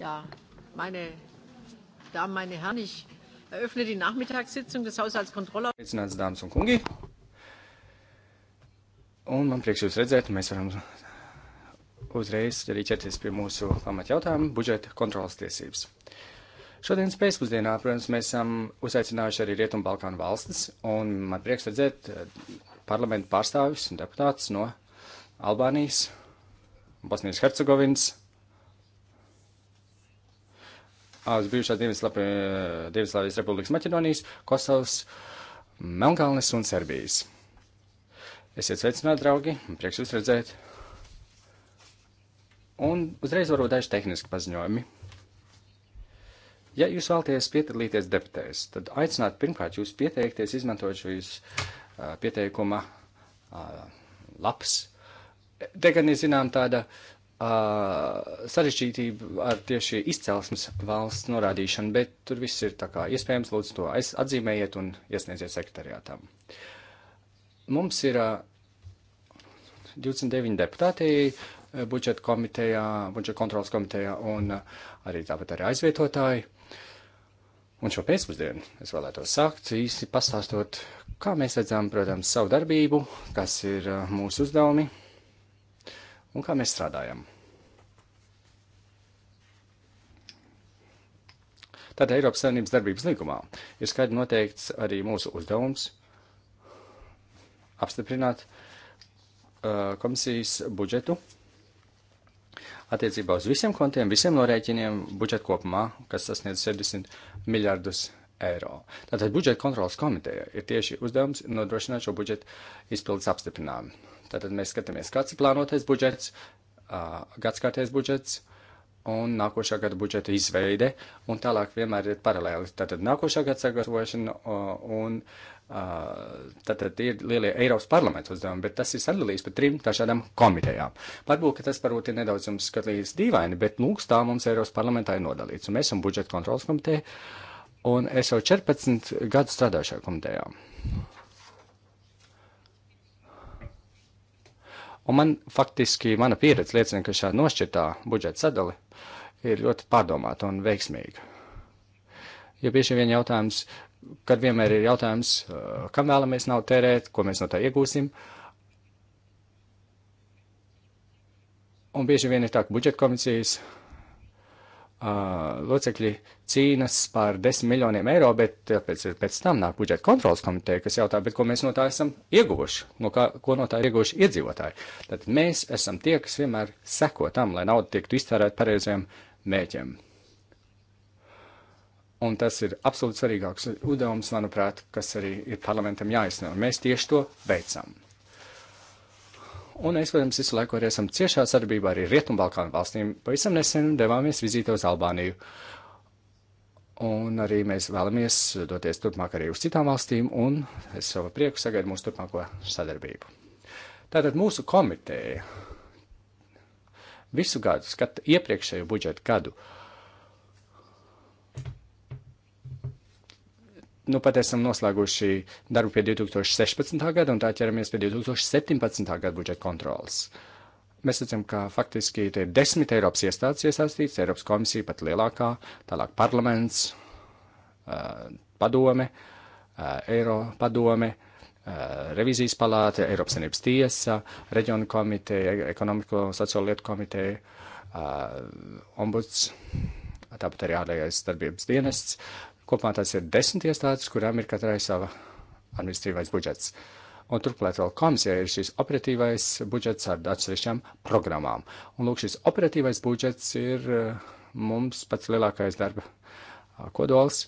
Ja, meine Damen, meine Herren, ich eröffne die Nachmittagssitzung des Haushaltskontrollausschusses. Sveicināts, dāmas un kungi. Un man prieks jūs redzēt, mēs varam uzreiz arī ķerties pie mūsu pamatjautājuma - budžeta kontrolas tiesības. Šodienas pēcpusdienā, protams, mēs esam uzaicinājuši arī Rietumbalkānu valstis, un man prieks redzēt eh, parlamentu pārstāvis un deputātus no Albānijas, Bosnijas Hercegovinas, uz bijušās Dienvidslāvijas Republikas Maķedonijas, Kosovas, Melnkalnes un Serbijas. Esiet sveicināti, draugi, prieks jūs redzēt. Un uzreiz varbūt daži tehniski paziņojumi. Ja jūs vēlaties piedalīties debatēs, tad aicinātu pirmkārt jūs pieteikties, izmantojot šīs uh, pieteikuma uh, lapas. Te gan ir zinām tāda sarežģītība ar tieši izcelsmes valsts norādīšanu, bet tur viss ir tā kā iespējams, lūdzu to atzīmējiet un iesniedziet sekretariātām. Mums ir uh, 29 deputāti budžeta komitejā, budžeta kontrolas komitejā un uh, arī tāpat arī aizvietotāji. Un šo pēcpusdienu es vēlētos sākt īsi pastāstot, kā mēs redzam, protams, savu darbību, kas ir uh, mūsu uzdevumi un kā mēs strādājam. Tātad Eiropas Savienības darbības līgumā ir skaidri noteikts arī mūsu uzdevums apstiprināt uh, komisijas budžetu attiecībā uz visiem kontiem, visiem norēķiniem budžeta kopumā, kas sasniedz 70 miljardus eiro. Tātad budžeta kontrolas komiteja ir tieši uzdevums nodrošināt šo budžeta izpildes apstiprinājumu. Tātad mēs skatāmies, kāds ir plānotais budžets, gadskārtais budžets un nākošā gada budžeta izveide, un tālāk vienmēr ir paralēli. Tātad nākošā gada sagatavošana un tātad ir lielie Eiropas parlamenta uzdevumi, bet tas ir sadalīts pa trim dažādām komitejām. Varbūt, ka tas varbūt ir nedaudz jums skatlīgs dīvaini, bet lūk, tā mums Eiropas parlamentā ir nodalīts, un mēs esam budžeta kontrolas komiteja, un es jau 14 gadu strādāju šajā komitejā. Un man faktiski mana pieredze liecina, ka šāda nošķirtā budžeta sadale ir ļoti pārdomāta un veiksmīga. Jo bieži vien jautājums, kad vienmēr ir jautājums, uh, kam vēlamies naudu tērēt, ko mēs no tā iegūsim. Un bieži vien ir tā, ka budžeta komisijas Uh, locekļi cīnas par desmit miljoniem eiro, bet pēc, pēc tam nāk budžeta kontrolas komiteja, kas jautā, bet ko mēs no tā esam ieguvuši, no kā, ko no tā ir ieguvuši iedzīvotāji. Tad mēs esam tie, kas vienmēr seko tam, lai nauda tiktu iztērēta pareizajiem mēķiem. Un tas ir absolūti svarīgāks uzdevums, manuprāt, kas arī ir parlamentam jāizsniedz. Mēs tieši to veicam. Un mēs, protams, visu laiku arī esam ciešā sadarbībā arī Rietumbalkānu valstīm. Pavisam nesen devāmies vizīte uz Albāniju. Un arī mēs vēlamies doties turpmāk arī uz citām valstīm, un es savu prieku sagaidu mūsu turpmāko sadarbību. Tātad mūsu komiteja visu gadu skata iepriekšējo budžetu gadu. Uh, nu pat esam noslēguši darbu pie 2016. gada un tā ķeramies pie 2017. gada budžeta kontrolas. Mēs redzam, ka faktiski te ir desmit Eiropas iestādes iesaistīts, Eiropas komisija pat lielākā, tālāk parlaments, padome, Eiro padome, revizijas palāte, Eiropas Savienības tiesa, reģionu komiteja, ekonomiko sociālo lietu komiteja, ombuds, tāpat arī ārējais darbības dienests, Kopumā tas ir desmit iestādes, kurām ir katrai sava administratīvais budžets. Un turklāt vēl komisijai ir šis operatīvais budžets ar atsevišķām programmām. Un lūk, šis operatīvais budžets ir eh, mums pats lielākais darba eh, kodols,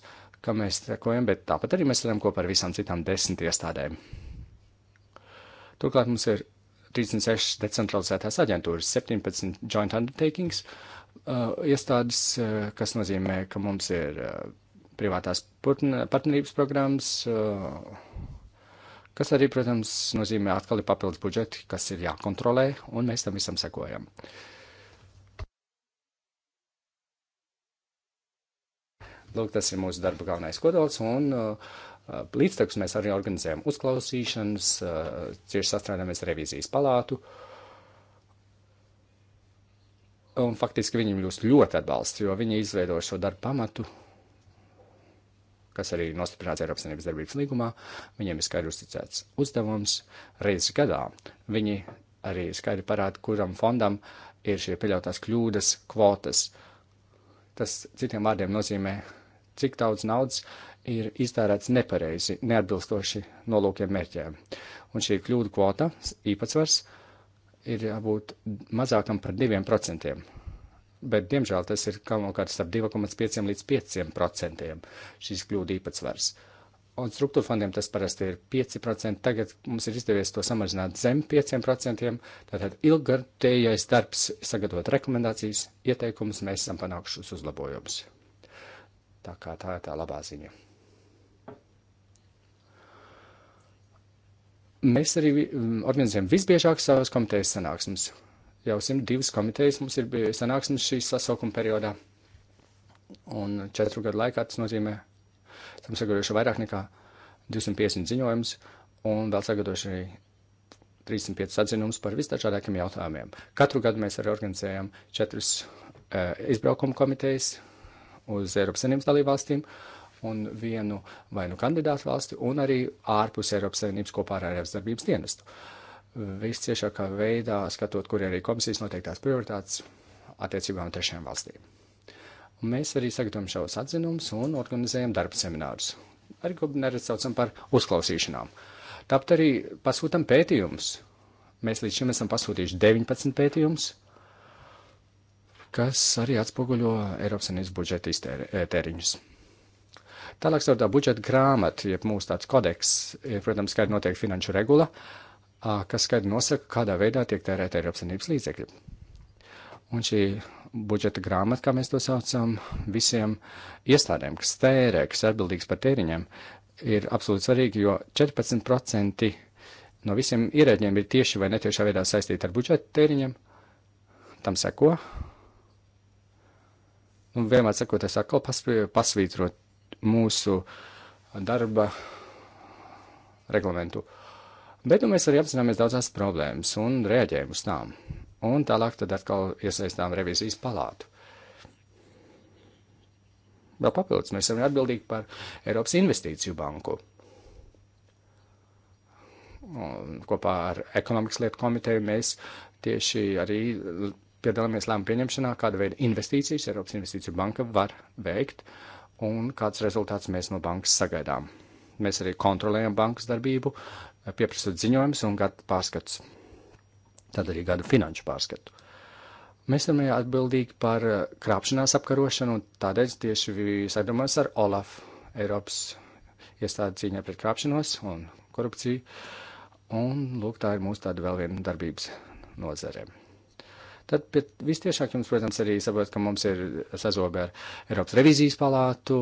ka mēs trekojam, bet tāpat arī mēs varam kopā ar visām citām desmit iestādēm. Turklāt mums ir 36 decentralizētās aģentūras, 17 joint undertakings uh, iestādes, uh, kas nozīmē, ka mums ir uh, privātās partnerības programmas, eh, kas arī, protams, nozīmē atkal ir papildus budžeti, kas ir jākontrolē, un mēs tam visam sekojam. Lūk, tas ir mūsu darba galvenais kodols, un eh, līdztekus mēs arī organizējam uzklausīšanas, eh, cieši sastrādājamies ar revīzijas palātu. Un faktiski viņiem jūs ļoti atbalsts, jo viņi izveido šo darbu pamatu kas arī nostiprināts Eiropas Savienības darbības līgumā, viņiem ir skaidri uzticēts uzdevums. Reizes gadā viņi arī skaidri parāda, kuram fondam ir šie pieļautās kļūdas kvotas. Tas citiem vārdiem nozīmē, cik daudz naudas ir iztērēts nepareizi, neatbilstoši nolūkiem mērķiem. Un šī kļūdu kvota īpatsvars ir jābūt mazākam par 2% bet, diemžēl, tas ir galvenokārt starp 2,5 līdz 5% šīs kļūda īpatsvars. Un struktūra fondiem tas parasti ir 5%, tagad mums ir izdevies to samazināt zem 5%, tātad ilgartējais darbs, sagatavot rekomendācijas, ieteikumus, mēs esam panākušus uzlabojumus. Tā kā tā ir tā labā ziņa. Mēs arī mm, organizējam visbiežāk savas komitejas sanāksmes, jau 102 komitejas mums ir bijusi sanāksmes šīs sasaukuma periodā. Un četru gadu laikā tas nozīmē, tam sagadojuši vairāk nekā 250 ziņojumus un vēl sagadojuši arī 305 atzinumus par visdažādākiem jautājumiem. Katru gadu mēs arī organizējam četrus uh, eh, izbraukumu komitejas uz Eiropas Savienības dalībvalstīm un vienu vai nu kandidātu valsti un arī ārpus Eiropas Savienības kopā ar Eiropas darbības dienestu. Uh, visciešākā veidā skatot, kur ir arī komisijas noteiktās prioritātes attiecībām trešajām valstīm. Un mēs arī sagatavojam šos atzinumus un organizējam darba seminārus. Arī neredz saucam par uzklausīšanām. Tāpat arī pasūtam pētījumus. Mēs līdz šim esam pasūtījuši 19 pētījumus, kas arī atspoguļo Eiropas Savienības budžeta iztēriņus. E, Tālāk, tā budžeta grāmata, jeb mūsu tāds kodeks, ir, protams, kā ir noteikti finanšu regula, uh, kas skaidri nosaka, kādā veidā tiek tērēta Eiropas Savienības līdzekļi. Un šī budžeta grāmata, kā mēs to saucam, visiem iestādēm, kas tērē, kas atbildīgs par tēriņiem, ir absolūti svarīgi, jo 14% no visiem ierēģiem ir tieši vai netiešā veidā saistīti ar budžeta tēriņiem. Tam seko. Un vienmēr sekoties atkal pasvītrot mūsu darba reglamentu. Uh, Bet nu, mēs arī apzināmies daudzās problēmas un reaģējam uz tām. Un tālāk tad atkal iesaistām revizijas palātu. Vēl papildus mēs esam atbildīgi par Eiropas investīciju banku. Un kopā ar ekonomikas lietu komiteju mēs tieši arī piedalāmies lēmumu pieņemšanā, kāda veida investīcijas Eiropas Investīciju banka var veikt un kāds rezultāts mēs no bankas sagaidām. Mēs arī kontrolējam bankas darbību, pieprasot ziņojumus un gadu pārskatus, tad arī gadu finanšu pārskatu. Mēs esam atbildīgi par eh, krāpšanās apkarošanu, un tādēļ tieši sadarbojamies ar OLAF, Eiropas iestādi cīņā pret krāpšanos un korupciju. Un, lūk, tā ir mūsu tāda vēl viena darbības nozare. Tad vistiešāk jums, protams, arī saprot, ka mums ir sazobē ar Eiropas revīzijas palātu,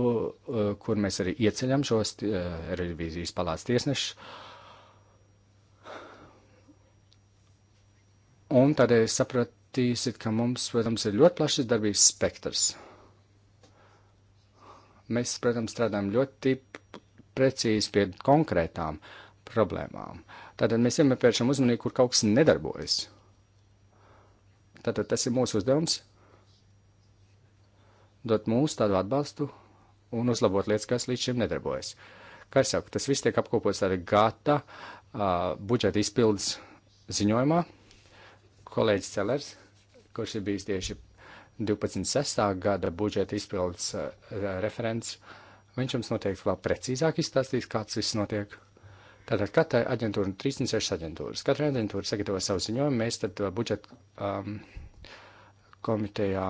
eh, kur mēs arī ieceļam šos eh, revīzijas palātas tiesnešus Un tādēļ sapratīsiet, ka mums, protams, ir ļoti plašs darbības spektrs. Mēs, protams, strādājam ļoti precīzi pie konkrētām problēmām. Tātad mēs vienmēr pēršam uzmanību, kur kaut kas nedarbojas. Tātad tas ir mūsu uzdevums - dot mūsu tādu atbalstu un uzlabot lietas, kas līdz šim nedarbojas. Kā es saku, tas viss tiek apkopots tādā gata uh, budžeta izpildes ziņojumā, kolēģis Celers, kurš ir bijis tieši 12.6. gada budžeta izpildes eh, referents, viņš jums noteikti vēl precīzāk izstāstīs, kāds viss notiek. Tātad katrai aģentūrai ir 36 aģentūras. Katrai aģentūrai sagatavo savu ziņojumu. Mēs tad eh, budžeta um, komitejā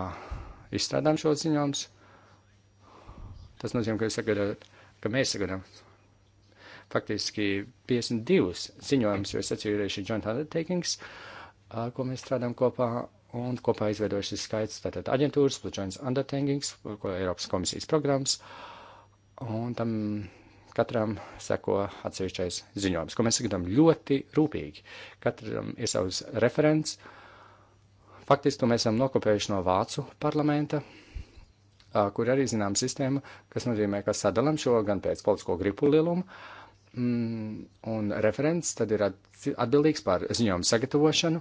izstrādājam šo ziņojumus. Tas nozīmē, ka, sagatavot, ka mēs sagatavojam faktiski 52 ziņojumus, jo es atceros, ka ir joint undertakings. Uh, ko mēs strādājam kopā un kopā izveidojuši šis skaits tātad aģentūras, plus joints undertakings, ko Eiropas komisijas programmas, un tam katram seko atsevišķais ziņojums, ko mēs skatām ļoti rūpīgi. Katram ir savs referents. Faktiski to mēs esam nokopējuši no Vācu parlamenta, kur arī zinām sistēma, kas nozīmē, ka sadalam šo gan pēc politisko gripu lielumu, uh, Mm, un referents tad ir atbildīgs par ziņojumu sagatavošanu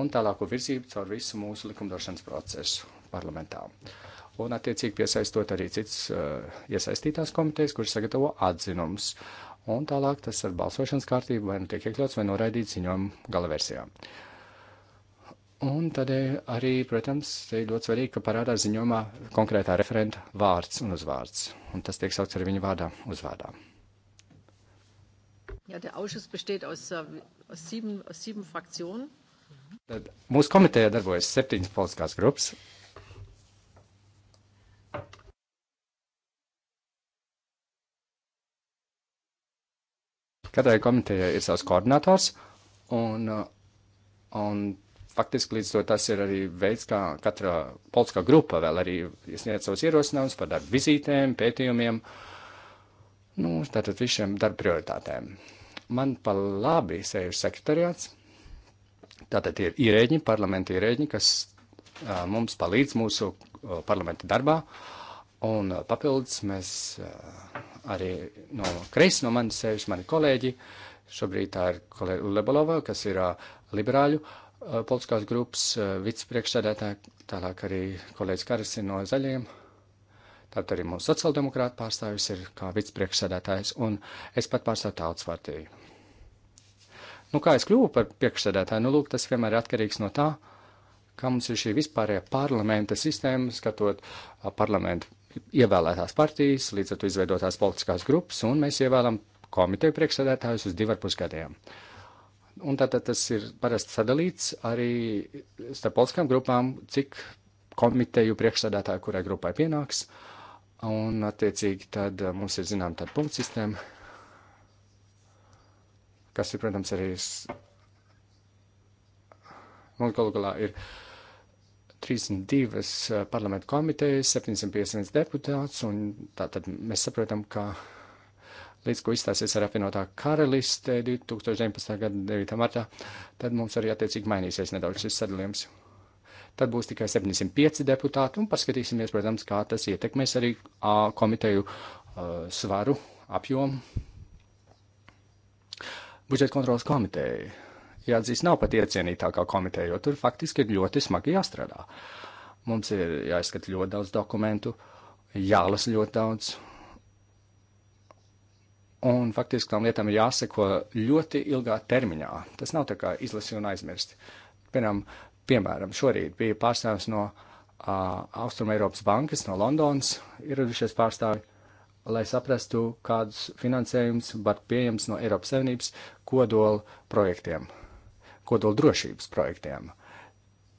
un tālāko virzību caur visu mūsu likumdošanas procesu parlamentā. Un, attiecīgi, piesaistot arī citas uh, eh, iesaistītās komitejas, kuras sagatavo atzinumus. Un tālāk tas ar balsošanas kārtību vai nu tiek iekļauts vai noraidīts ziņojumu galaversijā. Uh, Un tādēļ arī, protams, ir ļoti svarīgi, ka parādās ziņojumā konkrētā referenta vārds un uzvārds. Un tas tiek saukts arī viņa vārdā uzvārdā. Ja, der Ausschuss besteht aus, äh, aus, sieben, aus sieben Fraktionen. Tad mūsu komitejā darbojas septiņas politiskās grupas. Katrai komitejai ir savs koordinators, un, uh, un faktiski līdz to tas ir arī veids, kā katra politiskā grupa vēl arī iesniedz savus ierosinājumus par darbu vizītēm, pētījumiem, nu, tātad visiem darba prioritātēm. Man pa labi sēž sekretariāts, tātad ir ierēģi, parlamenta ierēģi, kas uh, mums palīdz mūsu uh, parlamenta darbā, un uh, papildus mēs uh, arī no kreis no manis sēž mani kolēģi, šobrīd tā ir kolēģi Lebolova, kas ir uh, liberāļu, uh, Eh, politiskās grupas eh, vicepriekšsēdētāji, tālāk arī kolēģis Karis ir no zaļiem. Tātad arī mūsu sociāldemokrāta pārstāvis ir kā vicepriekšsēdētājs, un es pat pārstāvu tautas partiju. Nu, kā es kļuvu par priekšsēdētāju? Nu, lūk, tas vienmēr ir atkarīgs no tā, kā mums ir šī vispārējā parlamenta sistēma, skatot eh, parlamentu ievēlētās partijas, līdz ar to izveidotās politiskās grupas, un mēs ievēlam komiteju priekšsēdētājus uz divarpus gadiem. Uh, Un tātad tas ir parasti sadalīts arī starp politiskām grupām, cik komiteju priekšsādātāju kurai grupai pienāks. Un, attiecīgi, tad eh, mums ir zinām tāda punktu sistēma, kas ir, protams, arī mums galu galā ir 32 eh, parlamentu komitejas, 751 deputāts, un tātad mēs saprotam, ka līdz ko izstāsies ar apvienotā karaliste 2019. gada 9. martā, tad mums arī attiecīgi mainīsies nedaudz šis sadalījums. Tad būs tikai 705 deputāti, un paskatīsimies, protams, kā tas ietekmēs arī a, komiteju a, svaru, apjomu. Budžeta kontrolas komiteja, jāatzīst, nav pat iecienītākā komiteja, jo tur faktiski ir ļoti smagi jāstrādā. Mums ir jāizskata ļoti daudz dokumentu, jālasa ļoti daudz, Un faktiski tām lietām ir jāseko ļoti ilgā termiņā. Tas nav tā kā izlasīt un aizmirst. Piemēram, piemēram šorīt bija pārstāvis no uh, Austrum Eiropas bankas, no Londonas, ieradušies pārstāvi, lai saprastu, kādus finansējums var pieejams no Eiropas Savienības kodola projektiem, kodola drošības projektiem.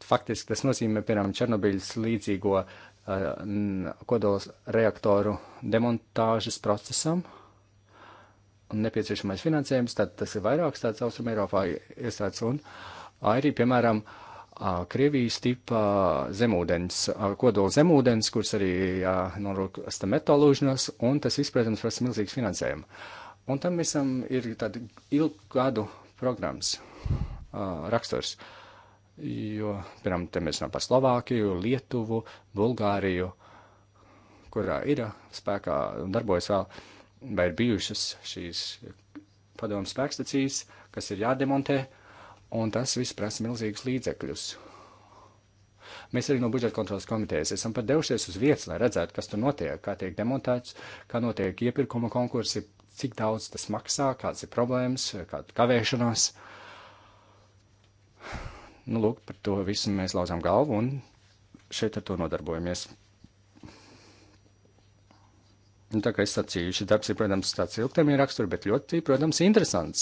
Faktiski tas nozīmē, piemēram, Černobiļas līdzīgo uh, kodols reaktoru demontāžas procesam, uh, un nepieciešamais finansējums, tad tas ir vairāks tāds Austrum Eiropā iestāds un arī, piemēram, Krievijas tipa zemūdens, kodola zemūdens, kurš arī norūksta metālūžņos, un tas izpratams prasa milzīgs finansējumu. Un tam visam ir tāda ilgu gadu programmas raksturs, jo, piemēram, te mēs runājam par Slovākiju, Lietuvu, Bulgāriju, kurā ir spēkā un darbojas vēl vai ir bijušas šīs padomu spēkstacijas, kas ir jādemontē, un tas viss prasa milzīgus līdzekļus. Mēs arī no budžeta kontrolas komitejas esam pat devušies uz vietas, lai redzētu, kas tur notiek, kā tiek demontēts, kā notiek iepirkuma konkursi, cik daudz tas maksā, kādas ir problēmas, kāda kavēšanās. Nu, lūk, par to visu mēs lauzām galvu un šeit ar to nodarbojamies. Un nu, tā kā es sacīju, šis darbs ir, protams, tāds ilgtermiņa rakstura, bet ļoti, protams, interesants.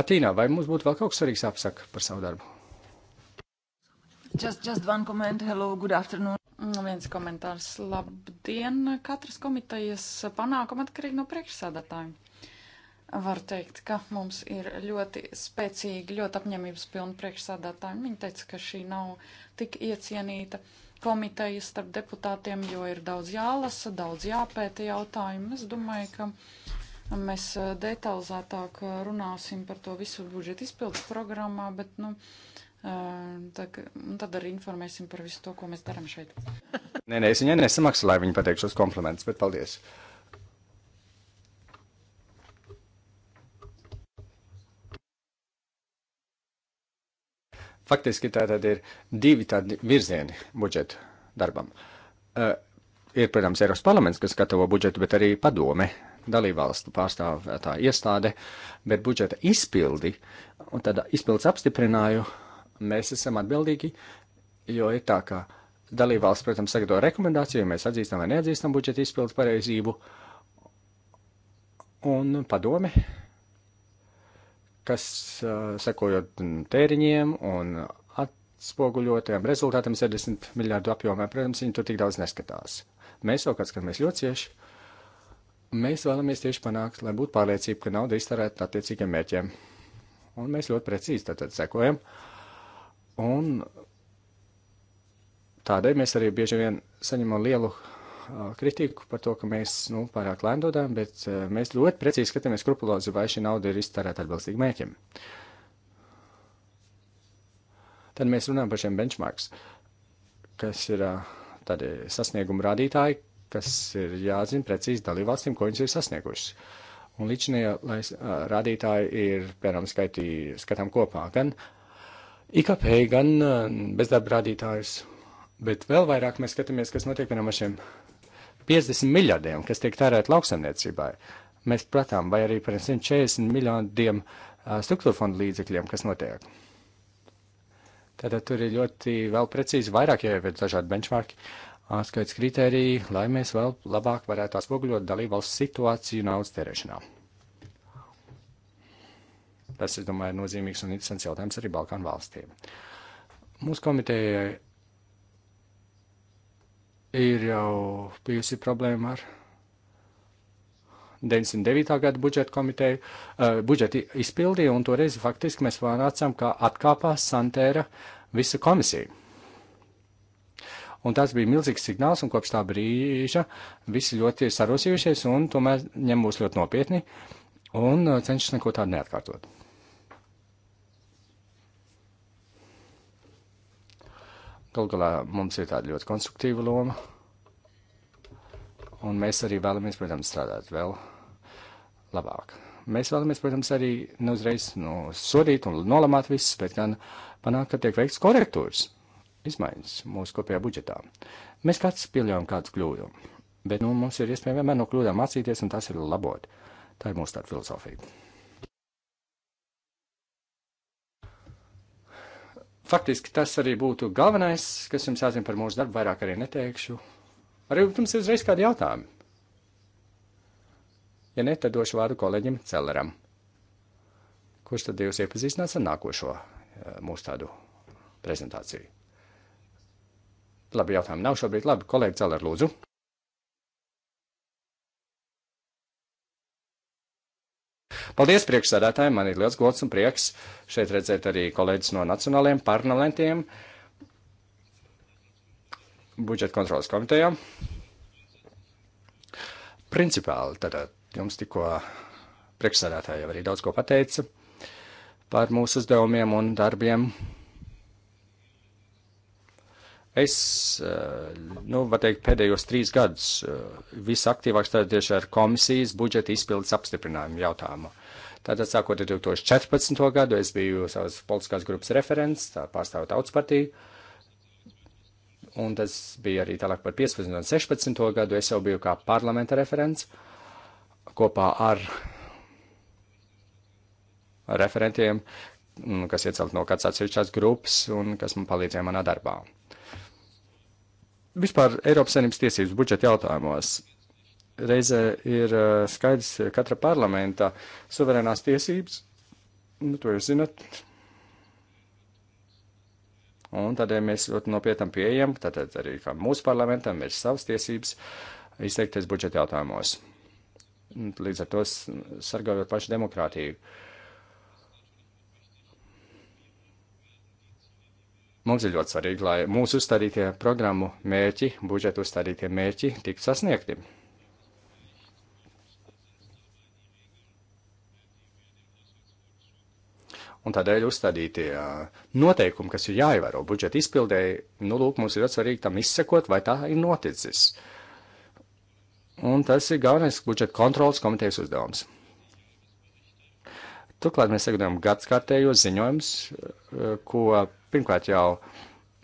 Matīnā, vai mums būtu vēl kaut kas svarīgs jāpasaka par savu darbu? Just, just one comment. Hello, good afternoon. Mm, viens komentārs. Labdien, katras komitejas panākuma atkarīgi no priekšsādātājiem var teikt, ka mums ir ļoti spēcīgi, ļoti apņemības pilni priekšsādātāji. Viņa teica, ka šī nav tik iecienīta komiteja starp deputātiem, jo ir daudz jālasa, daudz jāpēta jautājumi. Es domāju, ka mēs eh, detalizētāk eh, runāsim par to visu budžeta izpildes programmā, bet, nu, eh, tā, tad arī informēsim par visu to, ko mēs darām šeit. Nē, nē, es viņai nesamaksāju, lai viņa pateikšos komplementus, bet paldies. Uh, Faktiski tā tad ir divi tādi virzieni budžetu darbam. Uh, ir, protams, Eiropas parlaments, kas gatavo budžetu, bet arī padome, dalībvalstu pārstāvētā iestāde, bet budžeta izpildi un tad izpildes apstiprināju mēs esam atbildīgi, jo ir tā, ka dalībvalsts, protams, sagatavo rekomendāciju, mēs atzīstam vai neatzīstam budžeta izpildes pareizību, un padome kas sekojot tēriņiem un atspoguļotajiem rezultātiem 70 miljārdu apjomē, protams, viņi tur tik daudz neskatās. Mēs savukārt skatāmies ļoti cieši. Mēs vēlamies tieši panākt, lai būtu pārliecība, ka nauda iztērēta attiecīgiem mērķiem. Un mēs ļoti precīzi tātad sekojam. Un tādēļ mēs arī bieži vien saņemam lielu kritiku par to, ka mēs nu, pārāk lēni dodam, bet mēs ļoti precīzi skatāmies skrupulozi, vai šī nauda ir iztērēta atbilstīgi mērķiem. Tad mēs runājam par šiem benchmarks, kas ir tādi sasniegumu rādītāji, kas ir jāzina precīzi dalībvalstīm, ko viņas ir sasniegušas. Un līdz šim rādītāji ir, piemēram, skaitī, skatām kopā gan IKP, gan bezdarba rādītājus, bet vēl vairāk mēs skatāmies, kas notiek vienam ar šiem 50 miljardiem, kas tiek tērēt lauksaimniecībai. Mēs pratām, vai arī par 140 miljardiem struktūra fondu līdzekļiem, kas notiek. Tātad tur ir ļoti vēl precīzi vairāk jāieviet dažādi benchmarki, atskaits kritēriji, lai mēs vēl labāk varētu atspoguļot dalībvalsts situāciju naudas tērēšanā. Tas, es domāju, ir nozīmīgs un interesants jautājums arī Balkānu valstīm. Mūsu komitejai ir jau bijusi problēma ar 99. gada budžeta komiteju, uh, budžeta izpildīja, un toreiz faktiski mēs vānācām, ka atkāpās Santēra visa komisija. Un tas bija milzīgs signāls, un kopš tā brīža visi ļoti ir sarosījušies, un tomēr ņem mūs ļoti nopietni, un eh, cenšas neko tādu neatkārtot. Galu galā mums ir tāda ļoti konstruktīva loma, un mēs arī vēlamies, protams, strādāt vēl labāk. Mēs vēlamies, protams, arī neuzreiz nu, sodīt un nolamāt visus, bet gan panākt, ka tiek veikts korektūras, izmaiņas mūsu kopējā budžetā. Mēs kāds pieļaujam kādu kļūdu, bet nu, mums ir iespēja vienmēr no kļūdām mācīties, un tas ir labot. Tā ir mūsu tāda filozofija. faktiski tas arī būtu galvenais, kas jums jāzina par mūsu darbu, vairāk arī neteikšu. Arī jums ir uzreiz kādi jautājumi. Ja ne, tad došu vārdu kolēģim Celleram, kurš tad jūs iepazīstinās ar nākošo eh, mūsu tādu prezentāciju. Labi, jautājumi nav šobrīd. Labi, kolēģi Celler, lūdzu. Paldies priekšsēdētājiem, man ir liels gods un prieks šeit redzēt arī kolēģis no nacionālajiem parlamentiem, budžeta kontrolas komitejā. Principāli tātad eh, jums tikko priekšsēdētāji jau arī daudz ko pateica par mūsu uzdevumiem un darbiem. Es, eh, nu, var teikt, pēdējos trīs gadus eh, visaktīvāk strādāju tieši ar komisijas budžeta izpildes apstiprinājumu jautājumu. Tātad, sākot ar 2014. gadu, es biju savas politiskās grupas referents, tā pārstāvu tautas partiju, un tas bija arī tālāk par 15. un 16. gadu, es jau biju kā parlamenta referents kopā ar referentiem, mm, kas iecelt no kāds atsevišķās grupas un kas man palīdzēja manā darbā. Vispār Eiropas Savienības tiesības budžeta jautājumos reizē ir skaidrs katra parlamenta suverēnās tiesības, nu, to jūs zinat. Un tādēļ mēs ļoti nopietnam pieejam, tātad arī kā mūsu parlamentam ir savas tiesības izteikties budžeta jautājumos. Līdz ar to sargājot pašu demokrātiju. Mums ir ļoti svarīgi, lai mūsu uzstādītie programmu mērķi, budžeta uzstādītie mērķi tiktu sasniegti. Un tādēļ uzstādītie noteikumi, kas ir jāievēro budžeta izpildēji, nu, lūk, mums ir ļoti svarīgi tam izsekot, vai tā ir noticis. Un tas ir galvenais budžeta kontrolas komitejas uzdevums. Turklāt mēs sagatavojam gadskārtējos ziņojumus, ko pirmkārt jau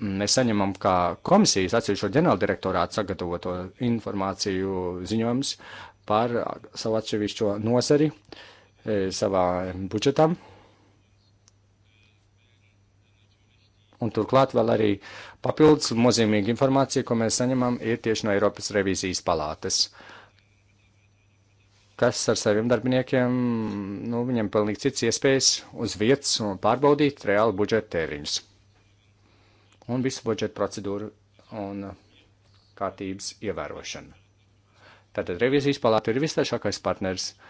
mēs saņemam kā komisijas atsevišķo ģenerāldirektorātu sagatavoto informāciju ziņojumus par savu atsevišķo nozari savā budžetam. Un turklāt vēl arī papildus nozīmīga informācija, ko mēs saņemam, ir tieši no Eiropas revīzijas palātes. Kas ar saviem darbiniekiem, nu, viņam pilnīgi cits iespējas uz vietas un pārbaudīt reāli budžeta tēriņus. Un visu budžeta procedūru un kārtības ievērošanu. Tātad revīzijas palāta ir visliešākais partners uh,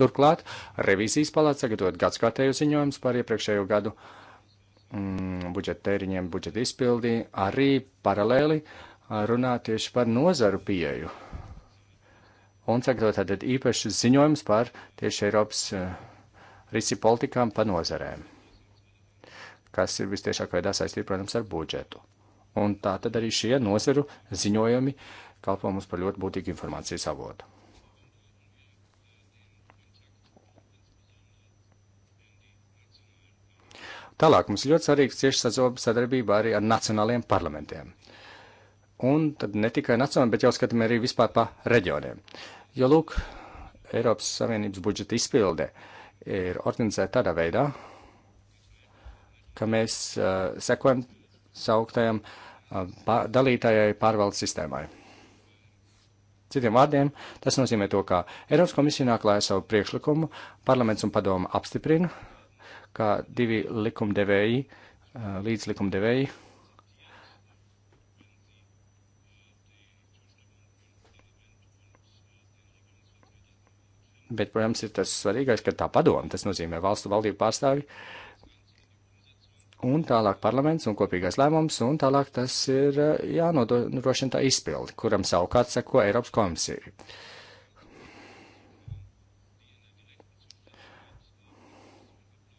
Turklāt revīzijas palāca sagatavot gadskārtēju ziņojumus par iepriekšējo gadu mm, budžeta tēriņiem, budžeta izpildī, arī paralēli runā tieši par nozaru pieeju. Un sagatavot tātad īpašas ziņojumus par tieši Eiropas uh, risi politikām pa nozarēm, kas ir vistiešāk veidā saistīti, protams, ar budžetu. Un tā tad arī šie nozaru ziņojumi kalpo mums par ļoti būtīgu informācijas avotu. Tālāk mums ļoti svarīgs cieši sazoba sadarbība arī ar nacionāliem parlamentiem. Un tad ne tikai nacionāli, bet jau skatām arī vispār pa reģioniem. Jo, lūk, Eiropas Savienības budžeta izpilde ir organizēta tādā veidā, ka mēs uh, sekojam sauktajam uh, eh, pār, dalītājai pārvaldes sistēmai. Citiem vārdiem, tas nozīmē to, ka Eiropas komisija nāk klāja savu priekšlikumu, parlaments un padoma apstiprina kā divi likumdevēji, uh, līdzlikumdevēji. Bet, protams, ir tas svarīgais, ka tā padoma, tas nozīmē valstu valdību pārstāvi, un tālāk parlaments un kopīgais lēmums, un tālāk tas ir uh, jānodrošina tā izpildi, kuram savukārt seko Eiropas komisija. Uh,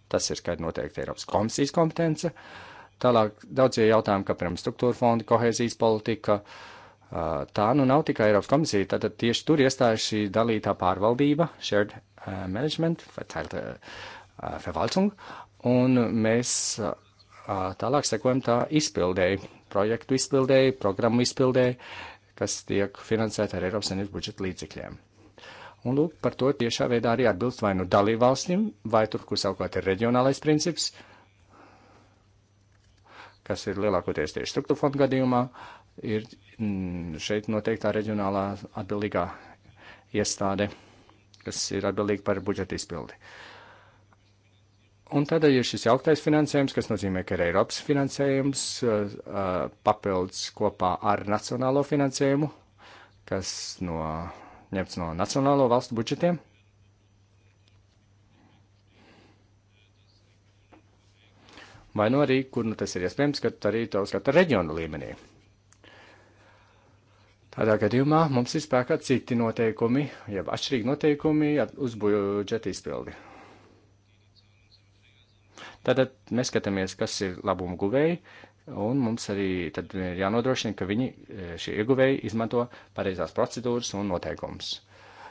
Tas ir skaidri noteikti Eiropas komisijas kompetence. Tālāk daudzie jautājumi, kā piemēram struktūra fondi, kohēzijas politika, tā nu nav tikai Eiropas komisija, tad tieši tur iestājas šī dalītā pārvaldība, shared management, verwaltung, un mēs tālāk sekojam tā izpildēji, projektu izpildēji, programmu izpildēji, kas tiek finansēta ar Eiropas Savienības budžeta līdzekļiem. Un lūk, par to tiešā veidā arī atbilst vai nu dalībvalstīm, vai tur, kur savukārt ir reģionālais princips, kas ir lielākoties tieši struktūra fonda gadījumā, ir mm, šeit noteiktā reģionālā atbildīgā iestāde, kas ir atbildīga par budžeta izpildi. Un tad ir šis jauktais finansējums, kas nozīmē, ka ir Eiropas finansējums eh, eh, papildus kopā ar nacionālo finansējumu, kas no ņemts no nacionālo valstu budžetiem. Vai nu no arī, kur nu tas ir iespējams, ka arī to skata reģionu līmenī. Tādā gadījumā mums ir spēkā citi noteikumi, jeb atšķirīgi noteikumi uz budžeta izpildi. Tātad mēs skatāmies, kas ir labumu guvēji, Un mums arī tad ir jānodrošina, ka viņi, e, šie ieguvēji, izmanto pareizās procedūras un noteikumus.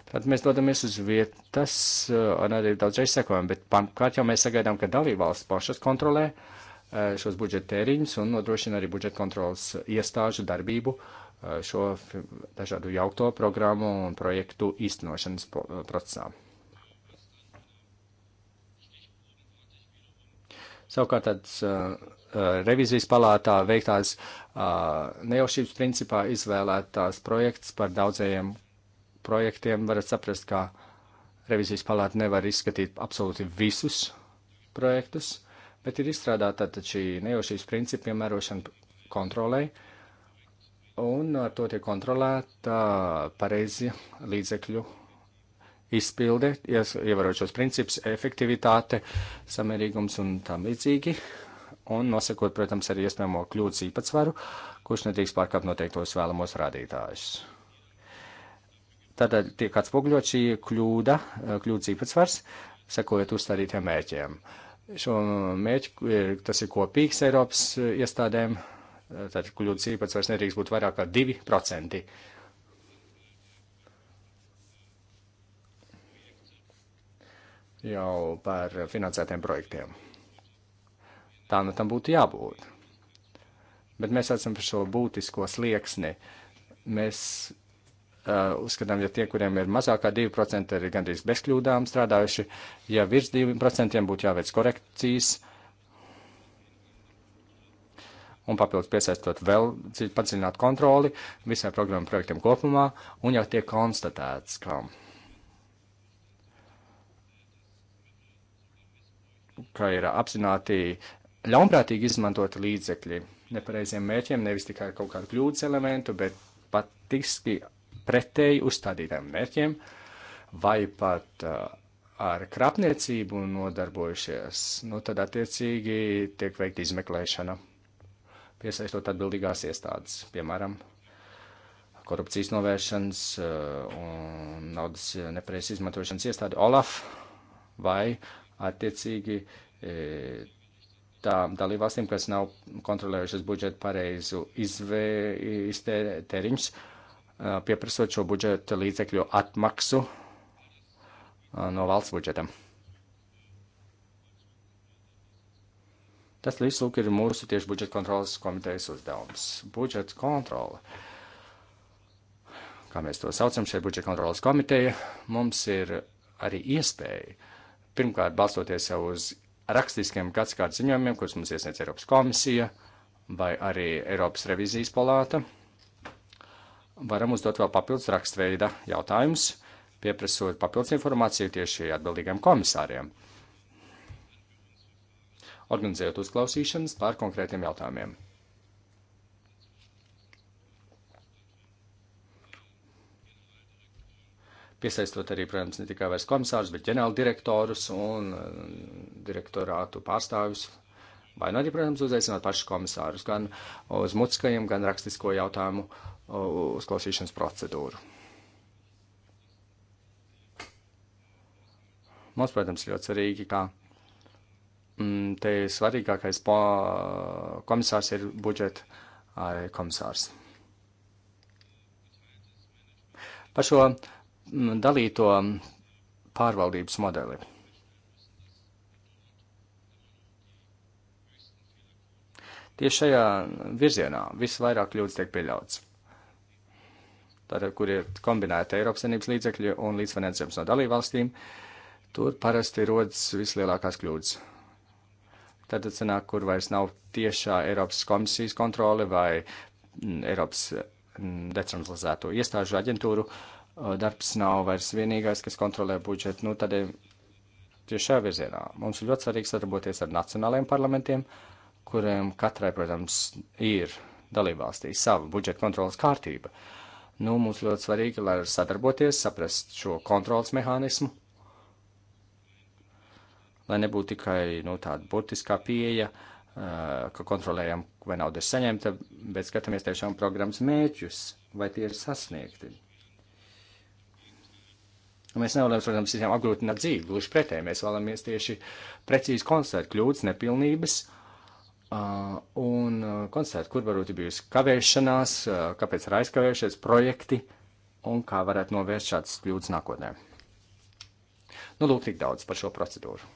Tad mēs dodamies uz vietas e, un arī daudzreiz sekojam, bet pirmkārt jau mēs sagaidām, ka dalībvalsts pašas kontrolē e, šos budžeta tēriņus un nodrošina arī budžeta kontrolas iestāžu darbību šo dažādu jaukto programmu un projektu īstenošanas procesā. Savukārt tāds uh, Uh, revizijas palātā veiktās uh, nejaušības principā izvēlētās projekts par daudzajiem projektiem, varat saprast, ka revizijas palāta nevar izskatīt absolūti visus projektus, bet ir izstrādāta tad šī nejaušības principa piemērošana kontrolē, un ar to tiek kontrolēta pareizi līdzekļu izpilde, ievērot šos principus, efektivitāte, samērīgums un tam līdzīgi un nosakot, protams, arī iespējamo kļūdas īpatsvaru, kurš nedrīkst pārkāpt noteiktos vēlamos rādītājus. Tātad tiek atspoguļot šī kļūda, kļūdas īpatsvars, sekojot uzstādītiem mērķiem. Šo mērķi ir, e, tas ir kopīgs Eiropas e, iestādēm, tātad e, kļūdas īpatsvars nedrīkst būt vairāk kā 2%. jau par finansētiem projektiem. Tā nu tam būtu jābūt. Bet mēs esam par šo būtisko slieksni. Mēs uh, uzskatām, ja tie, kuriem ir mazākā 2%, ir gandrīz bez kļūdām strādājuši, ja virs 2% būtu jāveic korekcijas un papildus piesaistot vēl padziļināt kontroli visai programmu projektiem kopumā, un jau tiek konstatēts, ka, ka ir apzināti ļaunprātīgi izmantoti līdzekļi nepareiziem mērķiem, nevis tikai kaut kādu kļūdas elementu, bet patiski pretēji uzstādītiem mērķiem, vai pat uh, ar krāpniecību nodarbojušies, nu tad attiecīgi tiek veikta izmeklēšana, piesaistot atbildīgās iestādes, piemēram, korupcijas novēršanas uh, un naudas nepareizes izmantošanas iestādi OLAF vai attiecīgi. Uh, tām dalībvalstīm, kas nav kontrolējušas budžetu pareizu iztēriņus, pieprasot šo budžeta līdzekļu atmaksu no valsts budžetam. Tas viss lūk ir mūsu tieši budžeta kontrolas komitejas uzdevums. Budžeta kontrola. Kā mēs to saucam, šeit budžeta kontrolas komiteja mums ir arī iespēja pirmkārt balstoties jau uz rakstiskiem gadskārt ziņojumiem, kurus mums iesniedz Eiropas komisija vai arī Eiropas revizijas palāta. Varam uzdot vēl papildus rakstveida jautājumus, pieprasot papildus informāciju tieši atbildīgiem komisāriem, organizējot uzklausīšanas par konkrētiem jautājumiem. piesaistot arī, protams, ne tikai vairs komisārus, bet ģenerāldirektorus un eh, direktorātu pārstāvjus. Vai nu arī, protams, uzaicināt pašus komisārus gan uz mutiskajiem, gan rakstisko jautājumu uzklausīšanas procedūru. Mums, protams, ļoti svarīgi, kā mm, te svarīgākais komisārs ir budžeta komisārs. Par šo dalīto pārvaldības modeli. Tieši šajā virzienā visvairāk kļūdas tiek pieļauts. Tātad, kur ir kombinēta Eiropas Savienības līdzekļi un līdzfinansējums no dalībvalstīm, tur parasti rodas vislielākās kļūdas. Tad sanāk, kur vairs nav tiešā Eiropas komisijas kontrole vai mm, Eiropas mm, decentralizēto iestāžu aģentūru uh, darbs nav vairs vienīgais, kas kontrolē budžetu, nu tad ir tieši šajā virzienā. Mums ir ļoti svarīgi sadarboties ar nacionālajiem parlamentiem, kuriem katrai, protams, ir dalībvalstī sava budžeta kontrolas kārtība. Nu, mums ļoti svarīgi, lai sadarboties, saprast šo kontrolas mehānismu, lai nebūtu tikai nu, tāda burtiskā pieeja, ka kontrolējam, vai nauda ir saņemta, bet skatāmies tiešām programmas mēķus, vai tie ir sasniegti. Nu, mēs nevēlamies, protams, visiem apgrūtināt dzīvi, gluži pretēji. Mēs vēlamies tieši precīzi konstatēt kļūdas, nepilnības uh, un konstatēt, kur varbūt ir bijusi kavēšanās, uh, kāpēc ir aizkavējušies projekti un kā varētu novērst šādas kļūdas nākotnē. Nu, lūk, tik daudz par šo procedūru.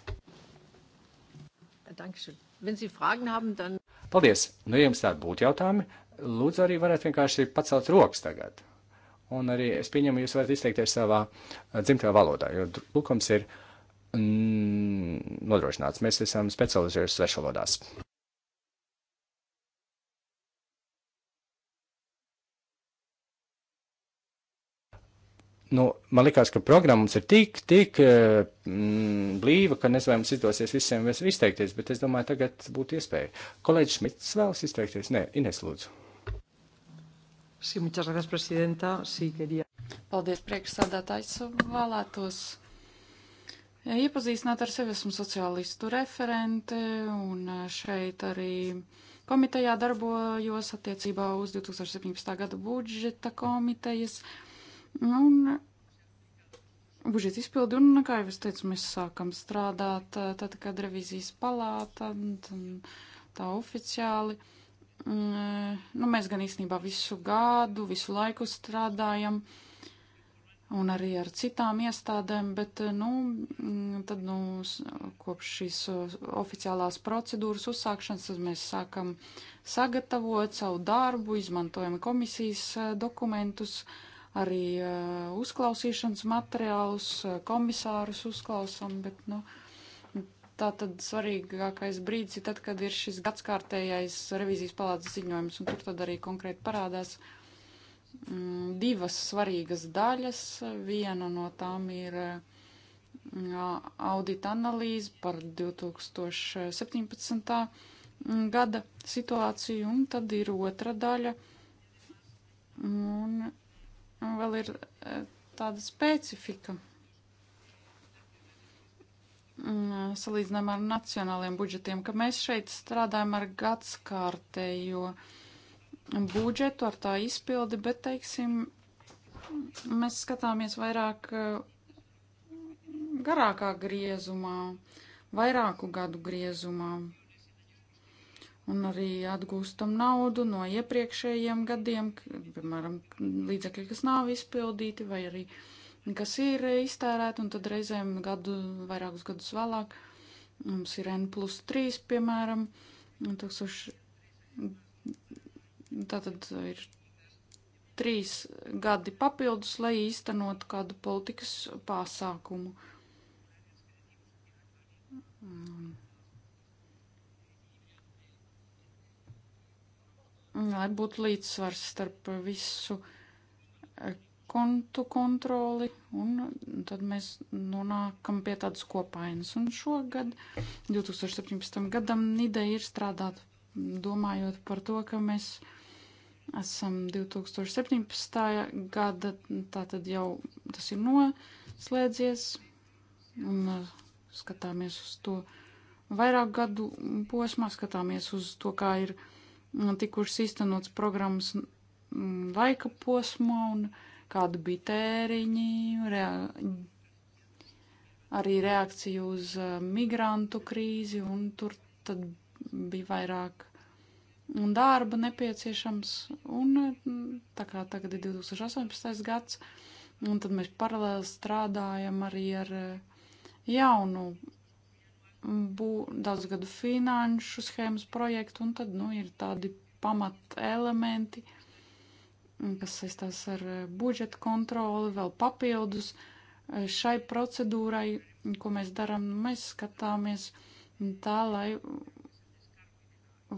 Paldies! Nu, ja jums tādi būtu jautājumi, lūdzu arī varētu vienkārši pacelt rokas tagad. Un arī es pieņemu, jūs varat izteikties savā eh, dzimtajā valodā, jo lūkums ir mm, nodrošināts. Mēs esam specializējušies svešvalodās. Nu, man liekas, ka programma mums ir tik, tik eh, mm, blīva, ka nezinu, vai mums izdosies visiem izteikties, bet es domāju, tagad būtu iespēja. Kolēģis Šmits vēlas izteikties? Nē, Ines, lūdzu. Sí, muchas gracias, presidenta. Sí, quería. Paldies, priekšsādātājs. Vēlētos eh, iepazīstināt ar sevi. Esmu sociālistu referente un eh, šeit arī komitejā darbojos attiecībā uz 2017. gada budžeta komitejas un eh, budžeta izpildi. Un, kā jau es teicu, mēs sākam strādāt tad, kad revizijas palāta un tā oficiāli. Uh, Mm, nu, mēs gan īstenībā visu gadu, visu laiku strādājam, un arī ar citām iestādēm, bet, eh, nu, mm, tad, nu, kopš šīs eh, oficiālās procedūras uzsākšanas, tad mēs sākam sagatavot savu darbu, izmantojam komisijas eh, dokumentus, arī uzklausīšanas materiālus, komisārus uzklausam, bet, nu, uh, Tātad svarīgākais brīdis ir tad, kad ir šis gadskārtējais revīzijas palātas ziņojums, un tur tad arī konkrēti parādās mm, divas svarīgas daļas. Viena no tām ir jā, mm, audita analīze par 2017. Mm, gada situāciju, un tad ir otra daļa. Un vēl ir e, tāda specifika Mm, salīdzinām ar nacionāliem budžetiem, ka mēs šeit strādājam ar gadskārtējo budžetu, ar tā izpildi, bet, teiksim, mēs skatāmies vairāk garākā griezumā, vairāku gadu griezumā. Un arī atgūstam naudu no iepriekšējiem gadiem, piemēram, līdzekļi, kas nav izpildīti, vai arī uh, kas ir iztērēti, un tad reizēm gadu, vairākus gadus vēlāk mums ir N plus 3, piemēram, un tūkstoši, tātad ir trīs gadi papildus, lai īstenot kādu politikas pasākumu. Lai būtu līdzsvars starp visu kontu kontroli, un tad mēs nonākam pie tādas kopainas. Un šogad, 2017. gadam, ideja ir strādāt, domājot par to, ka mēs esam 2017. gada, tā tad jau tas ir noslēdzies, un uh, skatāmies uz to vairāk gadu posmā, skatāmies uz to, kā ir mm, tikušas īstenots programmas mm, laika posmā, un kādu bija tēriņi, rea arī reakcija uz uh, migrantu krīzi, un tur tad bija vairāk mm, darba nepieciešams, un mm, tā kā tagad ir 2018. gads, un tad mēs paralēli strādājam arī ar uh, jaunu mm, daudz gadu finanšu schēmas projektu, un tad, nu, ir tādi pamat elementi, uh, kas saistās ar eh, budžeta kontroli, vēl papildus eh, šai procedūrai, ko mēs darām, mēs skatāmies tā, lai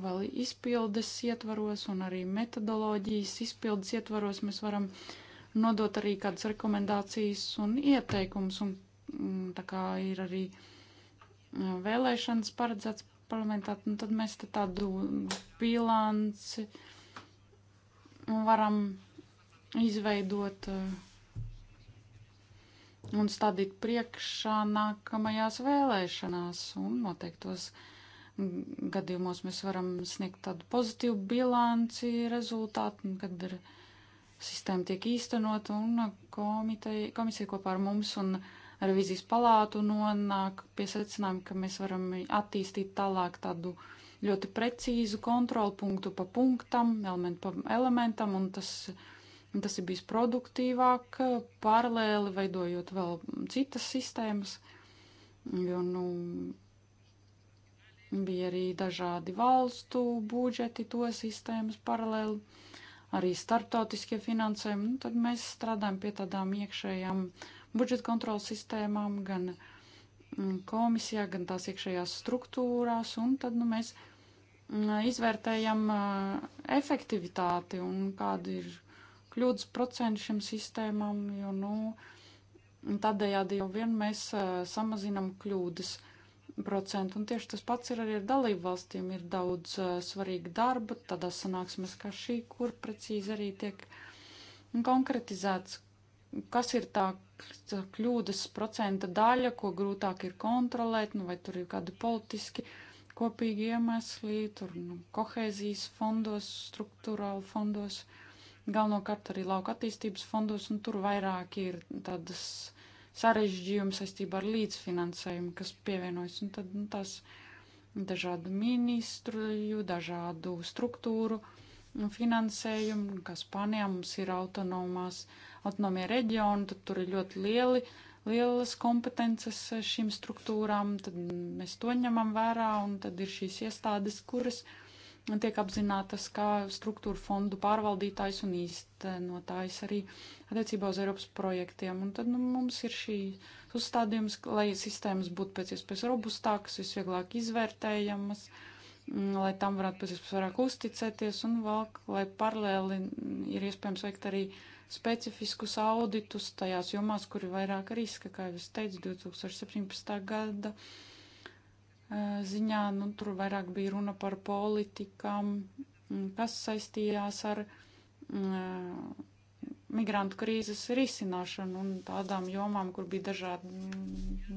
vēl izpildes ietvaros un arī metodoloģijas izpildes ietvaros mēs varam nodot arī kādas rekomendācijas un ieteikumus, un mm, tā kā ir arī eh, vēlēšanas paredzēts parlamentā, nu tad mēs te tādu bilanci uh, varam izveidot eh, un stādīt priekšā nākamajās vēlēšanās. Un noteiktos gadījumos mēs varam sniegt tādu pozitīvu bilanci rezultātu, kad ir sistēma tiek īstenot un komiteja, komisija kopā ar mums un revizijas palātu nonāk pie secinājuma, ka mēs varam attīstīt tālāk tādu uh, ļoti precīzu kontroli punktu pa punktam, elementu pa elementam, un tas, un tas ir bijis produktīvāk, paralēli veidojot vēl citas sistēmas, jo, nu, bija arī dažādi valstu budžeti, to sistēmas paralēli arī starptautiskie finansējumi. Nu, tad mēs strādājam pie tādām iekšējām budžeta kontrolas sistēmām, gan mm, komisijā, gan tās iekšējās struktūrās. Un tad nu, mēs Eh, izvērtējam eh, efektivitāti un kāda ir kļūdas procenti šim sistēmām, jo, nu, tādējādi jau vien mēs eh, samazinam kļūdas procentu. Un tieši tas pats ir arī ar dalību valstīm. Ir daudz svarīga darba, tādā sanāksmes kā šī, kur precīzi arī tiek konkretizēts, kas ir tā kļūdas procenta daļa, ko grūtāk ir kontrolēt, nu, vai tur ir kādi politiski uh, kopīgi iemesli, tur nu, kohēzijas fondos, struktūrāla fondos, galvenokārt arī lauka attīstības fondos, un tur vairāk ir tādas sarežģījumi saistībā ar līdzfinansējumu, kas pievienojas, un tad nu, tās dažādu ministru, dažādu struktūru finansējumu, kā Spānijā mums ir autonomās, autonomie reģioni, tad tur ir ļoti lieli lielas kompetences šīm struktūrām, tad mēs to ņemam vērā, un tad ir šīs iestādes, kuras tiek apzinātas kā struktūra fondu pārvaldītājs un īstenotājs arī attiecībā uz Eiropas projektiem. Un tad nu, mums ir šī uzstādījums, lai sistēmas būtu pēc iespējas robustākas, visvieglāk izvērtējamas, mm, lai tam varētu pēc iespējas vairāk uzticēties un vēl, lai paralēli ir iespējams veikt arī uh, specifiskus auditus tajās jomās, kur ir vairāk riska, kā jau es teicu, 2017. gada ziņā, nu, tur vairāk bija runa par politikām, kas saistījās ar migrantu krīzes risināšanu un tādām jomām, kur bija dažādi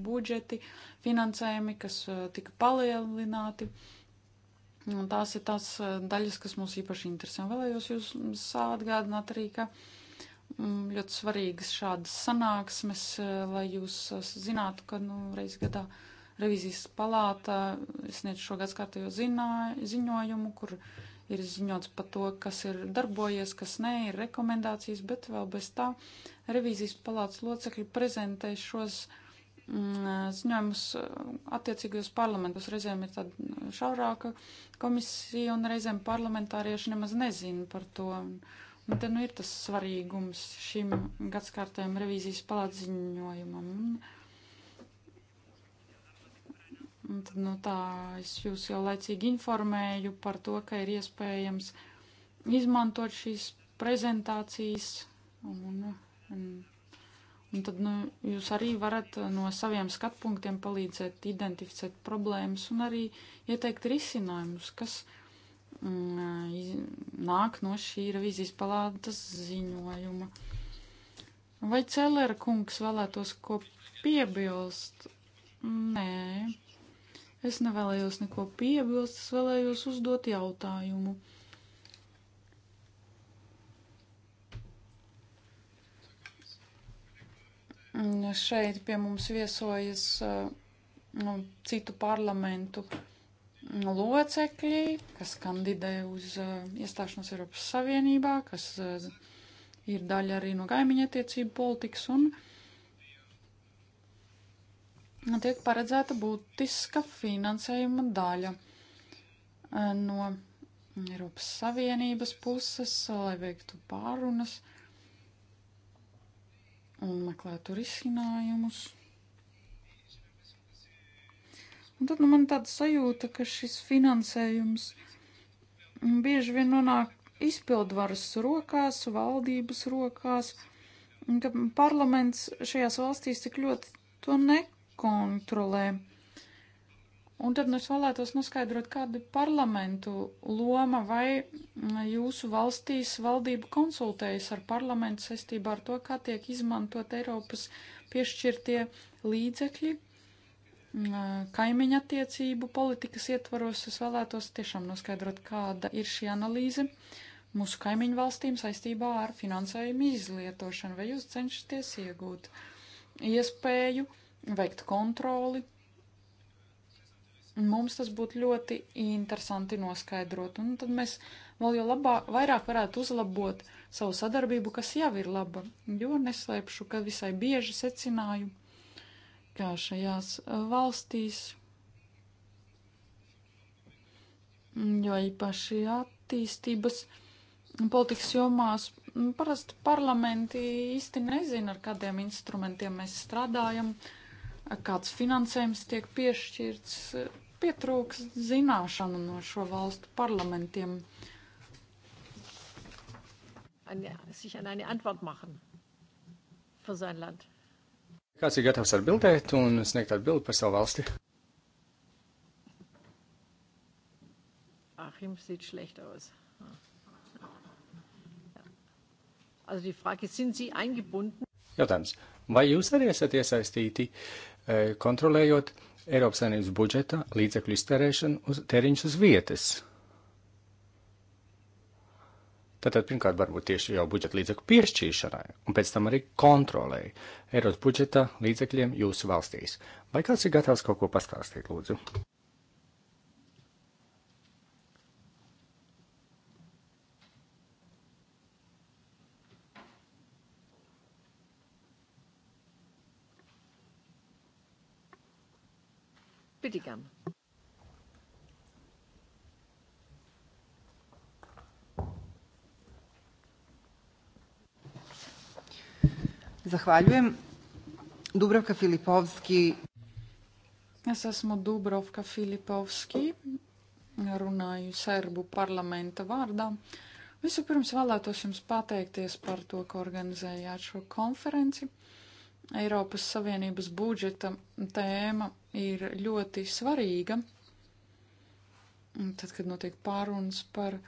budžeti finansējumi, kas tika palielināti. Un tās ir tās daļas, kas mūs īpaši interesē. Un vēlējos jūs atgādināt arī, ka uh, Mm, ļoti svarīgas šādas sanāksmes, eh, lai jūs eh, zinātu, ka nu, reiz gadā revizijas palāta sniedz šo gads kārtējo ziņojumu, kur ir ziņots par to, kas ir darbojies, kas nē, ir rekomendācijas, bet vēl bez tā revīzijas palātas locekļi prezentē šos mm, eh, ziņojumus attiecīgajos parlamentos. Reizēm ir tāda šaurāka komisija un reizēm parlamentārieši nemaz nezina par to. Un, Un nu, te nu ir tas svarīgums šim gadskārtējiem revīzijas palādziņojumam. Un tad, nu tā, es jūs jau laicīgi informēju par to, ka ir iespējams izmantot šīs prezentācijas un, un Un tad nu, jūs arī varat no saviem skatpunktiem palīdzēt identificēt problēmas un arī ieteikt risinājumus, kas Mm, nāk no šī revizijas palātas ziņojuma. Vai Celera kungs vēlētos ko piebilst? Nē, es nevēlējos neko piebilst, es vēlējos uzdot jautājumu. Mm, šeit pie mums viesojas nu, citu parlamentu uh, locekļi, kas kandidē uz eh, iestāšanos Eiropas Savienībā, kas eh, ir daļa arī no kaimiņattiecību politikas un tiek paredzēta būtiska finansējuma daļa eh, no Eiropas Savienības puses, lai veiktu pārunas un meklētu risinājumus. Un tad nu, man tāda sajūta, ka šis finansējums bieži vien nonāk izpildvaras rokās, valdības rokās, un ka parlaments šajās valstīs tik ļoti to nekontrolē. Un tad nu, es vēlētos noskaidrot, kāda ir parlamentu loma vai jūsu valstīs valdība konsultējas ar parlamentu saistībā ar to, kā tiek izmantot Eiropas piešķirtie līdzekļi Mm, kaimiņa attiecību politikas ietvaros, es vēlētos tiešām noskaidrot, kāda ir šī analīze mūsu kaimiņu valstīm saistībā ar finansējumu izlietošanu, vai jūs cenšaties iegūt iespēju veikt kontroli. Mums tas būtu ļoti interesanti noskaidrot, un tad mēs vēl jau labāk, vairāk varētu uzlabot savu sadarbību, kas jau ir laba, jo neslēpšu, ka visai bieži secinājumu ka šajās valstīs, jo īpaši attīstības politikas jomās, parasti parlamenti īsti nezina, ar kādiem instrumentiem mēs strādājam, kāds finansējums tiek piešķirts, pietrūks zināšanu no šo valstu parlamentiem. An, sich an eine Antwort machen für sein Land. Kāds ir gatavs atbildēt un sniegt atbildi par savu valsti? Achim sieht schlecht aus. Also die Frage, sind Sie eingebunden? Jautājums. Vai jūs arī esat iesaistīti e, kontrolējot Eiropas Savienības budžeta līdzekļu iztērēšanu uz tēriņš uz vietas? Tātad, pirmkārt, varbūt tieši jau budžeta līdzekļu piešķīšanai, un pēc tam arī kontrolēji Eiropas budžeta līdzekļiem jūsu valstīs. Vai kāds ir gatavs kaut ko pastāstīt, lūdzu? Bitte gern. Zahvaljujem. Dubravka Filipovski. Es esmu Dubravka Filipovski, runāju Serbu parlamenta vārdā. Vispirms vēlētos jums pateikties par to, ka organizējāt šo konferenci. Eiropas Savienības budžeta tēma ir ļoti svarīga. Tad, kad notiek pārunas par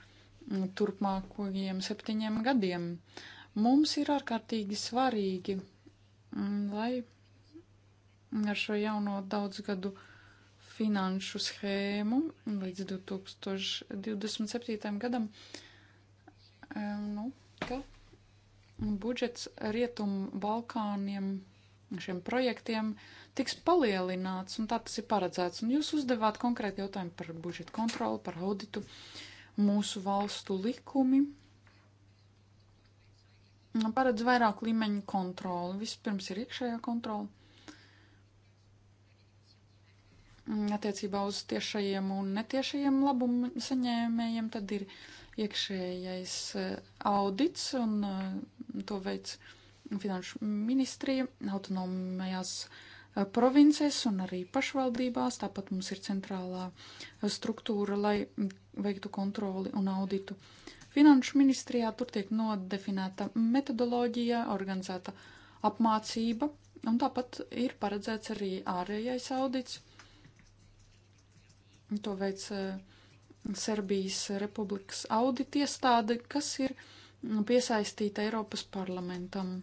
turpmākajiem septiņiem gadiem, uh, Mums ir ārkārtīgi svarīgi, mm, lai ar šo jauno daudzgadu finanšu schēmu līdz 2027. gadam, nu, ka budžets Rietumu Balkāniem šiem projektiem tiks palielināts, un tā tas ir paredzēts. Un jūs uzdevāt konkrēti jautājumu par budžetu kontroli, par auditu, mūsu valstu likumi Mm, paredz vairāk līmeņu kontroli. Vispirms ir iekšējā kontrola mm, attiecībā uz tiešajiem un netiešajiem labumu saņēmējiem, tad ir iekšējais eh, audits un eh, to veids Finanšu ministrija, autonomajās eh, provinces un arī pašvaldībās. Tāpat mums ir centrālā struktūra, lai mm, veiktu kontroli un auditu. Uh, Finanšu ministrijā tur tiek nodefinēta metodoloģija, organizēta apmācība, un tāpat ir paredzēts arī ārējais audits. To veids eh, Serbijas Republikas audita iestāde, kas ir piesaistīta Eiropas parlamentam.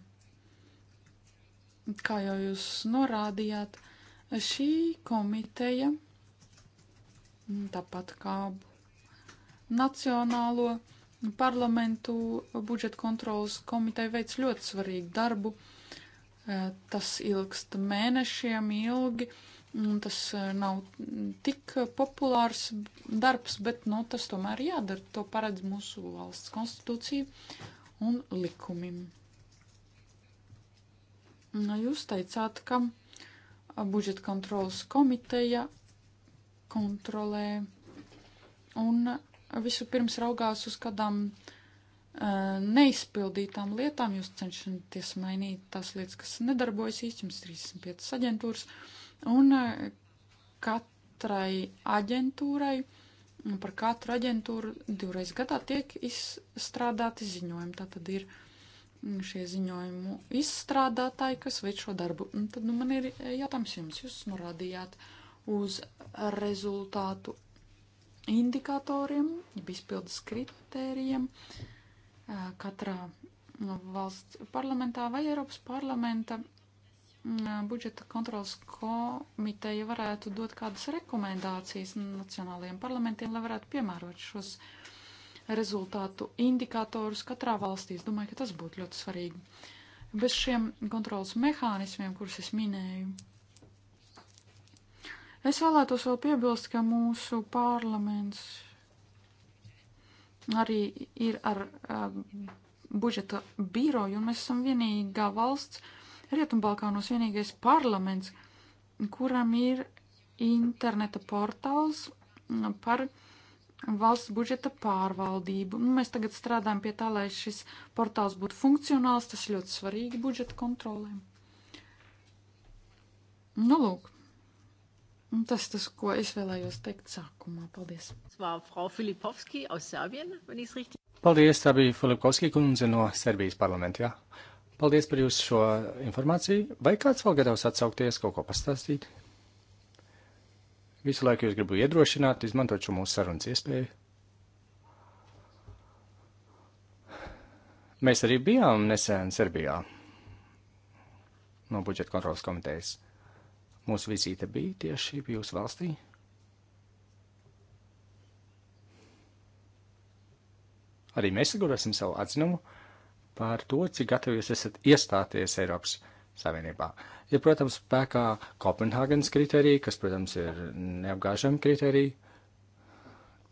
Kā jau jūs norādījāt, šī komiteja, tāpat kā Nacionālo Parlamentu budžeta kontrolas komiteja veic ļoti svarīgu darbu. Eh, tas ilgst mēnešiem ilgi, un tas eh, nav tik populārs darbs, bet nu, tas tomēr jādara. To paredz mūsu valsts konstitūcija un likumim. Nu, jūs teicāt, ka budžeta kontrolas komiteja kontrolē un vispirms raugās uz kādām eh, neizpildītām lietām, jūs cenšaties mainīt tās lietas, kas nedarbojas īsti, jums 35 aģentūras, un eh, katrai aģentūrai, par katru aģentūru divreiz gadā tiek izstrādāti ziņojumi, tā tad ir mm, šie ziņojumu izstrādātāji, kas veic šo darbu. Un tad nu, man ir eh, jautājums jums, jūs norādījāt uz rezultātu indikatoriem, izpildes kritērijiem katrā valsts parlamentā vai Eiropas parlamenta budžeta kontrolas komiteja varētu dot kādas rekomendācijas nacionālajiem parlamentiem, lai varētu piemērot šos rezultātu indikatorus katrā valstī. Es domāju, ka tas būtu ļoti svarīgi. Bez šiem kontrolas mehānismiem, kurus es minēju, Es vēlētos vēl piebilst, ka mūsu parlaments arī ir ar um, budžeta biroju, un mēs esam vienīgā valsts, Rietumbalkānos vienīgais parlaments, kuram ir interneta portāls par valsts budžeta pārvaldību. Nu, mēs tagad strādājam pie tā, lai šis portāls būtu funkcionāls, tas ļoti svarīgi budžeta kontrolēm. Nu, lūk. Un tas tas, ko es vēlējos teikt sākumā. Paldies. Paldies, tā bija Filipkovski kundze no Serbijas parlamenta. Jā. Paldies par jūsu šo informāciju. Vai kāds vēl gatavs atsaukties, kaut ko pastāstīt? Visu laiku jūs gribu iedrošināt, izmantot šo mūsu sarunas iespēju. Mēs arī bijām nesen Serbijā no budžeta kontrolas komitejas. Mūsu vizīte bija tieši jūsu valstī. Arī mēs saglabāsim savu atzinumu par to, cik gatavi jūs esat iestāties Eiropas Savienībā. Ir, protams, spēkā Kopenhāgenes kriterija, kas, protams, ir neapgāžama kriterija.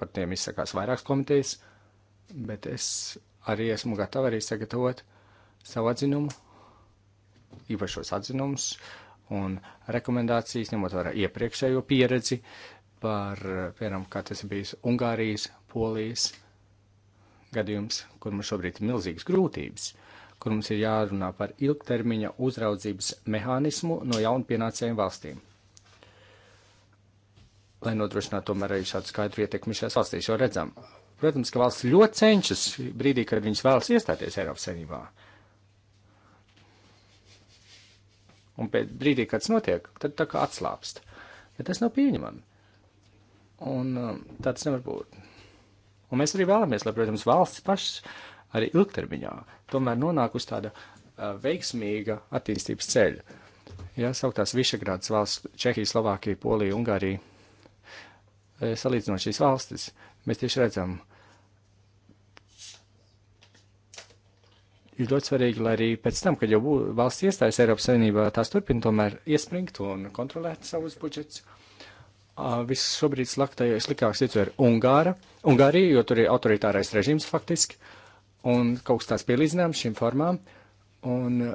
Par tiem izsakās vairākas komitejas, bet es arī esmu gatava arī sagatavot savu atzinumu, īpašos atzinumus, uh, un rekomendācijas, ņemot vērā iepriekšējo pieredzi par, piemēram, kā tas ir bijis Ungārijas, Polijas gadījums, kur mums šobrīd ir milzīgas grūtības, kur mums ir jārunā par ilgtermiņa uzraudzības mehānismu no jaunpienācējiem valstīm. Lai nodrošinātu tomēr arī šādu skaidru ietekmi šajās valstīs, jo redzam, protams, ka valsts ļoti cenšas brīdī, kad viņas vēlas iestāties Eiropas savienībā. Un pēc brīdī, kad tas notiek, tad tā kā atslāpst. Bet tas nav pieņemami. Un um, tāds nevar būt. Un mēs arī vēlamies, lai, protams, valsts pašas arī ilgtermiņā tomēr nonāk uz tāda uh, veiksmīga attīstības ceļa. Ja sauktās Višegrādas valsts, Čehija, Slovākija, Polija, Ungārija, eh, salīdzinot šīs valstis, mēs tieši redzam, uh, ir ļoti svarīgi, lai arī pēc tam, kad jau bū, valsts iestājas Eiropas Savienībā, tās turpina tomēr iespringt un kontrolēt savus budžets. Viss šobrīd sliktākais situācija ir Ungāra, Ungārija, jo tur ir autoritārais režīms faktiski, un kaut kas tās pielīdzināms šīm formām. Un,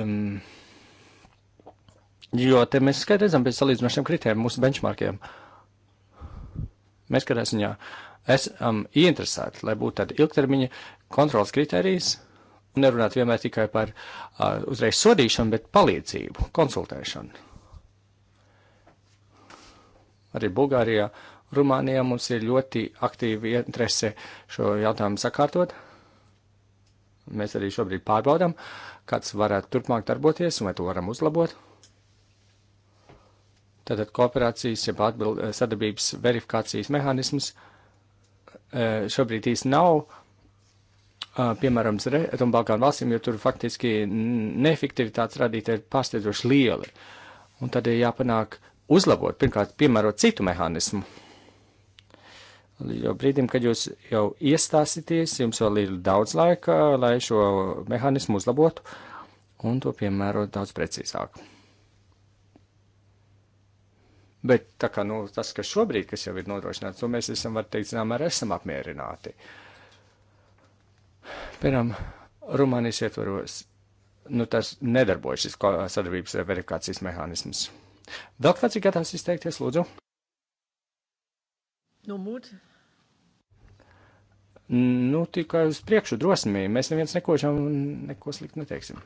um, jo te mēs skaidri redzam pēc salīdzinošiem kritēm mūsu benchmarkiem. Mēs, kad esam jā, esam um, ieinteresēti, lai būtu tāda ilgtermiņa kontrols kriterijas un nerunāt vienmēr tikai par uh, uzreiz sodīšanu, bet palīdzību, konsultēšanu. Arī Bulgārijā, Rumānijā mums ir ļoti aktīva interese šo jautājumu sakārtot. Mēs arī šobrīd pārbaudām, kāds varētu turpmāk darboties un vai to varam uzlabot. Tātad kooperācijas, jeb atbild, sadarbības verifikācijas mehānisms šobrīd īsti nav piemēram, Rietumbalkānu valstīm, jo tur faktiski neefektivitātes radīta ir pārsteidzoši liela. Un tad ir jāpanāk uzlabot, pirmkārt, piemērot citu mehānismu. Jo brīdim, kad jūs jau iestāsieties, jums vēl ir daudz laika, lai šo mehānismu uzlabotu un to piemērot daudz precīzāk. Bet tā kā nu, tas, kas šobrīd kas jau ir nodrošināts, to mēs esam, var teikt, zināmā mērā esam apmierināti. Uh, Piemēram, Rumānijas ietvaros, nu tas nedarbojas šis sadarbības verifikācijas mehānisms. Vēl kāds ir gatavs izteikties, lūdzu? No nu, mūt. Nu, tikai uz priekšu drosmī. Mēs neviens neko, neko sliktu neteiksim.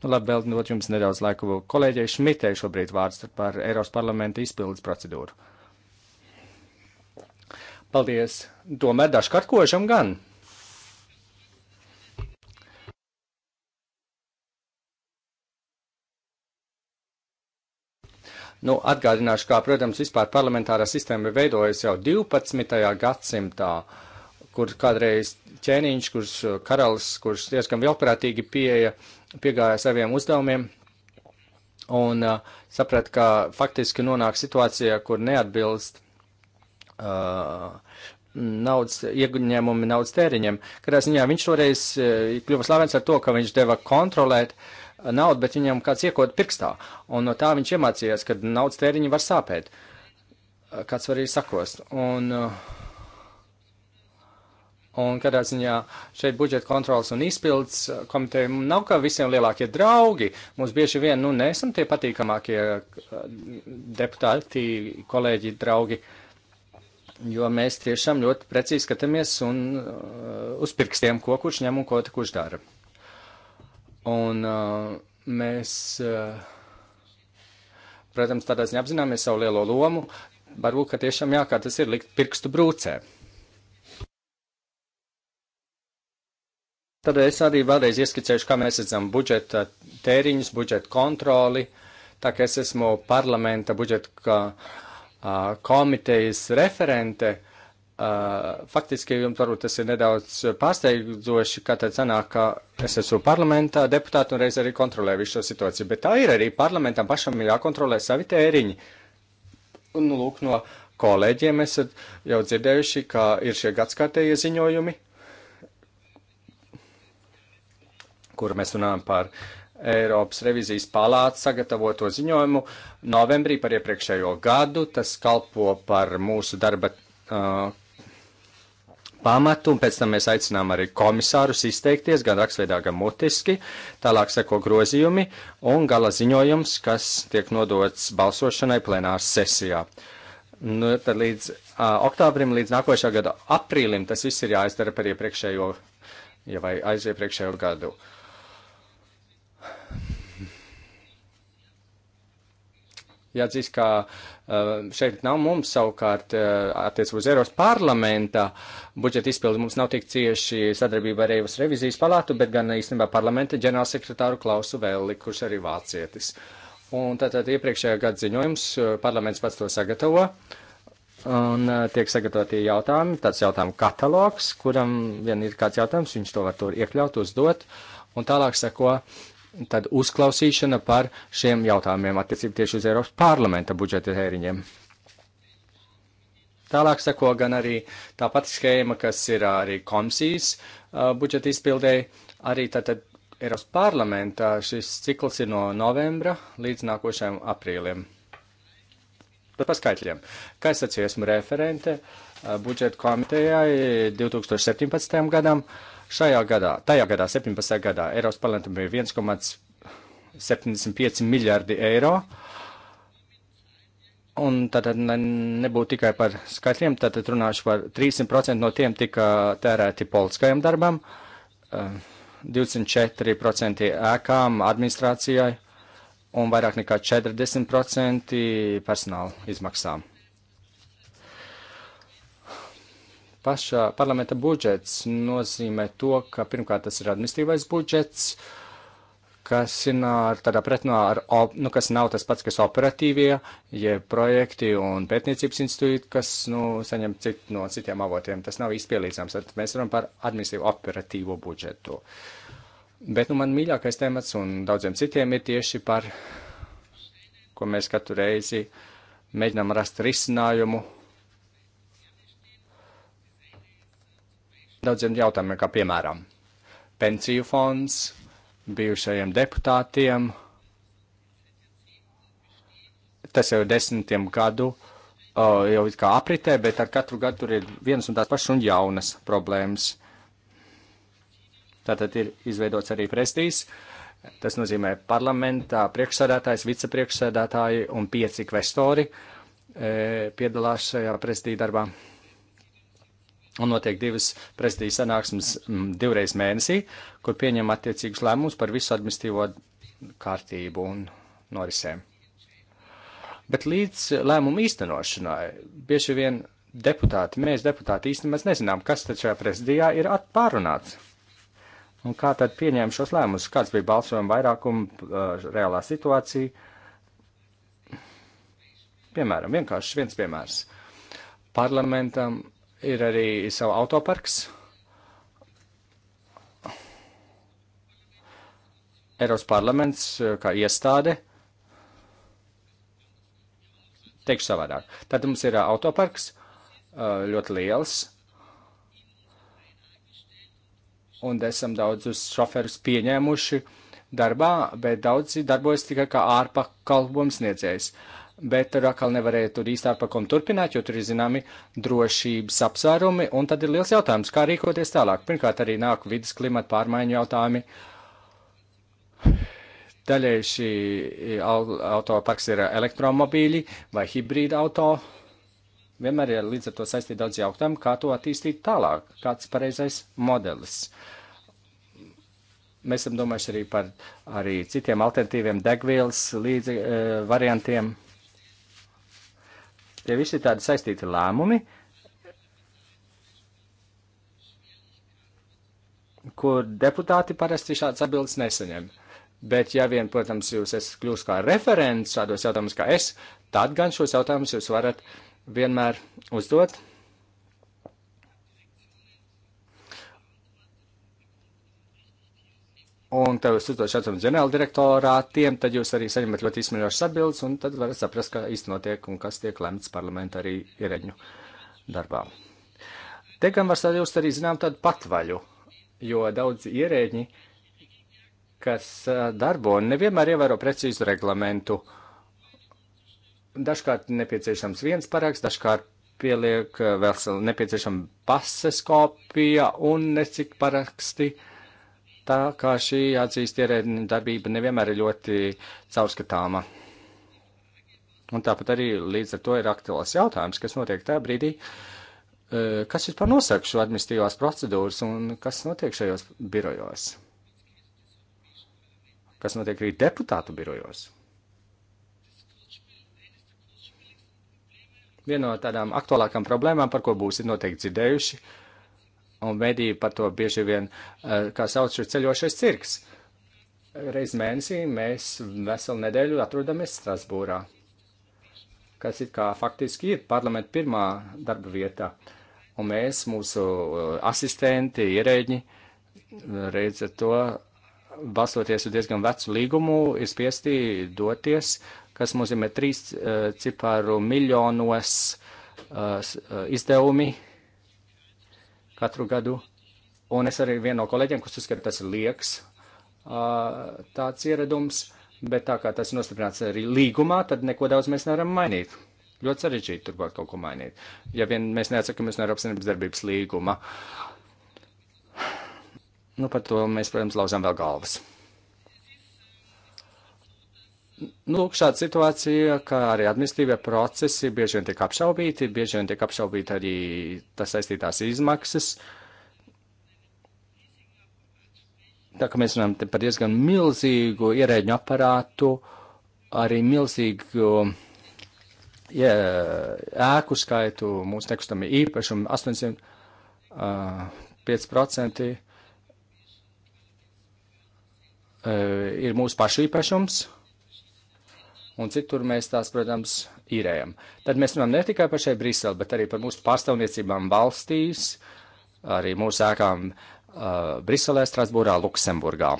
Nu, labi, vēl dot jums nedaudz laiku kolēģei Šmitei šobrīd vārds par Eiropas parlamenta izpildes procedūru. Paldies! Tomēr dažkārt kožam gan. Nu, atgādināšu, kā, protams, vispār parlamentārā sistēma ir veidojusies jau 12. gadsimtā, kur kādreiz ķēniņš, kurš eh, karalis, kurš diezgan vielprātīgi pieeja, piegāja saviem uzdevumiem un uh, saprata, ka faktiski nonāk situācijā, kur neatbilst uh, naudas ieguņēmumi naudas tēriņiem. Kādā ziņā viņš toreiz uh, kļuva slavens ar to, ka viņš deva kontrolēt uh, naudu, bet viņam kāds iekot pirkstā. Un no tā viņš iemācījās, ka naudas tēriņi var sāpēt. Uh, kāds var arī sakost. Un, un kādā ziņā šeit budžeta kontrols un izpildes komiteja nav kā visiem lielākie draugi. Mums bieži vien, nu, nesam tie patīkamākie deputāti, kolēģi, draugi. Uh, jo mēs tiešām ļoti precīzi skatāmies un uh, uz pirkstiem, ko kurš ņem un ko te kurš dara. Un uh, mēs, uh, protams, tādā ziņā apzināmies savu lielo lomu, varbūt, ka tiešām jā, kā tas ir likt pirkstu brūcē. Tad es arī vēlreiz ieskicēšu, kā mēs redzam budžeta tēriņus, budžeta kontroli, tā kā es esmu parlamenta budžeta. Ka, uh, komitejas referente, faktiski jums varbūt tas ir nedaudz pārsteidzoši, ka tad sanāk, ka es esmu parlamentā deputāti un reiz arī kontrolēju visu šo situāciju, bet tā ir arī parlamentam pašam jākontrolē savi tēriņi. Un, nu, lūk, no kolēģiem esat jau dzirdējuši, ka ir šie gadskārtējie ziņojumi, kur mēs runājam par uh, Eiropas revizijas palāca sagatavoto ziņojumu novembrī par iepriekšējo gadu. Tas kalpo par mūsu darba uh, pamatu, un pēc tam mēs aicinām arī komisārus izteikties gan rakstveidā, gan mutiski. Tālāk seko grozījumi un gala ziņojums, kas tiek nodots balsošanai plenāras sesijā. Nu, tad līdz uh, oktobrim, līdz nākošā gada aprīlim tas viss ir jāizdara par iepriekšējo, ja vai aiz iepriekšējo gadu. Uh, Jāatzīst, ka eh, šeit nav mums savukārt eh, attiecībā uz Eiropas parlamenta budžeta izpildi. Mums nav tik cieši sadarbība ar Eiropas revizijas palātu, bet gan īstenībā parlamenta ģenerālsekretāru Klausu Vēli, kurš arī vācietis. Un tātad iepriekšējā gada ziņojums eh, parlaments pats to sagatavo. Un tiek sagatavoti jautājumi, tāds jautājumu katalogs, kuram vien ir kāds jautājums, viņš to var tur iekļaut, uzdot. Un tālāk seko. Uh, tad uzklausīšana par šiem jautājumiem attiecībā tieši uz Eiropas parlamenta budžeta tēriņiem. Tālāk sako gan arī tā pati schēma, kas ir arī komisijas uh, budžeta izpildēji. Arī tātad Eiropas parlamenta šis cikls ir no novembra līdz nākošajam aprīlim. Tad paskaitļiem. Kā es sacīju, esmu referente uh, budžeta komitejai 2017. gadam. Uh, Šajā gadā, tajā gadā, 17. gadā, Eiropas parlamentam bija 1,75 miljardi eiro. Un tad ne, nebūtu tikai par skaitļiem, tad runāšu par 300% no tiem tika tērēti politiskajam darbam, 24% eh, ēkām, administrācijai un vairāk nekā 40% personāla izmaksām. Pašā parlamenta budžets nozīmē to, ka pirmkārt tas ir administrīvais budžets, kas ir tādā pretnā no ar, op, nu, kas nav tas pats, kas operatīvie, ja projekti un pētniecības institūti, kas, nu, saņem cit, no citiem avotiem. Tas nav izpielīdzams. Tad mēs runājam par administrīvu operatīvo budžetu. Bet, nu, man mīļākais temats un daudziem citiem ir tieši par, ko mēs katru reizi mēģinām rast risinājumu daudziem jautājumiem, kā piemēram pensiju fonds, bijušajiem deputātiem. Tas jau ir desmitiem gadu, jau it kā apritē, bet ar katru gadu tur ir vienas un tās pašas un jaunas problēmas. Tātad ir izveidots arī prestīs. Tas nozīmē parlamentā priekšsēdētājs, vicepriekšsēdētāji un pieci kvestori e, piedalās šajā prestī darbā. Un notiek divas prezidijas sanāksmes m, mm, divreiz mēnesī, kur pieņem attiecīgus lēmumus par visu administīvo kārtību un norisēm. Bet līdz lēmumu īstenošanai bieži vien deputāti, mēs deputāti īstenībā nezinām, kas tad šajā prezidijā ir pārunāts. Un kā tad pieņēma šos lēmumus, kāds bija balsojuma vairākuma uh, reālā situācija. Piemēram, vienkārši viens piemērs. Parlamentam ir arī savu autoparks. Eiropas parlaments eh, kā iestāde. Teikšu savādāk. Tad mums ir eh, autoparks eh, ļoti liels. Un esam daudzus šoferus pieņēmuši darbā, bet daudzi darbojas tikai kā ārpakalpojums sniedzējs. Uh, bet tur atkal nevarēja tur īstā par kom turpināt, jo tur ir zināmi drošības apsvērumi, un tad ir liels jautājums, kā rīkoties tālāk. Pirmkārt, arī nāk vidas klimata pārmaiņu jautājumi. Daļai šī autoparks ir elektromobīļi vai hibrīda auto. Vienmēr ir līdz ar to saistīti daudz jautājumu, kā to attīstīt tālāk, kāds pareizais modelis. Mēs esam domājuši arī par arī citiem alternatīviem degvielas līdzi, e, variantiem. Tie visi ir tādi saistīti lēmumi, kur deputāti parasti šādas atbildes nesaņem. Bet, ja vien, protams, jūs esat kļūst kā referents šādos jautājumus kā es, tad gan šos jautājumus jūs varat vienmēr uzdot Un tev ir sūtot šādam ģenerāldirektorātiem, tad jūs arī saņemat ļoti izsmeļošas atbildes, un tad varat saprast, kā īsti notiek un kas tiek lemts parlamenta arī iereņu darbā. Te gan var sajust arī, zinām, tādu patvaļu, jo daudz ierēģi, kas darbo, nevienmēr ievēro precīzu reglamentu. Dažkārt nepieciešams viens paraksts, dažkārt pieliek vēl nepieciešama pases kopija un necik paraksti. Uh, tā kā šī atzīst ierēdņa darbība nevienmēr ir ļoti caurskatāma. Un tāpat arī līdz ar to ir aktuāls jautājums, kas notiek tajā brīdī, e, kas vispār nosaka šo administratīvās procedūras un kas notiek šajos birojos? Kas notiek arī deputātu birojos? Viena no tādām aktuālākām problēmām, par ko būsiet noteikti dzirdējuši, ir Un mediji par to bieži vien, eh, kā sauc šo ceļošais cirks. Reiz mēnesī mēs veselu nedēļu atrodamies Strasbūrā, kas it kā faktiski ir parlamenta pirmā darba vietā. Un mēs, mūsu eh, asistenti, ierēģi, reiz ar to, balstoties uz diezgan vecu līgumu, ir spiesti doties, kas nozīmē trīs eh, ciparu miljonos izdevumi katru gadu. Un es arī vienu no kolēģiem, kurš uzskata, tas ir liekas tāds ieradums, bet tā kā tas ir nostiprināts arī līgumā, tad neko daudz mēs nevaram mainīt. Ļoti sarežģīti turklāt kaut ko mainīt, ja vien mēs neatsakamies no Eiropas Savienības darbības līguma. Nu, par to mēs, protams, lauzām vēl galvas. Nu, šāda situācija, kā arī administratīvie procesi bieži vien tiek apšaubīti, bieži vien tiek apšaubīti arī tas saistītās izmaksas. Tā kā mēs runājam par diezgan milzīgu ierēģu aparātu, arī milzīgu jā, ēku skaitu mūsu nekustamie īpašumi 805% ir mūsu pašu īpašums un citur mēs tās, protams, īrējam. Tad mēs runājam ne tikai par šeit Briseli, bet arī par mūsu pārstāvniecībām valstīs, arī mūsu ēkām uh, Briselē, Strasbūrā, Luksemburgā.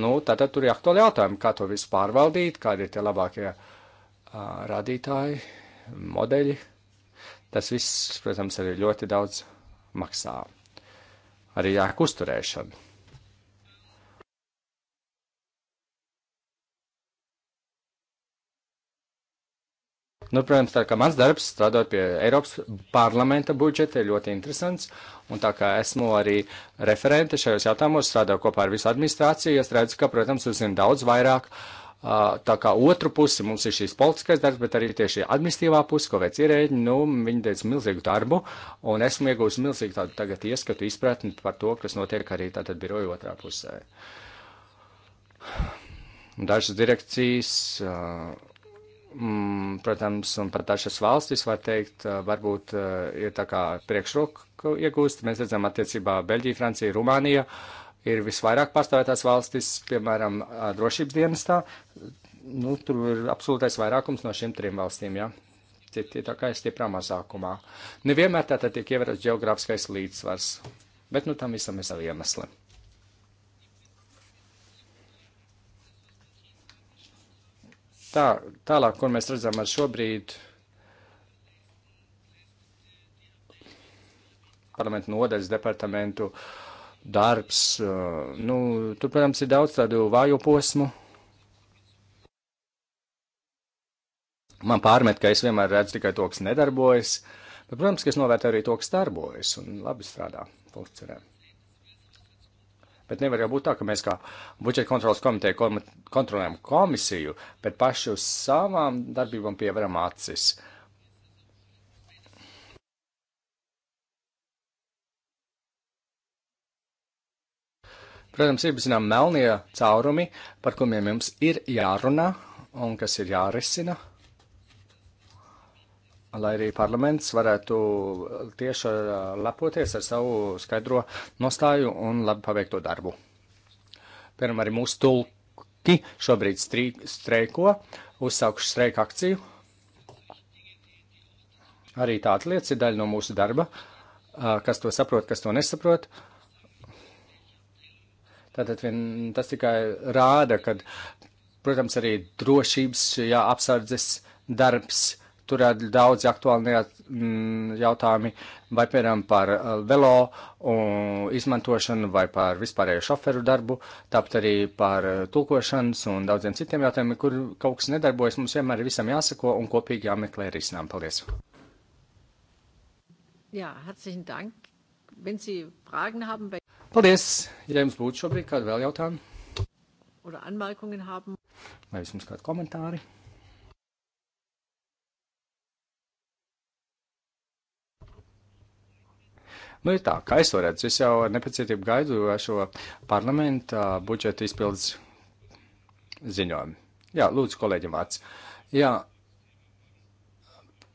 Nu, tātad tur ir aktuāli jautājumi, kā to visu pārvaldīt, kādi ir tie labākie uh, rādītāji, modeļi. Tas viss, protams, arī ļoti daudz maksā. Arī jākuzturēšana. Nu, protams, tā kā mans darbs strādājot pie Eiropas parlamenta budžeta ir ļoti interesants, un tā kā esmu arī referente šajos jautājumos, strādāju kopā ar visu administrāciju, es redzu, ka, protams, uzzinu daudz vairāk. Tā kā otru pusi mums ir šīs politiskais darbs, bet arī tieši administratīvā puse, ko veic ierēģi, nu, viņi veic milzīgu darbu, un esmu iegūst milzīgu tādu tagad ieskatu izpratni par to, kas notiek arī tātad biroju otrā pusē. Dažas direkcijas. Uh, mm, protams, un pat dažas valstis, var teikt, varbūt ir tā kā priekšroku iegūst. Mēs redzam attiecībā Beļģija, Francija, Rumānija ir visvairāk pārstāvētās valstis, piemēram, drošības dienestā. Nu, tur ir absolūtais vairākums no šiem trim valstīm, jā. Ja? Citi tā kā ir stiprā mazākumā. Nevienmēr tā tad tiek ievērots geogrāfiskais līdzsvars, bet nu tam visam ir savi iemesli. Tā, tālāk, kur mēs redzam ar šobrīd parlamentu nodaļas departamentu darbs, nu, tur, protams, ir daudz tādu vājo posmu. Man pārmet, ka es vienmēr redzu tikai to, kas nedarbojas, bet, protams, ka es novērtu arī to, kas darbojas un labi strādā, funkcionē. Bet nevar jau būt tā, ka mēs kā budžeta kontrolas komiteja kom kontrolējam komisiju, bet paši uz savām darbībām pievaram acis. Protams, ir zinām melnie caurumi, par kuriem jums ir jārunā un kas ir jārisina lai arī parlaments varētu uh, tieši uh, lepoties ar savu skaidro nostāju un labi paveikto darbu. Piemēram, arī mūsu tulki šobrīd strī, streiko, uzsākuši streika akciju. Arī tāda lietas ir daļa no mūsu darba, uh, kas to saprot, kas to nesaprot. Tātad vien, tas tikai rāda, ka, protams, arī drošības jā, apsardzes darbs Tur ir daudz aktuāli neat, m, mm, jautājumi, vai piemēram par uh, velo un, izmantošanu, vai par vispārējo šoferu darbu, tāpat arī par uh, tulkošanas un daudziem citiem jautājumiem, kur kaut kas nedarbojas. Mums vienmēr ir visam jāsako un kopīgi jāmeklē risinājumi. Paldies! Jā, herzlichen Dank. Wenn Sie Fragen haben, bei... Paldies! Ja jums būtu šobrīd kādi vēl jautājumi? Oder Anmerkungen haben? Vai vismaz kādi komentāri? Nu, ir tā, kā es to redzu. Es jau ar nepacietību gaidu šo parlamenta budžeta izpildes ziņojumu. Jā, lūdzu, kolēģim vārds. Jā,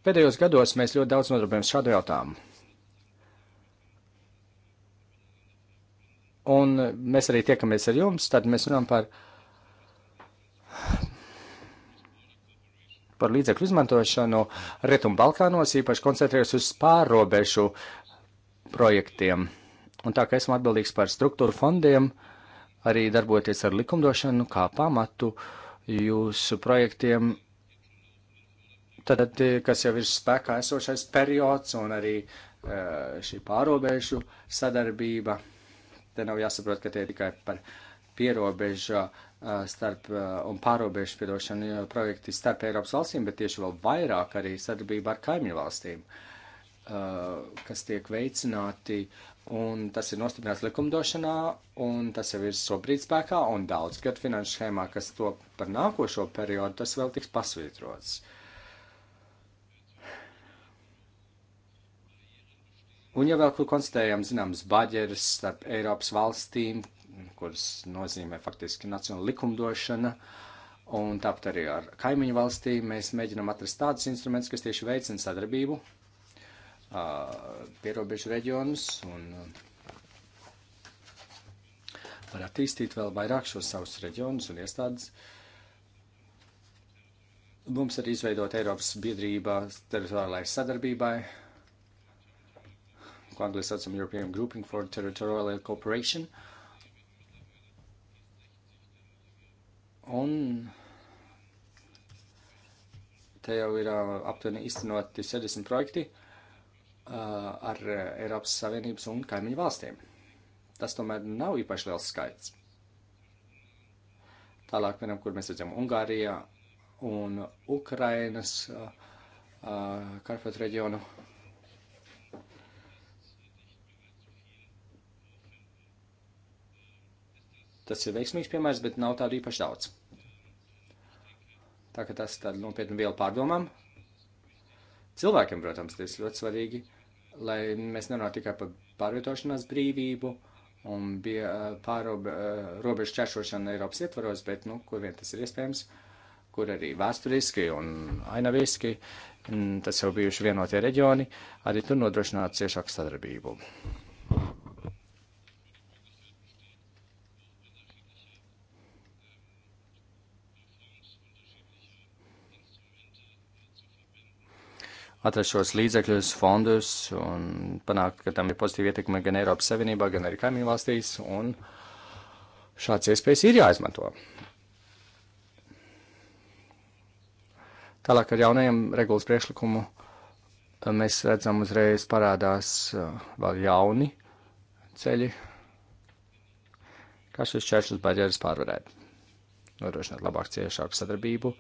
pēdējos gados mēs ļoti daudz nodarbojamies šādu jautājumu. Un mēs arī tiekamies ar jums, tad mēs runājam par, par līdzekļu izmantošanu Rietumbalkānos, īpaši koncentrējas uz pārrobežu projektiem. Un tā kā esmu atbildīgs par struktūru fondiem, arī darboties ar likumdošanu kā pamatu jūsu projektiem, tad, kas jau ir spēkā esošais periods un arī eh, šī pārobežu sadarbība. Te nav jāsaprot, ka tie ir tikai par pierobežu eh, starp eh, un pārobežu piedošanu projekti starp Eiropas valstīm, bet tieši vēl vairāk arī sadarbība ar kaimiņu valstīm. Uh, Uh, kas tiek veicināti, un tas ir nostiprināts likumdošanā, un tas jau ir šobrīd spēkā, un daudz gadu finanšu schēmā, kas to par nākošo periodu, tas vēl tiks pasvītrots. Un ja vēl kur konstatējam, zināms, baģeris starp Eiropas valstīm, kuras nozīmē faktiski nacionāla likumdošana, un tāpat arī ar kaimiņu valstīm, mēs mēģinam atrast tādus instrumentus, kas tieši veicina sadarbību pierobežu reģionus un uh, var attīstīt vēl vairāk šos savus reģionus un iestādes. Mums ir izveidot Eiropas biedrība teritoriālai sadarbībai, ko angļu saucam European Grouping for Territorial Cooperation. Un te jau ir uh, aptuveni īstenoti 70 projekti. Uh, ar Eiropas Savienības un kaimiņu valstīm. Tas tomēr nav īpaši liels skaits. Tālāk, piemēram, kur mēs redzam Ungārijā un Ukrainas Karpat reģionu. Tas ir veiksmīgs piemērs, bet nav tādu īpaši daudz. Tā ka tas tad nopietni vielu pārdomām. Cilvēkiem, protams, tas ir ļoti svarīgi lai mēs nerunātu tikai par pārvietošanās brīvību un bija pārobežu čašošana Eiropas ietvaros, bet, nu, kur vien tas ir iespējams, kur arī vēsturiski un ainaviski, tas jau bijuši vienotie reģioni, arī tur nodrošināt ciešāku sadarbību. atrast šos līdzekļus, fondus un panākt, ka tam ir pozitīva ietekme gan Eiropas Savienībā, gan arī kaimiņu valstīs, un šāds iespējas ir jāizmanto. Tālāk ar jaunajiem regulas priekšlikumu eh, mēs redzam uzreiz parādās eh, vēl jauni ceļi, kā šis čēršļus barjeras pārvarēt, nodrošināt labāk ciešāku sadarbību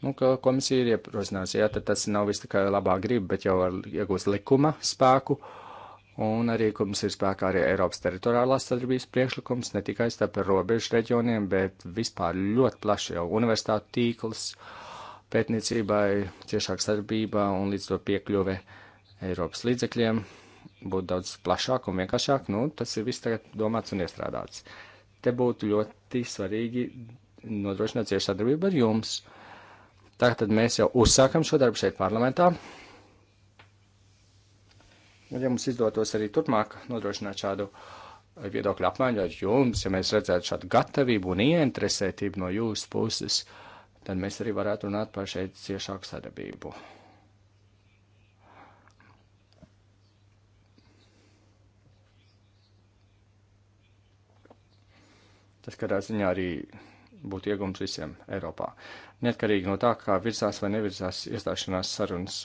Nu, ka komisija ir ierosinājusi, jā, tad tas nav viss tikai labā griba, bet jau ar iegūst likuma spēku. Un arī, ka mums ir spēkā arī Eiropas teritoriālās sadarbības priekšlikums, ne tikai starp robežu reģioniem, bet vispār ļoti plaši jau universitātu tīkls, pētniecībai, ciešāk sadarbībā un līdz to piekļuve Eiropas līdzekļiem būtu daudz plašāk un vienkāršāk. Nu, tas ir viss tagad domāts un iestrādāts. Te būtu ļoti svarīgi nodrošināt ciešu sadarbību ar jums. Uh, Tātad mēs jau uzsākam šo darbu šeit parlamentā. Un, ja mums izdotos arī turpmāk nodrošināt šādu viedokļu apmaiņu ar jums, ja mēs redzētu šādu gatavību un ieinteresētību no jūsu puses, tad mēs arī varētu runāt par šeit ciešāku sadarbību. Tas, kādā ziņā arī būtu iegums visiem Eiropā. Neatkarīgi no tā, kā virzās vai nevirzās iestāšanās sarunas.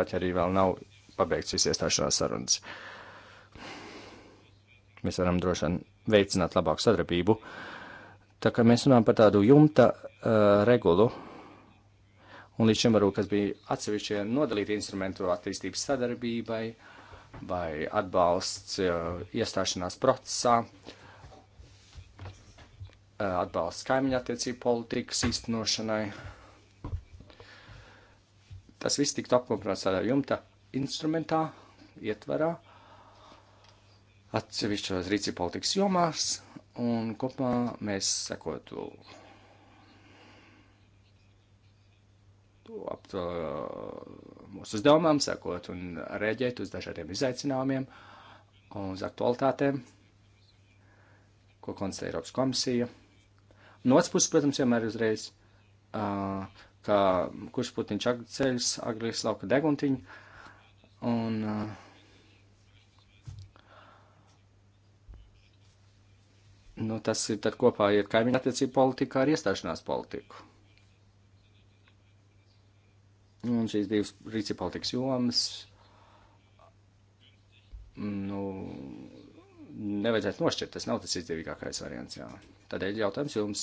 Pat arī vēl nav pabeigts šis iestāšanās sarunas. Mēs varam droši vien veicināt labāku sadarbību. Tā kā mēs runājam par tādu jumta uh, regulu, uh, Un līdz šim varbūt, kas bija atsevišķie nodalīti instrumentu attīstības sadarbībai vai atbalsts iestāšanās procesā, atbalsts kaimiņa attiecību politikas īstenošanai. Tas viss tiktu apkopots tādā jumta instrumentā, ietvarā, atsevišķos rīcību politikas jomās, un kopumā mēs sekotu ap to mūsu uzdevumam, sekot un rēģēt uz dažādiem izaicinājumiem un uz aktualitātēm, ko konstatē Eiropas komisija. No otras puses, protams, vienmēr ir uzreiz, uh, kā kurš putiņš ceļš, agresīvs lauka deguntiņa. Un, uh, nu, tas ir tad kopā ir kaimiņu attiecību politika ar iestāšanās politiku. Un šīs divas rīcība politikas jomas, nu, nevajadzētu nošķirt. Tas nav tas izdevīgākais variants, jā. Tādēļ jautājums jums,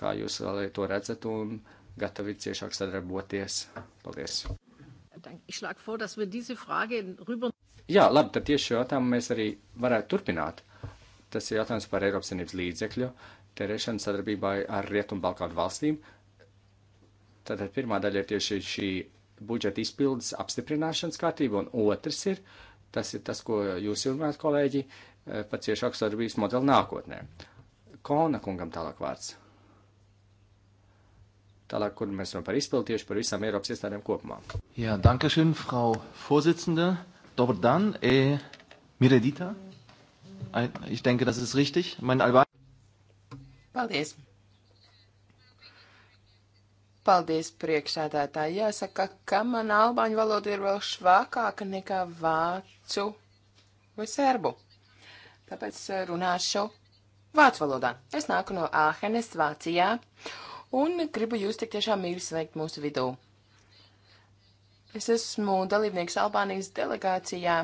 kā jūs to redzat un gatavi ciešāk sadarboties. Paldies! Jā, labi, tad tieši šo jautājumu mēs arī varētu turpināt. Tas ir jautājums par Eiropas Savienības līdzekļu tērēšanu sadarbībai ar Rietumbalkānu valstīm, Tātad pirmā daļa ir tieši šī budžeta izpildes apstiprināšanas kārtība, un otrs ir, tas ir tas, ko jūs jau runājat, kolēģi, eh, par ciešāku sadarbības modeli nākotnē. Kona kungam tālāk vārds. Tālāk, kur mēs runājam par izpildu tieši par visām Eiropas iestādēm kopumā. Jā, ja, dankašin, frau Vorsitzende. Dobar dan, e, Miredita. Ein, ich denke, das ist richtig. Mein Alban. Paldies. Paldies, priekšsēdētāji. Jāsaka, ka man albāņu valoda ir vēl švākāka nekā vācu vai serbu. Tāpēc eh, runāšu vācu valodā. Es nāku no Āhenes, Vācijā, un gribu jūs tik tiešām mīļi sveikt mūsu vidū. Es esmu dalībnieks Albānijas delegācijā.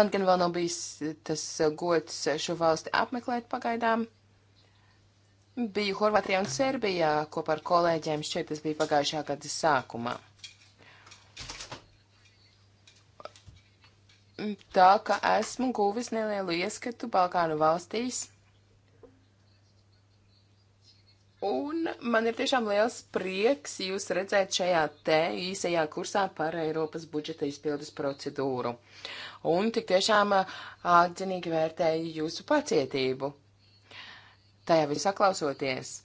Man gan vēl nav bijis tas gods šo valsti apmeklēt pagaidām. Biju Horvātijā un Serbijā kopā ar kolēģiem, šķiet, tas bija pagājušā gada sākumā. Tā ka esmu guvis nelielu ieskatu Balkānu valstīs. Un man ir tiešām liels prieks jūs redzēt šajā te īsajā kursā par Eiropas budžeta izpildes procedūru. Un tik tiešām atzinīgi vērtēju jūsu pacietību tajā visā klausoties.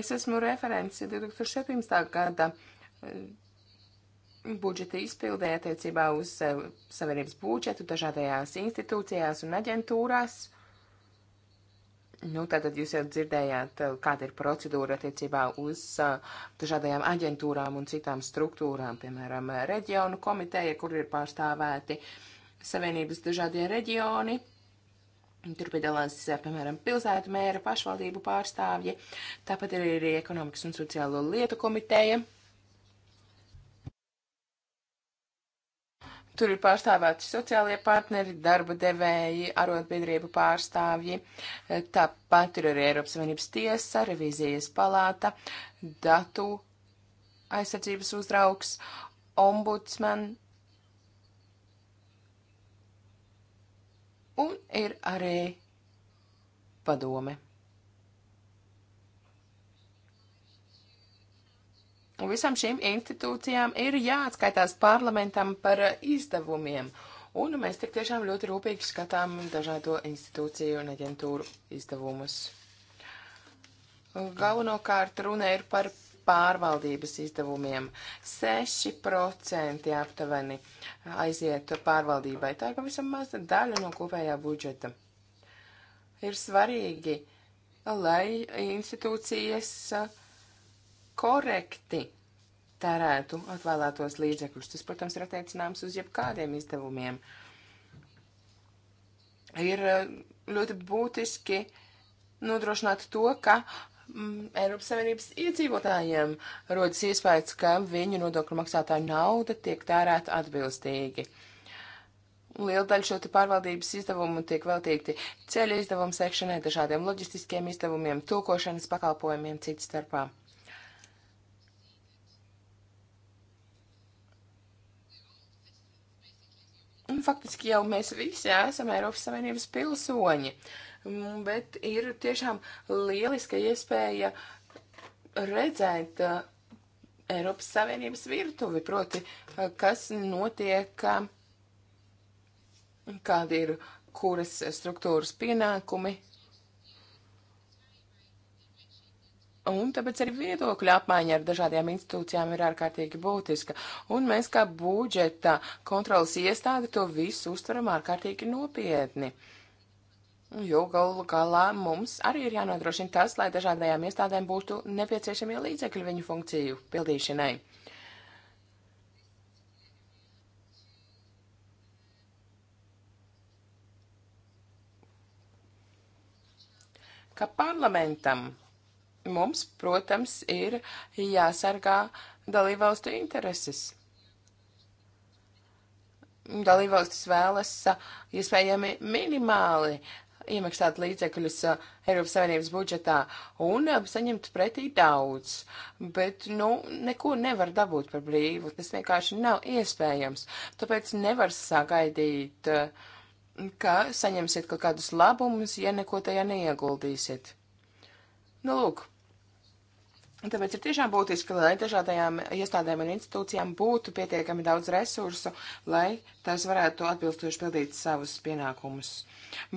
Es esmu referents 2017. gada eh, budžeta izpildē attiecībā uz eh, savienības budžetu dažādajās institūcijās un aģentūrās. Nu, tātad jūs jau dzirdējāt, eh, kāda ir procedūra attiecībā uz dažādajām aģentūrām un citām struktūrām, piemēram, reģionu komiteja, kur ir pārstāvēti savienības dažādie reģioni Tur piedalās, eh, piemēram, pilsētu mēra, pašvaldību pārstāvji, tāpat ir arī ekonomikas un sociālo lietu komiteja. Tur ir pārstāvēti sociālie partneri, darba devēji, arotbiedrību pārstāvji, eh, tāpat ir arī Eiropas Savienības tiesa, revīzijas palāta, datu aizsardzības uzraugs, ombudsman, Un ir arī padome. Un visām šīm institūcijām ir jāatskaitās parlamentam par izdevumiem. Un mēs tik tiešām ļoti rūpīgi skatām dažādo institūciju un aģentūru izdevumus. Galvenokārt runa ir par pārvaldības izdevumiem. 6% aptuveni aiziet pārvaldībai. Tā ir pavisam maza daļa no kopējā budžeta. Ir svarīgi, lai institūcijas korekti tērētu atvēlētos līdzekļus. Tas, protams, ir attiecināms uz jebkādiem izdevumiem. Ir ļoti būtiski nodrošināt to, ka Mm, Eiropas Savienības iedzīvotājiem rodas iespējas, ka viņu nodokļu maksātāju nauda tiek tērēta atbilstīgi. Liela daļa šo pārvaldības izdevumu tiek veltīti ceļu izdevumu sekšanai, dažādiem loģistiskiem izdevumiem, tulkošanas pakalpojumiem citas starpā. Un faktiski jau mēs visi esam Eiropas Savienības pilsoņi. Uh, Mm, bet ir tiešām lieliska iespēja redzēt uh, Eiropas Savienības virtuvi, proti, uh, kas notiek, uh, kādi ir kuras struktūras pienākumi. Un tāpēc arī viedokļa apmaiņa ar dažādajām institūcijām ir ārkārtīgi būtiska. Un mēs kā budžeta kontrolas iestāde to visu uztveram ārkārtīgi nopietni. Uh, Jo galu galā mums arī ir jānodrošina tas, lai dažādajām iestādēm būtu nepieciešamie līdzekļi viņu funkciju pildīšanai. Kā parlamentam mums, protams, ir jāsargā dalībvalstu intereses dalībvalstis vēlas iespējami minimāli iemaksāt līdzekļus uh, Eiropas Savienības budžetā un uh, saņemt pretī daudz, bet, nu, neko nevar dabūt par brīvu, tas vienkārši nav iespējams, tāpēc nevar sagaidīt, uh, ka saņemsiet kaut kādus labumus, ja neko tajā neieguldīsiet. Nu, lūk, Tāpēc ir tiešām būtiski, lai dažādajām iestādēm un institūcijām būtu pietiekami daudz resursu, lai tās varētu atbilstoši pildīt savus pienākumus.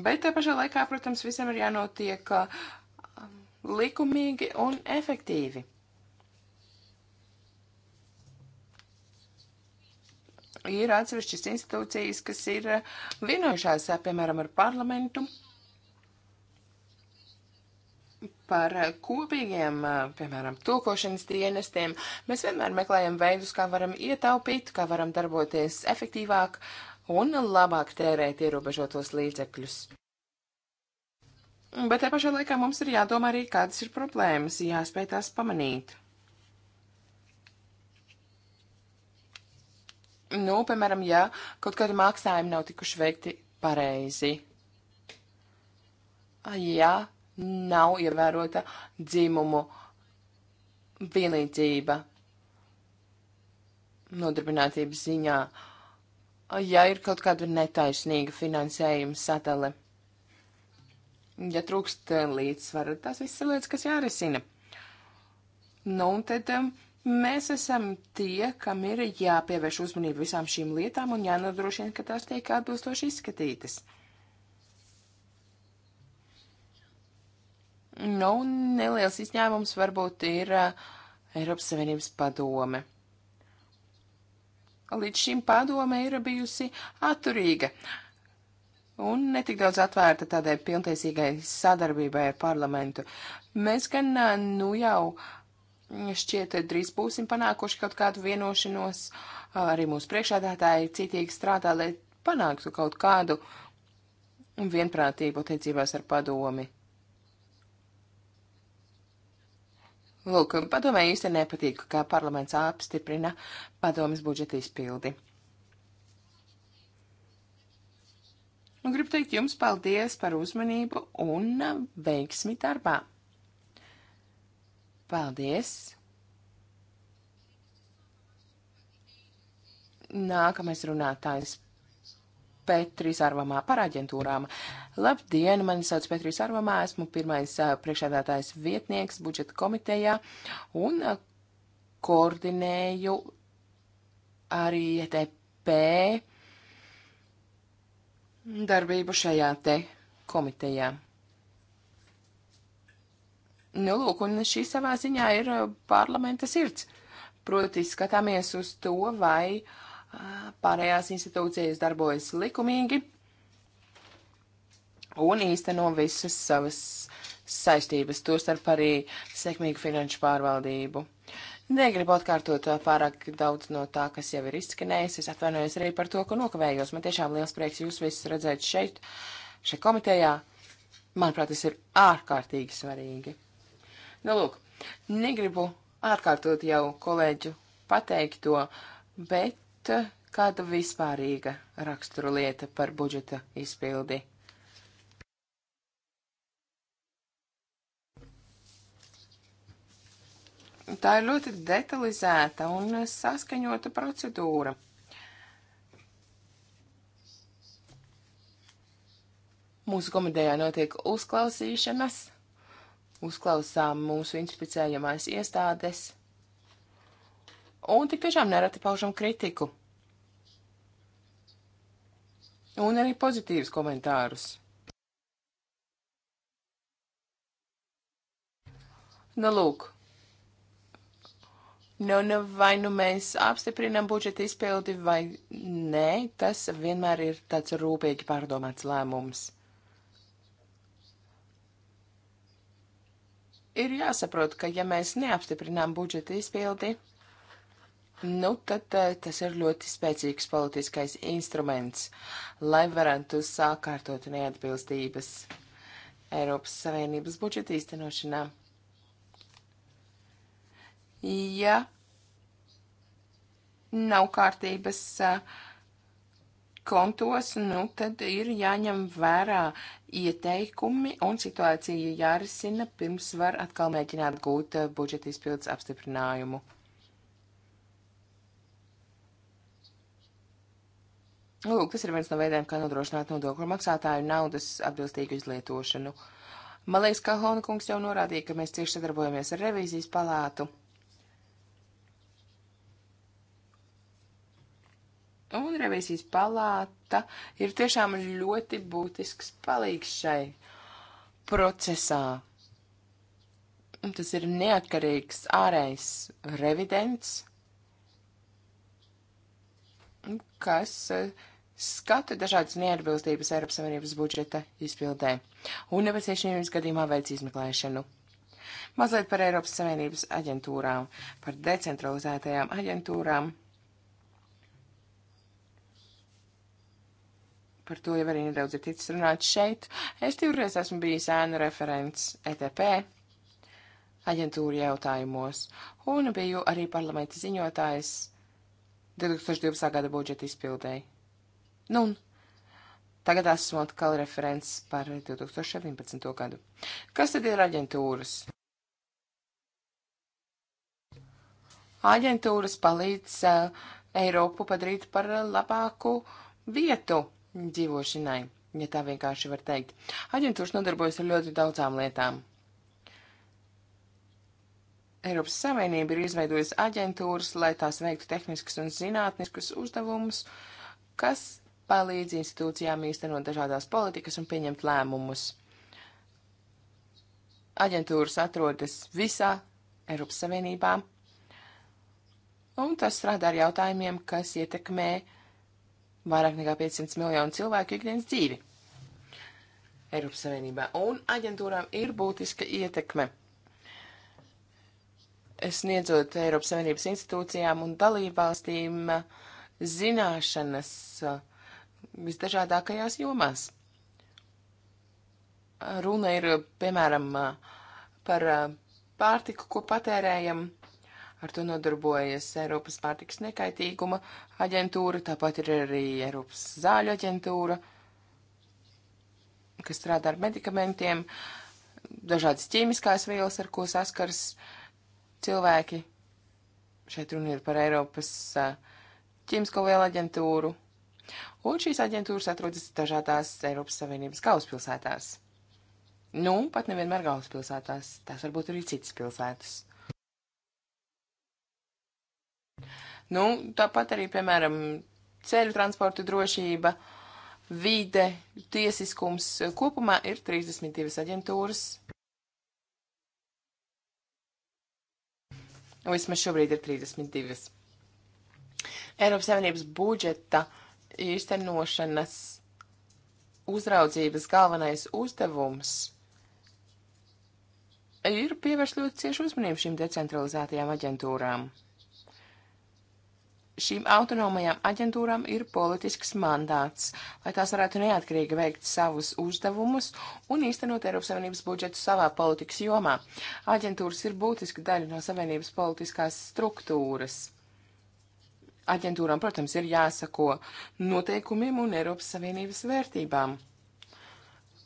Bet tā pašā laikā, protams, visam ir jānotiek um, likumīgi un efektīvi. Ir atsevišķas institūcijas, kas ir vienojušās, piemēram, ar parlamentu par eh, kopīgiem, eh, piemēram, tulkošanas dienestiem, mēs vienmēr meklējam veidus, kā varam ietaupīt, kā varam darboties efektīvāk un labāk tērēt ierobežotos līdzekļus. Bet te pašā laikā mums ir jādomā arī, kādas ir problēmas, jāspēj tās pamanīt. Nu, piemēram, ja kaut kādi maksājumi nav tikuši veikti pareizi. Ah, jā, nav ievērota dzimumu vienlīdzība nodarbinātības ziņā, ja ir kaut kāda netaisnīga finansējuma sadale. Ja trūkst eh, līdzsvara, tas viss ir lietas, kas jārisina. Nu, un tad um, mēs esam tie, kam ir jāpievērš uzmanība visām šīm lietām un jānodrošina, ka tās tiek atbilstoši izskatītas. Nu, neliels izņēmums varbūt ir uh, Eiropas Savienības padome. Līdz šim padome ir bijusi atturīga un netik daudz atvērta tādai pilntiesīgai sadarbībai ar parlamentu. Mēs gan, uh, nu jau, mm, šķiet, drīz būsim panākuši kaut kādu vienošanos, uh, arī mūsu priekšādātāji citīgi strādā, lai panāktu kaut kādu vienprātību attiecībās ar padomi. Lūk, padomē īsti nepatīk, kā parlaments apstiprina padomas budžeta izpildi. Un gribu teikt jums paldies par uzmanību un veiksmi darbā. Paldies! Nākamais runātājs Petris Arvamā par aģentūrām. Labdien, mani sauc Petris Arvamā, esmu pirmais priekšādātājs vietnieks budžeta komitejā un koordinēju arī ETP darbību šajā te komitejā. Nu, lūk, un šī savā ziņā ir parlamenta sirds. Proti, skatāmies uz to, vai uh, pārējās institūcijas darbojas likumīgi un īsteno visas savas saistības, tostarp arī sekmīgu finanšu pārvaldību. Negribu atkārtot pārāk daudz no tā, kas jau ir izskanējis. Es atvainojos arī par to, ka nokavējos. Man tiešām liels prieks jūs visus redzēt šeit, šeit komitejā. Manuprāt, tas ir ārkārtīgi svarīgi. Nu, lūk, negribu atkārtot jau kolēģu pateikto, bet bet eh, kāda vispārīga raksturlieta par budžeta izpildi. Tā ir ļoti detalizēta un saskaņota procedūra. Mūsu komitejā notiek uzklausīšanas, uzklausām mūsu inspicējamās iestādes un tik tiešām nereti paužam kritiku. Un arī pozitīvus komentārus. Nu, lūk. Nu, nu, vai nu mēs apstiprinām budžeta izpildi vai nē, tas vienmēr ir tāds rūpīgi pārdomāts lēmums. Ir jāsaprot, ka ja mēs neapstiprinām budžeta izpildi, nu tad eh, tas ir ļoti spēcīgs politiskais instruments, lai varētu sākārtot neatbilstības Eiropas Savienības budžeta īstenošanā. Ja nav kārtības eh, kontos, nu tad ir jāņem vērā ieteikumi un situācija jārisina, pirms var atkal mēģināt gūt eh, budžeta izpildes apstiprinājumu. Lūk, tas ir viens no veidiem, kā nodrošināt nodokļu maksātāju naudas atbilstīgu izlietošanu. Man liekas, ka Hona kungs jau norādīja, ka mēs cieši sadarbojamies ar revīzijas palātu. Un revīzijas palāta ir tiešām ļoti būtisks palīgs šai procesā. Tas ir neatkarīgs ārējs revidents, kas uh, skata dažādas neatbilstības Eiropas Savienības budžeta izpildē un nepieciešamības gadījumā veic izmeklēšanu. Mazliet par Eiropas Savienības aģentūrām, par decentralizētajām aģentūrām. Par to jau arī nedaudz ir ticis runāts šeit. Es divreiz esmu bijis ēnu referents ETP aģentūra jautājumos un biju arī parlamenta ziņotājs 2020. gada budžeta izpildēji. Nu, un tagad esmu atkal referents par 2017. gadu. Kas tad ir aģentūras? Aģentūras palīdz uh, Eiropu padarīt par labāku vietu dzīvošanai, ja tā vienkārši var teikt. Aģentūras nodarbojas ar ļoti daudzām lietām. Eiropas Savienība ir izveidojusi aģentūras, lai tās veiktu tehniskus un zinātniskus uzdevumus, kas palīdz institūcijām īstenot dažādās politikas un pieņemt lēmumus. Aģentūras atrodas visā Eiropas Savienībā, un tas strādā ar jautājumiem, kas ietekmē vairāk nekā 500 miljonu cilvēku ikdienas dzīvi Eiropas Savienībā, un aģentūrām ir būtiska ietekme sniedzot Eiropas Savienības institūcijām un dalībvalstīm zināšanas uh, visdažādākajās jomās. Runa ir, piemēram, par pārtiku, ko patērējam. Ar to nodarbojas Eiropas pārtikas nekaitīguma aģentūra, tāpat ir arī Eiropas zāļu aģentūra, kas strādā ar medikamentiem, dažādas ķīmiskās vielas, ar ko saskars cilvēki. Šeit runa ir par Eiropas ķīmisko vielu aģentūru Un šīs aģentūras atrodas dažādās Eiropas Savienības galvaspilsētās. Nu, pat nevienmēr galvaspilsētās, tās varbūt arī citas pilsētas. Nu, tāpat arī, piemēram, ceļu transporta drošība, vide, tiesiskums kopumā ir 32 aģentūras. Vismaz šobrīd ir 32. Eiropas Savienības budžeta uh, īstenošanas uzraudzības galvenais uzdevums ir pievērst ļoti ciešu uzmanību šīm decentralizētajām aģentūrām. Šīm autonomajām aģentūrām ir politisks mandāts, lai tās varētu neatkarīgi veikt savus uzdevumus un īstenot Eiropas Savienības budžetu savā politikas jomā. Aģentūras ir būtiska daļa no Savienības politiskās struktūras aģentūram, protams, ir jāsako noteikumiem un Eiropas Savienības vērtībām.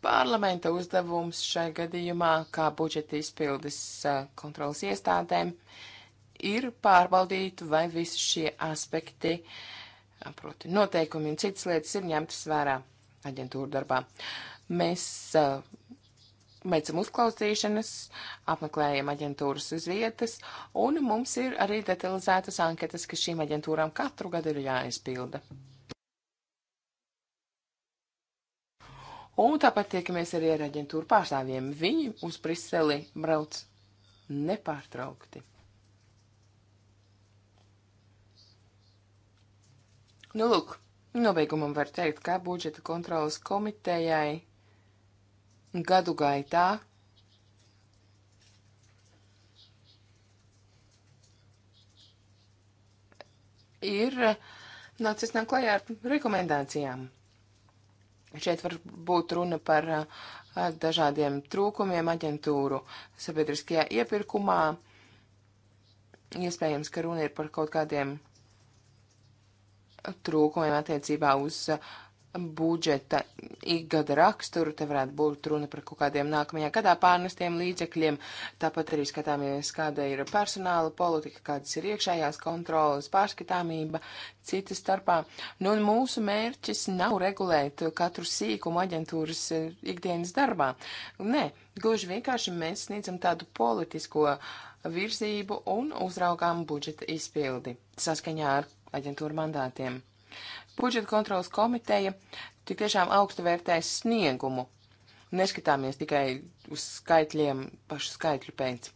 Parlamenta uzdevums šai gadījumā, kā budžeta izpildes kontrolas iestādēm, ir pārbaudīt, vai visi šie aspekti, proti noteikumi un citas lietas, ir ņemtas vērā aģentūra darbā. Mēs uh, veicam uzklausīšanas, apmeklējam aģentūras uz vietas, un mums ir arī detalizētas anketas, kas šīm aģentūrām katru gadu ir jāizpilda. Un tāpat tiekamies arī ar aģentūru pārstāvjiem. Viņi uz Briseli brauc nepārtraukti. Nu, lūk, nobeigumam var teikt, ka budžeta kontrolas komitejai gadu gaitā ir nācis nāk klajā ar rekomendācijām. Šeit var būt runa par dažādiem trūkumiem aģentūru sabiedriskajā iepirkumā. Iespējams, ka runa ir par kaut kādiem trūkumiem attiecībā uz budžeta ikgada raksturu, te varētu būt runa par kaut kādiem nākamajā gadā pārnestiem līdzekļiem, tāpat arī skatāmies, kāda ir personāla politika, kādas ir iekšējās kontrolas, pārskatāmība, cita starpā. Nu, un mūsu mērķis nav regulēt katru sīkumu aģentūras eh, ikdienas darbā. Nē, gluži vienkārši mēs sniedzam tādu politisko virzību un uzraugām budžeta izpildi saskaņā ar aģentūru mandātiem. Budžeta kontrolas komiteja tik tiešām augstu vērtēs sniegumu. Neskatāmies tikai uz skaitļiem pašu skaitļu pēc.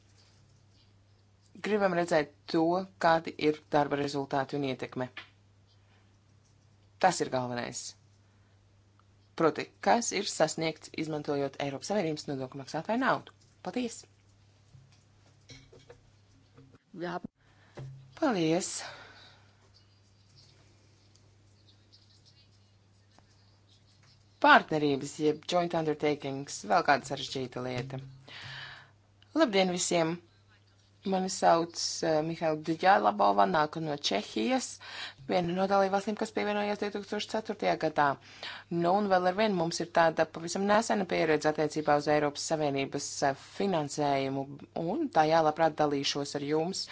Gribam redzēt to, kādi ir darba rezultāti un ietekme. Tas ir galvenais. Proti, kas ir sasniegts izmantojot Eiropas Savienības nodokļu maksātāju naudu? Paldies! Jā. Paldies! Partnerības, jeb joint undertakings, vēl kāda sarežģīta lieta. Labdien visiem! Mani sauc uh, eh, Mihaila Džālabova, nāku no Čehijas viena no dalībvalstīm, kas pievienojās 2004. gadā. Nu, un vēl ar vienu mums ir tāda pavisam nesena pieredze attiecībā uz Eiropas Savienības eh, finansējumu, un tajā labprāt dalīšos ar jums.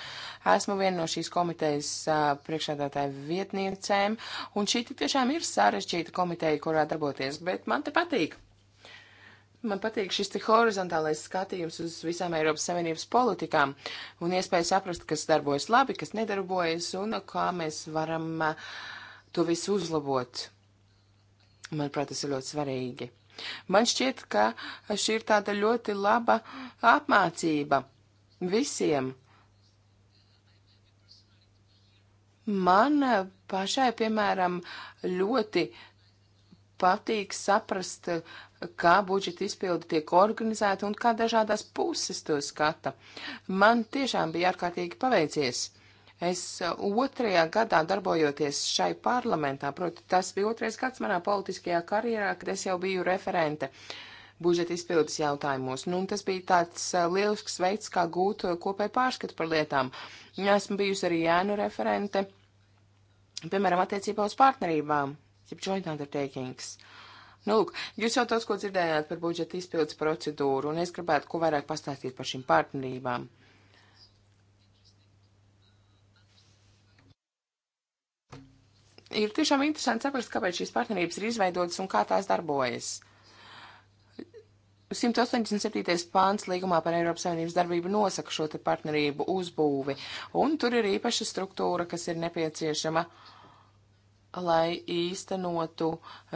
Esmu viena no šīs komitejas eh, priekšādātāju vietniecēm, un šī tik tiešām ir sarežģīta komiteja, kurā darboties, bet man te patīk. Man patīk šis horizontālais skatījums uz visām Eiropas Savienības politikām un iespēja saprast, kas darbojas labi, kas nedarbojas un kā mēs varam eh, to visu uzlabot. Manuprāt, tas ir ļoti svarīgi. Man šķiet, ka šī ir tāda ļoti laba apmācība visiem. Man pašai, piemēram, ļoti uh, patīk saprast, kā budžeta izpildi tiek organizēta un kā dažādās puses to skata. Man tiešām bija ārkārtīgi paveicies. Es uh, otrajā gadā darbojoties šai parlamentā, proti tas bija otrais gads manā politiskajā karjerā, kad es jau biju referente budžeta izpildes jautājumos. Nu, tas bija tāds uh, lielisks veids, kā gūt uh, kopēju pārskatu par lietām. Esmu bijusi arī ēnu referente, piemēram, attiecībā uz partnerībām jeb joint undertakings. Nu, lūk, jūs jau daudz ko dzirdējāt par budžeta izpildes procedūru, un es gribētu ko vairāk pastāstīt par šīm partnerībām. Ir tiešām interesanti saprast, kāpēc šīs partnerības ir izveidotas un kā tās darbojas. 187. pāns līgumā par Eiropas Savienības darbību nosaka šo partnerību uzbūvi, un tur ir īpaša struktūra, kas ir nepieciešama uh, lai īstenotu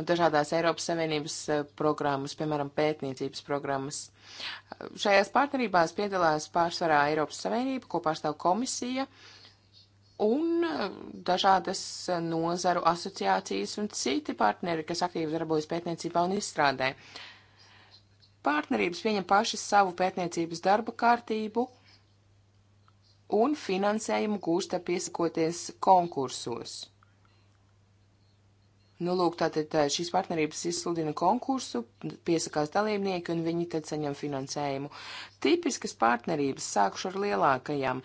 dažādās Eiropas Savienības eh, programmas, piemēram, pētniecības programmas. Šajās partnerībās piedalās pārsvarā Eiropas Savienība, ko pārstāv komisija un eh, dažādas nozaru asociācijas un citi partneri, kas aktīvi darbojas pētniecībā un izstrādē. Partnerības pieņem paši savu pētniecības darba kārtību un finansējumu gūsta piesakoties konkursos. Nu, lūk, tātad eh, šīs partnerības izsludina konkursu, piesakās dalībnieki un viņi tad saņem finansējumu. Tipiskas partnerības sākušu ar lielākajām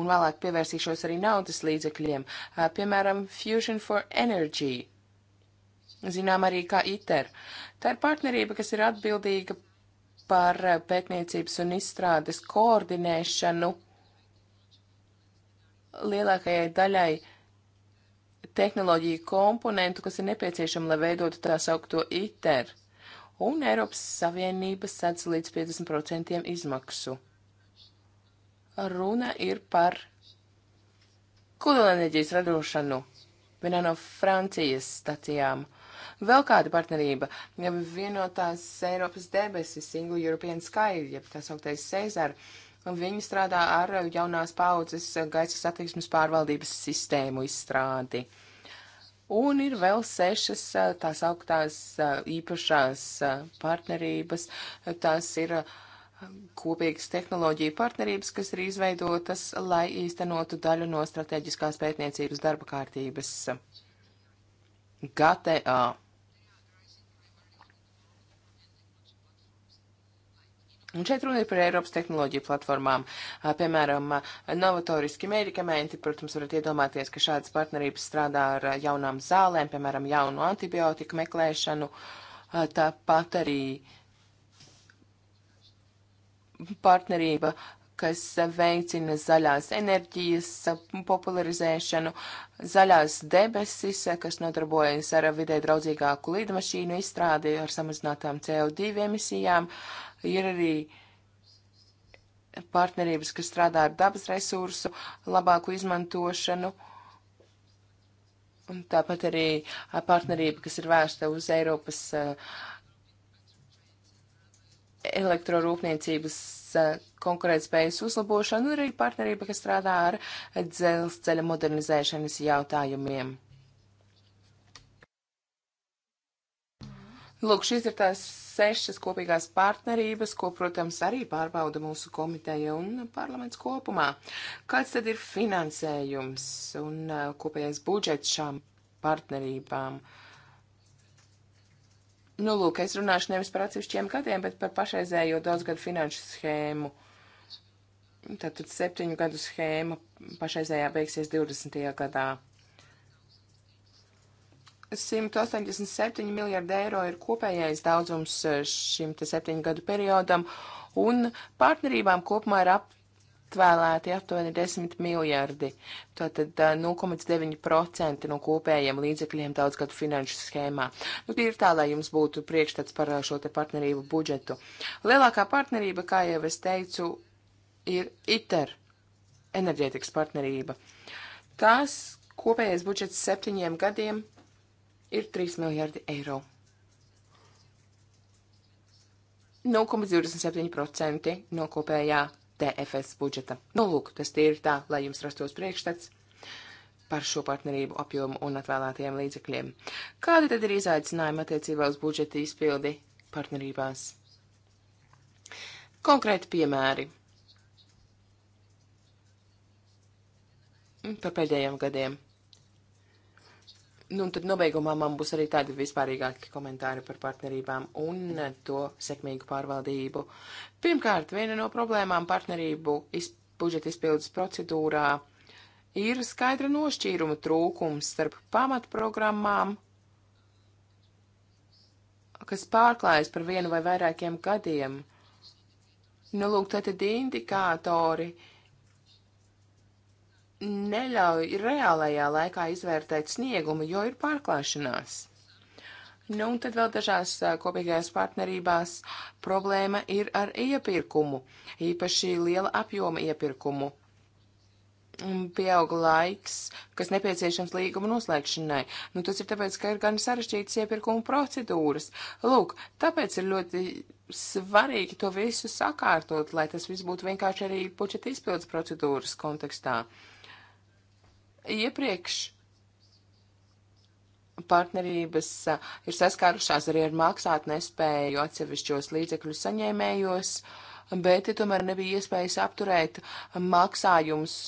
un vēlāk pievērsīšos arī naudas līdzekļiem, eh, piemēram, Fusion for Energy, zinām arī kā ITER. Tā ir partnerība, kas ir atbildīga par eh, pētniecības un izstrādes koordinēšanu lielākajai daļai tehnoloģiju komponentu, kas ir nepieciešama, lai veidotu tā saukto ITER, un Eiropas Savienība sadz līdz 50% izmaksu. Runa ir par kodolenerģijas radošanu vienā no Francijas stacijām. Vēl kāda partnerība - vienotās Eiropas debesis, Single European Sky, jeb tā sauktais Cezara. Viņi strādā ar jaunās paudzes gaisa satiksmes pārvaldības sistēmu izstrādi. Un ir vēl sešas tās augtās īpašās partnerības. Tās ir kopīgas tehnoloģija partnerības, kas ir izveidotas, lai īstenotu daļu no strateģiskās pētniecības darba kārtības. GTA. Un šeit runa ir par Eiropas tehnoloģiju platformām. Piemēram, novatoriski medikamenti, protams, varat iedomāties, ka šādas partnerības strādā ar jaunām zālēm, piemēram, jaunu antibiotiku meklēšanu. Tāpat arī partnerība kas veicina zaļās enerģijas popularizēšanu, zaļās debesis, kas nodarbojas ar vidē draudzīgāku lidmašīnu izstrādi ar samazinātām CO2 emisijām. Ir arī partnerības, kas strādā ar dabas resursu labāku izmantošanu. Un tāpat arī partnerība, kas ir vērsta uz Eiropas uh, elektrorūpniecības eh, konkurētspējas uzlabošanu, un arī partnerība, kas strādā ar dzelzceļa modernizēšanas jautājumiem. Lūk, šīs ir tās sešas kopīgās partnerības, ko, protams, arī pārbauda mūsu komiteja un parlaments kopumā. Kāds tad ir finansējums un eh, kopējais budžets šām partnerībām? Uh, Nu, lūk, es runāšu nevis par atsevišķiem gadiem, bet par pašreizējo daudzgadu finanšu schēmu. Tātad septiņu gadu schēma pašreizējā beigsies 20. gadā. 187 miljārdi eiro ir kopējais daudzums eh, šim te septiņu gadu periodam, un partnerībām kopumā ir ap atvēlēti aptuveni 10 miljardi, tātad 0,9% no kopējiem līdzekļiem daudzgadu finanšu schēmā. Nu, tie ir tā, lai jums būtu priekšstats par šo te partnerību budžetu. Lielākā partnerība, kā jau es teicu, ir ITER, enerģētikas partnerība. Tās kopējais budžets septiņiem gadiem ir 3 miljardi eiro. 0,27% no kopējā DFS budžeta. Nu, lūk, tas ir tā, lai jums rastos priekšstats par šo partnerību apjomu un atvēlētajiem līdzekļiem. Kādi tad ir izaicinājumi attiecībā uz budžeta izpildi partnerībās? Konkrēti piemēri. Par pēdējiem gadiem. Nu, un tad nobeigumā man būs arī tādi vispārīgāki komentāri par partnerībām un to sekmīgu pārvaldību. Pirmkārt, viena no problēmām partnerību iz, budžeta izpildes procedūrā ir skaidra nošķīruma trūkums starp pamatprogrammām, kas pārklājas par vienu vai vairākiem gadiem. Nu, lūk, tad indikātori. Uh, neļauj reālajā laikā izvērtēt sniegumu, jo ir pārklāšanās. Nu, un tad vēl dažās kopīgajās partnerībās problēma ir ar iepirkumu, īpaši liela apjoma iepirkumu. Pieauga laiks, kas nepieciešams līguma noslēgšanai. Nu, tas ir tāpēc, ka ir gan sarežģītas iepirkuma procedūras. Lūk, tāpēc ir ļoti svarīgi to visu sakārtot, lai tas viss būtu vienkārši arī pučet izpildes procedūras kontekstā. Uh, Iepriekš partnerības ir saskārušās arī ar maksāt nespēju atsevišķos līdzekļu saņēmējos, bet tomēr nebija iespējas apturēt maksājums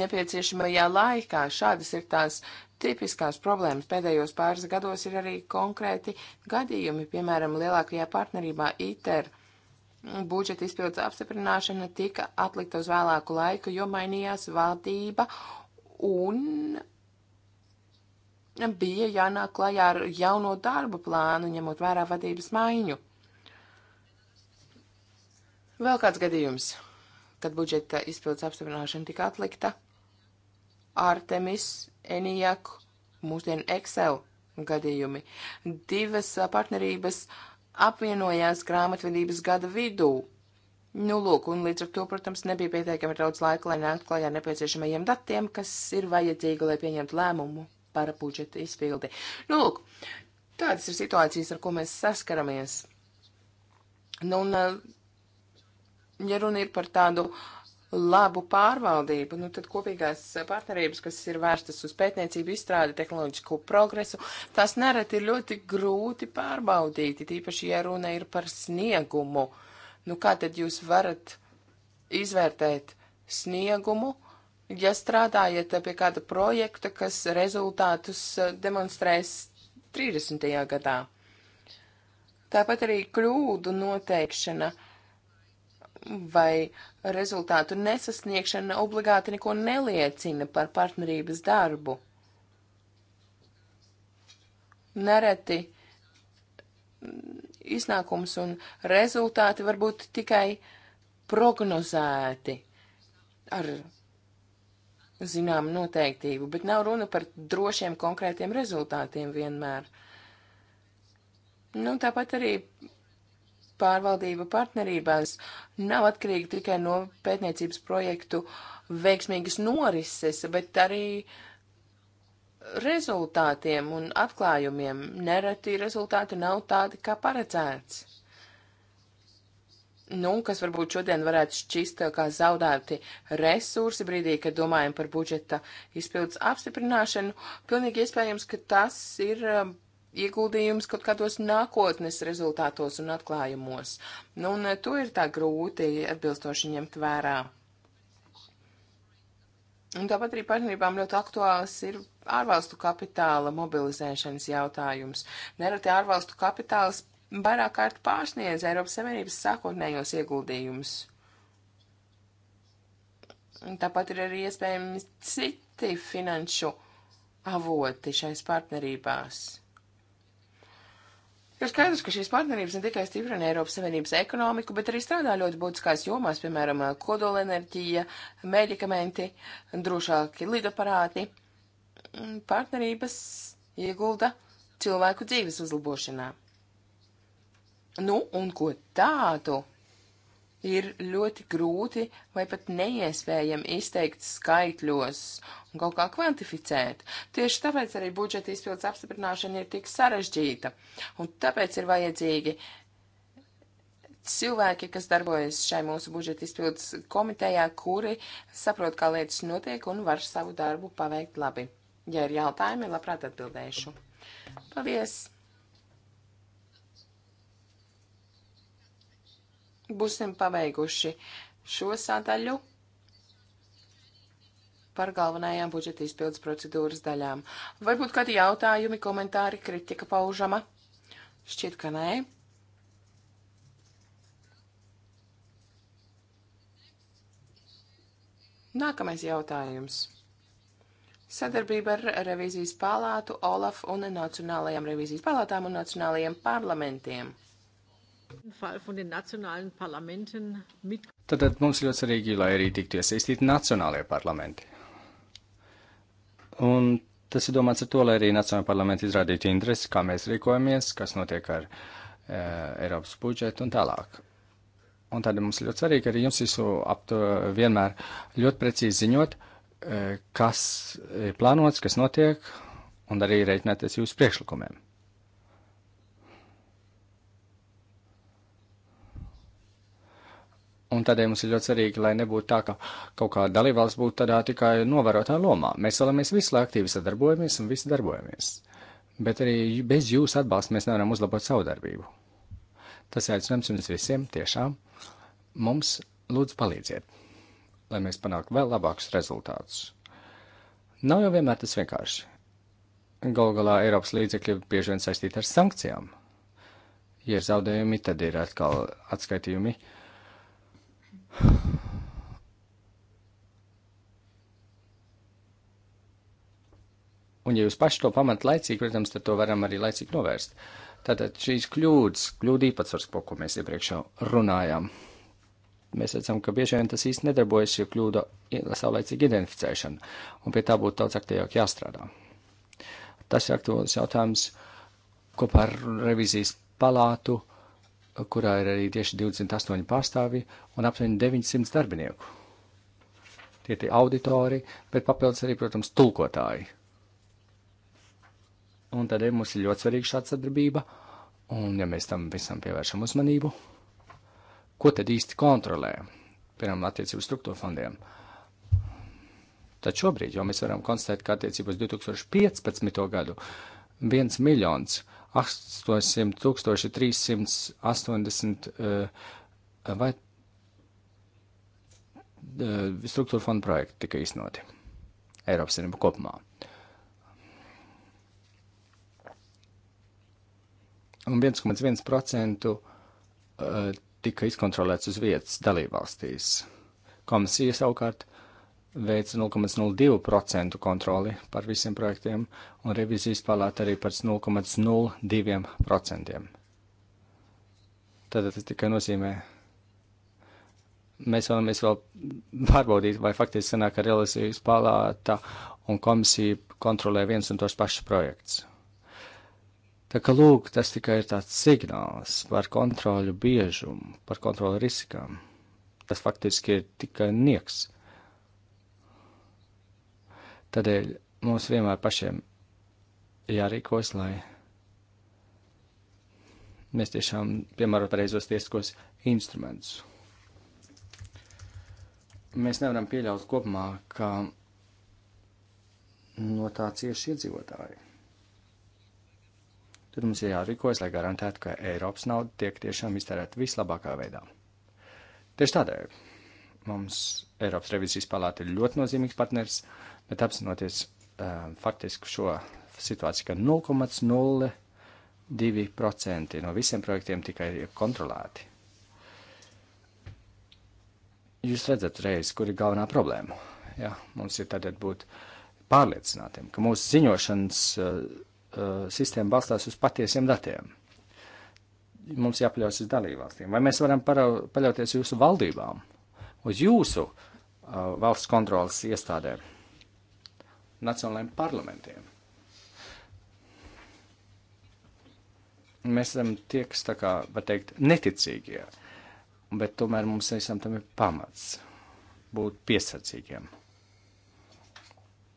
nepieciešamajā laikā. Šādas ir tās tipiskās problēmas. Pēdējos pāris gados ir arī konkrēti gadījumi, piemēram, lielākajā partnerībā ITER budžeta izpildes apstiprināšana tika atlikta uz vēlāku laiku, jo mainījās valdība un bija jānāk klajā ar jauno darbu plānu, ņemot vērā vadības maiņu. Vēl kāds gadījums, kad budžeta izpildes apstiprināšana tika atlikta. Artemis, Enijak, mūsdienu Excel gadījumi. Divas partnerības uh, apvienojās grāmatvedības gada vidū. Nu, lūk, un līdz ar to, protams, nebija pietiekami daudz laika, lai nāktu klajā nepieciešamajiem datiem, kas ir vajadzīgi, lai pieņemtu lēmumu par budžeta izpildi. Nu, lūk, tādas ir situācijas, ar ko mēs saskaramies. Nu, un, eh, ja runa ir par tādu uh, labu pārvaldību. Nu, tad kopīgās partnerības, kas ir vērstas uz pētniecību, izstrādi, tehnoloģisku progresu, tās nereti ir ļoti grūti pārbaudīt, tīpaši, ja runa ir par sniegumu. Nu, kā tad jūs varat izvērtēt sniegumu, ja strādājat pie kāda projekta, kas rezultātus eh, demonstrēs 30. gadā? Tāpat arī kļūdu noteikšana vai rezultātu nesasniegšana obligāti neko neliecina par partnerības darbu. Nereti iznākums un rezultāti var būt tikai prognozēti ar zināmu noteiktību, bet nav runa par drošiem konkrētiem rezultātiem vienmēr. Nu, tāpat arī pārvaldība partnerībās nav atkarīga tikai no pētniecības projektu veiksmīgas norises, bet arī rezultātiem un atklājumiem. Nereti rezultāti nav tādi, kā paredzēts. Nu, kas varbūt šodien varētu šķist kā zaudēti resursi brīdī, kad domājam par budžeta izpildus apstiprināšanu, pilnīgi iespējams, ka tas ir ieguldījums kaut kādos nākotnes rezultātos un atklājumos. Nu, un e, to ir tā grūti atbilstoši ņemt vērā. Un tāpat arī partnerībām ļoti aktuāls ir ārvalstu kapitāla mobilizēšanas jautājums. Nereti ārvalstu kapitāls vairāk kārt pārsniedz Eiropas Savienības sākotnējos ieguldījumus. Un tāpat ir arī iespējami citi finanšu avoti šais partnerībās. Ir skaidrs, ka šīs partnerības ne tikai stiprina Eiropas Savienības ekonomiku, bet arī strādā ļoti būtiskās jomās, piemēram, kodolenerģija, medikamenti, drošāki lidaparāti. Partnerības iegulda cilvēku dzīves uzlabošanā. Nu, un ko tādu ir ļoti grūti vai pat neiespējami izteikt skaitļos un kaut kā kvantificēt. Tieši tāpēc arī budžeta izpildes apstiprināšana ir tik sarežģīta. Un tāpēc ir vajadzīgi cilvēki, kas darbojas šai mūsu budžeta izpildes komitejā, kuri saprot, kā lietas notiek un var savu darbu paveikt labi. Ja ir jautājumi, labprāt atbildēšu. Paldies! būsim paveikuši šo sadaļu par galvenajām budžeta izpildes procedūras daļām. Varbūt kādi jautājumi, komentāri, kritika paužama? Šķiet, ka nē. Nākamais jautājums. Sadarbība ar revīzijas palātu, OLAF un Nacionālajām revīzijas palātām un Nacionālajiem parlamentiem. Tātad mums ļoti svarīgi, lai arī tiktu iesaistīti nacionālajie parlamenti. Un tas ir domāts ar to, lai arī nacionālajie parlamenti izrādītu interesi, kā mēs rīkojamies, kas notiek ar e, Eiropas budžetu un tālāk. Un tādēļ mums ļoti svarīgi arī jums visu aptu vienmēr ļoti precīzi ziņot, e, kas ir plānots, kas notiek, un arī reiķināties jūsu priekšlikumiem. Un tādēļ mums ir ļoti svarīgi, lai nebūtu tā, ka kaut kāda dalībvalsts būtu tādā tikai novērotā lomā. Mēs vēlamies visi, lai aktīvi sadarbojamies un visi darbojamies. Bet arī bez jūsu atbalsta mēs nevaram uzlabot savu darbību. Tas ir aicinājums jums visiem tiešām. Mums lūdzu palīdziet, lai mēs panāktu vēl labākus rezultātus. Nav jau vienmēr tas vienkārši. Galu galā Eiropas līdzekļi bieži vien saistīti ar sankcijām. Ja ir zaudējumi, tad ir atkal atskaitījumi. Uh, Un, ja jūs paši to pamat laicīgi, protams, tad to varam arī laicīgi novērst. Tātad šīs kļūdas, kļūda īpatsvars, par ko mēs iepriekš runājām, mēs redzam, ka bieži vien tas īsti nedarbojas, jo kļūda saulēcīga identificēšana, un pie tā būtu daudz aktīvāk jāstrādā. Tas ir aktuāls jautājums kopā ar revizijas palātu. Uh, kurā ir arī tieši 28 pārstāvji un aptuveni 900 darbinieku. Tie ir auditori, bet papildus arī, protams, tulkotāji. Un tad mums ir ļoti svarīga šāda sadarbība, un ja mēs tam visam pievēršam uzmanību, ko tad īsti kontrolē, piemēram, attiecību struktūra fondiem? Tad šobrīd jau mēs varam konstatēt, ka attiecībos 2015. gadu viens miljons uh, 800 380 eh, vai eh, struktūra fonda projekti tika iznoti Eiropas Savienība kopumā. Un 1,1% eh, tika izkontrolēts uz vietas dalībvalstīs. Komisija savukārt veic 0,02% kontroli par visiem projektiem, un revizijas palāta arī par 0,02%. Tātad tas tikai nozīmē, mēs vēlamies vēl pārbaudīt, vai faktiski sanāk, ka revizijas palāta un komisija kontrolē viens un tos pašus projekts. Tā kā lūk, tas tikai ir tāds signāls par kontroļu biežumu, par kontroli riskām. Tas faktiski ir tikai nieks Tādēļ mums vienmēr pašiem jārīkos, lai mēs tiešām piemērot pareizos tiesiskos instrumentus. Mēs nevaram pieļaut kopumā, ka no tā cieši iedzīvotāji. Tad mums ir jārīkojas, lai garantētu, ka Eiropas nauda tiek tiešām iztērēta vislabākā veidā. Tieši tādēļ mums Eiropas revizijas palāta ir ļoti nozīmīgs partners, Bet apzinoties um, faktiski šo situāciju, ka 0,02% no visiem projektiem tikai ir kontrolēti, jūs redzat reiz, kur ir galvenā problēma. Ja? Mums ir tādēļ būt pārliecinātiem, ka mūsu ziņošanas uh, uh, sistēma balstās uz patiesiem datiem. Mums jāpaļaujas uz dalībvalstīm. Vai mēs varam parau, paļauties jūsu valdībām, uz jūsu uh, valsts kontrolas iestādēm? nacionālajiem parlamentiem. Mēs esam tie, kas tā kā, var teikt, neticīgie, bet tomēr mums visam tam ir pamats būt piesardzīgiem.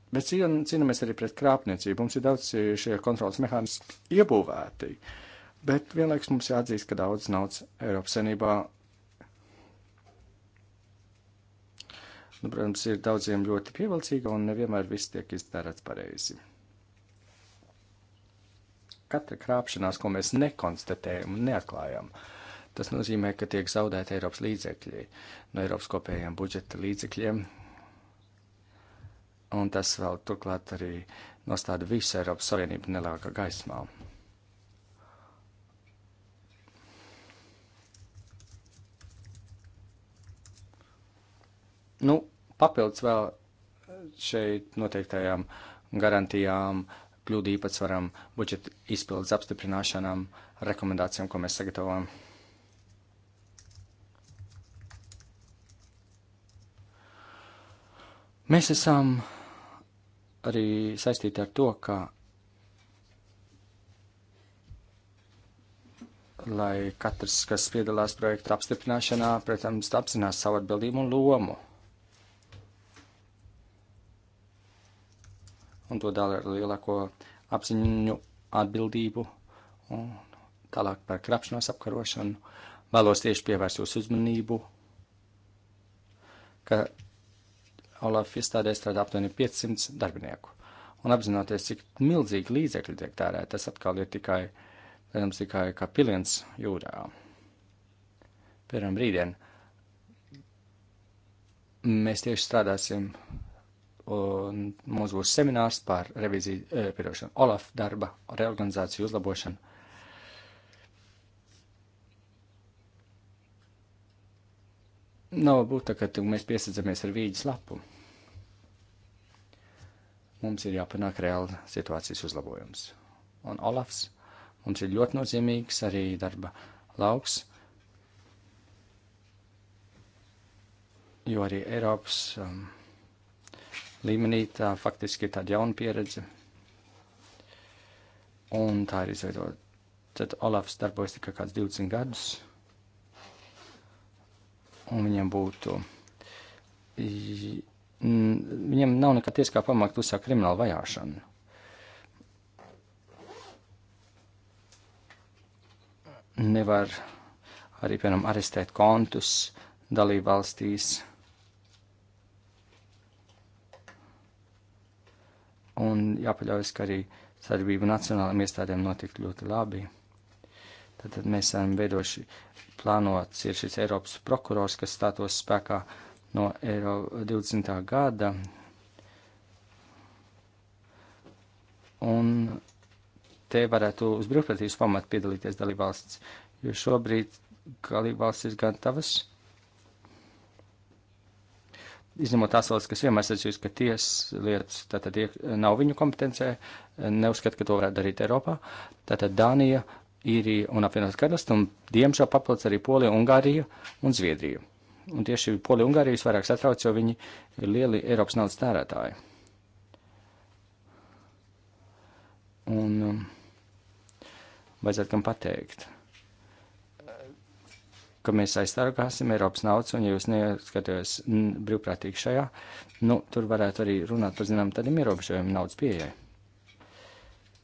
Bet cīnāmies arī pret krāpniecību. Mums ir daudz šie kontrolas mehānismi iebūvēti, bet vienlaiks mums jāatzīst, ka daudz naudas Eiropas senībā nu, protams, ir daudziem ļoti pievilcīga un nevienmēr viss tiek izdarīts pareizi. Katra krāpšanās, ko mēs nekonstatējam un neatklājam, tas nozīmē, ka tiek zaudēti Eiropas līdzekļi no Eiropas kopējiem budžeta līdzekļiem. Un tas vēl turklāt arī nostāda visu Eiropas Savienību nelākā gaismā. Nu, papildus vēl šeit noteiktajām garantijām, kļūdu īpatsvaram, budžeta izpildes apstiprināšanām, rekomendācijām, ko mēs sagatavojam. Mēs esam arī saistīti ar to, ka lai katrs, kas piedalās projekta apstiprināšanā, protams, apzinās savu atbildību un lomu. un to dara ar lielāko apziņu atbildību un tālāk par krapšanos apkarošanu. Vēlos tieši pievērst jūsu uzmanību, ka Olaf iestādē strādā aptuveni 500 darbinieku. Un apzinoties, cik milzīgi līdzekļi tiek tērēti, tas atkal ir tikai, protams, tikai kā piliens jūrā. Piemēram, rītdien mēs tieši strādāsim Un mums būs seminārs par reviziju, e, eh, piedošanu, Olaf darba reorganizāciju uzlabošanu. Nav būt tā, ka mēs piesadzamies ar vīģis lapu. Mums ir jāpanāk reāla situācijas uzlabojums. Un Olafs mums ir ļoti nozīmīgs arī darba lauks, jo arī Eiropas um, līmenī. Tā faktiski ir tāda jauna pieredze. Un tā ir izveidota. Tad Olafs darbojas tikai kāds 20 gadus. Un viņam būtu. Viņam nav nekā tieskā pamata uzsākt kriminālu vajāšanu. Nevar arī, piemēram, arestēt kontus dalībvalstīs. valstīs un jāpaļaujas, ka arī sadarbība nacionālām iestādēm notiek ļoti labi. Tad, tad mēs esam veidoši plānots ir šis Eiropas prokurors, kas stātos spēkā no Eiro 20. gada. Un te varētu uz brīvprātības pamatu piedalīties dalībvalsts, jo šobrīd dalībvalsts ir gan tavas izņemot tās valsts, kas vienmēr sacīs, ka tieslietas tātad nav viņu kompetencē, neuzskat, ka to varētu darīt Eiropā. Tātad Dānija, Īrija un apvienotās karalists, un diemžēl papildus arī Polija, Ungārija un Zviedrija. Un tieši Polija un Ungārija visvairāk satrauc, jo viņi ir lieli Eiropas naudas tērētāji. Un um, vajadzētu kam pateikt ka mēs aizstāvēsim Eiropas naudas, un ja jūs neskatāties brīvprātīgi šajā, nu, tur varētu arī runāt par zinām tādiem ierobežojumiem naudas pieejai.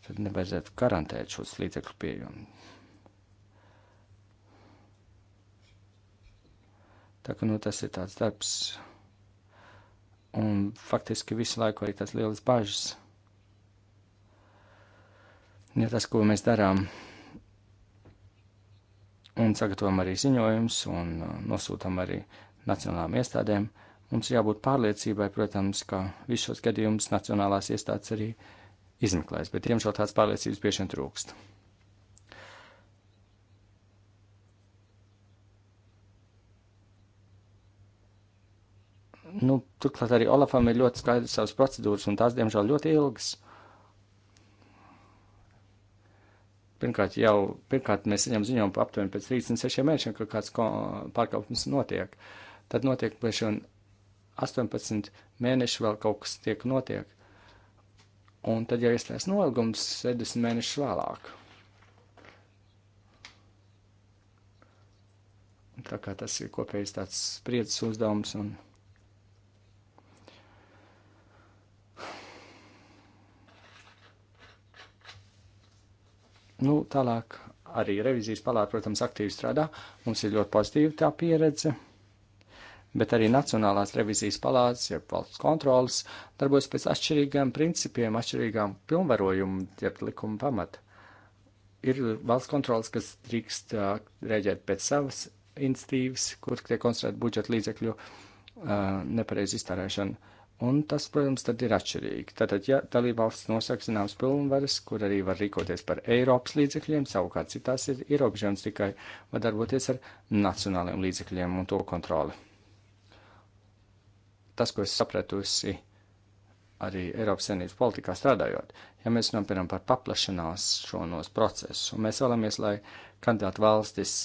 Tad nevajadzētu garantēt šos līdzekļu pieejumu. Tā ka, nu, tas ir tāds darbs, un faktiski visu laiku arī tāds liels bažas. Ja tas, ko mēs darām, un sagatavojam arī ziņojumus un uh, nosūtam arī nacionālām iestādēm. Mums jābūt pārliecībai, protams, ka visus šos gadījumus nacionālās iestādes arī izmeklēs, bet diemžēl tāds pārliecības bieži vien trūkst. Nu, turklāt arī Olafam ir ļoti skaidrs savas procedūras, un tās, diemžēl, ļoti ilgas. Pirmkārt, jau pirmkārt mēs saņem ziņojumu par aptuveni pēc 36 mēnešiem, ka kāds pārkāpums notiek. Tad notiek pēkšņi 18 mēneši vēl kaut kas tiek notiek. Un tad jau iestājas nolgums 70 mēnešus vēlāk. Tā kā tas ir kopējs tāds spriedzes uzdevums un. Nu, tālāk arī revizijas palāta, protams, aktīvi strādā. Mums ir ļoti pozitīva tā pieredze. Bet arī Nacionālās revizijas palātas, ja valsts kontrolas, darbojas pēc atšķirīgiem principiem, atšķirīgām pilnvarojumu, jeb likuma pamata. Ir valsts kontrolas, kas drīkst uh, rēģēt pēc savas institīvas, kur tiek konstatēta budžeta līdzekļu uh, nepareiz iztērēšana. Un tas, protams, tad ir atšķirīgi. Tātad, ja dalībvalsts nosaka zināmas pilnvaras, kur arī var rīkoties par Eiropas līdzekļiem, savukārt citās ir ierobežojums tikai var darboties ar nacionāliem līdzekļiem un to kontroli. Tas, ko es sapratusi arī Eiropas Savienības politikā strādājot, ja mēs runājam, piemēram, par paplašanāšanos procesu, un mēs vēlamies, lai kandidātu valstis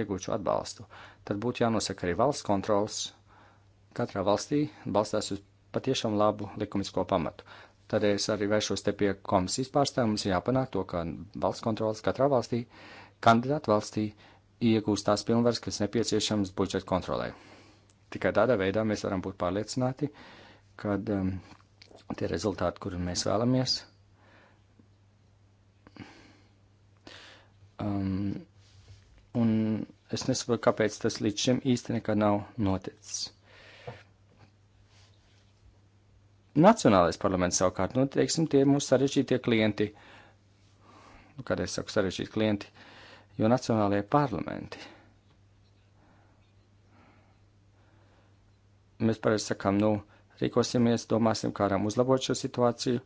iegūtu atbalstu, tad būtu jānosaka arī valsts kontrols katrā valstī balstās uz patiešām labu likumisko pamatu. Tad es arī vēršos te pie komisijas pārstāvjiem. Mums jāpanāk to, ka valsts kontrolas katrā valstī, kandidātu valstī, iegūst tās pilnvaras, kas nepieciešams budžeta kontrolē. Tikai tādā veidā mēs varam būt pārliecināti, ka um, tie rezultāti, kurus mēs vēlamies, um, un es nesaprotu, kāpēc tas līdz šim īsti nekad nav noticis. Nacionālais parlaments savukārt, nu, teiksim, tie ir mūsu sarežģītie klienti. Nu, kad es saku sarežģīti klienti, jo nacionālajie parlamenti. Mēs parasti sakām, nu, rīkosimies, domāsim, kā varam uzlabot šo situāciju.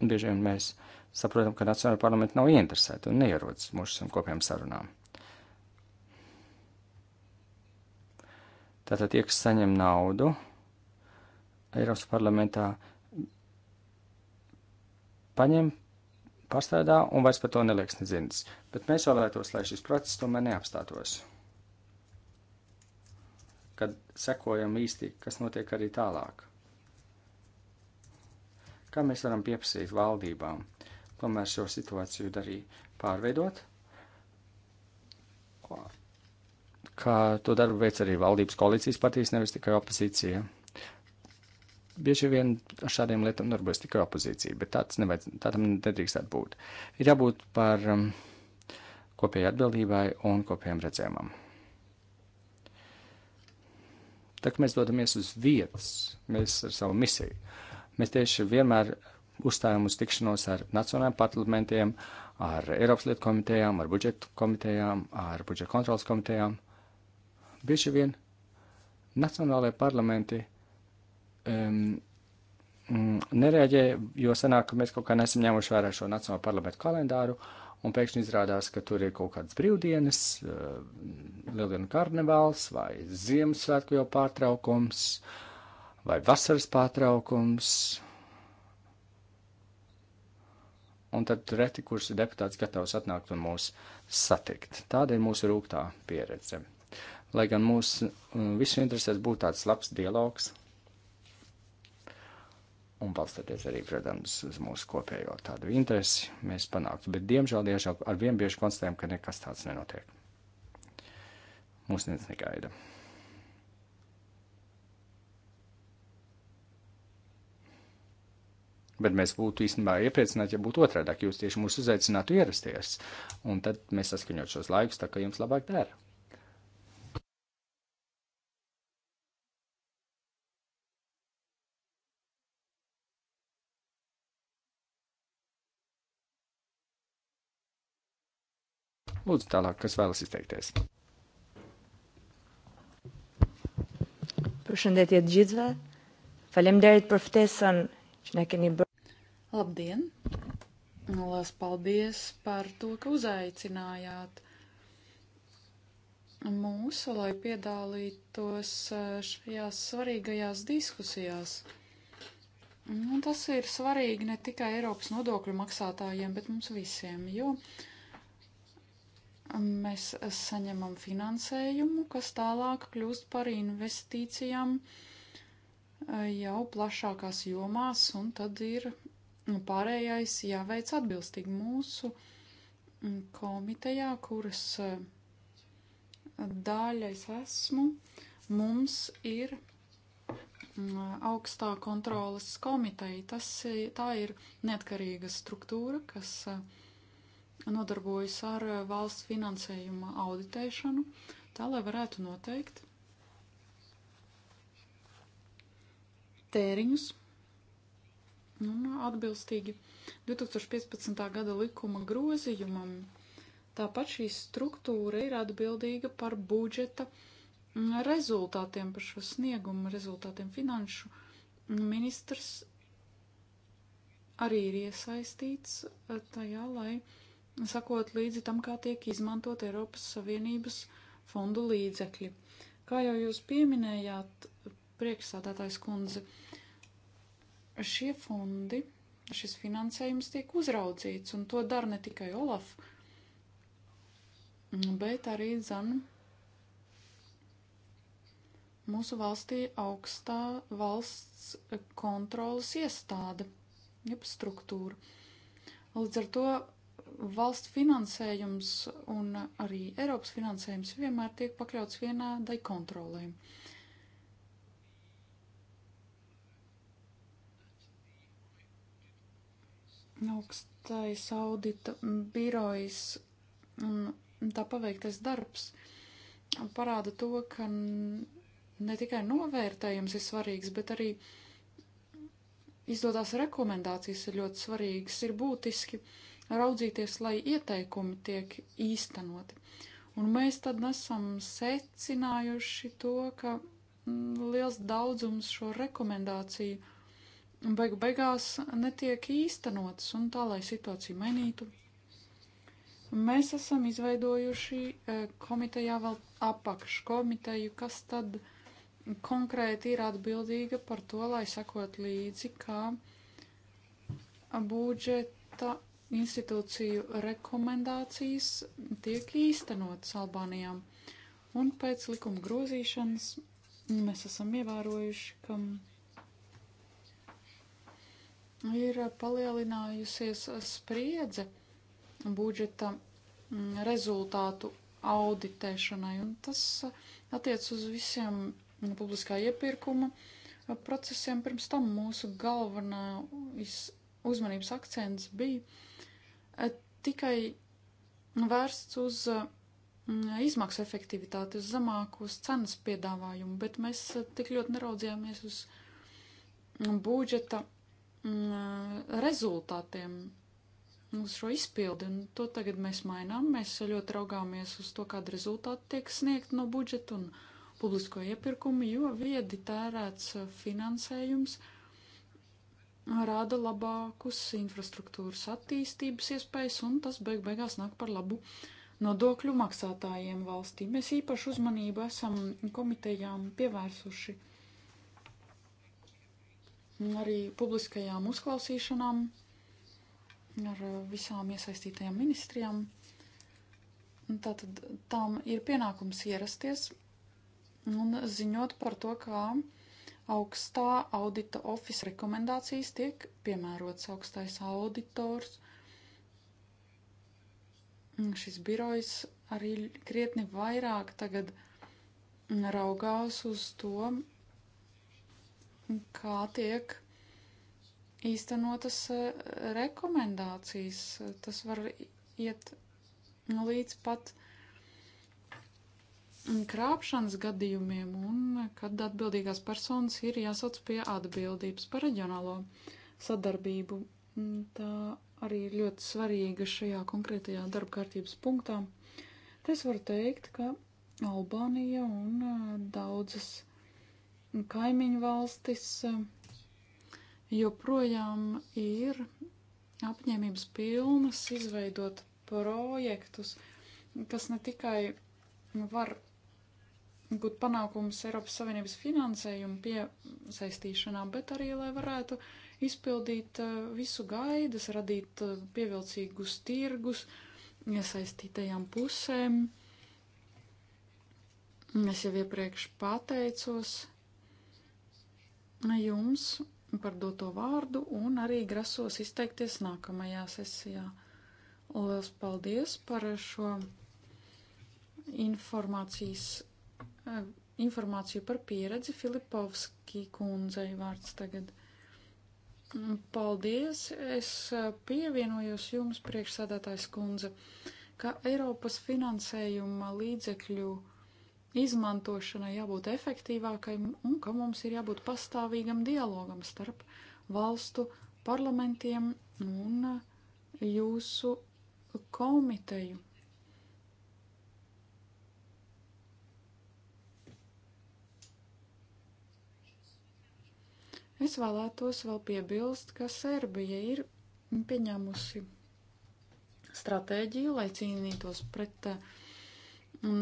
Bieži vien mēs saprotam, ka Nacionāla parlamenta nav ieinteresēta un neierodas mūsu kopējām sarunām. Tātad tie, kas saņem naudu, Eiropas parlamentā paņem, pārstrādā un vairs par to nelieks nezinas. Bet mēs vēlētos, lai šis process tomēr neapstātos. Kad sekojam īsti, kas notiek arī tālāk. Kā mēs varam pieprasīt valdībām tomēr šo situāciju arī pārveidot? Kā to darbu veic arī valdības koalīcijas partijas, nevis tikai opozīcija bieži vien ar šādiem lietām darbojas tikai opozīcija, bet tāds nevajadz, tādam nedrīkstētu būt. Ir jābūt par um, kopējai atbildībai un kopējiem redzējumam. Tā kā mēs dodamies uz vietas, mēs ar savu misiju, mēs tieši vienmēr uzstājam uz tikšanos ar nacionālajiem parlamentiem, ar Eiropas lietu komitejām, ar budžetu komitejām, ar budžeta kontrolas komitejām. Bieži vien nacionālajie parlamenti um, mm, nereaģē, jo sanāk, ka mēs kaut kā nesam ņēmuši vērā šo Nacionālo parlamentu kalendāru, un pēkšņi izrādās, ka tur ir kaut kādas brīvdienas, eh, lieldienu karnevāls vai Ziemassvētku jau pārtraukums vai vasaras pārtraukums. Un tad reti, kurš ir deputāts gatavs atnākt un mūs satikt. Tāda ir mūsu rūgtā pieredze. Lai gan mūs mm, visu interesēs būt tāds labs dialogs, un balstoties arī, protams, uz mūsu kopējo tādu interesi, mēs panāktu. Bet, diemžēl, diemžēl ar vien bieži konstatējam, ka nekas tāds nenotiek. Mūs neviens negaida. Bet mēs būtu īstenībā iepriecināti, ja būtu otrādāk. Jūs tieši mūs uzaicinātu ierasties, un tad mēs saskaņot šos laikus tā, ka jums labāk dara. Lūdzu, tālāk, kas vēlas izteikties. Përshëndetje të gjithëve. Faleminderit për ftesën që na keni bërë. Labdien. Lielas paldies par to, ka uzaicinājāt mūs, lai piedalītos e, šajās svarīgajās diskusijās. Nu, tas ir svarīgi ne tikai Eiropas nodokļu maksātājiem, bet mums visiem, jo uh, mēs saņemam finansējumu, kas tālāk kļūst par investīcijām e, jau plašākās jomās, un tad ir nu, pārējais jāveic atbilstīgi mūsu komitejā, kuras e, daļa es esmu, mums ir augstā kontrolas komiteja. Tas, e, tā ir neatkarīga struktūra, kas uh, nodarbojas ar eh, valsts finansējuma auditēšanu, tā lai varētu noteikt tēriņus un nu, atbilstīgi 2015. gada likuma grozījumam. Tāpat šī struktūra ir atbildīga par budžeta mm, rezultātiem, par šo sniegumu rezultātiem finanšu ministrs arī ir iesaistīts eh, tajā, lai sakot līdzi tam, kā tiek izmantot Eiropas Savienības fondu līdzekļi. Kā jau jūs pieminējāt, priekšsādātājs kundze, šie fondi, šis finansējums tiek uzraudzīts, un to dara ne tikai Olaf, bet arī Zana mūsu valstī augstā valsts kontrolas iestāde, jeb struktūra. Līdz ar to valsts finansējums un arī Eiropas finansējums vienmēr tiek pakļauts vienādai kontrolē. Augstais audita birojs un tā paveiktais darbs parāda to, ka ne tikai novērtējums ir svarīgs, bet arī izdotās rekomendācijas ir ļoti svarīgas, ir būtiski. Uh, raudzīties, lai ieteikumi tiek īstenoti. Un mēs tad esam secinājuši to, ka mm, liels daudzums šo rekomendāciju beigu beigās netiek īstenotas, un tā, lai situāciju mainītu, mēs esam izveidojuši e, komitejā vēl apakškomiteju, kas tad konkrēti ir atbildīga par to, lai sakot līdzi, kā budžeta institūciju rekomendācijas tiek īstenotas Albānijām. Un pēc likuma grozīšanas mēs esam ievērojuši, ka ir palielinājusies spriedze budžeta mm, rezultātu auditēšanai, un tas attiec uz visiem publiskā iepirkuma procesiem. Pirms tam mūsu galvenais uzmanības akcents bija eh, tikai vērsts uz eh, izmaksu efektivitāti, uz zemākos cenas piedāvājumu, bet mēs eh, tik ļoti neraudzījāmies uz mm, budžeta mm, rezultātiem, uz šo izpildi, un to tagad mēs mainām. Mēs ļoti raugāmies uz to, kāda rezultāta tiek sniegta no budžeta un publisko iepirkumu, jo viedi tērēts finansējums uh, rada labākus infrastruktūras attīstības iespējas, un tas beig beigās nāk par labu nodokļu maksātājiem valstī. Mēs īpašu uzmanību esam komitejām pievērsuši arī publiskajām uzklausīšanām ar visām iesaistītajām ministrijām. Tātad tām ir pienākums ierasties un ziņot par to, kā ka Augstā audita ofisa rekomendācijas tiek piemērots augstais auditors. Šis birojs arī krietni vairāk tagad raugās uz to, kā tiek īstenotas e, rekomendācijas. Tas var iet nu, līdz pat krāpšanas gadījumiem un kad atbildīgās personas ir jāsauc pie atbildības par reģionālo sadarbību. Tā arī ir ļoti svarīga šajā konkrētajā darba kārtības punktā. Te es varu teikt, ka Albānija un uh, daudzas kaimiņu valstis uh, joprojām ir apņēmības pilnas izveidot projektus, kas ne tikai var gūt panākumus Eiropas Savienības finansējumu piesaistīšanā, bet arī, lai varētu izpildīt eh, visu gaidas, radīt eh, pievilcīgus tirgus iesaistītajām pusēm. Es jau iepriekš pateicos jums par doto vārdu un arī grasos izteikties nākamajā sesijā. Lielas paldies par šo informācijas informāciju par pieredzi Filipovski kundzei vārds tagad. Mm, paldies! Es pievienojos jums, priekšsādātājs kundze, ka Eiropas finansējuma līdzekļu izmantošanai jābūt efektīvākai un ka mums ir jābūt pastāvīgam dialogam starp valstu parlamentiem un jūsu komiteju. Es vēlētos vēl piebilst, ka Serbija ir pieņēmusi stratēģiju, lai cīnītos pret uh,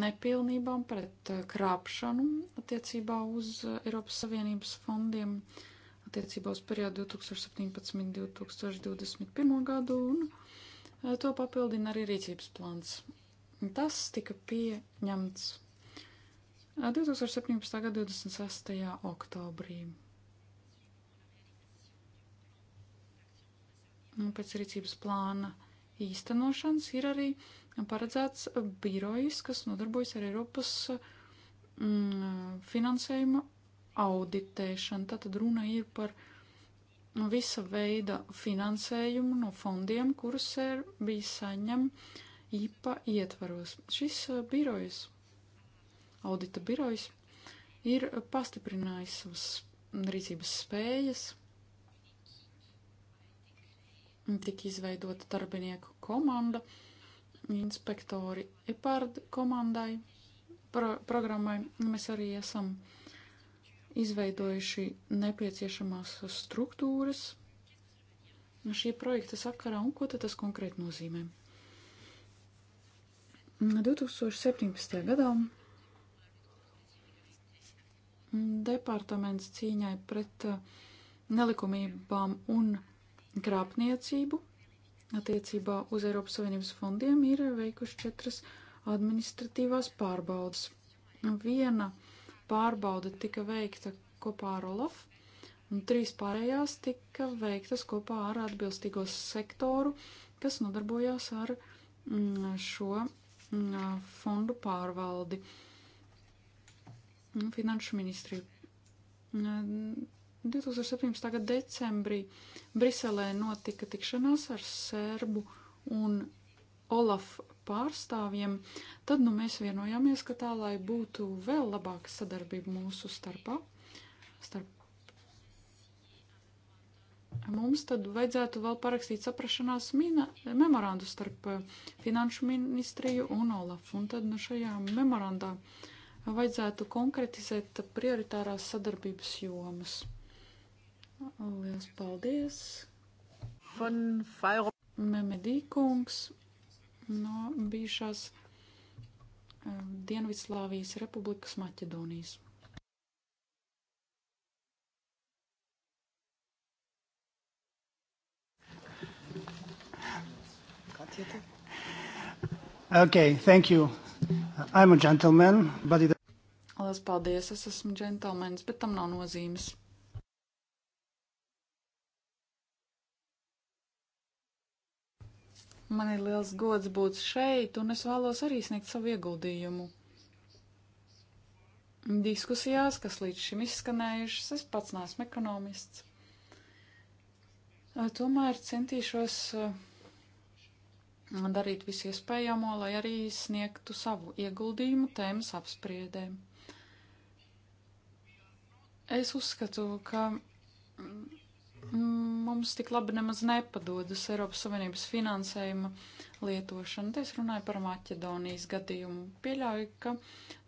nepilnībām, pret uh, krāpšanu attiecībā uz uh, Eiropas Savienības fondiem, attiecībā uz periodu 2017-2021 gadu, un to papildina arī rīcības plāns. Tas tika pieņemts 2017. gada 26. oktobrī. pēc rīcības plāna īstenošanas ir arī paredzēts birojs, kas nodarbojas ar Eiropas mm, finansējuma auditēšanu. Tātad runa ir par visa veida finansējumu no fondiem, kurus ir bijis saņem IPA ietvaros. Šis birojs, audita birojs, ir pastiprinājis savas rīcības spējas Tika izveidota darbinieku komanda, inspektori EPARD komandai, pro programmai. Mēs arī esam izveidojuši nepieciešamās struktūras šī projekta sakarā un ko tad tas konkrēti nozīmē. 2017. gadā departaments cīņai pret nelikumībām un krāpniecību attiecībā uz Eiropas Savienības fondiem ir veikuši četras administratīvās pārbaudas. Viena pārbauda tika veikta kopā ar Olaf, un trīs pārējās tika veiktas kopā ar atbilstīgo sektoru, kas nodarbojās ar mm, šo mm, fondu pārvaldi. Finanšu ministriju 2017. gada decembrī Briselē notika tikšanās ar Serbu un Olaf pārstāvjiem, tad nu mēs vienojāmies, ka tā, lai būtu vēl labāka sadarbība mūsu starpā, starp mums tad vajadzētu vēl parakstīt saprašanās mina, memorandu starp eh, Finanšu ministriju un Olafu. Un tad nu, šajā memorandā vajadzētu konkretizēt prioritārās sadarbības jomas. Liels paldies! Memedī kungs no bijušās um, Dienvidslāvijas republikas Maķedonijas. Okay, thank you. I'm a gentleman, but it... Lielas paldies, es esmu džentelmenis, bet tam nav nozīmes. Man ir liels gods būt šeit, un es vēlos arī sniegt savu ieguldījumu. Diskusijās, kas līdz šim izskanējušas, es pats neesmu ekonomists. Tomēr centīšos eh, darīt visu iespējamo, lai arī sniegtu savu ieguldījumu tēmas apspriedēm. Es uzskatu, ka Mm, mums tik labi nemaz nepadodas Eiropas Savienības finansējuma lietošana. Te es runāju par Maķedonijas gadījumu. Pieļauju, ka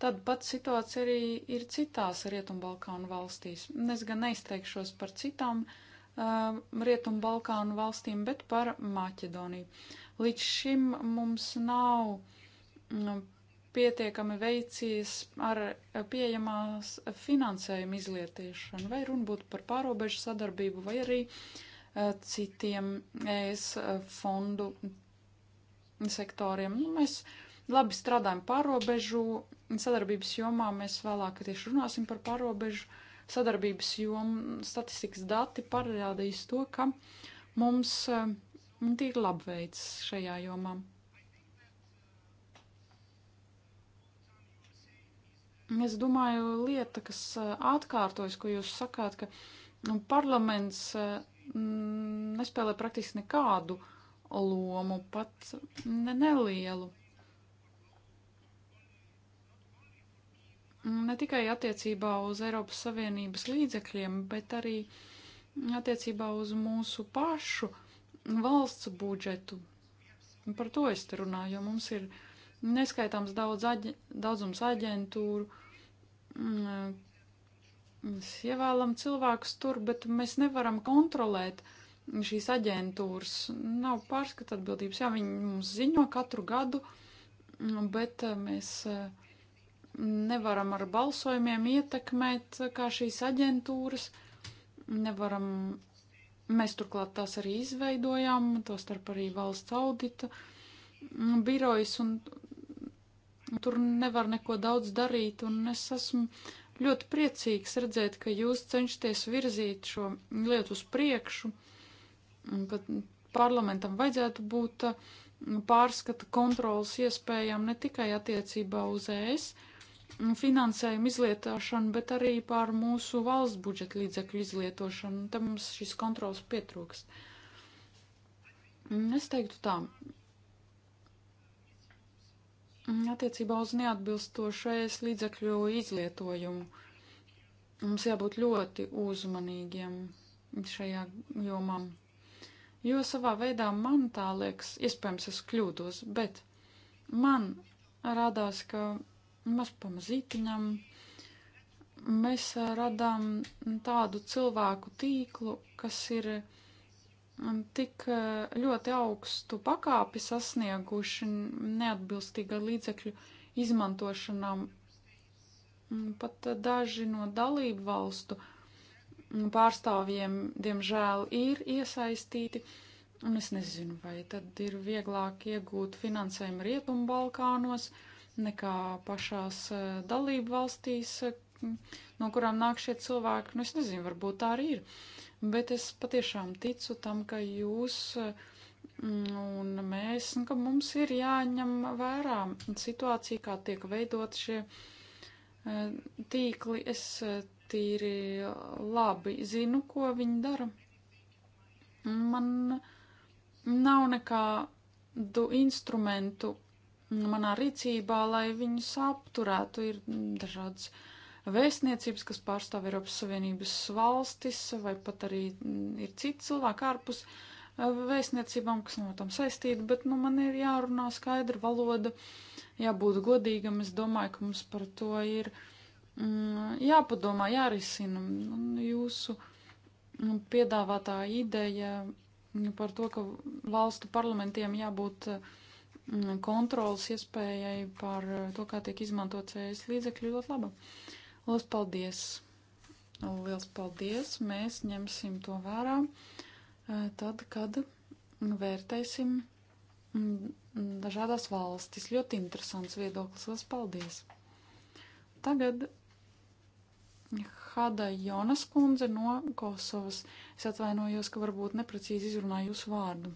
tāda pati situācija arī ir citās Rietumbalkānu valstīs. Es gan neizteikšos par citām uh, Rietumbalkānu valstīm, bet par Maķedoniju. Līdz šim mums nav mm, pietiekami veicies ar pieejamās finansējuma izlietiešanu, vai runa būtu par pārobežu sadarbību, vai arī eh, citiem ES eh, fondu sektoriem. Nu, mēs labi strādājam pārobežu sadarbības jomā, mēs vēlāk tieši runāsim par pārobežu sadarbības jomu. Statistikas dati parādīs to, ka mums eh, tīri labveids šajā jomā. Es domāju, lieta, kas eh, atkārtojas, ko jūs sakāt, ka nu, parlaments mm, nespēlē praktiski nekādu lomu, pat ne, nelielu. Ne tikai attiecībā uz Eiropas Savienības līdzekļiem, bet arī attiecībā uz mūsu pašu valsts budžetu. Par to es te runāju, jo mums ir uh, neskaitāms daudz aģe, daudzums aģentūru. Mēs mm, ievēlam cilvēkus tur, bet mēs nevaram kontrolēt šīs aģentūras. Nav pārskata atbildības. Jā, viņi mums ziņo katru gadu, bet mēs mm, nevaram ar balsojumiem ietekmēt, kā šīs aģentūras. Nevaram, mēs turklāt tās arī izveidojām, to starp arī valsts audita birojas, un Tur nevar neko daudz darīt, un es esmu ļoti priecīgs redzēt, ka jūs cenšaties virzīt šo lietu uz priekšu, ka parlamentam vajadzētu būt uh, pārskata kontrolas iespējām ne tikai attiecībā uz ES mm, finansējumu izlietošanu, bet arī pār mūsu valsts budžeta līdzekļu izlietošanu. Tam mums šis kontrols pietrūkst. Mm, es teiktu tā, Mm, attiecībā uz neatbilstošais līdzekļu izlietojumu mums jābūt ļoti uzmanīgiem šajā jomā. Jo savā veidā man tā liekas, iespējams, es kļūdos, bet man radās, ka maz pamazītiņam mēs radām tādu cilvēku tīklu, kas ir tik ļoti augstu pakāpi sasnieguši neatbilstīga līdzekļu izmantošanām. Pat daži no dalību valstu pārstāvjiem, diemžēl, ir iesaistīti, un es nezinu, vai tad ir vieglāk iegūt finansējumu Rietumu Balkānos nekā pašās dalību valstīs, no kurām nāk šie cilvēki. Nu, es nezinu, varbūt tā arī ir bet es patiešām ticu tam, ka jūs mm, un mēs, un nu, ka mums ir jāņem vērā situācija, kā tiek veidot šie e, tīkli. Es e, tīri labi zinu, ko viņi dara. Man nav nekādu instrumentu manā rīcībā, lai viņus apturētu. Ir dažādas uh, vēstniecības, kas pārstāv Eiropas Savienības valstis, vai pat arī mm, ir citi cilvēki ārpus eh, vēstniecībām, kas nav tam saistīti, bet nu, man ir jārunā skaidra valoda, jābūt godīgam. Es domāju, ka mums par to ir mm, jāpadomā, jārisina. Un jūsu mm, piedāvātā ideja mm, par to, ka valstu parlamentiem jābūt kontrolas iespējai par to, kā tiek izmantots ES līdzekļi ļoti laba. Uh, Lielas paldies! Lielas paldies! Mēs ņemsim to vērā tad, kad vērtēsim dažādās valstis. Ļoti interesants viedoklis. Lielas paldies! Tagad Hada Jonas kundze no Kosovas. Es atvainojos, ka varbūt neprecīzi izrunāju jūsu vārdu.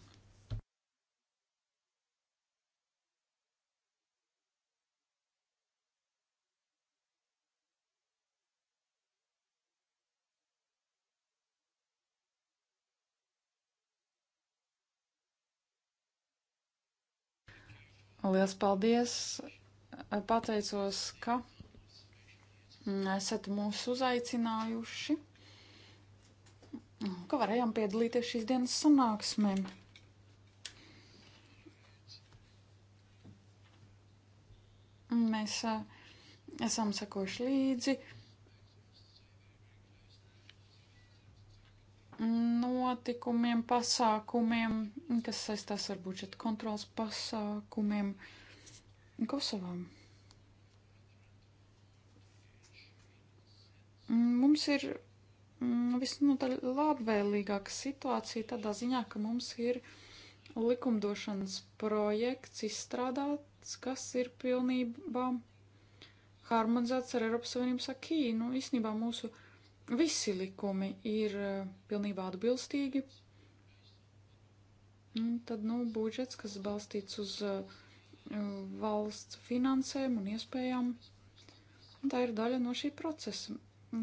Liels paldies! Pateicos, ka esat mūs uzaicinājuši, ka varējām piedalīties šīs dienas sanāksmēm. Mēs eh, esam sekojuši līdzi notikumiem, pasākumiem, kas saistās ar budžeta kontrols pasākumiem Kosovām. Mums ir mm, visnotaļ labvēlīgāka situācija tādā ziņā, ka mums ir likumdošanas projekts izstrādāts, kas ir pilnībā harmonizēts ar Eiropas Savienības akī. Nu, īstenībā mūsu uh, visi likumi ir eh, pilnībā atbilstīgi. Un nu, tad, nu, budžets, kas balstīts uz eh, valsts finansēm un iespējām, un tā ir daļa no šī procesa,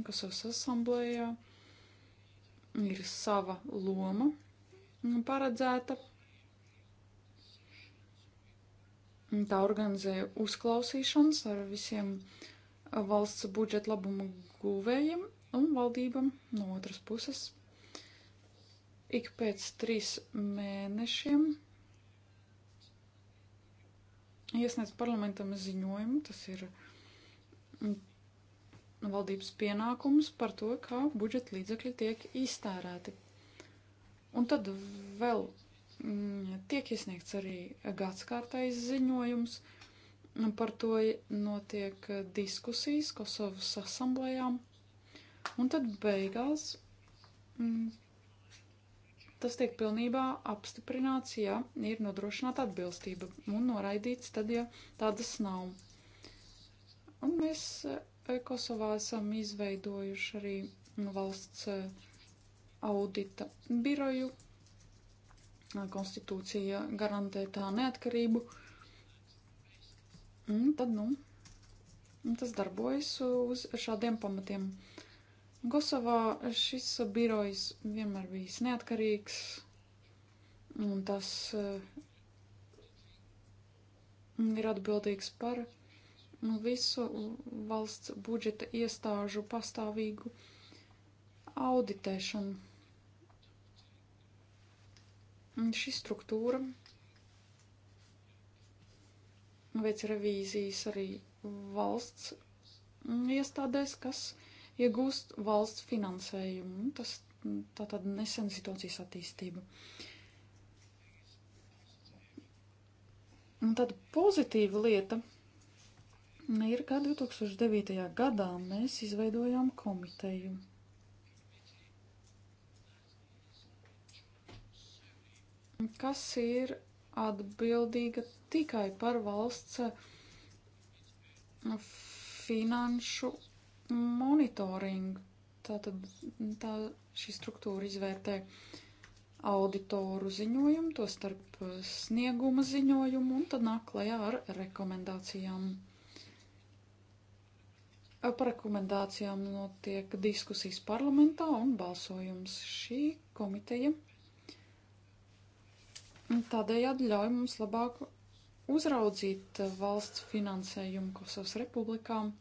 kas asamblējā ir sava loma paredzēta. Tā organizē uzklausīšanas ar visiem eh, valsts budžeta labumu guvējiem un valdībam no otras puses ik pēc trīs mēnešiem iesniedz parlamentam ziņojumu, tas ir valdības pienākums par to, kā budžeta līdzekļi tiek iztērēti. Un tad vēl mm, tiek iesniegts arī gadskārtais ziņojums, par to notiek diskusijas Kosovas asamblējām. Un tad beigās mm, tas tiek pilnībā apstiprināts, ja ir nodrošināta atbilstība, un noraidīts tad, ja tādas nav. Un mēs eh, Kosovā esam izveidojuši arī mm, valsts eh, audita biroju. Konstitūcija garantē tā neatkarību. Un tad, nu, tas darbojas uz šādiem pamatiem. Kosovā šis birojs vienmēr bijis neatkarīgs, un tas uh, ir atbildīgs par visu valsts budžeta iestāžu pastāvīgu auditēšanu. Un šī struktūra veic revīzijas arī valsts iestādēs, kas ir iegūst valsts finansējumu. Tas tā tad nesen situācijas attīstība. Un tad pozitīva lieta ir, ka 2009. gadā mēs izveidojām komiteju. kas ir atbildīga tikai par valsts finanšu monitoringu. Tātad tā šī struktūra izvērtē auditoru ziņojumu, to starp snieguma ziņojumu, un tad nāk klajā ar rekomendācijām. Par rekomendācijām notiek diskusijas parlamentā un balsojums šī komiteja. Tādējādi ļauj mums labāk uzraudzīt valsts finansējumu Kosovas republikām.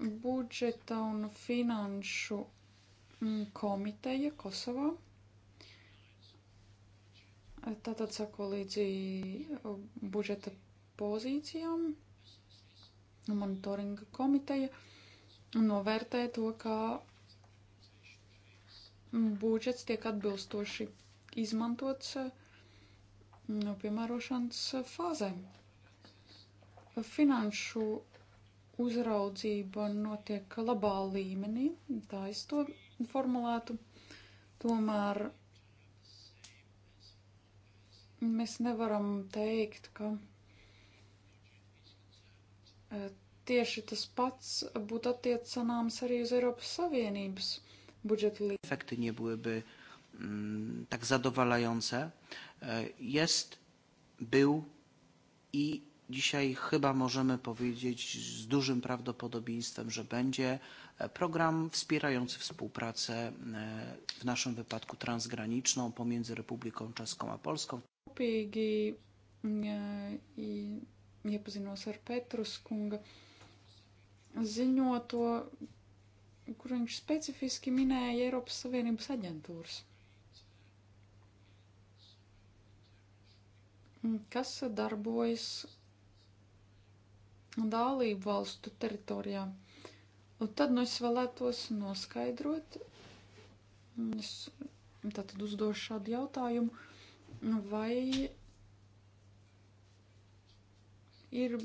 budžeta un finanšu mm, komiteja Kosovā. Tātad sako līdzi budžeta pozīcijām, monitoringa komiteja novērtē to, kā budžets tiek atbilstoši izmantots no mm, piemērošanas fāzēm. Finanšu uzraudzība notiek labā līmenī, tā es to formulētu. Tomēr mēs nevaram teikt, ka e, tieši tas pats būtu attiecināms arī uz Eiropas Savienības budžetu līdzi. Efekti nebyłyby mm, tak zadowalające. E, jest, był i Dzisiaj chyba możemy powiedzieć z dużym prawdopodobieństwem, że będzie e, program wspierający współpracę, e, w naszym wypadku transgraniczną, pomiędzy Republiką Czeską a Polską. Kopīgi e, i iepazinos ar Petrus kunga ziņoto, kur viņš specifiski minēja Eiropas Savienības aģentūras. Kas darbojas dalību valstu teritorijām. Un tad nu, es vēlētos noskaidrot, es tad uzdošu šādu jautājumu, vai ir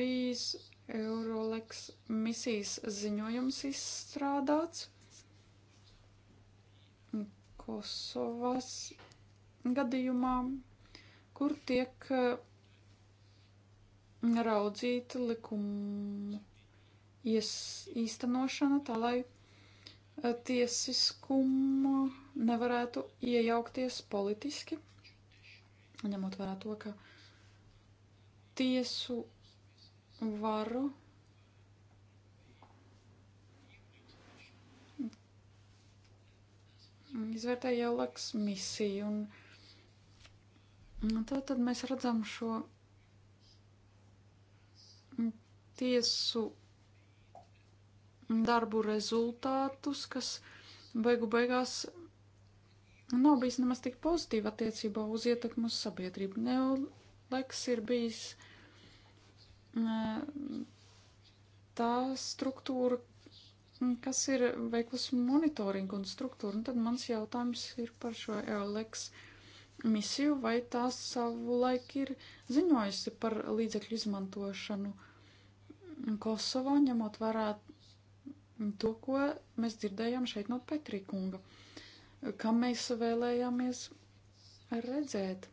bijis Euroleks misijas ziņojums izstrādāts. Kosovas gadījumā, kur tiek eh, raudzīta likuma īstenošana, tā lai eh, tiesiskumu nevarētu iejaukties politiski, ņemot vērā to, ka tiesu varu izvērtēja jau Laks misiju un Nu, tā tad mēs redzam šo tiesu darbu rezultātus, kas beigu beigās nav bijis nemaz tik pozitīvi attiecībā uz ietekmu uz sabiedrību. Neoleks ir bijis tā struktūra, kas ir veiklusi monitoringu un struktūru. Un tad mans jautājums ir par šo Eoleks. Uh, misiju, vai tās savulaik ir ziņojusi par līdzekļu izmantošanu Kosovo, ņemot vērā to, ko mēs dzirdējām šeit no Petrikunga, kam mēs vēlējāmies redzēt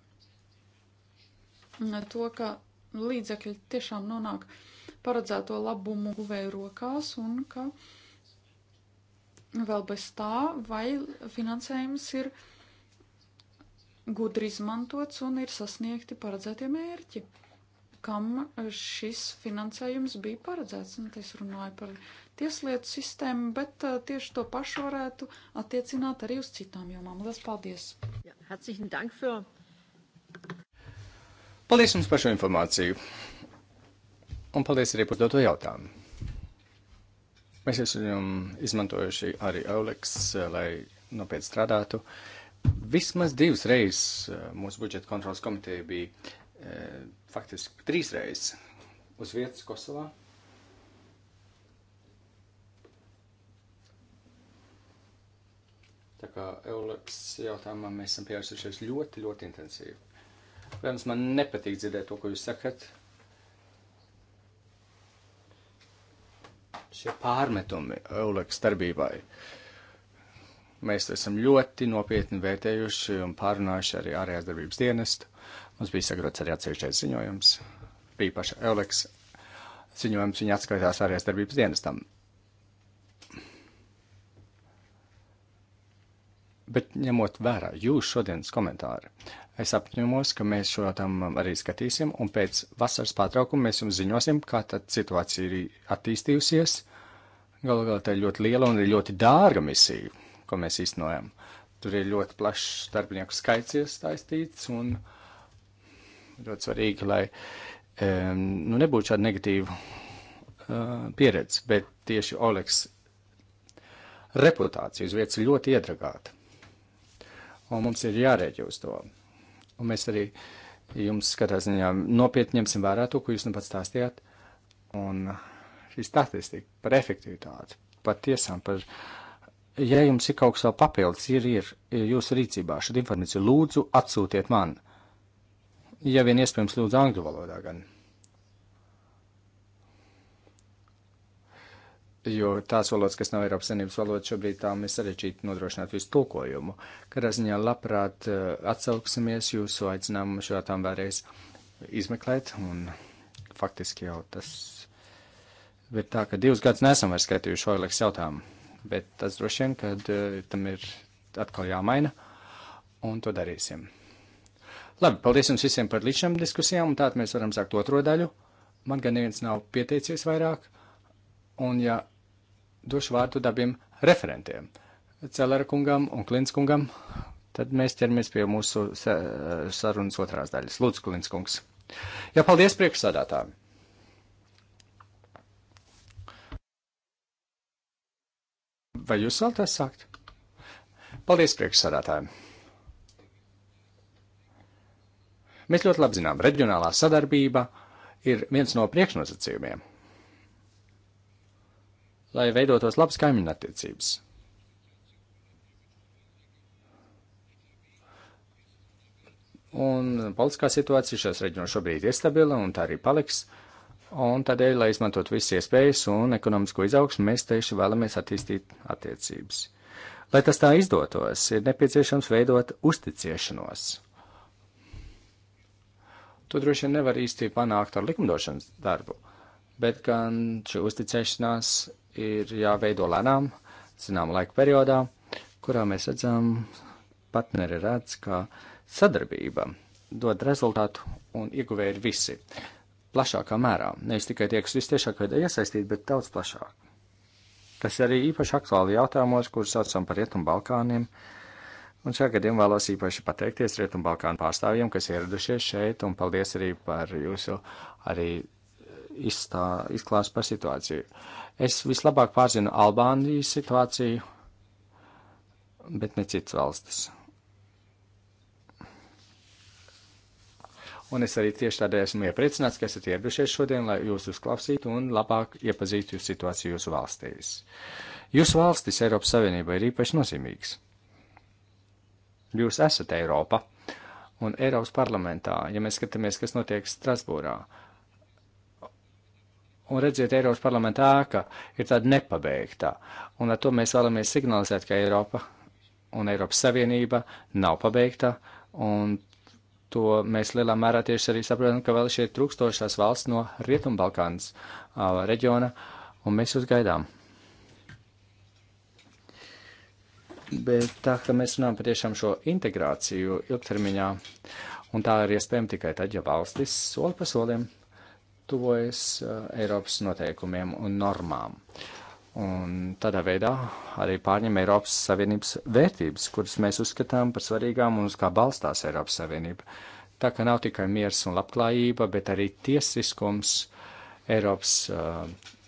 to, ka līdzekļi tiešām nonāk paredzēto labumu guvēju rokās un ka vēl bez tā, vai finansējums ir uh, gudri izmantots un ir sasniegti paredzētie mērķi, kam šis finansējums bija paredzēts. Un nu, es runāju par tieslietu sistēmu, bet eh, tieši to pašu varētu attiecināt arī uz citām jomām. Lielas paldies! Paldies jums par šo informāciju! Un paldies arī par doto jautājumu. Mēs esam izmantojuši arī Euleks, eh, lai nopietni strādātu. Uh, Vismaz divas reizes eh, mūsu budžeta kontrolas komiteja bija, e, faktiski trīs reizes, uz vietas Kosovā. Tā kā Eulaks jautājumā mēs esam pievērsušies ļoti, ļoti intensīvi. Protams, man nepatīk dzirdēt to, ko jūs sakat. Šie pārmetumi Eulaks darbībai. Uh, Mēs esam ļoti nopietni vērtējuši un pārunājuši arī ārējās darbības dienestu. Mums bija sagrots arī atsevišķais ziņojums. Bija paša Euleks ziņojums, viņa atskaitās ārējās darbības dienestam. Bet ņemot vērā jūs šodienas komentāri, es apņemos, ka mēs šo tam arī skatīsim, un pēc vasaras pārtraukuma mēs jums ziņosim, kā tad situācija ir attīstījusies. Galu galā tā ir ļoti liela un ir ļoti dārga misija ko mēs iznojam. Tur ir ļoti plašs darbinieku skaits iesaistīts un ļoti svarīgi, lai nu, nebūtu šāda negatīva uh, pieredze, bet tieši Oleks reputācija uz vietas ir ļoti iedragāta. Un mums ir jārēģi uz to. Un mēs arī jums, katrā ziņā, nopietni ņemsim vērā to, ko jūs nu pats stāstījāt. Un šī statistika par efektivitāti, par tiesām, par ja jums ir kaut kas vēl papildus, ir, ir jūsu rīcībā šāda informācija, lūdzu atsūtiet man. Ja vien iespējams, lūdzu angļu valodā gan. Jo tās valodas, kas nav Eiropas Savienības valodas, šobrīd tām ir sarežģīti nodrošināt visu tulkojumu. Katrā ziņā labprāt eh, atsauksimies jūsu aicinājumu šo tām vēlreiz izmeklēt, un faktiski jau tas ir tā, ka divus gadus nesam vairs skatījuši Oileks jautājumu bet tas droši vien, ka eh, tam ir atkal jāmaina, un to darīsim. Labi, paldies jums visiem par līdz šim diskusijām, un tātad mēs varam sākt otro daļu. Man gan neviens nav pieteicies vairāk, un ja došu vārdu dabiem referentiem, Celera kungam un Klins kungam, tad mēs ķeramies pie mūsu sarunas otrās daļas. Lūdzu, Klins kungs. Jā, paldies priekšsādātājiem! Vai jūs vēlaties sākt? Paldies priekšsādātājiem! Mēs ļoti labi zinām, reģionālā sadarbība ir viens no priekšnosacījumiem, lai veidotos labas kaimiņu attiecības. Un politiskā situācija šajos reģionos šobrīd ir stabila, un tā arī paliks. Uh, Un tādēļ, lai izmantot visas iespējas un ekonomisko izaugsmu, mēs tieši vēlamies attīstīt attiecības. Lai tas tā izdotos, ir nepieciešams veidot uzticēšanos. To droši vien nevar īsti panākt ar likumdošanas darbu, bet gan šī uzticēšanās ir jāveido lēnām, zinām laika periodā, kurā mēs redzam, partneri redz, ka sadarbība dod rezultātu un ieguvēji ir visi plašākā mērā. Nevis tikai tie, kas visciešāk veidā iesaistīti, bet daudz plašāk. Tas arī īpaši aktuāli jautājumos, kurus saucam par Rietumu Balkāniem. Un šajā gadījumā vēlos īpaši pateikties Rietumu Balkānu pārstāvjiem, kas ieradušies šeit, un paldies arī par jūsu arī izstā, izklāstu par situāciju. Es vislabāk pārzinu Albānijas situāciju, bet ne citas valstis. un es arī tieši tādēļ esmu iepriecināts, ka esat ieradušies šodien, lai jūs uzklausītu un labāk iepazītu jūs situāciju jūsu valstīs. Jūsu valstis Eiropas Savienībā ir īpaši nozīmīgs. Jūs esat Eiropa, un Eiropas parlamentā, ja mēs skatāmies, kas notiek Strasbūrā, un redziet, Eiropas parlamenta ēka ir tāda nepabeigta. Un ar to mēs vēlamies signalizēt, ka Eiropa un Eiropas Savienība nav pabeigta, un to mēs lielā mērā tieši arī saprotam, ka vēl šeit trūkstošās valsts no Rietumbalkānas uh, reģiona, un mēs jūs gaidām. Bet tā, ka mēs runājam patiešām šo integrāciju ilgtermiņā, un tā ir iespējama tikai tad, ja valstis soli pa solim tuvojas uh, Eiropas noteikumiem un normām. Uh, un tādā veidā arī pārņem Eiropas Savienības vērtības, kuras mēs uzskatām par svarīgām un uz kā balstās Eiropas Savienība. Tā kā nav tikai miers un labklājība, bet arī tiesiskums Eiropas uh,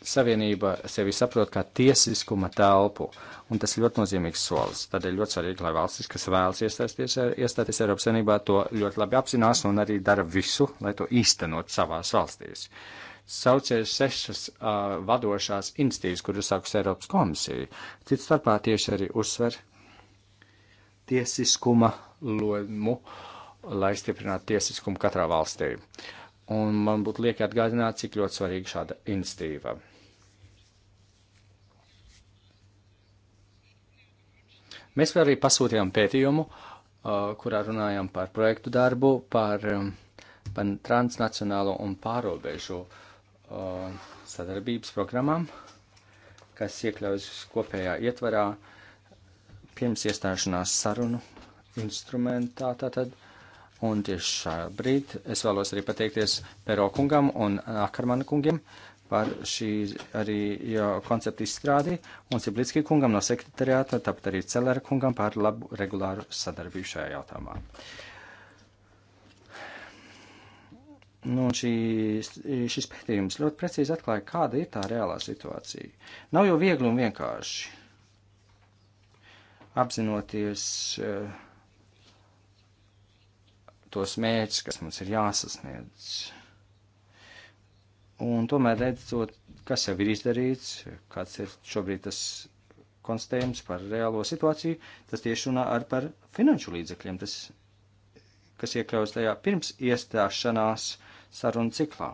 Savienība sevi saprot kā tiesiskuma telpu, un tas ir ļoti nozīmīgs solis. Tādēļ ļoti svarīgi, lai valstis, kas vēlas iestāties, iestāties Eiropas Savienībā, to ļoti labi apzinās un arī dara visu, lai to īstenot savās valstīs. Uh, saucies sešas uh, vadošās institūcijas, kur uzsākus Eiropas komisija. Cits starpā tieši arī uzsver tiesiskuma lomu, lai stiprinātu tiesiskumu katrā valstī. Un man būtu lieki atgādināt, cik ļoti svarīga šāda institīva. Mēs arī pasūtījām pētījumu, uh, kurā runājām par projektu darbu, par, par transnacionālo un pārobežu uh, sadarbības programmām, kas iekļaujas kopējā ietvarā pirms iestāšanās sarunu instrumentā. Tātad, un tieši šobrīd es vēlos arī pateikties Pero kungam un Akarmana kungiem par šī arī konceptu izstrādi un Ciblitskī kungam no sekretariāta, tāpat arī Celera kungam par labu regulāru sadarbību šajā jautājumā. Uh, Nu, šis, šis pētījums ļoti precīzi atklāja, kāda ir tā reālā situācija. Nav jau viegli un vienkārši apzinoties eh, tos mērķus, kas mums ir jāsasniedz. Un tomēr redzot, kas jau ir izdarīts, kāds ir šobrīd tas konstatējums par reālo situāciju, tas tieši runā arī par finanšu līdzekļiem, tas, kas iekļaus tajā pirms iestāšanās uh, sarunu ciklā,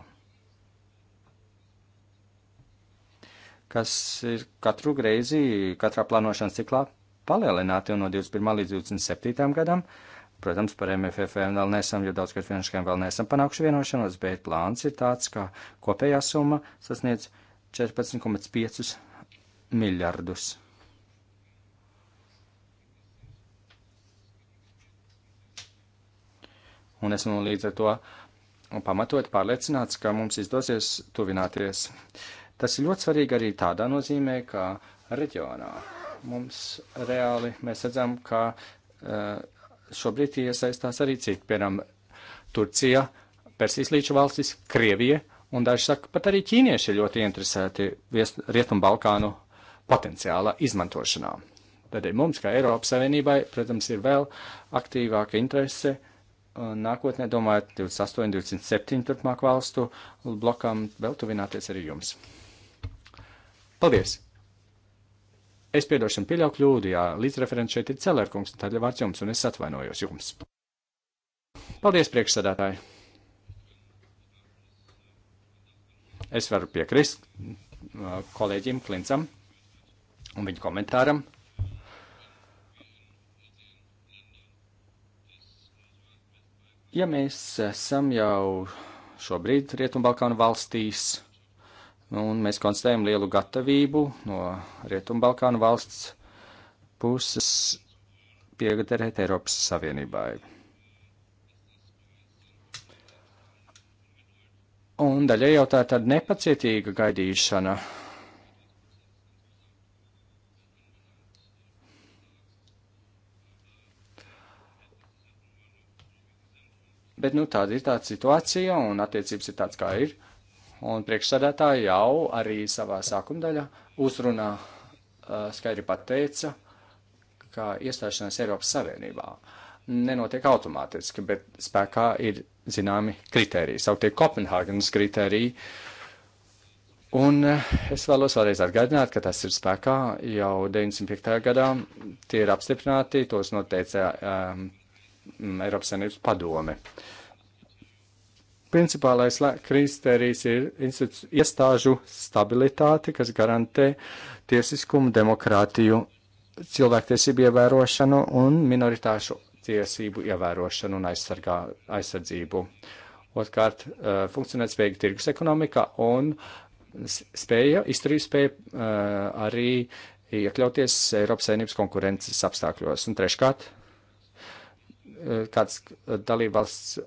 kas ir katru reizi, katrā plānošanas ciklā palielināti no 21. līdz 27. gadam. Protams, par MFF vēl nesam, jo daudzgad finanšiem vēl nesam panākuši vienošanos, bet plāns ir tāds, ka kopējā summa sasniedz 14,5 miljardus. Un esmu līdz ar to uh, un pamatot pārliecināts, ka mums izdosies tuvināties. Tas ir ļoti svarīgi arī tādā nozīmē, ka reģionā mums reāli mēs redzam, ka uh, šobrīd iesaistās arī citi, piemēram, Turcija, Persijas līča valstis, Krievija, un daži saka, pat arī ķīnieši ir ļoti interesēti Rietumbalkānu potenciāla izmantošanā. Tad mums, kā Eiropas Savienībai, protams, ir vēl aktīvāka interese uh, nākotnē domājat 28, 27 turpmāk valstu blokam vēl tuvināties arī jums. Paldies! Es piedošanu pieļauju kļūdu, jā, līdzreferents šeit ir Celerkungs, tad jau vārds jums, un es atvainojos jums. Paldies, priekšsēdētāji! Es varu piekrist kolēģim Klincam un viņa komentāram. Ja mēs esam jau šobrīd Rietumbalkānu valstīs, nu, un mēs konstatējam lielu gatavību no Rietumbalkānu valsts puses piegādāt Eiropas Savienībai. Un daļai jau tā ir tāda nepacietīga gaidīšana Bet, nu, tāda ir tāda situācija, un attiecības ir tāds, kā ir. Un priekšsādātāji jau arī savā sākumdaļā uzrunā uh, skaidri pateica, ka iestāšanās Eiropas Savienībā nenotiek automātiski, bet spēkā ir zināmi kriteriji, sauktie Kopenhāgenes kriteriji. Un es vēlos vēlreiz atgādināt, ka tas ir spēkā jau 95. gadā, tie ir apstiprināti, tos noteica um, Mm, Eiropas Savienības padome. Principālais krīztērijs ir iestāžu stabilitāte, kas garantē tiesiskumu, demokrātiju, cilvēktiesību ievērošanu un minoritāšu tiesību ievērošanu un aizsargā, aizsardzību. Otkārt, eh, funkcionētspējīga tirgus ekonomika un spēja, izturības spēja eh, arī iekļauties Eiropas saimnības konkurences apstākļos. Un treškārt, kāds eh, dalībvalsts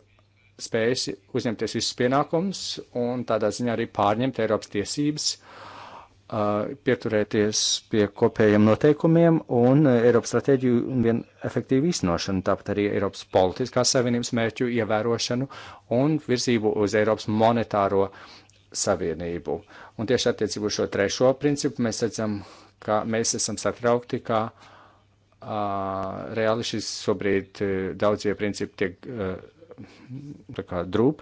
spējas uzņemties visus pienākumus un tādā ziņā arī pārņemt Eiropas tiesības, eh, pieturēties pie kopējiem noteikumiem un eh, Eiropas stratēģiju un vien efektīvu īstenošanu, tāpat arī Eiropas politiskās savienības mērķu ievērošanu un virzību uz Eiropas monetāro savienību. Un tieši attiecību šo trešo principu mēs redzam, ka mēs esam satraukti, ka uh, reāli šis šobrīd daudzie principi tiek kā, drūp,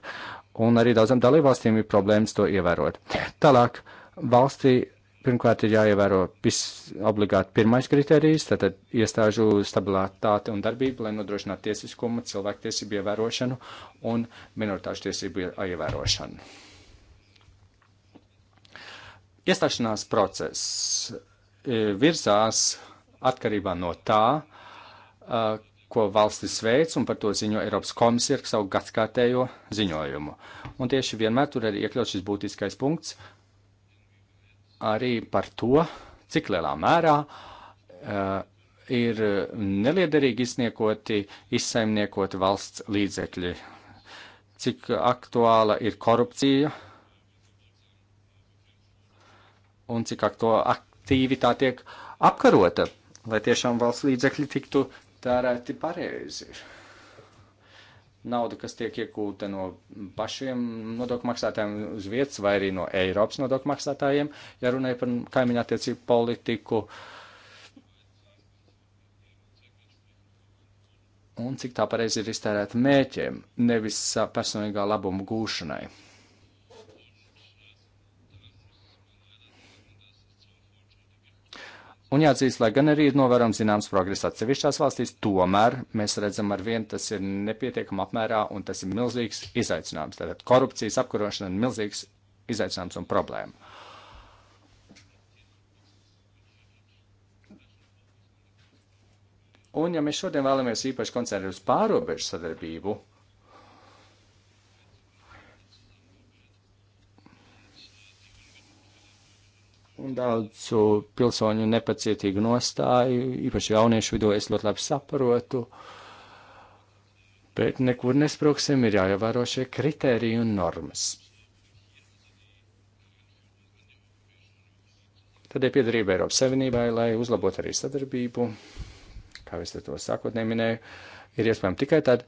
un arī daudzām dalībvalstīm ir problēmas to ievērot. Tālāk valstī pirmkārt ir jāievēro pis, obligāti pirmais kriterijs, tātad iestāžu stabilitāte un darbība, lai nodrošinātu tiesiskumu, cilvēktiesību ievērošanu un minoritāšu tiesību ievērošanu. Iestāšanās process virzās atkarībā no tā, uh, ko valstis veic, un par to ziņo Eiropas komisija ar savu gadskārtējo ziņojumu. Un tieši vienmēr tur ir iekļauts šis būtiskais punkts arī par to, cik lielā mērā uh, ir neliederīgi izniekoti, izsaimniekoti valsts līdzekļi, cik aktuāla ir korupcija un cik aktīvi tā tiek apkarota lai tiešām valsts līdzekļi tiktu tērēti pareizi. Nauda, kas tiek iegūta no pašiem nodokļu maksātājiem uz vietas vai arī no Eiropas nodokļu maksātājiem, ja runāja par kaimiņu attiecību politiku. Un cik tā pareizi ir iztērēta mēķiem, nevis personīgā labuma gūšanai. Un jāatzīst, lai gan arī ir novērojams zināms progress atsevišķās valstīs, tomēr mēs redzam, ar vien tas ir nepietiekam apmērā un tas ir milzīgs izaicinājums. Tātad korupcijas apkarošana ir milzīgs izaicinājums un problēma. Un ja mēs šodien vēlamies īpaši koncentrēt uz pārobežu sadarbību, uh, daudzu pilsoņu nepacietīgu nostāju, īpaši jauniešu vidū es ļoti labi saprotu, bet nekur nesprūksim, ir jāievēro šie kriteriji un normas. Tad ir piedarība Eiropas Savienībai, lai uzlabotu arī sadarbību, kā es to sākotnēji minēju, ir iespējams tikai tad,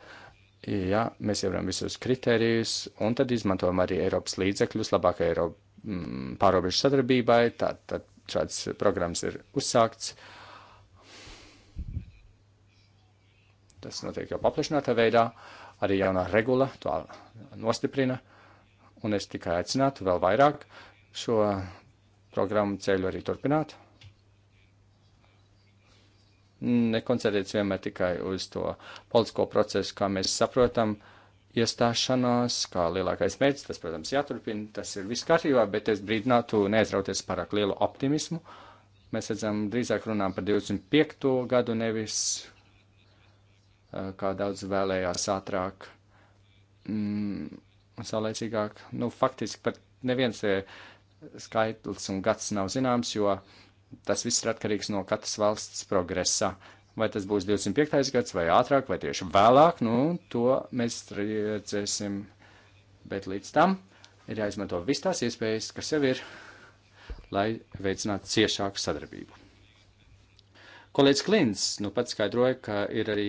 ja mēs ievērojam visus kriterijus un tad izmantojam arī Eiropas līdzekļus, labāk Eiropa Mm, pārobežu sadarbībai, tad, tad šāds programmas ir uzsākts. Tas notiek jau paplašinātā veidā, arī jaunā regula to nostiprina, un es tikai aicinātu vēl vairāk šo programmu ceļu arī turpināt. Nekoncentrēties vienmēr tikai uz to politisko procesu, kā mēs saprotam, uh, iestāšanās, kā lielākais mērķis, tas, protams, jāturpina, tas ir viss kārtībā, bet es brīdinātu neaizrauties pārāk lielu optimismu. Mēs redzam, drīzāk runām par 25. gadu nevis, kā daudz vēlējās ātrāk mm, un mm, saulēcīgāk. Nu, faktiski pat neviens skaitlis un gads nav zināms, jo tas viss ir atkarīgs no katras valsts progresa. Uh, Vai tas būs 25. gads, vai ātrāk, vai tieši vēlāk, nu, to mēs redzēsim. Bet līdz tam ir jāizmanto visas tās iespējas, kas jau ir, lai veicinātu ciešāku sadarbību. Kolēģis Klints nu pats skaidroja, ka ir arī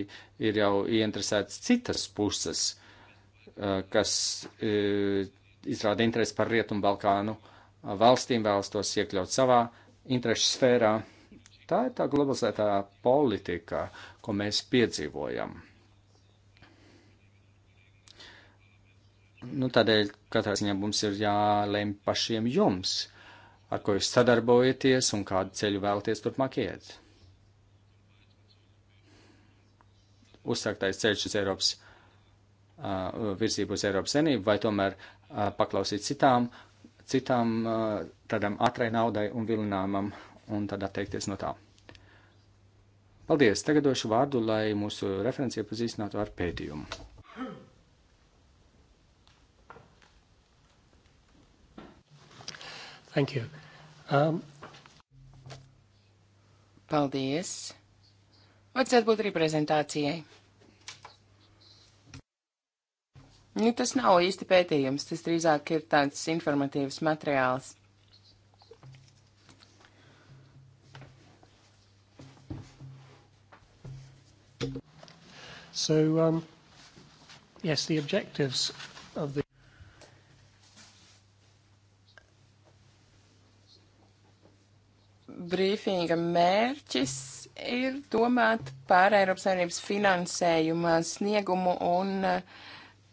ir jau ieinteresēts citas puses, kas izrāda interesi par Rietumbalkānu valstīm, vēlas tos iekļaut savā interešu sfērā. Tā ir tā globalizētā politika, ko mēs piedzīvojam. Nu, tādēļ katrā ziņā mums ir jālem pašiem jums, ar ko jūs sadarbojaties un kādu ceļu vēlaties turpmāk iet. Uzsāktais ceļš uz Eiropas uh, virzību uz Eiropas senību vai tomēr uh, paklausīt citām, citām uh, tādām atrai naudai un vilinājumam uh, un tad atteikties no tā. Paldies! Tagad došu vārdu, lai mūsu referents iepazīstinātu ar pētījumu. Thank you. Um, Paldies. Vajadzētu būt arī prezentācijai. Nu, tas nav īsti pētījums, tas drīzāk ir tāds informatīvs materiāls. So, um, yes, the objectives of the brīfinga mērķis ir domāt par Eiropas Savienības finansējuma sniegumu un uh,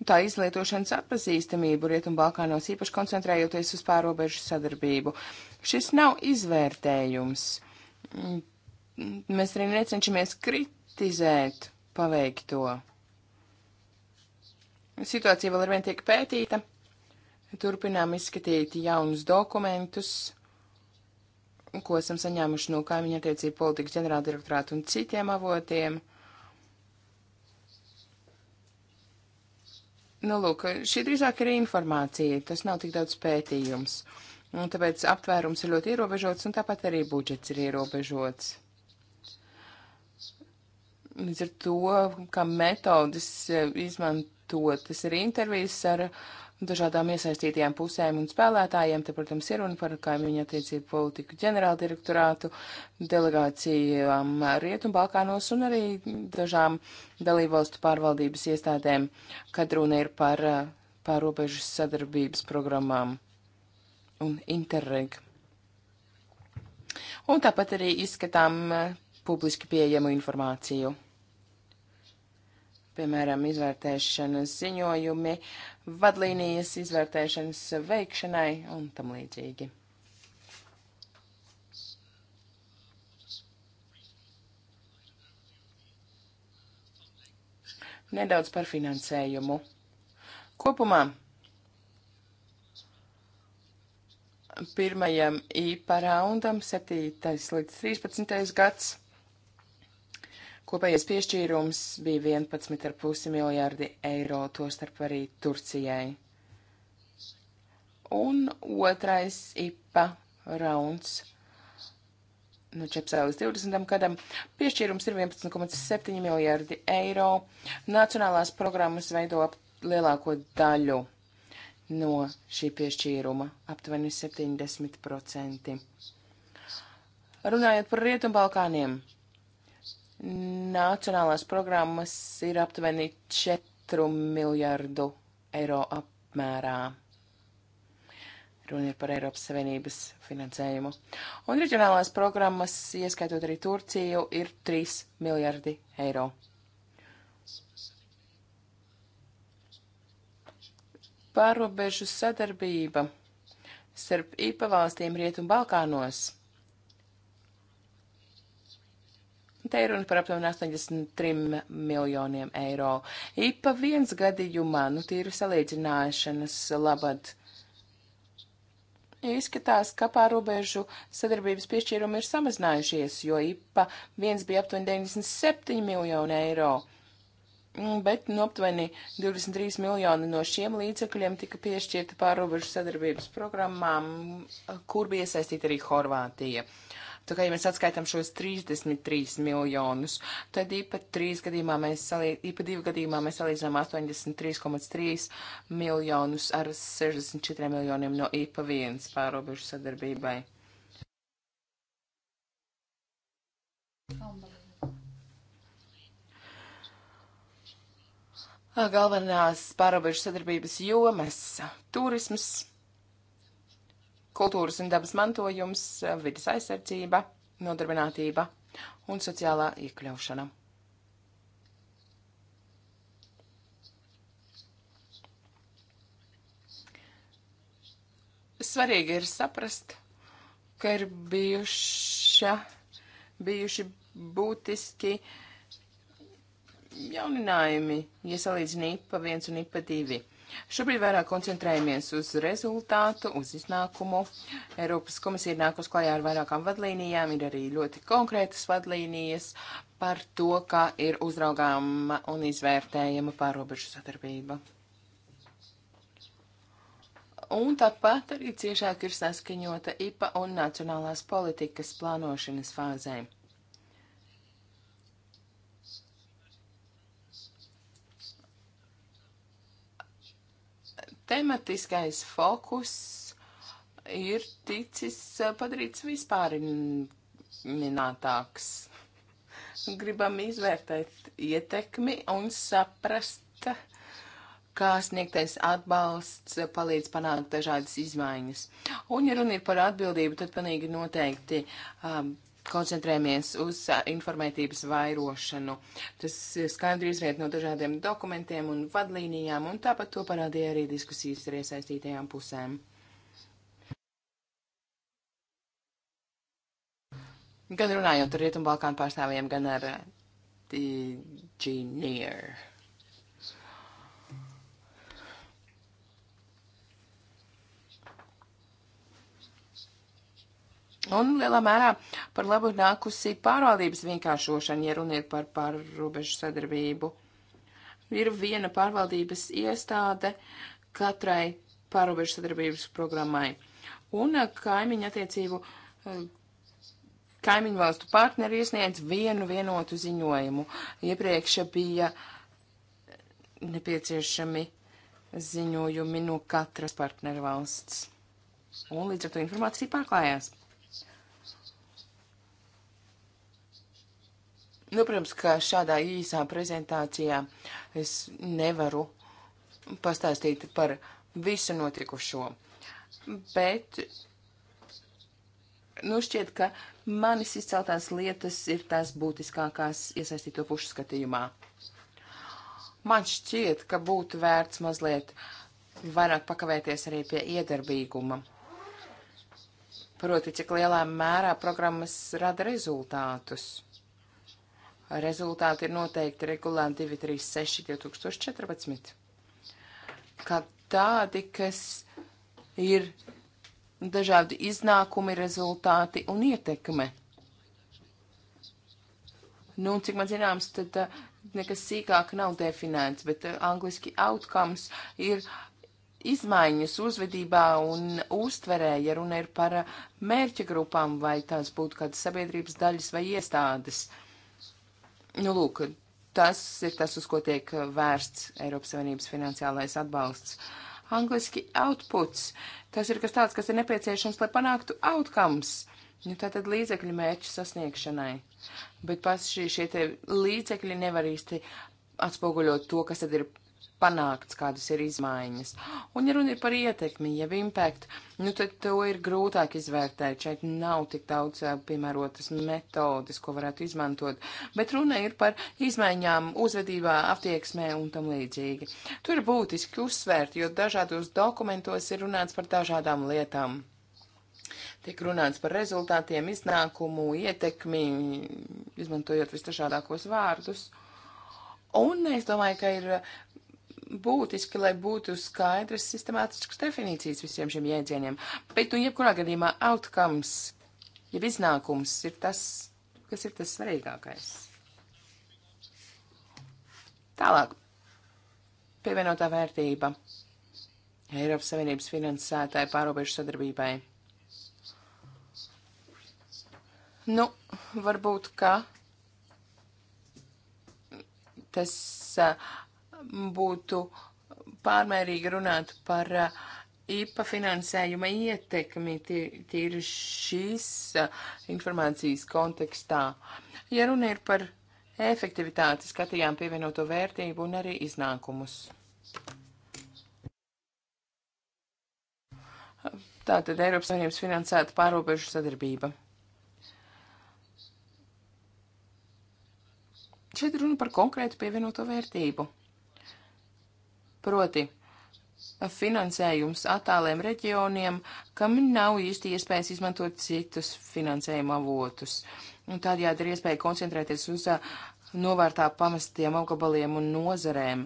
tā izlietošanas atpazīstamību Rietumbalkānos, īpaši koncentrējoties uz pārobežu sadarbību. Šis nav izvērtējums. Mm, mm, mēs arī necenšamies kritizēt paveikto. Situācija vēl ar vien tiek pētīta. Turpinām izskatīt jaunus dokumentus, ko esam saņēmuši no kaimiņa attiecību politikas ģenerāldirektorāta un citiem avotiem. Nu, lūk, šī drīzāk ir informācija, tas nav tik daudz pētījums. Un tāpēc aptvērums ir ļoti ierobežots, un tāpat arī budžets ir ierobežots. Līdz ar to, kā metodas e, izmantotas ir intervijas ar dažādām iesaistītajām pusēm un spēlētājiem, te, protams, ir runa par kaimiņu attiecību politiku ģenerāldirektorātu, delegācijām Rietumbalkānos un arī dažām dalībvalstu pārvaldības iestādēm, kad runa ir par e, pārobežu sadarbības programmām un interreg. Un tāpat arī izskatām e, publiski pieejamu informāciju piemēram, izvērtēšanas ziņojumi, vadlīnijas izvērtēšanas veikšanai un tam līdzīgi. Nedaudz par finansējumu. Kopumā pirmajam īpa raundam 7. līdz 13. gads Kopējais piešķīrums bija 11,5 miljārdi eiro, tostarp arī Turcijai. Un otrais IPA rauns no 14 līdz 20 gadam. Piešķīrums ir 11,7 miljārdi eiro. Nacionālās programmas veido lielāko daļu no šī piešķīruma - aptuveni 70%. Runājot par Rietumbalkāniem, Nacionālās programmas ir aptuveni 4 miljardu eiro apmērā. Runa ir par Eiropas Savienības finansējumu. Un reģionālās programmas, ieskaitot arī Turciju, ir 3 miljardi eiro. Pārobežu sadarbība starp IPA valstīm Rietumbalkānos. Balkānos Te ir runa par aptuveni 83 miljoniem eiro. IPA viens gadījumā, nu tīri salīdzināšanas labad, izskatās, ka pārobežu sadarbības piešķīrumi ir samazinājušies, jo IPA viens bija aptuveni 97 miljoni eiro. Mm, bet nu, aptuveni 23 miljoni no šiem līdzekļiem tika piešķirta pārobežu sadarbības programmām, kur bija iesaistīta arī Horvātija. Uh, Tā kā, ja mēs atskaitām šos 33 miljonus, tad IPA 3 gadījumā mēs, salī, IPA 2 gadījumā mēs salīdzinām 83,3 miljonus ar 64 miljoniem no IPA 1 pārobežu sadarbībai. Galvenās pārobežu sadarbības jomas - turisms kultūras un dabas mantojums, vidas aizsardzība, nodarbinātība un sociālā iekļaušana. Svarīgi ir saprast, ka ir bijuša, bijuši būtiski jauninājumi, ja salīdzina IPA 1 un IPA 2 Šobrīd vairāk koncentrējamies uz rezultātu, uz iznākumu. Eiropas komisija ir nākus klajā ar vairākām vadlīnijām, ir arī ļoti konkrētas vadlīnijas par to, kā ir uzraugāma un izvērtējama pārobežu sadarbība. Un tāpat arī ciešāk ir saskaņota IPA un nacionālās politikas plānošanas fāzēm. tematiskais fokus ir ticis eh, padarīts vispārinātāks. Gribam izvērtēt ietekmi un saprast, kā sniegtais atbalsts palīdz panākt dažādas izmaiņas. Un, ja runa ir par atbildību, tad panīgi noteikti um, koncentrējamies uz informētības vairošanu. Tas e, skaidri izriet no dažādiem dokumentiem un vadlīnijām, un tāpat to parādīja arī diskusijas ar iesaistītajām pusēm. Gan runājot ar Rietumbalkānu pārstāvjiem, gan ar Engineer. Uh, Un lielā mērā par labu nākusi pārvaldības vienkāršošana, ja runiet par pārrobežu sadarbību. Ir viena pārvaldības iestāde katrai pārrobežu sadarbības programmai. Un eh, kaimiņu attiecību, eh, kaimiņu valstu partneri iesniedz vienu vienotu ziņojumu. Iepriekš bija nepieciešami ziņojumi no katras partneru valsts. Un līdz ar to informācija pārklājās. Nu, protams, ka šādā īsā prezentācijā es nevaru pastāstīt par visu notikušo, bet, nu, šķiet, ka manis izceltās lietas ir tās būtiskākās iesaistīto pušu skatījumā. Man šķiet, ka būtu vērts mazliet vairāk pakavēties arī pie iedarbīguma. Proti, cik lielā mērā programmas rada rezultātus. Rezultāti ir noteikti regulēti 236 2014. Kā tādi, kas ir dažādi iznākumi, rezultāti un ietekme. Nu, cik man zināms, tad uh, nekas sīkāk nav definēts, bet uh, angliski outcomes ir izmaiņas uzvedībā un uztverē, ja runa ir par uh, mērķa grupām vai tās būtu kādas sabiedrības daļas vai iestādes. Uh, Nu, lūk, tas ir tas, uz ko tiek vērsts Eiropas Savienības finansiālais atbalsts. Angliski outputs. Tas ir kas tāds, kas ir nepieciešams, lai panāktu outcomes. Nu, tā tad līdzekļu mērķu sasniegšanai. Bet paši šie līdzekļi nevar īsti atspoguļot to, kas tad ir panākts, kādas ir izmaiņas. Un, ja runa ir par ietekmi, jeb impektu, nu tad to ir grūtāk izvērtēt. Šeit nav tik daudz piemērotas metodes, ko varētu izmantot, bet runa ir par izmaiņām uzvedībā, attieksmē un tam līdzīgi. Tur ir būtiski uzsvērt, jo dažādos dokumentos ir runāts par dažādām lietām. Tiek runāts par rezultātiem, iznākumu, ietekmi, izmantojot visdažādākos vārdus. Un es domāju, ka ir būtiski, lai būtu skaidras sistemātiskas definīcijas visiem šiem jēdzieniem. Bet, nu, jebkurā gadījumā outcomes, jeb iznākums ir tas, kas ir tas svarīgākais. Tālāk. Pievienotā vērtība Eiropas Savienības finansētāja pārobežu sadarbībai. Nu, varbūt, ka tas uh, būtu pārmērīgi runāt par uh, IPA finansējuma ietekmi tīri šīs uh, informācijas kontekstā. Ja runa ir par efektivitāti, skatījām pievienoto vērtību un arī iznākumus. Tātad Eiropas Savienības finansēta pārobežu sadarbība. Šeit runa par konkrētu pievienoto vērtību. Proti, finansējums attāliem reģioniem, kam nav īsti iespējas izmantot citus finansējuma avotus. Un tādējādi ir iespēja koncentrēties uz uh, novērtā pamestiem apgabaliem un nozarēm.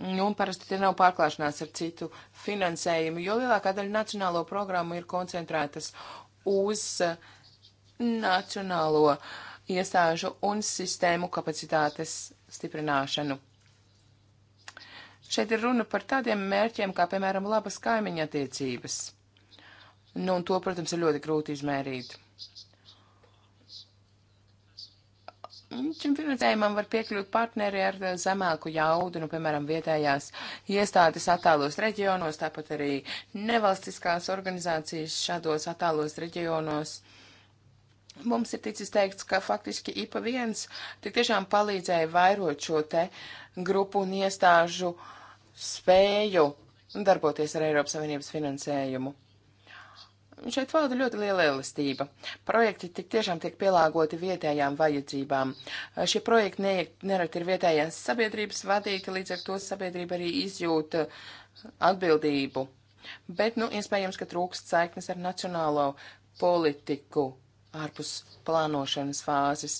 Nu, un parasti te nav pārklāšanās ar citu finansējumu, jo lielākā daļa nacionālo programmu ir koncentrētas uz uh, nacionālo iestāžu un sistēmu kapacitātes stiprināšanu. Šeit ir runa par tādiem mērķiem, kā piemēram labas kaimiņa attiecības. Nu, un to, protams, ir ļoti grūti izmērīt. Šim finansējumam var piekļūt partneri ar zemāku jaudu, nu, piemēram, vietējās iestādes attālos reģionos, tāpat arī nevalstiskās organizācijas šādos attālos reģionos. Uh, Mums ir ticis teikts, ka faktiski IPA 1 tik tiešām palīdzēja vairot šo te grupu un iestāžu spēju darboties ar Eiropas Savienības finansējumu. Šeit valda ļoti liela elastība. Projekti tik tiešām tiek pielāgoti vietējām vajadzībām. Šie projekti ne, nerad ir vietējās sabiedrības vadīti, līdz ar to sabiedrība arī izjūt uh, atbildību. Bet, nu, iespējams, ka trūkst saiknes ar nacionālo politiku ārpus plānošanas fāzes,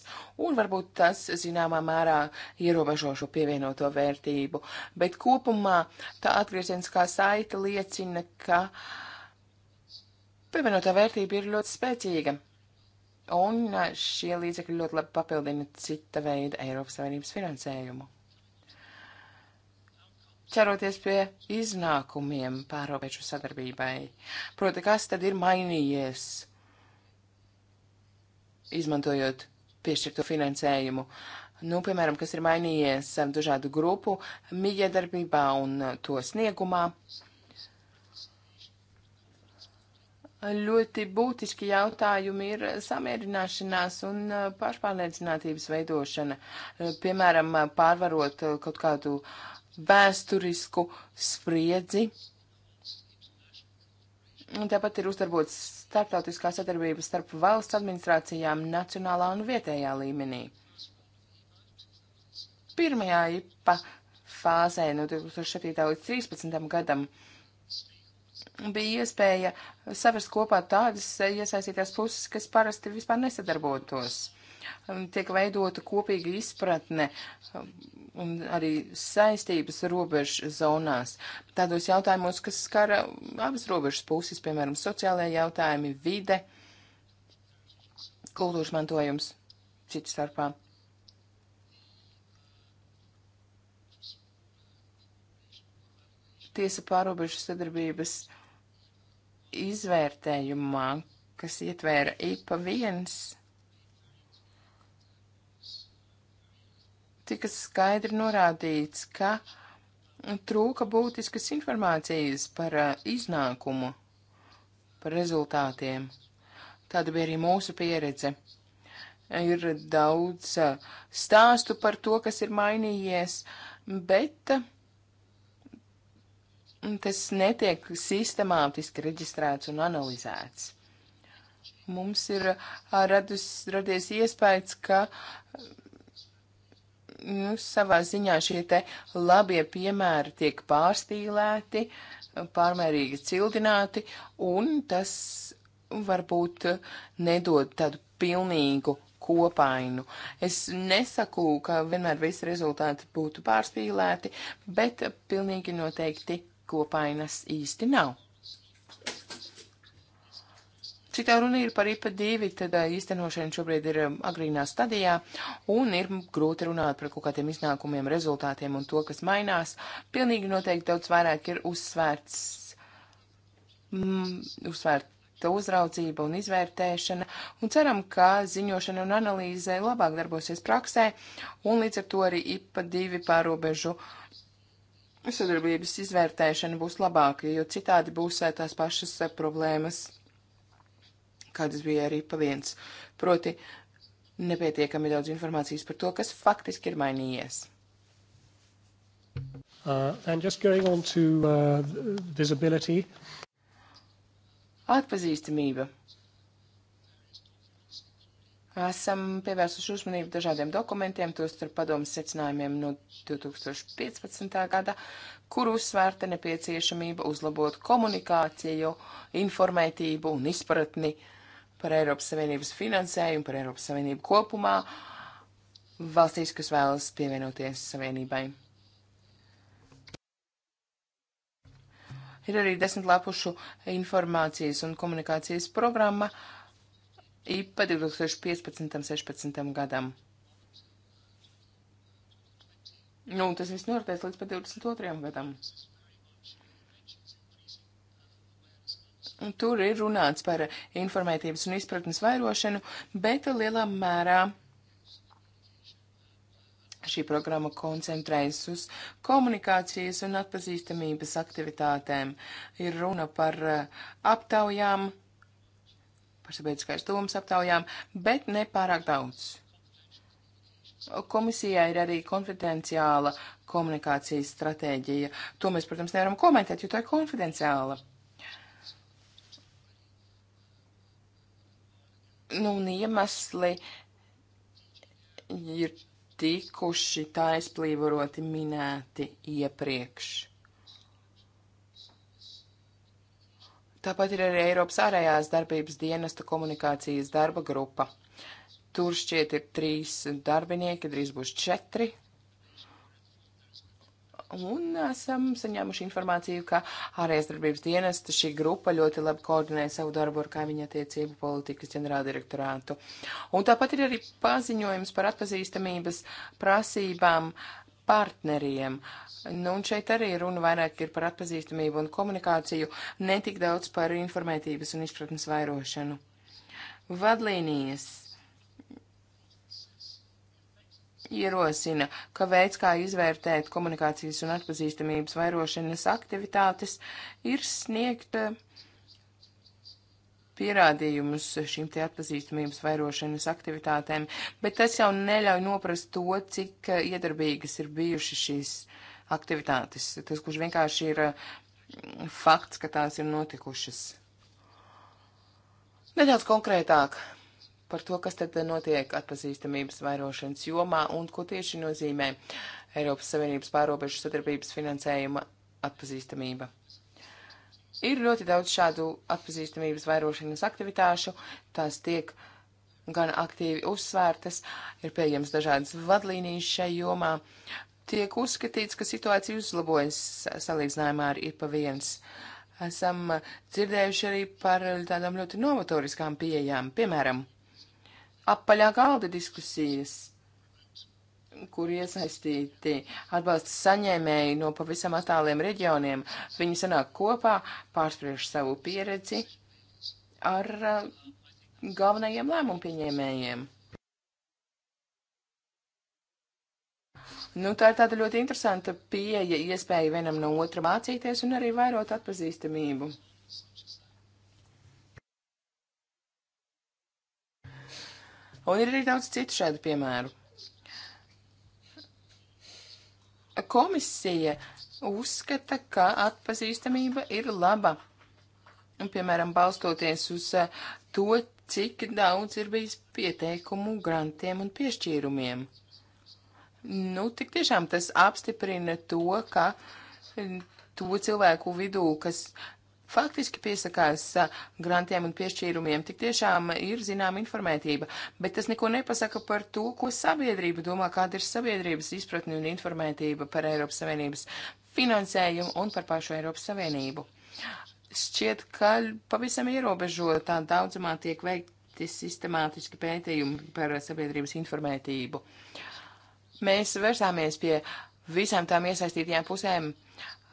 un varbūt tas zināmā mērā ierobežo šo pievienoto vērtību. Bet kopumā tā atgriezieniskā saita liecina, ka pievienotā vērtība ir ļoti spēcīga, un šie līdzekļi ļoti labi papildina cita veida Eiropas Savienības finansējumu. Čeroties pie iznākumiem pārobežu sadarbībai, proti, kas tad ir mainījies? izmantojot piešķirto finansējumu. Nu, piemēram, kas ir mainījies um, dažādu grupu mijiedarbībā un uh, to sniegumā. Ļoti būtiski jautājumi ir samierināšanās un uh, pašpārliecinātības veidošana. Uh, piemēram, pārvarot kaut kādu vēsturisku spriedzi Un tāpat ir uzdarbots starptautiskā sadarbība starp valsts administrācijām nacionālā un vietējā līmenī. Pirmajā IPA fāzē no 2007. līdz 2013. gadam bija iespēja savest kopā tādas iesaistītās puses, kas parasti vispār nesadarbotos. Um, tiek veidota kopīga izpratne um, un arī saistības robežu zonās. Tādos jautājumos, kas skara um, abas robežas puses, piemēram, sociālajie jautājumi, vide, kultūras mantojums, citu starpā. Tiesa pārobežu sadarbības izvērtējumā, kas ietvēra IPA 1 tika skaidri norādīts, ka trūka būtiskas informācijas par eh, iznākumu, par rezultātiem. Tāda bija arī mūsu pieredze. Ir daudz eh, stāstu par to, kas ir mainījies, bet eh, tas netiek sistemātiski reģistrēts un analizēts. Mums ir radus, radies iespējas, ka nu, savā ziņā šie te labie piemēri tiek pārstīlēti, pārmērīgi cildināti, un tas varbūt nedod tādu pilnīgu kopainu. Es nesaku, ka vienmēr visi rezultāti būtu pārspīlēti, bet pilnīgi noteikti kopainas īsti nav. Cik tā runa ir par IPA 2, tad īstenošana šobrīd ir agrīnā stadijā un ir grūti runāt par kaut kādiem iznākumiem, rezultātiem un to, kas mainās. Pilnīgi noteikti daudz vairāk ir uzsvērts, mm, uzsvērt ta uzraudzība un izvērtēšana, un ceram, ka ziņošana un analīze labāk darbosies praksē, un līdz ar to arī IPA divi pārobežu sadarbības izvērtēšana būs labāka, jo citādi būs tās pašas problēmas kādas bija arī pa viens. Proti, nepietiekami daudz informācijas par to, kas faktiski ir mainījies. Uh, and just going on to uh, visibility. Atpazīstamība. Esam pievērsuši uzmanību dažādiem dokumentiem, tostarp padomas secinājumiem no 2015. gada, kur uzsvērta nepieciešamība uzlabot komunikāciju, informētību un izpratni uh, par Eiropas Savienības finansējumu, par Eiropas Savienību kopumā valstīs, kas vēlas pievienoties Savienībai. Ir arī desmit lapušu informācijas un komunikācijas programma IPA 2015-16 gadam. Nu, tas viss noritēs līdz pat 22. gadam. Tur ir runāts par informētības un izpratnes vairošanu, bet lielā mērā šī programma koncentrējas uz komunikācijas un atpazīstamības aktivitātēm. Ir runa par eh, aptaujām, par sabiedriskais domas aptaujām, bet ne pārāk daudz. Komisijā ir arī konfidenciāla komunikācijas stratēģija. To mēs, protams, nevaram komentēt, jo tā ir konfidenciāla. Nu, un iemesli ir tikuši taisplīvoroti minēti iepriekš. Tāpat ir arī Eiropas ārējās darbības dienesta komunikācijas darba grupa. Tur šķiet ir trīs darbinieki, drīz būs četri un esam saņēmuši informāciju, ka ārējais darbības dienesta šī grupa ļoti labi koordinē savu darbu ar kaimiņa attiecību politikas ģenerāldirektorātu. Un tāpat ir arī paziņojums par atpazīstamības prasībām partneriem. Nu, un šeit arī runa vairāk ir par atpazīstamību un komunikāciju, netik daudz par informētības un izpratnes vairošanu. Vadlīnijas ierosina, ka veids, kā izvērtēt komunikācijas un atpazīstamības vairošanas aktivitātes, ir sniegt eh, pierādījumus šīm te atpazīstamības vairošanas aktivitātēm, bet tas jau neļauj noprast to, cik eh, iedarbīgas ir bijušas šīs aktivitātes. Tas, kurš vienkārši ir eh, fakts, ka tās ir notikušas. Nedaudz konkrētāk par to, kas tad notiek atpazīstamības vairošanas jomā un ko tieši nozīmē Eiropas Savienības pārobežu sadarbības finansējuma atpazīstamība. Ir ļoti daudz šādu atpazīstamības vairošanas aktivitāšu, tās tiek gan aktīvi uzsvērtas, ir pieejams dažādas vadlīnijas šai jomā. Tiek uzskatīts, ka situācija uzlabojas salīdzinājumā ar IPA 1 esam dzirdējuši arī par tādām ļoti novatoriskām pieejām. Piemēram, apaļā galda diskusijas kur iesaistīti atbalsta saņēmēji no pavisam attāliem reģioniem. Viņi sanāk kopā, pārspriež savu pieredzi ar uh, galvenajiem lēmumu pieņēmējiem. Nu, tā ir tāda ļoti interesanta pieeja, iespēja vienam no otra mācīties un arī vairot atpazīstamību. Un ir arī daudz citu šādu piemēru. Komisija uzskata, ka atpazīstamība ir laba. Un, piemēram, balstoties uz eh, to, cik daudz ir bijis pieteikumu grantiem un piešķīrumiem. Nu, tik tiešām tas apstiprina to, ka eh, to cilvēku vidū, kas faktiski piesakās grantiem un piešķīrumiem, tik tiešām ir zinām informētība, bet tas neko nepasaka par to, ko sabiedrība domā, kāda ir sabiedrības izpratne un informētība par Eiropas Savienības finansējumu un par pašu Eiropas Savienību. Šķiet, ka pavisam ierobežotā daudzumā tiek veikti sistemātiski pētījumi par sabiedrības informētību. Mēs vērsāmies pie uh, visām tām iesaistītajām pusēm,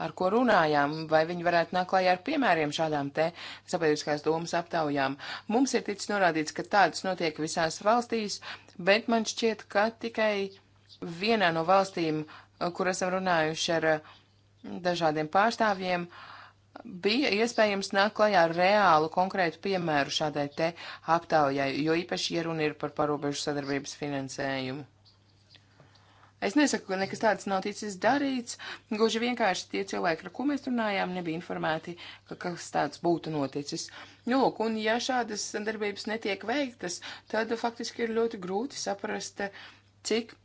ar ko runājām, vai viņi varētu nākt klajā ar piemēriem šādām te sabiedriskās domas aptaujām. Mums ir ticis norādīts, ka tādas notiek visās valstīs, bet man šķiet, ka tikai vienā no valstīm, kur esam runājuši ar mm, dažādiem pārstāvjiem, bija iespējams nākt klajā ar reālu konkrētu piemēru šādai te aptaujai, jo īpaši ieruna ir par parobežu sadarbības finansējumu. Es nesaku, ka nekas tāds nav ticis darīts, gluži vienkārši tie cilvēki, ar ko mēs runājām, nebija informēti, ka kas tāds būtu noticis. Nu, lūk, un ja šādas darbības netiek veiktas, tad faktiski ir ļoti grūti saprast, cik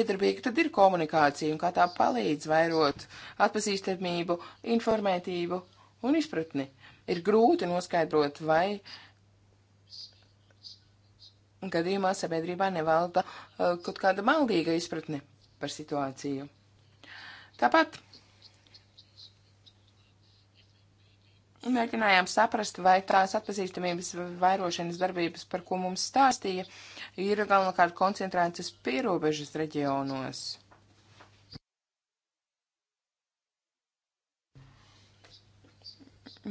iedarbīga tad ir komunikācija un kā tā palīdz vairot atpazīstamību, informētību un izpratni. Ir grūti noskaidrot, vai uh, gadījumā sabiedrībā nevalda uh, kaut kāda maldīga izpratne par situāciju. Tāpat mēģinājām saprast, vai tās atpazīstamības vairošanas darbības, par ko mums stāstīja, ir galvenokārt koncentrētas pierobežas reģionos.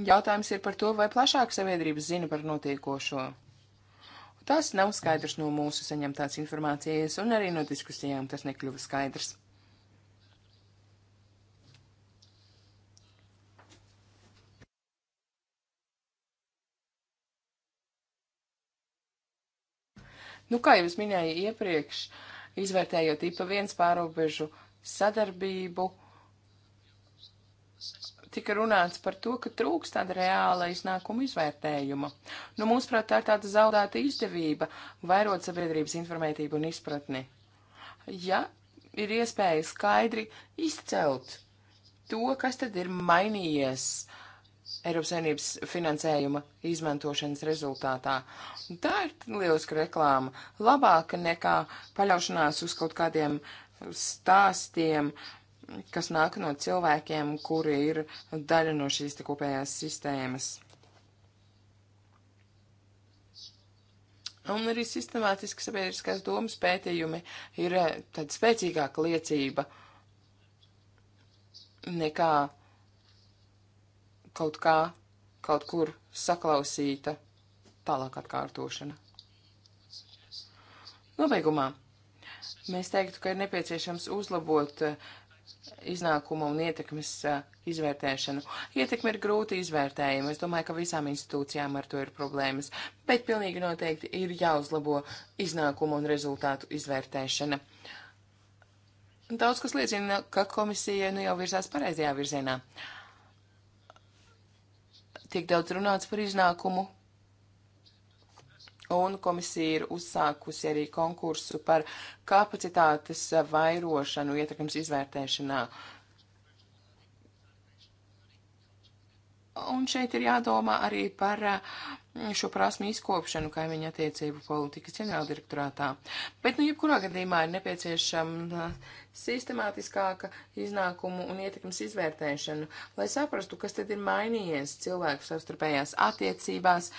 Jautājums ir par to, vai plašāk sabiedrības zina par notiekošo. Tas nav skaidrs no mūsu saņemtās informācijas, un arī no diskusijām tas nekļuva skaidrs. Nu, kā jau es minēju iepriekš, izvērtējot IPA viens pārobežu sadarbību, tika runāts par to, ka trūks tāda reāla iznākuma izvērtējuma. Nu, mūsuprāt, tā ir tāda zaudēta izdevība vairot sabiedrības informētību un izpratni. Ja ir iespēja skaidri izcelt to, kas tad ir mainījies Eiropas Savienības finansējuma izmantošanas rezultātā. Tā ir lieliska reklāma, labāka nekā paļaušanās uz kaut kādiem stāstiem, uh, kas nāk no cilvēkiem, kuri ir daļa no šīs te kopējās sistēmas. Un arī sistemātiski sabiedriskās domas pētījumi ir eh, tāda spēcīgāka liecība nekā kaut kā, kaut kur saklausīta tālāk atkārtošana. Nobeigumā mēs teiktu, ka ir nepieciešams uzlabot uh, iznākuma un ietekmes uh, izvērtēšanu. Ietekme ir grūti izvērtējama. Es domāju, ka visām institūcijām ar to ir problēmas, bet pilnīgi noteikti ir jāuzlabo iznākuma un rezultātu izvērtēšana. Daudz kas liecina, ka komisija nu jau virzās pareizajā virzienā. Tiek daudz runāts par iznākumu, un komisija ir uzsākusi arī konkursu par kapacitātes vairošanu ietekmes izvērtēšanā Un šeit ir jādomā arī par mm, šo prasmu izkopšanu kaimiņa attiecību politikas ģenerāldirektorātā. Bet, nu, jebkurā gadījumā ir nepieciešama sistemātiskāka iznākumu un ietekmes izvērtēšana, lai saprastu, kas tad ir mainījies cilvēku savstarpējās attiecībās,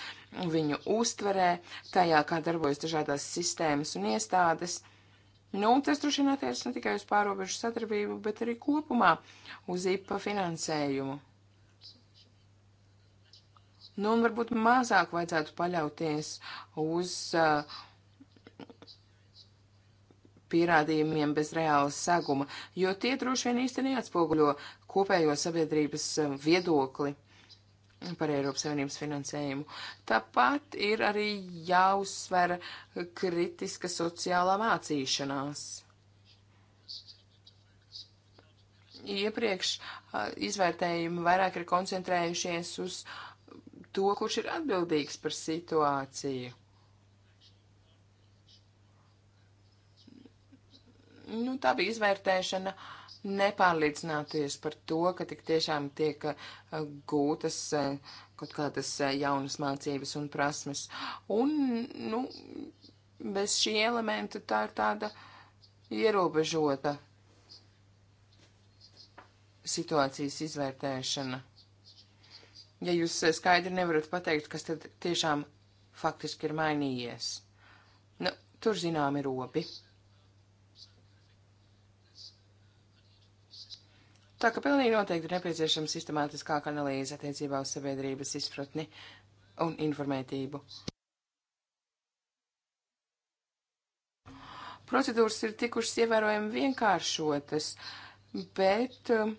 viņu uztverē, tajā, kā darbojas dažādās sistēmas un iestādes. Nu, tas droši vien attiecas ne tikai uz pārobežu sadarbību, bet arī kopumā uz IPA finansējumu. Nu, un varbūt mazāk vajadzētu paļauties uz uh, pierādījumiem bez reālas seguma, jo tie droši vien īsti neatspoguļo kopējo sabiedrības um, viedokli par Eiropas Savienības finansējumu. Tāpat ir arī jāuzsver kritiska sociālā mācīšanās. Iepriekš uh, izvērtējumi vairāk ir koncentrējušies uz uh, to, kurš ir atbildīgs par situāciju. Nu, tā bija izvērtēšana, nepārliecināties par to, ka tik tiešām tiek uh, gūtas uh, kaut kādas uh, jaunas mācības un prasmes. Un, nu, bez šī elementa tā ir tāda ierobežota situācijas izvērtēšana ja jūs eh, skaidri nevarat pateikt, kas tad tiešām faktiski ir mainījies. Nu, tur zinām ir obi. Tā ka pilnīgi noteikti ir nepieciešama sistemātiskāka analīze attiecībā uz sabiedrības izpratni un informētību. Procedūras ir tikušas ievērojami vienkāršotas, bet um,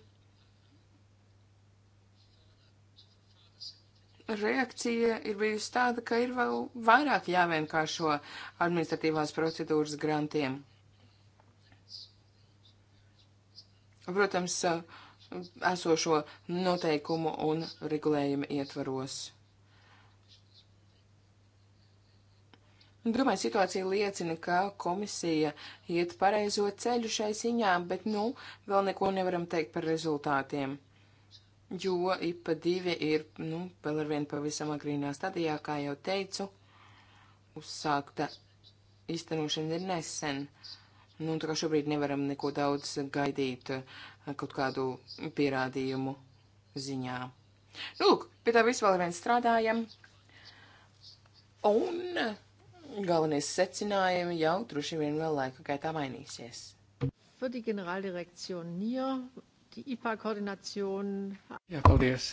reakcija ir bijusi tāda, ka ir vēl vairāk jāvienkāršo administratīvās procedūras grantiem. Protams, esošo noteikumu un regulējumu ietvaros. Domāju, situācija liecina, ka komisija iet pareizo ceļu šai ziņā, bet, nu, vēl neko nevaram teikt par rezultātiem jo IPA 2 ir nu, vēl ar vienu pavisam agrīnā stadijā, kā jau teicu, uzsākta īstenošana ir nesen. Nu, tā kā šobrīd nevaram neko daudz gaidīt eh, kaut kādu pierādījumu ziņā. Nu, lūk, pie tā viss vēl vien strādājam. Un galvenie secinājumi jau droši vien vēl laika gaitā mainīsies. Für die Generaldirektion NIR IPA koordināciju. Jā, paldies.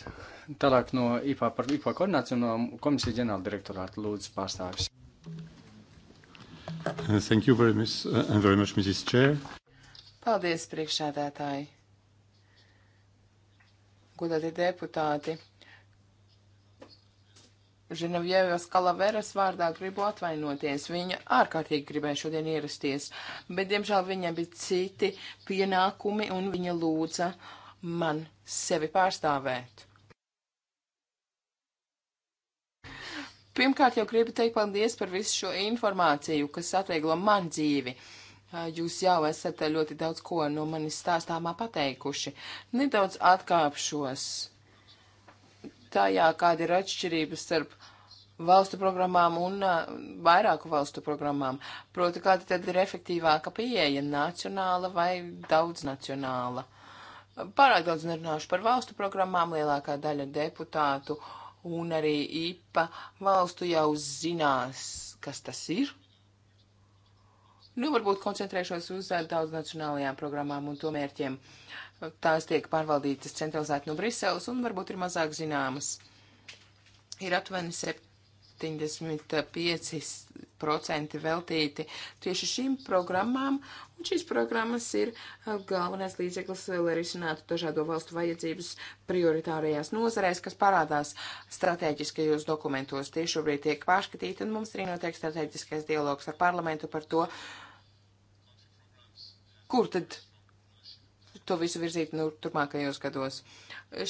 Tālāk no IPA par IPA koordināciju no komisijas ģenerāla direktorāta lūdzu pārstāvis. Thank you very much, uh, very much Mrs. Chair. Paldies, priekšsēdētāji. Godāti deputāti. Ženevjevas Kalaveras vārdā gribu atvainoties. Viņa ārkārtīgi gribēja šodien ierasties, bet, diemžēl, viņai bija citi pienākumi un viņa lūdza man sevi pārstāvēt. Pirmkārt, jau gribu teikt paldies par visu šo informāciju, kas atvieglo man dzīvi. Jūs jau esat ļoti daudz ko no manis stāstāmā pateikuši. Nedaudz atkāpšos tajā, kāda ir atšķirība starp valstu programmām un vairāku valstu programmām. Proti, kāda tad ir efektīvāka pieeja - nacionāla vai daudznacionāla? Pārāk daudz nerunāšu par valstu programmām, lielākā daļa deputātu un arī IPA valstu jau zinās, kas tas ir. Nu, varbūt koncentrēšos uz daudznacionālajām programmām un to mērķiem. Uh, tās tiek pārvaldītas centralizēti no Briseles un varbūt ir mazāk zināmas. Ir aptuveni 75% veltīti tieši šīm programmām, un šīs programmas ir uh, galvenais līdzeklis, uh, lai risinātu dažādo valstu vajadzības prioritārajās nozarēs, kas parādās strateģiskajos dokumentos. Tieši šobrīd tiek pārskatīti, un mums arī notiek strateģiskais dialogs ar parlamentu par to, kur tad to visu virzīt nu, turpmākajos gados.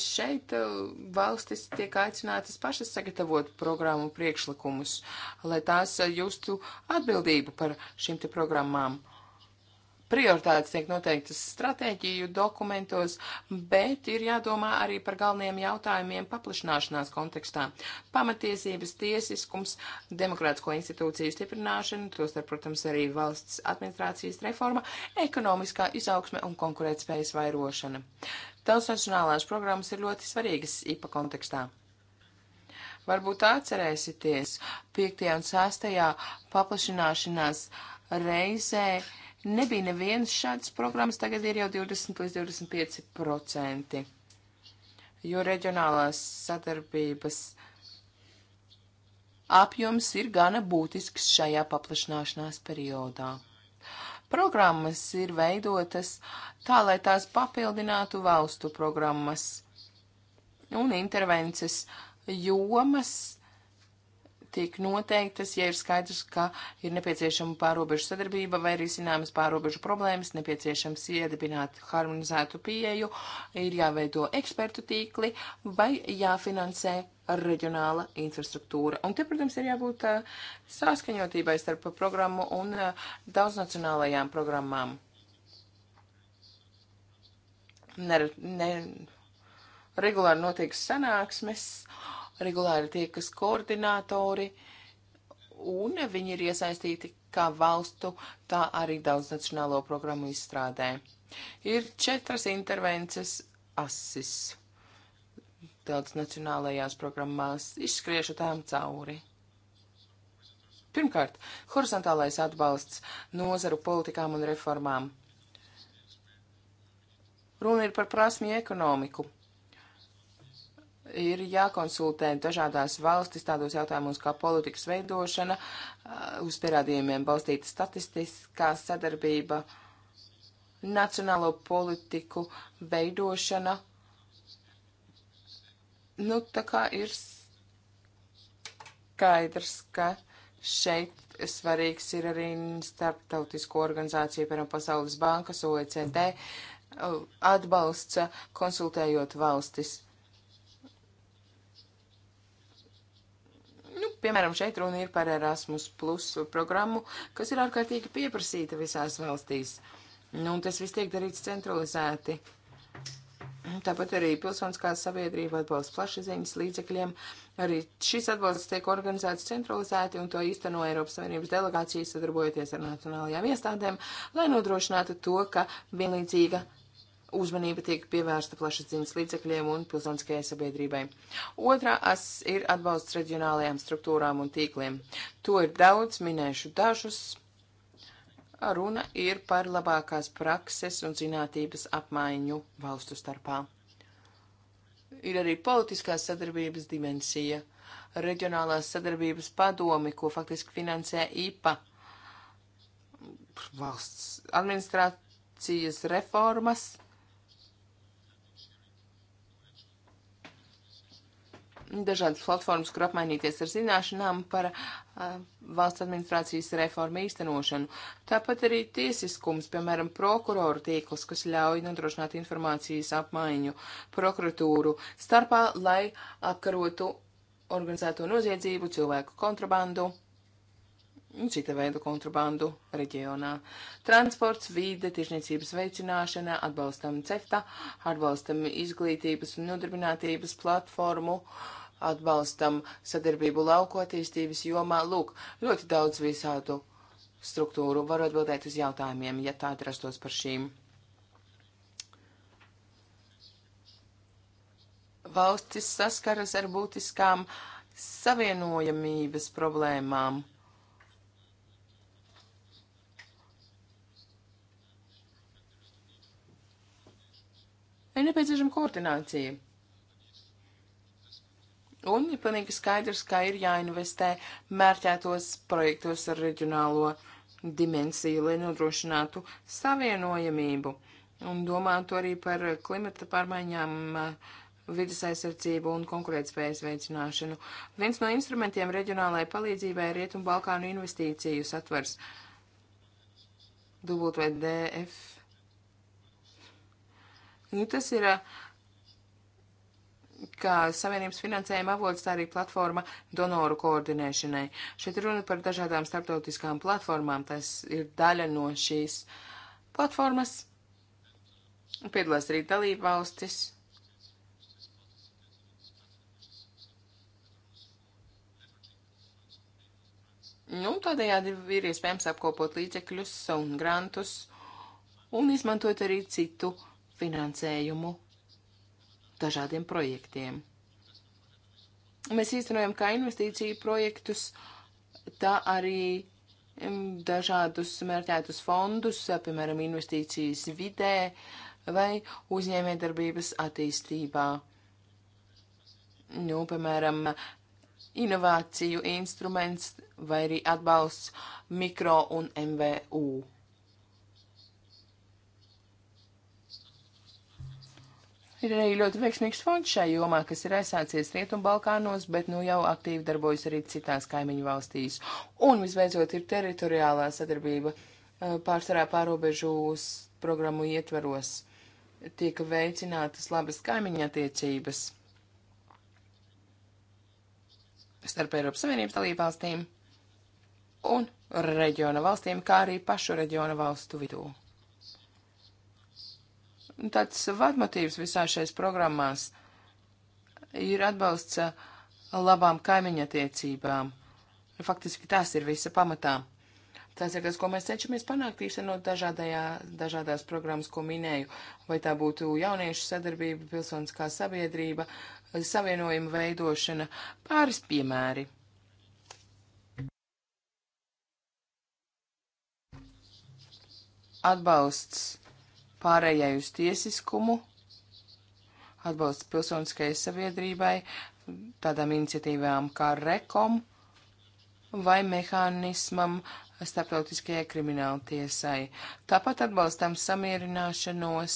Šeit uh, valstis tiek aicinātas pašas sagatavot programmu priekšlikumus, lai tās uh, justu atbildību par šīm te programmām prioritātes tiek noteiktas stratēģiju dokumentos, bet ir jādomā arī par galvenajiem jautājumiem paplašināšanās kontekstā. Pamatiesības, tiesiskums, demokrātisko institūciju stiprināšana, tostarp, protams, arī valsts administrācijas reforma, ekonomiskā izaugsme un konkurētspējas vairošana. Tausnacionālās programmas ir ļoti svarīgas IPA kontekstā. Varbūt atcerēsieties 5. un 6. paplašināšanās reizē uh, Nebija nevienas šādas programmas, tagad ir jau 20 līdz 25 procenti. Jo reģionālās sadarbības apjoms ir gana būtisks šajā paplašināšanās periodā. Programmas ir veidotas tā, lai tās papildinātu valstu programmas un intervences jomas tiek noteiktas, ja ir skaidrs, ka ir nepieciešama pārobežu sadarbība vai arī zināmas pārobežu problēmas, nepieciešams iedibināt harmonizētu pieeju, ir jāveido ekspertu tīkli vai jāfinansē reģionāla infrastruktūra. Un te, protams, ir jābūt uh, saskaņotībai starp programmu un uh, daudznacionālajām programmām. Ner, ne, regulāri notiek sanāksmes. Uh, regulāri tiekas koordinātori, un viņi ir iesaistīti kā valstu, tā arī daudznacionālo programmu izstrādē. Ir četras intervences asis daudznacionālajās programmās. Izskriešu tām cauri. Pirmkārt, horizontālais atbalsts nozaru politikām un reformām. Runa ir par prasmju ekonomiku, ir jākonsultē dažādās valstis tādos jautājumos kā politikas veidošana, uh, uz pierādījumiem balstīta statistiskā sadarbība, nacionālo politiku veidošana. Nu, tā kā ir skaidrs, ka šeit svarīgs ir arī starptautisko organizāciju, piemēram, Pasaules bankas, OECD uh, atbalsts, konsultējot valstis Piemēram, šeit runa ir par Erasmus Plus programmu, kas ir ārkārtīgi pieprasīta visās valstīs. Nu, un tas viss tiek darīts centralizēti. Tāpat arī pilsoniskā sabiedrība atbalsta plašsaziņas līdzekļiem. Arī šis atbalsts tiek organizēts centralizēti un to īsteno Eiropas Savienības delegācijas sadarbojoties ar nacionālajām iestādēm, lai nodrošinātu to, ka vienlīdzīga uzmanība tiek pievērsta plašsaziņas līdzekļiem un pilsoniskajai sabiedrībai. Otrā as ir atbalsts reģionālajām struktūrām un tīkliem. To ir daudz, minēšu dažus. Runa ir par labākās prakses un zinātības apmaiņu valstu starpā. Ir arī politiskās sadarbības dimensija, reģionālās sadarbības padomi, ko faktiski finansē IPA valsts administrācijas reformas dažādas platformas, kur apmainīties ar zināšanām par uh, valsts administrācijas reformu īstenošanu. Tāpat arī tiesiskums, piemēram, prokuroru tīkls, kas ļauj nodrošināt informācijas apmaiņu prokuratūru starpā, lai apkarotu organizēto noziedzību, cilvēku kontrabandu un cita veida kontrabandu reģionā. Transports, vīde, tiešniecības veicināšana, atbalstam CEFTA, atbalstam izglītības un nodarbinātības platformu. Uh, atbalstam sadarbību lauku attīstības jomā. Lūk, ļoti daudz visādu struktūru. Varu atbildēt uz jautājumiem, ja tā atrastos par šīm. Valstis saskaras ar būtiskām savienojamības problēmām. ir nepieciešama koordinācija. Un ir pilnīgi skaidrs, ka ir jāinvestē mērķētos projektos ar reģionālo dimensiju, lai nodrošinātu savienojamību. Un domātu arī par klimata pārmaiņām, vidas aizsardzību un konkurētspējas veicināšanu. Viens no instrumentiem reģionālajai palīdzībai ir Rietumu Balkānu investīciju satvers. Dubult vai DF. Nu, tas ir uh, kā savienības finansējuma avots, tā arī platforma donoru koordinēšanai. Šeit runa par dažādām starptautiskām platformām, tas ir daļa no šīs platformas. Piedalās arī dalība valstis. Nu, tādējādi ir iespējams apkopot līdzekļus un grantus un izmantot arī citu finansējumu dažādiem projektiem. Mēs īstenojam kā investīciju projektus, tā arī dažādus mērķētus fondus, piemēram, investīcijas vidē vai uzņēmējdarbības attīstībā. Nu, piemēram, inovāciju instruments vai arī atbalsts mikro un MVU. Ir arī ļoti veiksmīgs fonds šai jomā, kas ir aizsācies Rietumbalkānos, bet nu jau aktīvi darbojas arī citās kaimiņu valstīs. Un visbeidzot ir teritoriālā sadarbība pārsvarā pārobežu programmu ietvaros. Tiek veicinātas labas kaimiņa attiecības starp Eiropas Savienības dalībvalstīm un reģiona valstīm, kā arī pašu reģiona valstu vidū tāds vadmatīvs visā šais programmās ir atbalsts uh, labām kaimiņattiecībām. Faktiski tās ir visa pamatā. Tas ir tas, ko mēs cenšamies panākt, īstenot dažādajā, dažādās programmas, ko minēju, vai tā būtu jauniešu sadarbība, pilsoniskā sabiedrība, savienojuma veidošana, pāris piemēri. Atbalsts pārējai uz tiesiskumu, atbalsts pilsoniskajai sabiedrībai, tādām iniciatīvām kā REKOM vai mehānismam starptautiskajai krimināla tiesai. Tāpat atbalstam samierināšanos,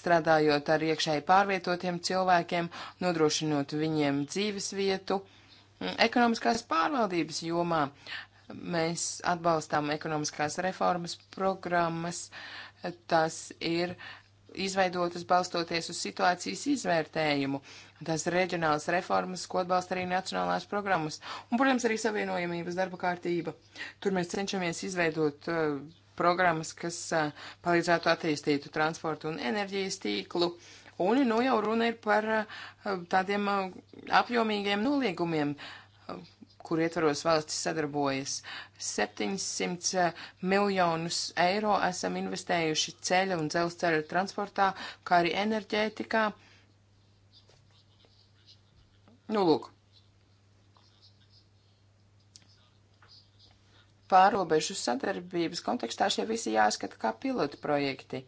strādājot ar iekšēji pārvietotiem cilvēkiem, nodrošinot viņiem dzīves vietu mm, ekonomiskās pārvaldības jomā Mēs atbalstām ekonomiskās reformas programmas. Tas ir izveidotas balstoties uz situācijas izvērtējumu. Tas ir reģionāls reformas, ko atbalsta arī nacionālās programmas. Un, protams, arī savienojamības darba kārtība. Tur mēs cenšamies izveidot uh, programmas, kas uh, palīdzētu attīstītu transportu un enerģijas tīklu. Un, nu, jau runa ir par uh, tādiem uh, apjomīgiem nolīgumiem kur ietvaros valstis sadarbojas. 700 eh, miljonus eiro esam investējuši ceļa un dzelzceļa transportā, kā arī enerģētikā. Nu, lūk. Pārobežu sadarbības kontekstā šie visi jāskata kā pilotu projekti.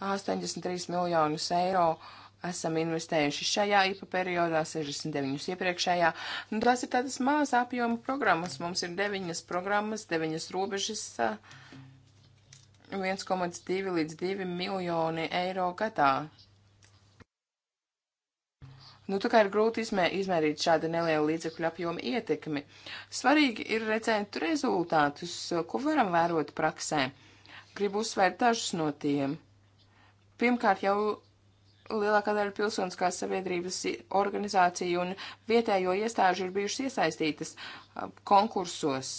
83 miljonus eiro uh, esam investējuši šajā IPA periodā, 69 iepriekšējā. Nu, tās ir tādas mazas apjoma programmas. Mums ir deviņas programmas, deviņas robežas, 1,2 līdz 2 miljoni eiro gadā. Nu, tā kā ir grūti izmē, izmērīt šādu nelielu līdzekļu apjomu ietekmi. Svarīgi ir redzēt rezultātus, ko varam vērot praksē. Gribu uzsvērt dažus no tiem. Pirmkārt, jau lielākā daļa pilsoniskās sabiedrības organizāciju un vietējo iestāžu ir bijušas iesaistītas konkursos.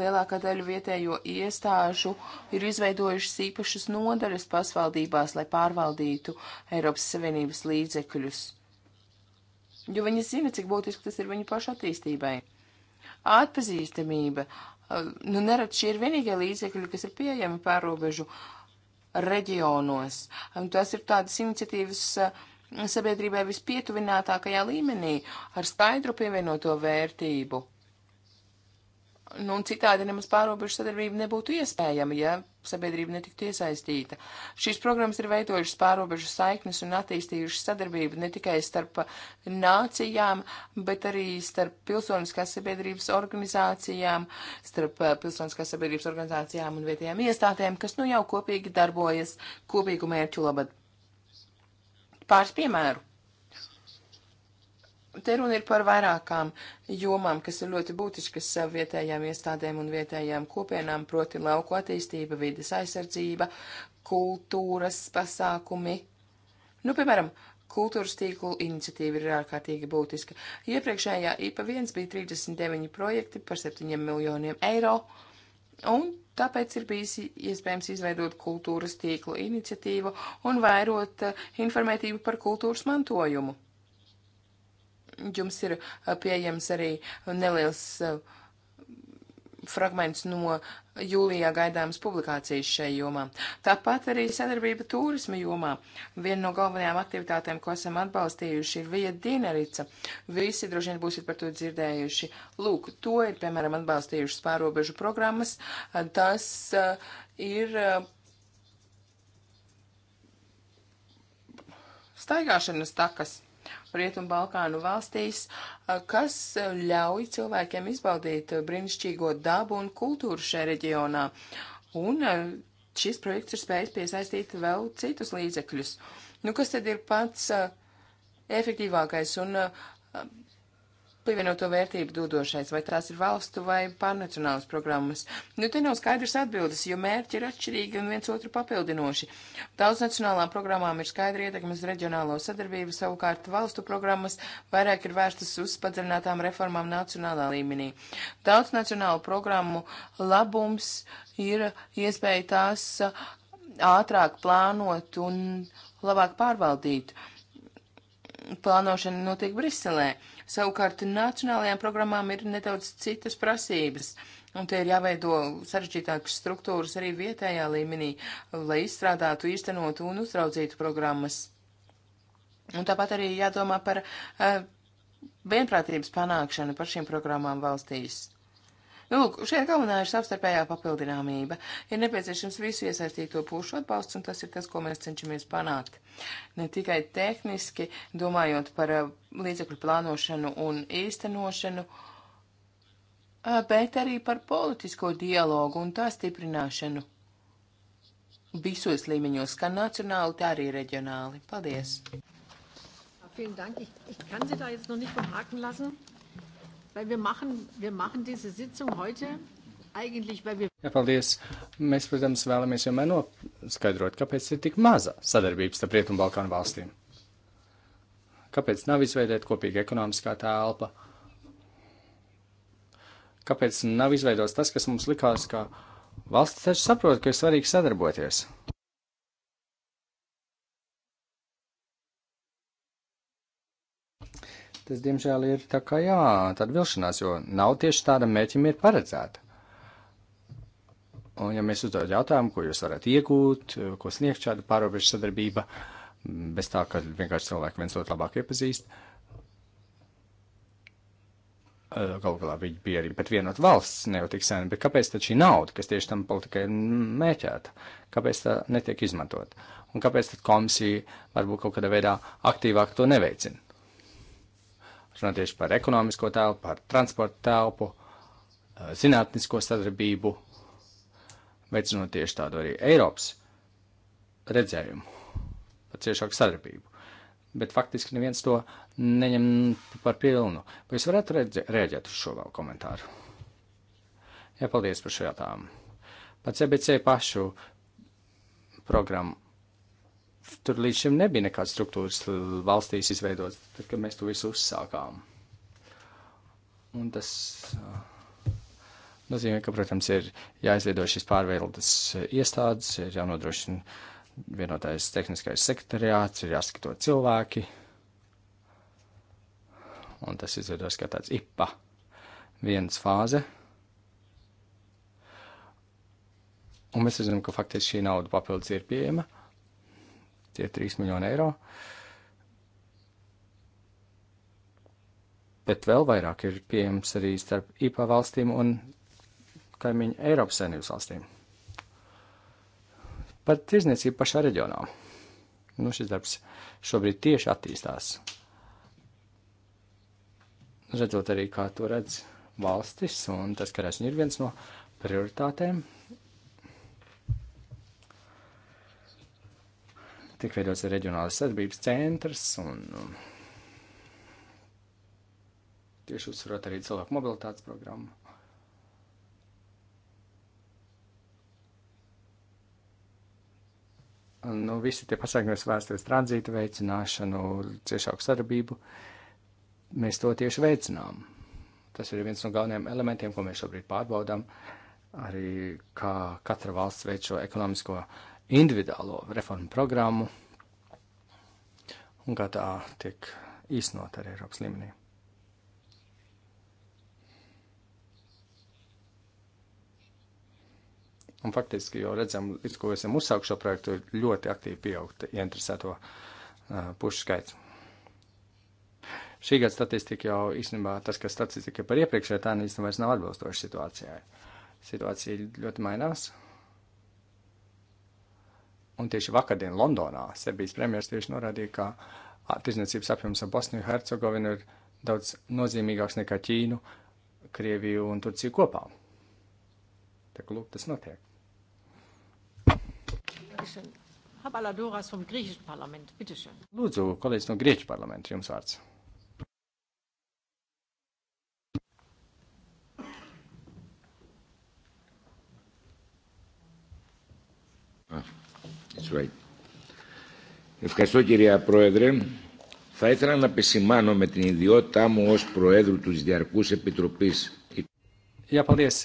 Lielākā daļa vietējo iestāžu ir izveidojušas īpašas nodaļas pasvaldībās, lai pārvaldītu Eiropas Savienības līdzekļus. Jo viņi zina, cik būtiski tas ir viņu pašu attīstībai. Atpazīstamība. Nu, nerad šie ir vienīgie līdzekļi, kas ir pieejami pārobežu uh, reģionos. Tas ir tādas iniciatīvas eh, sabiedrībai vispietuvinātākajā līmenī ar skaidru pievienoto vērtību nu, citādi nemaz pārobežu sadarbība nebūtu iespējama, ja sabiedrība netiktu iesaistīta. Šīs programmas ir veidojušas pārobežu saiknes un attīstījušas sadarbību ne tikai starp nācijām, bet arī starp pilsoniskās sabiedrības organizācijām, starp eh, pilsoniskās sabiedrības organizācijām un vietējām iestātēm, kas nu jau kopīgi darbojas kopīgu mērķu labad. Pāris piemēru Te runa ir par vairākām jomām, kas ir ļoti būtiskas vietējām iestādēm un vietējām kopienām, proti lauku attīstība, vides aizsardzība, kultūras pasākumi. Nu, piemēram, kultūras tīklu iniciatīva ir ārkārtīgi būtiska. Iepriekšējā IPA 1 bija 39 projekti par 7 miljoniem eiro, un tāpēc ir bijis iespējams izveidot kultūras tīklu iniciatīvu un vairot eh, informētību par kultūras mantojumu jums ir pieejams arī neliels fragments no jūlijā gaidāmas publikācijas šai jomā. Tāpat arī sadarbība turisma jomā. Viena no galvenajām aktivitātēm, ko esam atbalstījuši, ir Vija Dinarica. Visi droši vien būsiet par to dzirdējuši. Lūk, to ir, piemēram, atbalstījušas pārobežu programmas. Tas uh, ir. Uh, Staigāšanas takas Rietumu Balkānu valstīs, kas ļauj cilvēkiem izbaudīt brīnišķīgo dabu un kultūru šajā reģionā. Un šis projekts ir spējis piesaistīt vēl citus līdzekļus. Nu, kas tad ir pats efektīvākais un pievienoto vērtību dodošais, vai tās ir valstu vai pārnacionālas programmas. Nu, te nav skaidrs atbildes, jo mērķi ir atšķirīgi un viens otru papildinoši. Daudznacionālām programmām ir skaidri ietekmes reģionālo sadarbību, savukārt valstu programmas vairāk ir vērstas uz padziļinātām reformām nacionālā līmenī. Daudznacionālu programmu labums ir iespēja tās ātrāk plānot un labāk pārvaldīt. Plānošana notiek Briselē. Uh, Savukārt nacionālajām programmām ir nedaudz citas prasības. Un te ir jāveido sarežģītākas struktūras arī vietējā līmenī, lai izstrādātu, īstenotu un uzraudzītu programmas. Un tāpat arī jādomā par uh, vienprātības panākšanu par šīm programmām valstīs. Nu, lūk, šeit galvenā ir savstarpējā papildināmība. Ir nepieciešams visu iesaistīto pušu atbalsts, un tas ir tas, ko mēs cenšamies panākt. Ne tikai tehniski, domājot par uh, līdzekļu plānošanu un īstenošanu, uh, bet arī par politisko dialogu un tā stiprināšanu. Visos līmeņos, gan nacionāli, tā arī reģionāli. Paldies! Vielen Dank. Ich, ich kann Sie da jetzt noch nicht vom Haken lassen. Weil wir machen, wir machen diese Sitzung heute eigentlich, weil wir. Jā, paldies. Mēs, protams, vēlamies vienmēr noskaidrot, kāpēc ir tik maza sadarbības starp Rietumu Balkānu valstīm. Kāpēc nav izveidēta kopīga ekonomiskā telpa? Kāpēc nav izveidots tas, kas mums likās, ka valsts taču saprot, ka ir svarīgi sadarboties? tas, diemžēl, ir tā kā jā, tāda vilšanās, jo nav tieši tāda mērķim ir paredzēta. Un, ja mēs uzdod jautājumu, ko jūs varat iegūt, ko sniegt šāda pārobežu sadarbība, bez tā, ka vienkārši cilvēki viens otru labāk iepazīst, galu galā viņi bija arī pat vienot valsts, ne jau tik sen, bet kāpēc tad šī nauda, kas tieši tam politikai ir mēķēta, kāpēc tā netiek izmantot? Un kāpēc tad komisija varbūt kaut kādā veidā aktīvāk to neveicina? runāt tieši par ekonomisko telpu, par transportu telpu, eh, zinātnisko sadarbību, veicinot tieši tādu arī Eiropas redzējumu, par ciešāku sadarbību. Bet faktiski neviens to neņem par pilnu. Vai jūs varētu rēģēt uz šo vēl komentāru? Jā, paldies par šo jautājumu. Pats EBC pašu programmu tur līdz šim nebija nekādas struktūras valstīs izveidotas, tad, kad mēs to visu uzsākām. Un tas uh, nozīmē, ka, protams, ir jāizveido šīs pārvaldes iestādes, ir jānodrošina vienotais tehniskais sekretariāts, ir jāskato cilvēki. Un tas izveidos kā tāds IPA viens fāze. Un mēs redzam, ka faktiski šī nauda papildus ir pieejama. Uh, tie 3 miljoni eiro. Bet vēl vairāk ir pieejams arī starp IPA valstīm un kaimiņu Eiropas saimnības valstīm. Par tirzniecību pašā reģionā. Nu, šis darbs šobrīd tieši attīstās. Redzot arī, kā to redz valstis, un tas, ka esmu ir viens no prioritātēm Tiek veidots reģionālais sadarbības centrs un um, tieši uzsverot arī cilvēku mobilitātes programmu. Nu, visi tie pasākumi, kas vēstures tranzītu veicināšanu, ciešāku sadarbību, mēs to tieši veicinām. Tas ir viens no galvenajiem elementiem, ko mēs šobrīd pārbaudām, arī kā katra valsts veic šo ekonomisko uh, individuālo reformu programmu un kā tā tiek īstenot arī Eiropas līmenī. Un faktiski jau redzam, līdz ko esam uzsākuši šo projektu, ir ļoti aktīvi pieaugta ieinteresēto uh, pušu skaits. Šī gada statistika jau īstenībā, tas, kas statistika par iepriekšējā, tā īstenībā vairs nav atbilstoša situācijai. Situācija ļoti mainās. Uh, Un tieši vakardien Londonā Serbijas premjeras tieši norādīja, ka tirdzniecības apjoms ar Bosniju Hercegovinu ir daudz nozīmīgāks nekā Ķīnu, Krieviju un Turciju kopā. Tā kā lūk, tas notiek. Lūdzu, kolēģis no Grieķu parlamenta, jums vārds. That's right. Ευχαριστώ κυρία Πρόεδρε. Θα ήθελα να επισημάνω με την ιδιότητά μου ως Προέδρου της Διαρκούς Επιτροπής. Jā, paldies.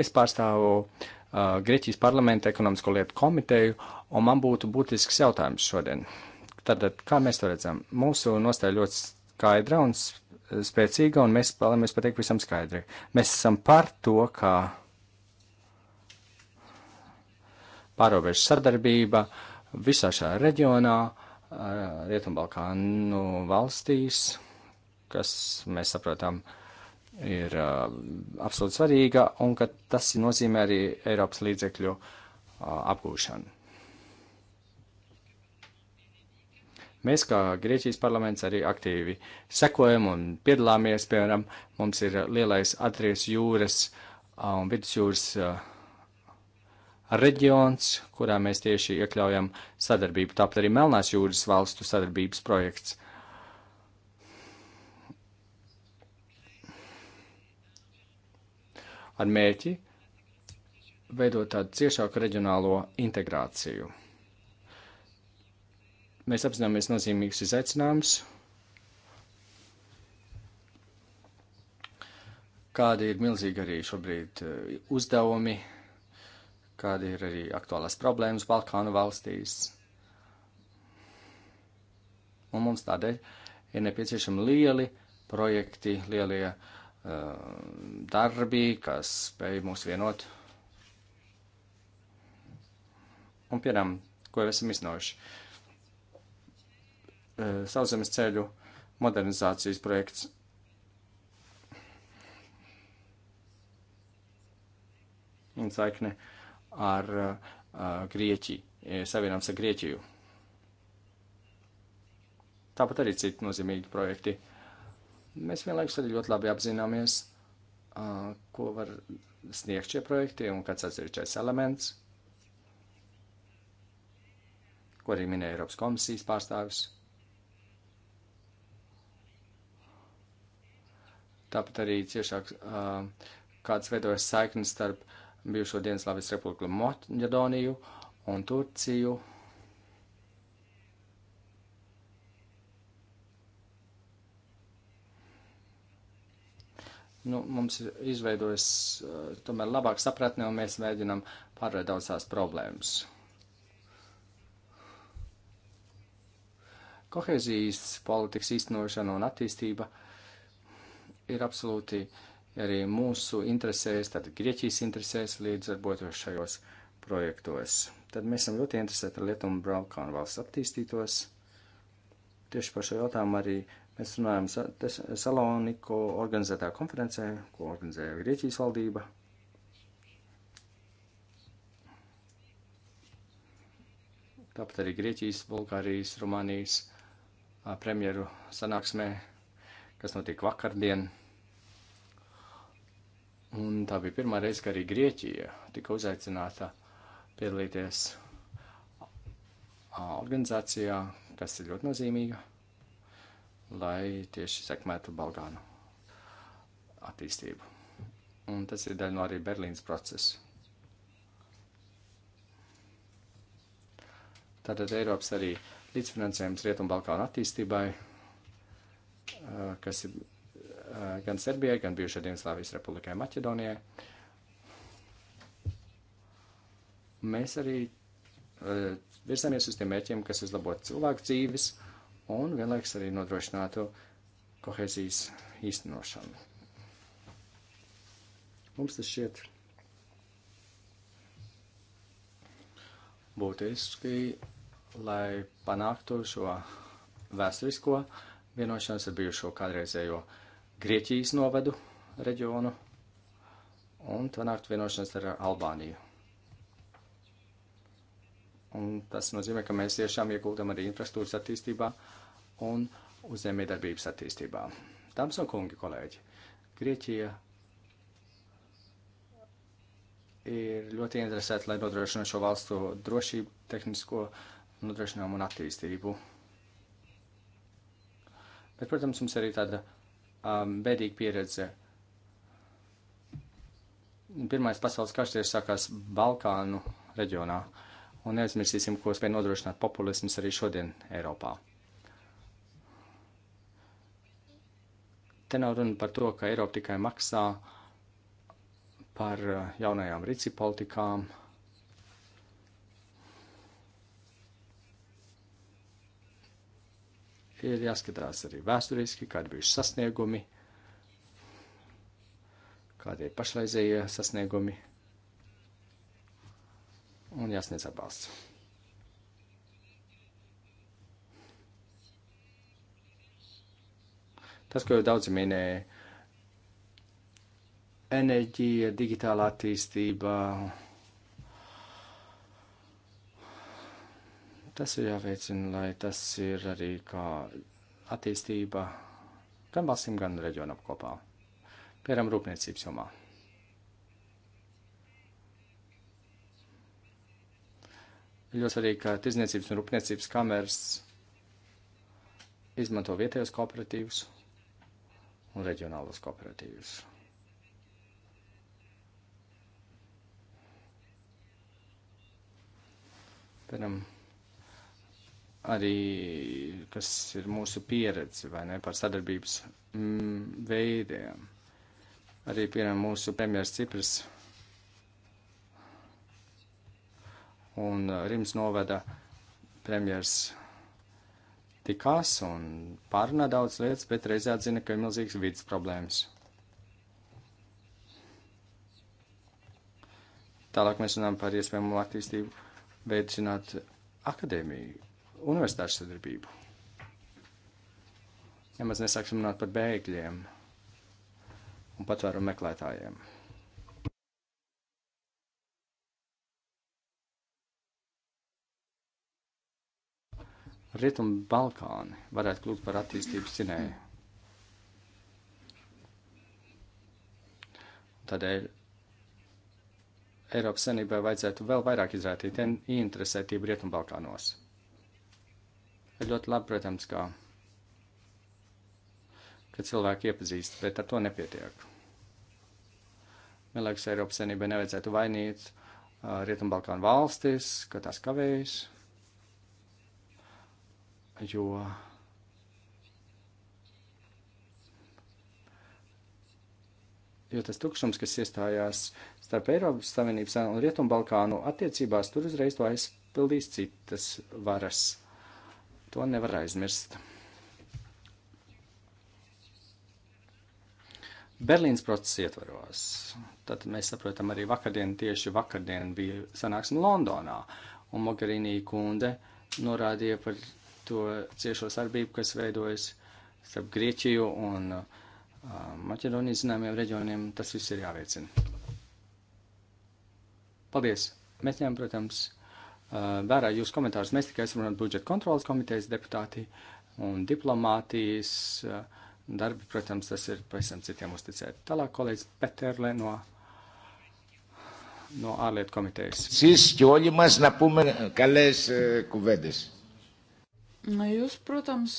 Es pārstāvu uh, Grieķijas parlamenta ekonomisko lietu komiteju, un man būtu būtisks jautājums šodien. Tad, kā mēs to redzam? Mūsu nostāja ļoti skaidra un spēcīga, un mēs vēlamies pateikt visam skaidri. Mēs esam par to, ka. Kā pārobežu sadarbība visā šajā reģionā, Rietumbalkānu valstīs, kas, mēs saprotam, ir uh, absolūti svarīga un ka tas nozīmē arī Eiropas līdzekļu uh, apgūšanu. Mēs, kā Grieķijas parlaments, arī aktīvi sekojam un piedalāmies. Piemēram, mums ir lielais Adrijas jūras un vidusjūras reģions, kurā mēs tieši iekļaujam sadarbību. Tāpat arī Melnās jūras valstu sadarbības projekts. Ar mērķi veidot tādu ciešāku reģionālo integrāciju. Mēs apzināmies nozīmīgus izaicinājumus, kādi ir milzīgi arī šobrīd eh, uzdevumi kāda ir arī aktuālās problēmas Balkānu valstīs. Un mums tādēļ ir nepieciešami lieli projekti, lielie uh, darbi, kas spēj mūs vienot. Un, piemēram, ko jau esam iznojuši? Uh, Sauszemes ceļu modernizācijas projekts un saikne ar uh, eh, Grieķiju, eh, savienojums ar Grieķiju. Tāpat arī citi nozīmīgi projekti. Mēs vienlaikus arī ļoti labi apzināmies, uh, ko var sniegt šie projekti un kāds atsevišķais elements, ko arī minēja Eiropas komisijas pārstāvis. Tāpat arī ciešāk, uh, kāds veidojas saiknes starp uh, bijušo Dienaslavijas republiku Maķedoniju un Turciju. Nu, mums ir izveidojis eh, tomēr labāk sapratni, un mēs mēģinam pārvarēt daudzās problēmas. Kohēzijas politikas īstenošana un attīstība ir absolūti uh, arī mūsu interesēs, tātad Grieķijas interesēs līdzdarbotos šajos projektos. Tad mēs esam ļoti interesēti Lietuvu un Balkānu valsts attīstītos. Tieši par šo jautājumu arī mēs runājam Saloniko organizētā konferencē, ko organizēja Grieķijas valdība. Tāpat arī Grieķijas, Bulgārijas, Rumānijas premjeru sanāksmē, kas notiek vakardien. Un tā bija pirmā reize, ka arī Grieķija tika uzaicināta piedalīties organizācijā, kas ir ļoti nozīmīga, lai tieši sekmētu Balkānu attīstību. Un tas ir daļa no arī Berlīnas procesa. Tātad Eiropas arī līdzfinansējums Rietumbalkānu attīstībai, eh, kas ir Eh, gan Serbijai, gan bijušajai Dienaslāvijas republikai Maķedonijai. Mēs arī uh, eh, virzamies uz tiem mērķiem, kas uzlabotu cilvēku dzīves un vienlaiks arī nodrošinātu kohezijas īstenošanu. Mums tas šķiet būtiski, lai panāktu šo vēsturisko vienošanos ar bijušo kādreizējo uh, Grieķijas novadu reģionu un panākt vienošanos ar Albāniju. Un tas nozīmē, ka mēs tiešām ieguldam arī infrastruktūras attīstībā un uzņēmējdarbības attīstībā. Dāmas un kungi, kolēģi, Grieķija ir ļoti interesēta, lai nodrošinātu šo valstu drošību, tehnisko nodrošinājumu un attīstību. Bet, protams, mums arī tāda um, bēdīga pieredze. Pirmais pasaules karš tieši sākās Balkānu reģionā, un neaizmirsīsim, ko spēja nodrošināt populisms arī šodien Eiropā. Te nav runa par to, ka Eiropa tikai maksā par uh, jaunajām rīci politikām, uh, ir jāskatās arī vēsturiski, kādi bijuši sasniegumi, kādi ir pašreizējie sasniegumi un jāsniedz atbalsts. Tas, ko jau daudzi minēja, enerģija, digitāla attīstība, Tas ir jāveicina, lai tas ir arī kā attīstība gan valstīm, gan reģionam kopā. Piemēram, rūpniecības jomā. Ir ļoti svarīgi, ka tirdzniecības un rūpniecības kameras izmanto vietējos kooperatīvus un reģionālos kooperatīvus. Piemēram, arī, kas ir mūsu pieredze, vai ne, par sadarbības mm, veidiem. Arī, piemēram, mūsu premjeras Cipras un uh, Rims noveda premjeras tikās un pārunā daudz lietas, bet reizē atzina, ka ir milzīgs vidas problēmas. Tālāk mēs runājam par iespējamo attīstību veicināt akadēmiju universitāšu sadarbību. Nemaz ja nesāksim runāt par bēgļiem un patvērumu meklētājiem. Rietumu Balkāni varētu kļūt par attīstības cinēju. Tādēļ Eiropas Sanībai vajadzētu vēl vairāk izrādīt interesētību Rietumu Balkānos. Ir ļoti labi, protams, kā, ka cilvēki iepazīst, bet ar to nepietiek. Man liekas, Eiropas Savienībai nevajadzētu vainīt uh, Rietumbalkānu valstis, ka tās kavējas, jo jo tas tukšums, kas iestājās starp Eiropas Savienības un Rietumbalkānu attiecībās, tur uzreiz to aizpildīs citas varas. To nevar aizmirst. Berlīnas procesa ietvaros. Tad mēs saprotam arī vakardien, tieši vakardien bija sanāksme Londonā, un Mogherini kunde norādīja par to ciešo sarbību, kas veidojas starp Grieķiju un uh, Maķedonijas zināmiem reģioniem. Tas viss ir jāveicina. Paldies! Mēs ņēmām, protams, Eh, vērā jūsu komentārus. Mēs tikai esam budžeta kontrolas komitejas deputāti un diplomātijas eh, darbi, protams, tas ir pavisam citiem uzticēt. Tālāk kolēģis Peterle no, no ārlietu komitejas. Sis, ķoļi maz napuma eh, kalēs kuvedes. Nu, jūs, protams,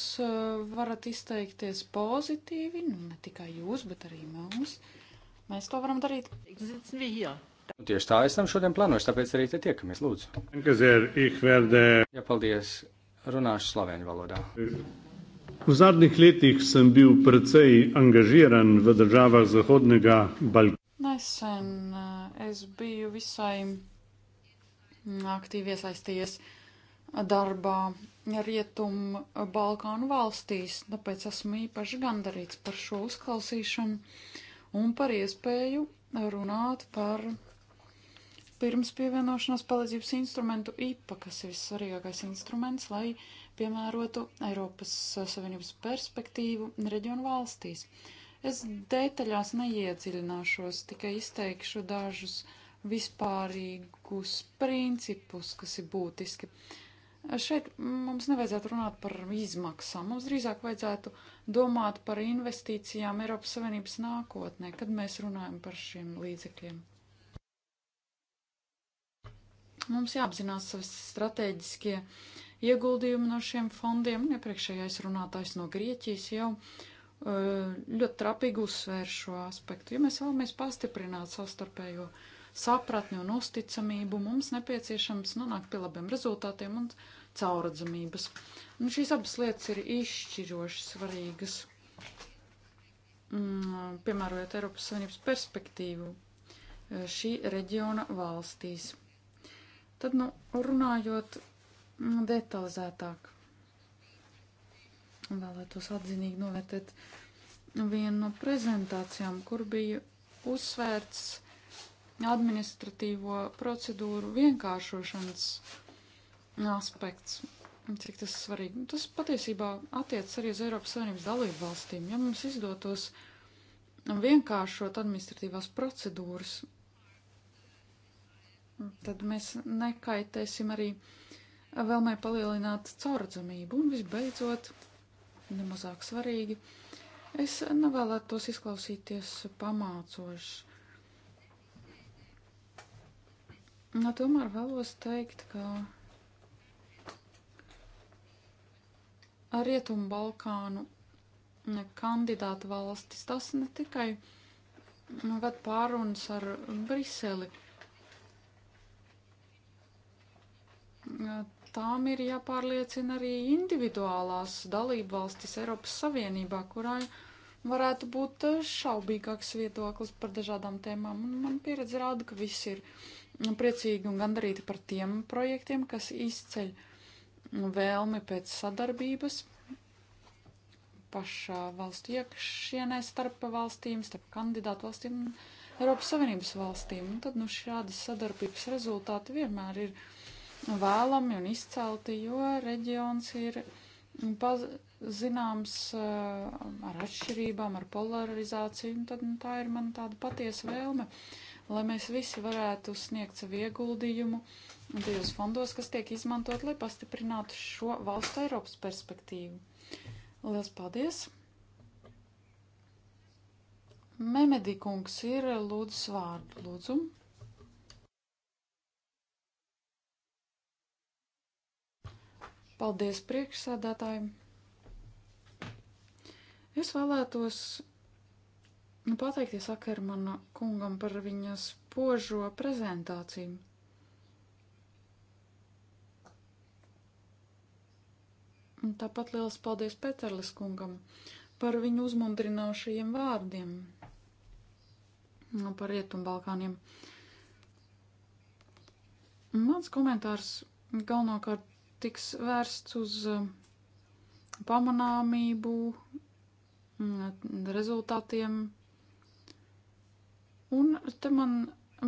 varat izteikties pozitīvi, nu, ne tikai jūs, bet arī mums. Mēs to varam darīt. Sitzen wir hier. Un tieši tā esam šodien plānojuši, tāpēc arī te tiekamies, lūdzu. Jā, paldies. Runāšu slovēņu valodā. V zadnjih letih sem bil precej angažiran v državah Zahodnega Balkana. Nesen eh, es biju visai mm, aktīvi iesaistījies darbā Rietumu Balkānu valstīs, tāpēc esmu īpaši gandarīts par šo uzklausīšanu un par iespēju runāt par pirms pievienošanās palīdzības instrumentu IPA, kas ir vissvarīgākais instruments, lai piemērotu Eiropas eh, Savienības perspektīvu reģionu valstīs. Es detaļās neiedziļināšos, tikai izteikšu dažus vispārīgus principus, kas ir būtiski. Šeit mums nevajadzētu runāt par izmaksām, mums drīzāk vajadzētu domāt par investīcijām Eiropas Savienības nākotnē, kad mēs runājam par šiem līdzekļiem. Mums jāapzinās savas stratēģiskie ieguldījumi no šiem fondiem. Iepriekšējais runātājs no Grieķijas jau e, ļoti trapīgi uzsvēra šo aspektu. Ja mēs vēlamies pastiprināt savstarpējo sapratni un uzticamību, mums nepieciešams nonākt pie labiem rezultātiem un cauradzamības. Un šīs abas lietas ir izšķiroši svarīgas, mm, piemērojot Eiropas Savienības perspektīvu e, šī reģiona valstīs. Tad, nu, runājot nu, detalizētāk, vēlētos atzinīgi novērtēt vienu no prezentācijām, kur bija uzsvērts administratīvo procedūru vienkāršošanas aspekts. Cik tas svarīgi? Tas patiesībā attiecas arī uz Eiropas Savienības dalību valstīm. Ja mums izdotos vienkāršot administratīvās procedūras tad mēs nekaitēsim arī vēlmē palielināt caurdzamību. Un visbeidzot, nemazāk svarīgi, es nevēlētos izklausīties pamācoši. Nu, tomēr vēlos teikt, ka Rietumu Balkānu kandidātu valstis tas ne tikai nu, ved pārunas ar Briseli, uh, tām ir jāpārliecina arī individuālās dalību valstis Eiropas Savienībā, kurai varētu būt eh, šaubīgāks viedoklis par dažādām tēmām. Un man pieredze rāda, ka visi ir priecīgi un gandarīti par tiem projektiem, kas izceļ vēlmi pēc sadarbības pašā valstu iekšienē starp valstīm, starp kandidātu valstīm un Eiropas Savienības valstīm. Un tad nu šādas sadarbības rezultāti vienmēr ir vēlami un izcelti, jo reģions ir zināms eh, ar atšķirībām, ar polarizāciju, un tad, nu, tā ir man tāda patiesa vēlme, lai mēs visi varētu sniegt savu ieguldījumu tajos fondos, kas tiek izmantot, lai pastiprinātu šo valstu Eiropas perspektīvu. Lielas paldies! Memedī kungs ir lūdzu vārdu, lūdzu. Paldies priekšsēdētājiem. Es vēlētos nu, pateikties Akermana kungam par viņa spožo prezentāciju. Un tāpat liels paldies Peterlis kungam par viņu uzmundrinošajiem vārdiem nu, par Rietumbalkāniem. Mans komentārs galvenokārt tiks vērsts uz eh, pamanāmību, mm, rezultātiem. Un te man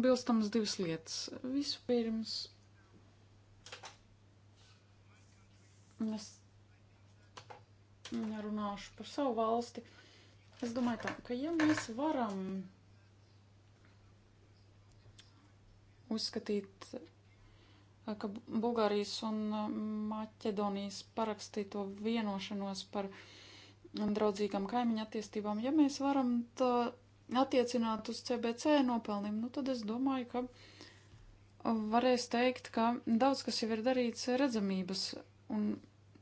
bilstams divas lietas. Vispirms, es runāšu par savu valsti. Es domāju tā, ka ja mēs varam uzskatīt ka Bulgārijas un uh, Maķedonijas parakstīto vienošanos par draudzīgām kaimiņu attiestībām, ja mēs varam to attiecināt uz CBC nopelniem, nu tad es domāju, ka varēs teikt, ka daudz kas jau ir darīts redzamības un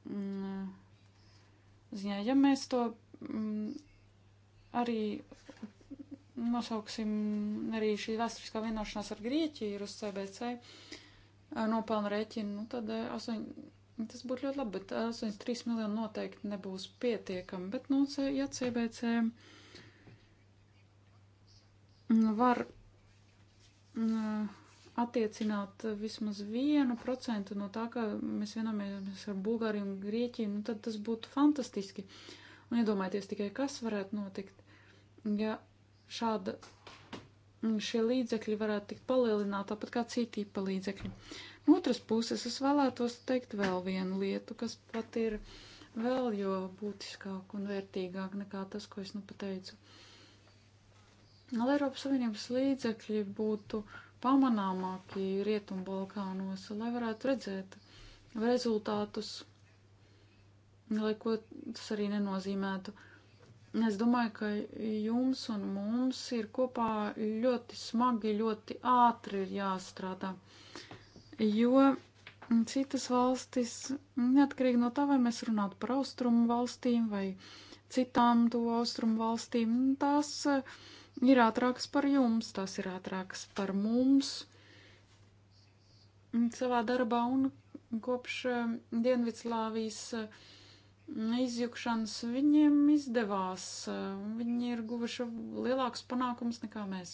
mm, ziņā, ja mēs to mm, arī nosauksim, arī šī vēsturiskā vienošanās ar Grieķiju ir uz CBC, uh, nopelna rēķina, nu tad 8, tas būtu ļoti labi, bet 83 miljoni noteikti nebūs pietiekami. Bet, nu, ja CBC var attiecināt vismaz vienu procentu no tā, ka mēs vienojamies ar Bulgāriju un Grieķiju, nu tad tas būtu fantastiski. Un iedomājieties tikai, kas varētu notikt, ja šāda šie līdzekļi varētu tikt palielināti tāpat kā citi tipa līdzekļi. No otras puses, es vēlētos teikt vēl vienu lietu, kas pat ir vēl jo būtiskāk un vērtīgāk nekā tas, ko es nu pateicu. Lai Eiropas Savienības līdzekļi būtu pamanāmāki Rietumbalkānos, lai varētu redzēt rezultātus, lai ko tas arī nenozīmētu. Uh, Es domāju, ka jums un mums ir kopā ļoti smagi, ļoti ātri ir jāstrādā. Jo citas valstis, neatkarīgi no tā, vai mēs runātu par austrumu valstīm vai citām to austrumu valstīm, tās eh, ir ātrākas par jums, tās ir ātrākas par mums savā darbā un kopš eh, Dienvidslāvijas eh, izjukšanas viņiem izdevās. Viņi ir guvuši lielākus panākumus nekā mēs.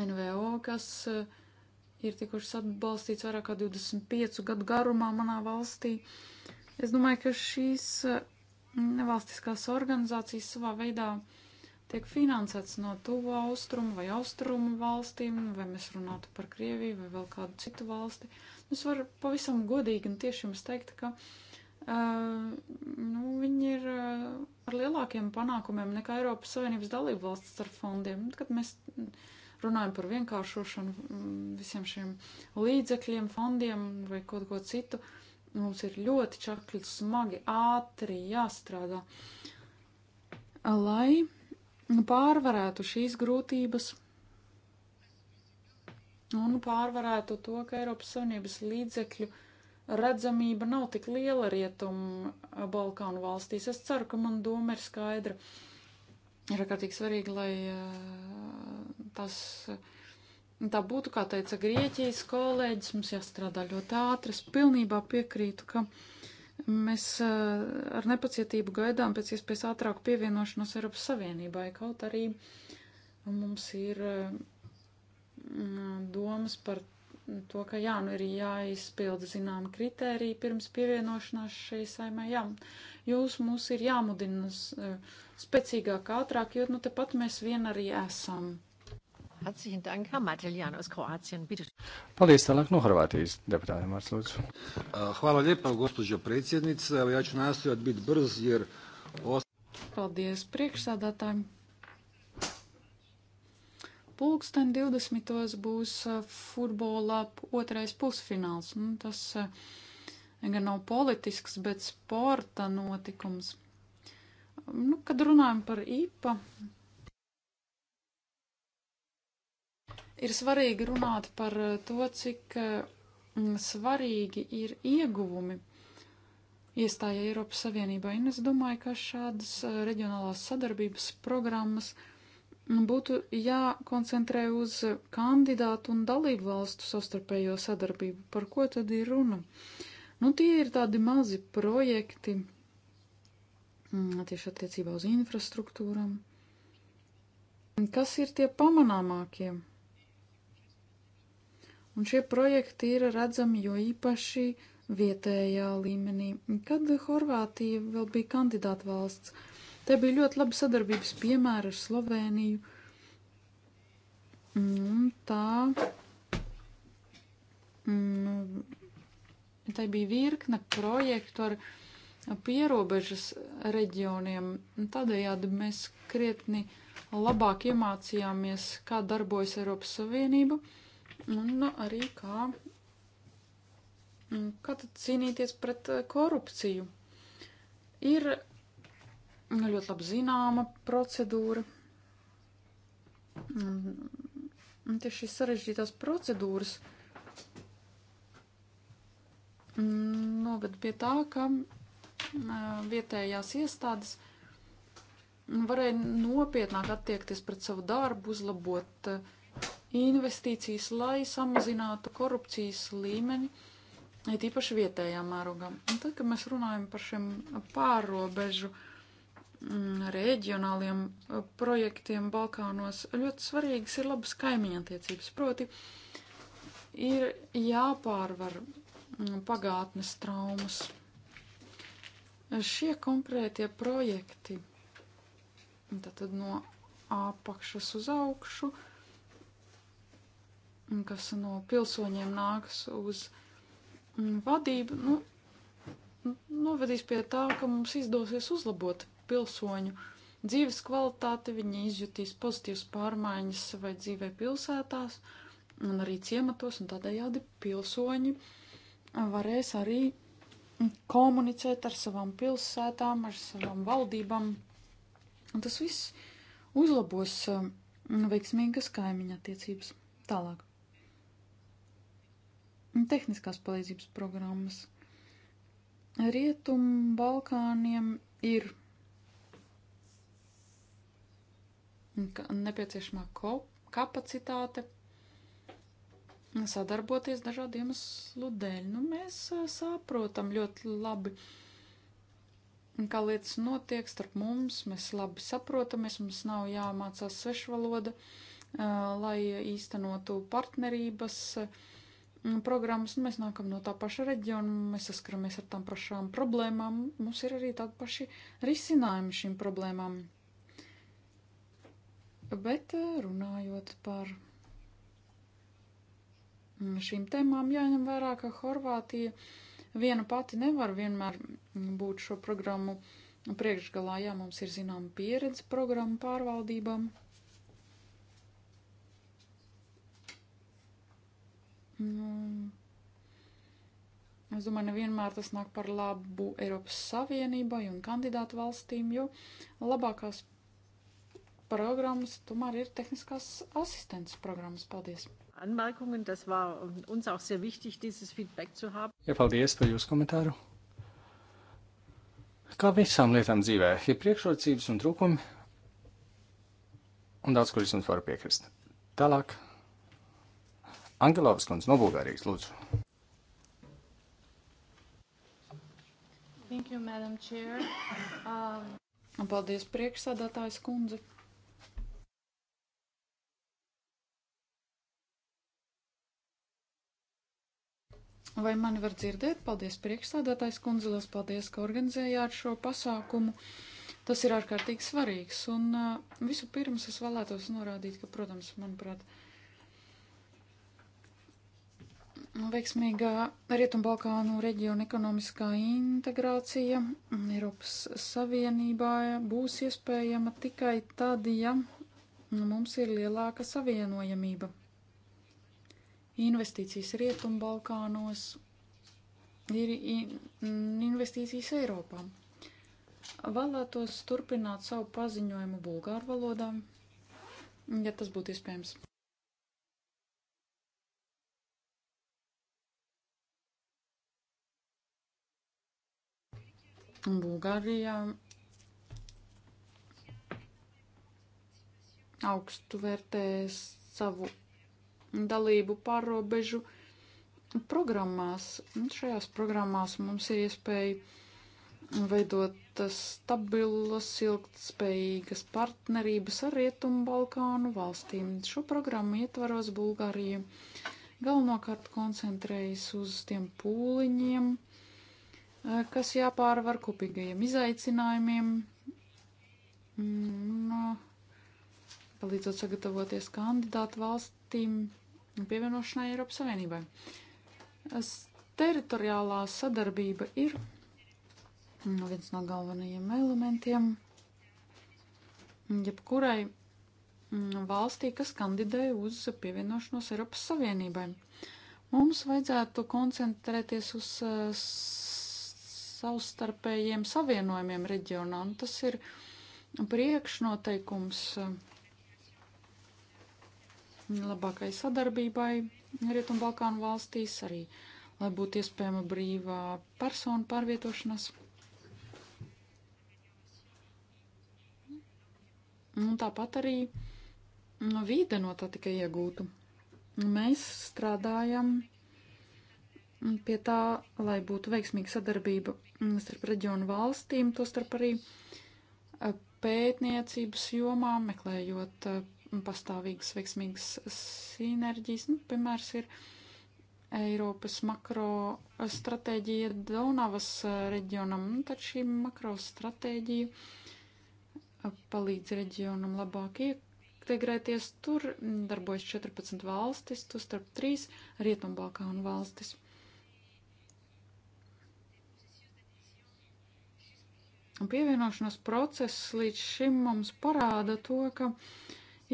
NVO, kas eh, ir tikušas atbalstīts vairāk kā 25 gadu garumā manā valstī. Es domāju, ka šīs eh, nevalstiskās organizācijas savā veidā tiek finansēts no tuvo austrumu vai austrumu valstīm, vai mēs runātu par Krieviju vai vēl kādu citu valsti. Es varu pavisam godīgi un tieši jums teikt, ka uh, nu, viņi ir ar lielākiem panākumiem nekā Eiropas Savienības dalību valsts starp fondiem. Kad mēs runājam par vienkāršošanu visiem šiem līdzekļiem, fondiem vai kaut ko citu, mums ir ļoti čakļi, smagi, ātri jāstrādā, lai pārvarētu šīs grūtības un pārvarētu to, ka Eiropas Savienības līdzekļu redzamība nav tik liela rietumu Balkānu valstīs. Es ceru, ka man doma ir skaidra. Ir ārkārtīgi svarīgi, lai tas tā būtu, kā teica Grieķijas kolēģis, mums jāstrādā ļoti ātri. Es pilnībā piekrītu, ka mēs ar nepacietību gaidām pēc iespējas ātrāku pievienošanos Eiropas Savienībai, kaut arī mums ir domas par to, to, ka jā, nu ir jāizpilda zināma kritērija pirms pievienošanās šai saimē. Jā, jūs mūs ir jāmudina e, spēcīgāk, ātrāk, jo nu tepat mēs vien arī esam. Herzlichen Dank, Herr Matiljan aus Kroatien, bitte. Paldies, tālāk no Horvātijas deputātiem, vārds lūdzu. Hvala lijepa, gospođo predsjednice, evo ja ću nastojat biti brz, jer... Paldies priekšsādātājiem pulksten 20. būs eh, futbola otrais pusfināls. Nu, tas eh, gan nav politisks, bet sporta notikums. Nu, kad runājam par IPA, ir svarīgi runāt par eh, to, cik mm, svarīgi ir ieguvumi iestājai Eiropas Savienībā. Un es domāju, ka šādas reģionālās sadarbības programmas uh, Nu, būtu jākoncentrē uz kandidātu un dalību valstu sastarpējo sadarbību. Par ko tad ir runa? Nu, tie ir tādi mazi projekti mm, tieši attiecībā uz infrastruktūram. Kas ir tie pamanāmākie? Un šie projekti ir redzami jo īpaši vietējā līmenī. Kad Horvātija vēl bija kandidāta valsts, uh, Te bija ļoti laba sadarbības piemēra ar Sloveniju. Un tā. Nu, tā bija virkne projektu ar pierobežas reģioniem. Tādējādi mēs krietni labāk iemācījāmies, kā darbojas Eiropas Savienība un arī kā, kā cīnīties pret eh, korupciju. Ir Nu, ļoti labi zināma procedūra. Un tieši šīs sarežģītās procedūras mm, noved pie tā, ka mm, vietējās iestādes varēja nopietnāk attiekties pret savu darbu, uzlabot investīcijas, lai samazinātu korupcijas līmeni, ir īpaši vietējā mērogā. Un tad, kad mēs runājam par šiem pārobežu uh, Mm, reģionāliem uh, projektiem Balkānos ļoti svarīgas ir labas kaimiņattiecības. Proti, ir jāpārvar mm, pagātnes traumas. Šie konkrētie projekti, tātad no apakšas uz augšu, mm, kas no pilsoņiem nāks uz vadību, nu, novedīs pie tā, ka mums izdosies uzlabot pilsoņu dzīves kvalitāti, viņi izjutīs pozitīvas pārmaiņas vai dzīvē pilsētās un arī ciematos, un tādējādi pilsoņi varēs arī komunicēt ar savām pilsētām, ar savām valdībām. Un tas viss uzlabos um, veiksmīgas kaimiņa attiecības. Tālāk. Tehniskās palīdzības programmas. Rietum Balkāniem ir nepieciešamā kapacitāte sadarboties dažādu iemeslu dēļ. Nu, mēs saprotam ļoti labi, kā lietas notiek starp mums, mēs labi saprotamies, mums nav jāmācās svešvaloda, lai īstenotu partnerības programmas. Nu, mēs nākam no tā paša reģiona, mēs saskaramies ar tām pašām problēmām, mums ir arī tādi paši risinājumi šīm problēmām. Bet eh, runājot par šīm tēmām, jāņem vērā, ka Horvātija viena pati nevar vienmēr būt šo programmu priekšgalā. Jā, mums ir zināma pieredze programmu pārvaldībām. Nu, es domāju, nevienmēr tas nāk par labu Eiropas Savienībai un kandidātu valstīm, jo labākās programmas tomēr ir tehniskās asistentes programmas. Paldies! Anmerkungen, das war uns auch sehr wichtig, dieses Feedback zu haben. Ja, paldies par jūsu komentāru. Kā visām lietām dzīvē, ir priekšrocības un trūkumi, un daudz, kur es jums varu piekrist. Tālāk. Angelovs kundze no Bulgārijas, lūdzu. Thank you, Madam Chair. Um... Paldies, priekšsādātājs kundze. Vai mani var dzirdēt? Paldies priekšstādātājs kundzeles, paldies, ka organizējāt šo pasākumu. Tas ir ārkārtīgi svarīgs. Un uh, visu pirms es vēlētos norādīt, ka, protams, manuprāt, veiksmīgā Rietumbalkānu reģiona ekonomiskā integrācija Eiropas Savienībā būs iespējama tikai tad, ja mums ir lielāka savienojamība investīcijas Rietumbalkānos ir investīcijas Eiropā. Vēlētos turpināt savu paziņojumu bulgāru valodā, ja tas būtu iespējams. Bulgārijā augstu vērtēs savu dalību pārobežu programmās. Un šajās programmās mums ir iespēja veidot stabilas, ilgtspējīgas partnerības ar Rietumu Balkānu valstīm. Šo programmu ietvaros Bulgārija galvenokārt koncentrējas uz tiem pūliņiem, eh, kas jāpārvar kopīgajiem izaicinājumiem. No, mm, palīdzot sagatavoties kandidātu valstīm, un pievienošanai Eiropas Savienībai. Es teritoriālā sadarbība ir viens no galvenajiem elementiem jebkurai mm, valstī, kas kandidē uz pievienošanos Eiropas Savienībai. Mums vajadzētu koncentrēties uz eh, savstarpējiem savienojumiem reģionā, un tas ir priekšnoteikums uh, labākai sadarbībai Rietumbalkānu valstīs, arī lai būtu iespējama brīvā persona pārvietošanās. Un tāpat arī nu, vīde no tā tika iegūta. Mēs strādājam pie tā, lai būtu veiksmīga sadarbība starp reģionu valstīm, tostarp arī pētniecības jomā, meklējot pastāvīgas veiksmīgas sinerģijas. Nu, piemērs ir Eiropas makro stratēģija Daunavas reģionam, nu, tad šī makro stratēģija palīdz reģionam labāk integrēties. Tur darbojas 14 valstis, tu starp 3 Rietumbalkānu valstis. Un pievienošanās process līdz šim mums parāda to, ka uh,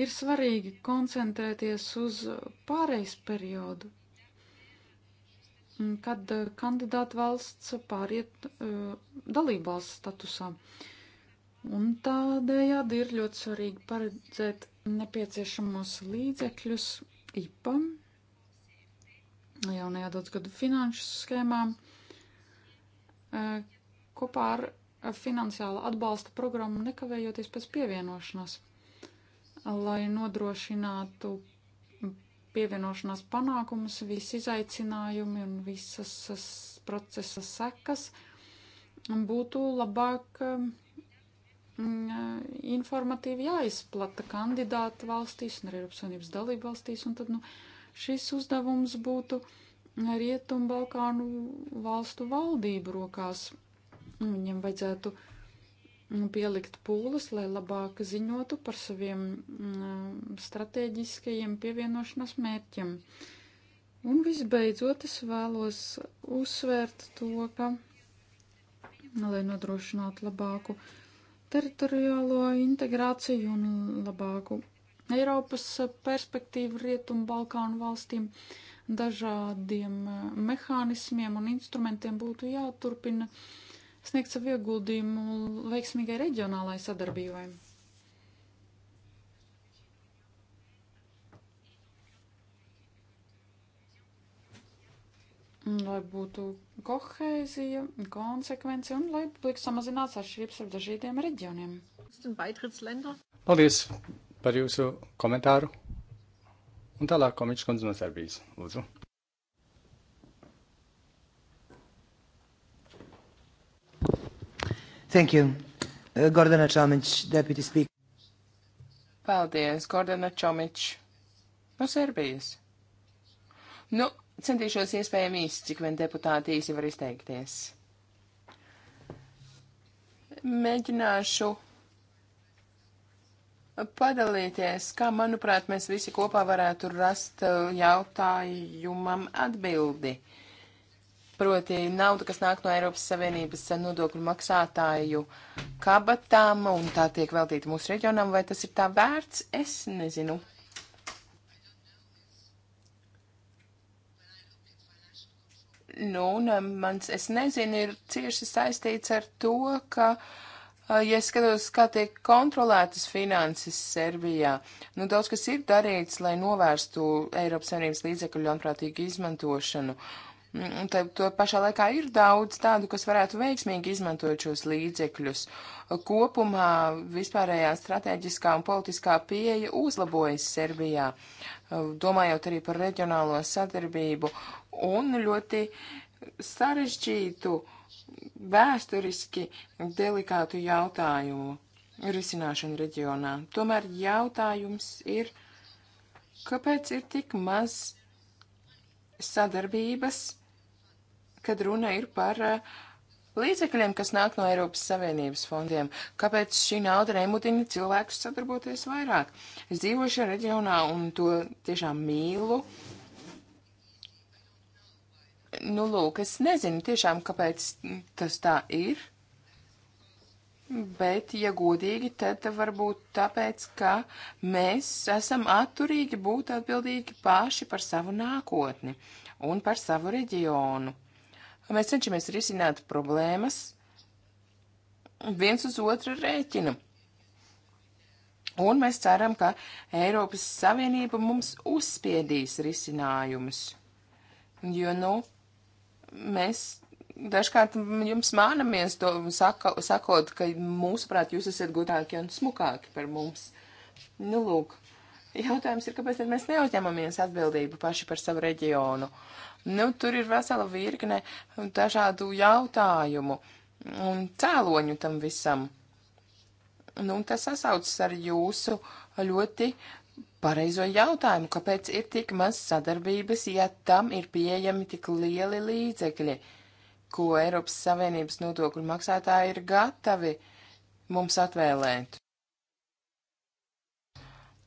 Ir svarīgi koncentrēties uz pārejas periodu, kad eh, kandidāta valsts pāriet uh, eh, dalībvalsts statusā. Un tādējādi ir ļoti svarīgi paredzēt nepieciešamos līdzekļus IPAM, jaunajā daudzgadu finanšu schēmā, uh, kopā ar finansiāla atbalsta programmu nekavējoties pēc pievienošanās lai nodrošinātu pievienošanās panākumus, visi izaicinājumi un visas procesa sekas būtu labāk um, mm, informatīvi jāizplata kandidāta valstīs un arī Eiropas Savienības dalība valstīs, un tad, nu, šis uzdevums būtu Rietumbalkānu valstu valdību rokās. Viņiem vajadzētu uh, Nu, pielikt pūles, lai labāk ziņotu par saviem mm, strateģiskajiem pievienošanās mērķiem. Un visbeidzot, es vēlos uzsvērt to, ka, lai nodrošinātu labāku teritoriālo integrāciju un labāku Eiropas perspektīvu Rietumu Balkānu valstīm, dažādiem eh, mehānismiem un instrumentiem būtu jāturpina uh, sniegt savu ieguldījumu veiksmīgai reģionālai sadarbībai. Lai būtu kohēzija, konsekvence un lai būtu samazināts atšķirības ar dažādiem reģioniem. Paldies par jūsu komentāru. Un tālāk komiķis kundze no Serbijas. Lūdzu. Thank you. Uh, Gordana Čomiņš, deputy speaker. Paldies, Gordana Čomiņš. No Serbijas. Nu, centīšos iespējami īsti, cik vien deputāti īsi var izteikties. Mēģināšu padalīties, kā, manuprāt, mēs visi kopā varētu rast uh, jautājumam atbildi. Uh, proti nauda, kas nāk no Eiropas Savienības nodokļu maksātāju kabatām un tā tiek veltīta mūsu reģionam, vai tas ir tā vērts, es nezinu. Nu, un um, mans, es nezinu, ir cieši saistīts ar to, ka, uh, ja skatos, kā tiek kontrolētas finanses Serbijā, nu, daudz kas ir darīts, lai novērstu Eiropas Savienības līdzekļu ļaunprātīgu izmantošanu. Uh, Mm, Tad to pašā laikā ir daudz tādu, kas varētu veiksmīgi izmantot šos līdzekļus. Kopumā vispārējā strateģiskā un politiskā pieeja uzlabojas Serbijā, uh, domājot arī par reģionālo sadarbību un ļoti sarežģītu, vēsturiski delikātu jautājumu risināšanu reģionā. Tomēr jautājums ir, kāpēc ir tik maz sadarbības, kad runa ir par eh, līdzekļiem, kas nāk no Eiropas Savienības fondiem. Kāpēc šī nauda nemudina cilvēkus sadarboties vairāk? Es dzīvoju šajā reģionā un to tiešām mīlu. Nu, lūk, es nezinu tiešām, kāpēc tas tā ir. Bet, ja godīgi, tad varbūt tāpēc, ka mēs esam atturīgi būt atbildīgi paši par savu nākotni un par savu reģionu. Mēs cenšamies risināt problēmas viens uz otru rēķinu. Un mēs ceram, ka Eiropas Savienība mums uzspiedīs risinājumus. Jo, nu, mēs dažkārt jums mānamies to saka, sakot, ka mūsuprāt jūs esat gudrāki un smukāki par mums. Nu, lūk, jautājums ir, kāpēc mēs neuzņemamies atbildību paši par savu reģionu. Nu, tur ir vesela virkne dažādu jautājumu un cēloņu tam visam. Nu, tas sasaucas ar jūsu ļoti pareizo jautājumu, kāpēc ir tik maz sadarbības, ja tam ir pieejami tik lieli līdzekļi. Uh, ko Eiropas Savienības nodokļu maksātāji ir gatavi mums atvēlēt.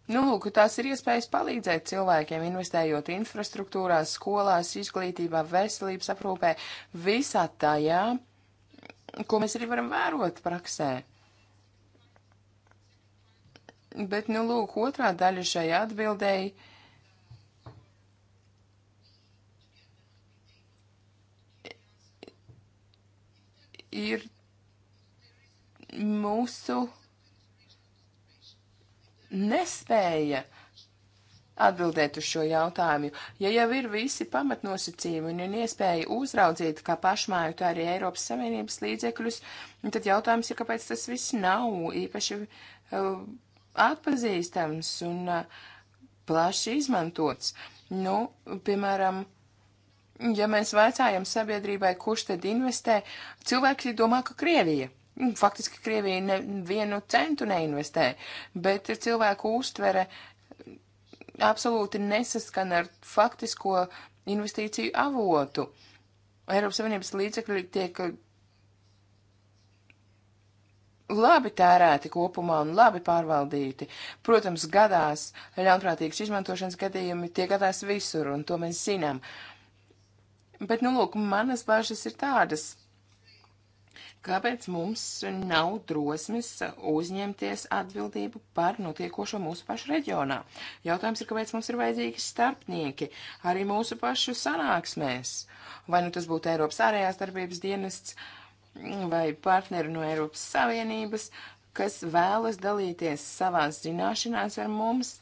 Nu, lūk, tās ir iespējas palīdzēt cilvēkiem, investējot infrastruktūrās, skolās, izglītībā, veselības aprūpē, visā tajā, ko mēs arī varam vērot praksē. Bet, nu, lūk, otrā daļa šai atbildēji ir mūsu nespēja atbildēt uz šo jautājumu. Ja jau ir visi pamatnosacījumi un ir iespēja uzraudzīt kā pašmāju, tā arī Eiropas Savienības līdzekļus, tad jautājums ir, kāpēc tas viss nav īpaši uh, atpazīstams un uh, plaši izmantots. Nu, piemēram, uh, Ja mēs vaicājam sabiedrībai, kurš tad investē, cilvēki domā, ka Krievija. Mm, faktiski Krievija nevienu centu neinvestē, bet cilvēku uztvere absolūti nesaskana ar faktisko investīciju avotu. Eiropas Savienības līdzekļi tiek labi tērēti kopumā un labi pārvaldīti. Protams, gadās ļaunprātīgas izmantošanas gadījumi tie gadās visur, un to mēs zinām. Uh, Bet, nu, lūk, manas bažas ir tādas. Kāpēc mums nav drosmes uzņemties atbildību par notiekošo mūsu pašu reģionā? Jautājums ir, kāpēc mums ir vajadzīgi starpnieki arī mūsu pašu sanāksmēs? Vai nu tas būtu Eiropas ārējās darbības dienests vai partneri no Eiropas Savienības, kas vēlas dalīties savās zināšanās ar mums?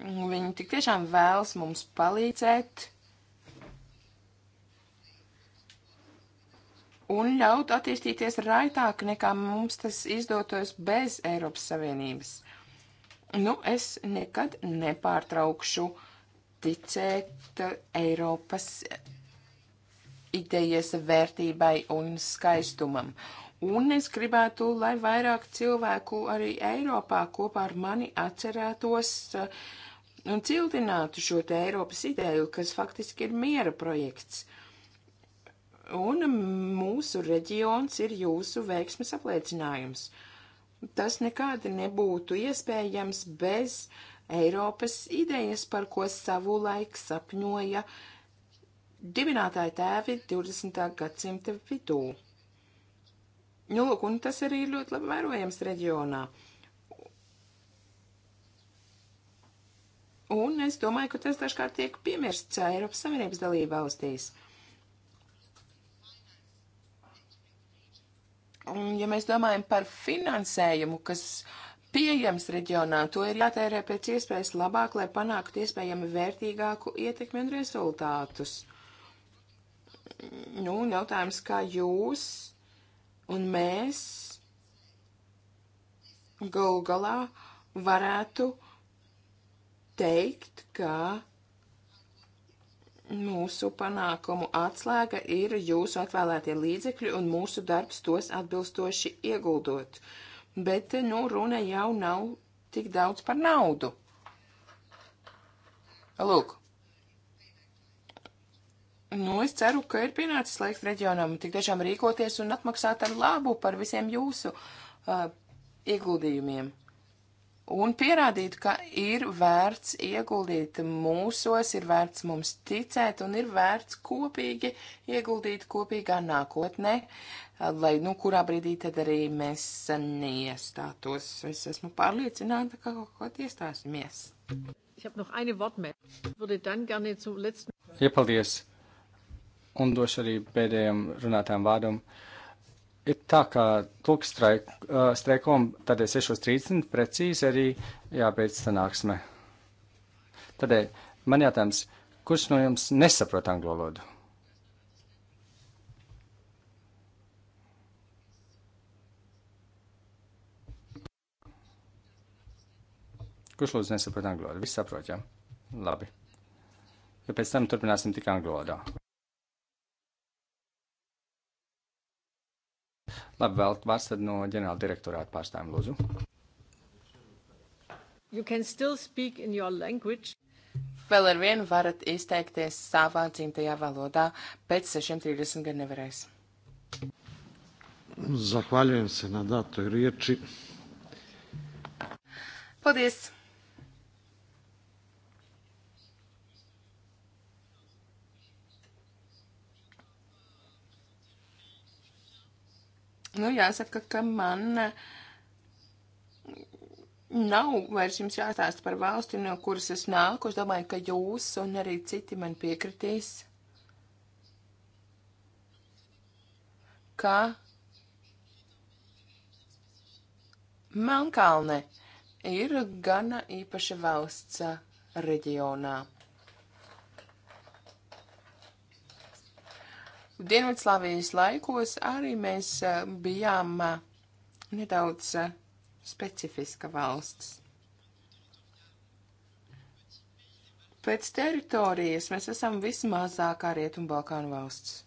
Viņi tik tiešām vēlas mums palīdzēt un ļaut attīstīties raitāk, nekā mums tas izdotos bez Eiropas Savienības. Nu, es nekad nepārtraukšu ticēt Eiropas idejas vērtībai un skaistumam. Un es gribētu, lai vairāk cilvēku arī Eiropā kopā ar mani atcerētos uh, un cildinātu šo te Eiropas ideju, kas faktiski ir miera projekts. Un jūsu reģions ir jūsu veiksmes apliecinājums. Tas nekādi nebūtu iespējams bez Eiropas idejas, par ko savulaik sapņoja dibinātāji tēvi 20. gadsimta vidū. Nu, lūk, un tas arī ir ļoti labi vērojams reģionā. Un es domāju, ka tas dažkārt tiek piemirsts Eiropas Savienības dalība valstīs. Uh, Un, ja mēs domājam par finansējumu, kas pieejams reģionā, to ir jātērē pēc iespējas labāk, lai panāktu iespējami vērtīgāku ietekmi un rezultātus. Nu, un jautājums, kā jūs un mēs galu galā varētu teikt, ka Mūsu panākumu atslēga ir jūsu atvēlētie līdzekļi un mūsu darbs tos atbilstoši ieguldot. Bet, nu, runa jau nav tik daudz par naudu. Lūk. Nu, es ceru, ka ir pienācis laiks reģionam tik tiešām rīkoties un atmaksāt ar labu par visiem jūsu uh, ieguldījumiem un pierādītu, ka ir vērts ieguldīt mūsos, ir vērts mums ticēt un ir vērts kopīgi ieguldīt kopīgā nākotnē, lai, nu, kurā brīdī tad arī mēs neiestātos. Es esmu pārliecināta, ka kaut ko iestāsimies. Iepaldies! Un došu arī pēdējiem runātājiem vārdam. Uh, ir tā, ka tulks straik, uh, streiko, un tad ir 6.30 precīzi arī jābeidz sanāksme. Tādēļ man jātājums, kurš no jums nesaprot angļu valodu? Kurš lūdzu nesaprot angļu valodu? Viss saprot, jā? Ja? Labi. Jo pēc tam turpināsim tikai angļu valodā. Labi, vēl vārds tad no ģenerāla direktorāta pārstāvjiem lūdzu. You can still speak in your language. Vēl ar vienu varat izteikties savā dzimtajā valodā, pēc 6.30 gan nevarēs. Zahvaļojums, senadātu ir ieči. Paldies! Nu, jāsaka, ka man eh, nav vairs jums jāstāsta par valsti, no kuras es nāku. Es domāju, ka jūs un arī citi man piekritīs, ka Melnkalne ir gana īpaša valsts reģionā. Dienvidslāvijas laikos arī mēs eh, bijām eh, nedaudz eh, specifiska valsts. Pēc teritorijas mēs esam vismazākā Rietumbalkānu valsts.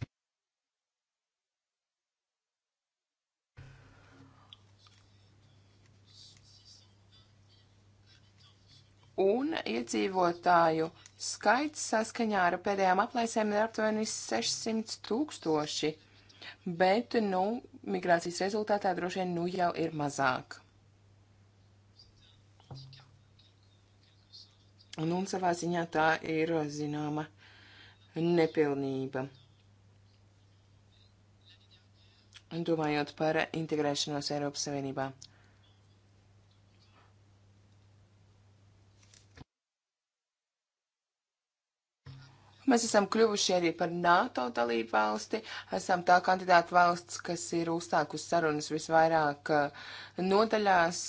Un iedzīvotāju Skaits saskaņā ar pēdējām aplēsēm ir aptuveni 600 tūkstoši, bet, nu, migrācijas rezultātā droši vien nu jau ir mazāk. Un, un savā ziņā tā ir zināma nepilnība. Domājot par integrēšanos Eiropas Savienībā. Mēs esam kļuvuši arī par NATO dalību valsti, esam tā kandidāta valsts, kas ir uzstākusi sarunas visvairāk eh, nodaļās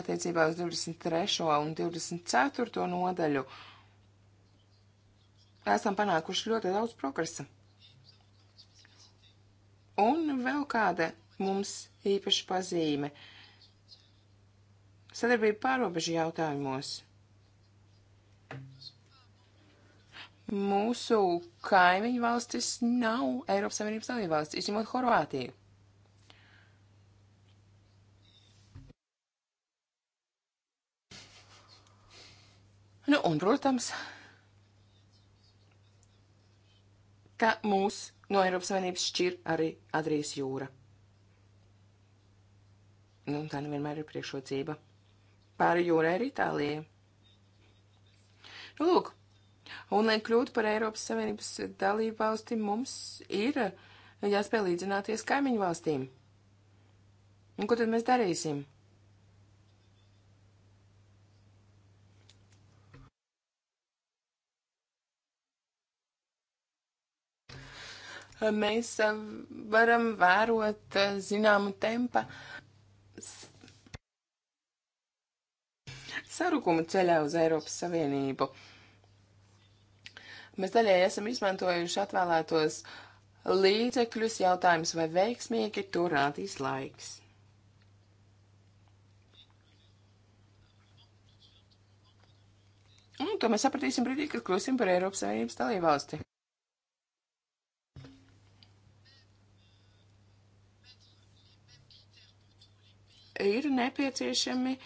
attiecībā uz 23. un 24. nodaļu. Esam panākuši ļoti daudz progresa. Un vēl kāda mums īpaša pazīme - sadarbība pārobežu jautājumos. mūsu kaimiņu valstis nav Eiropas Savienības dalībvalsts, izņemot Horvātiju. Nu, un, protams, ka mūs no Eiropas Savienības šķir arī Adrijas jūra. Nu, tā nevienmēr ir priekšrocība. Pāri jūrai ir Itālija. Nu, lūk, Un, lai kļūtu par Eiropas Savienības dalību valsti, mums ir jāspēj līdzināties kaimiņu valstīm. Un ko tad mēs darīsim? Mēs eh, varam vērot eh, zināmu tempa sarukumu ceļā uz Eiropas Savienību. Mēs daļai esam izmantojuši atvēlētos līdzekļus, jautājums, vai veiksmīgi tur rādīs laiks. Un to mēs sapratīsim brīdī, kad kļūsim par Eiropas Savienības dalībvalsti. Ir nepieciešami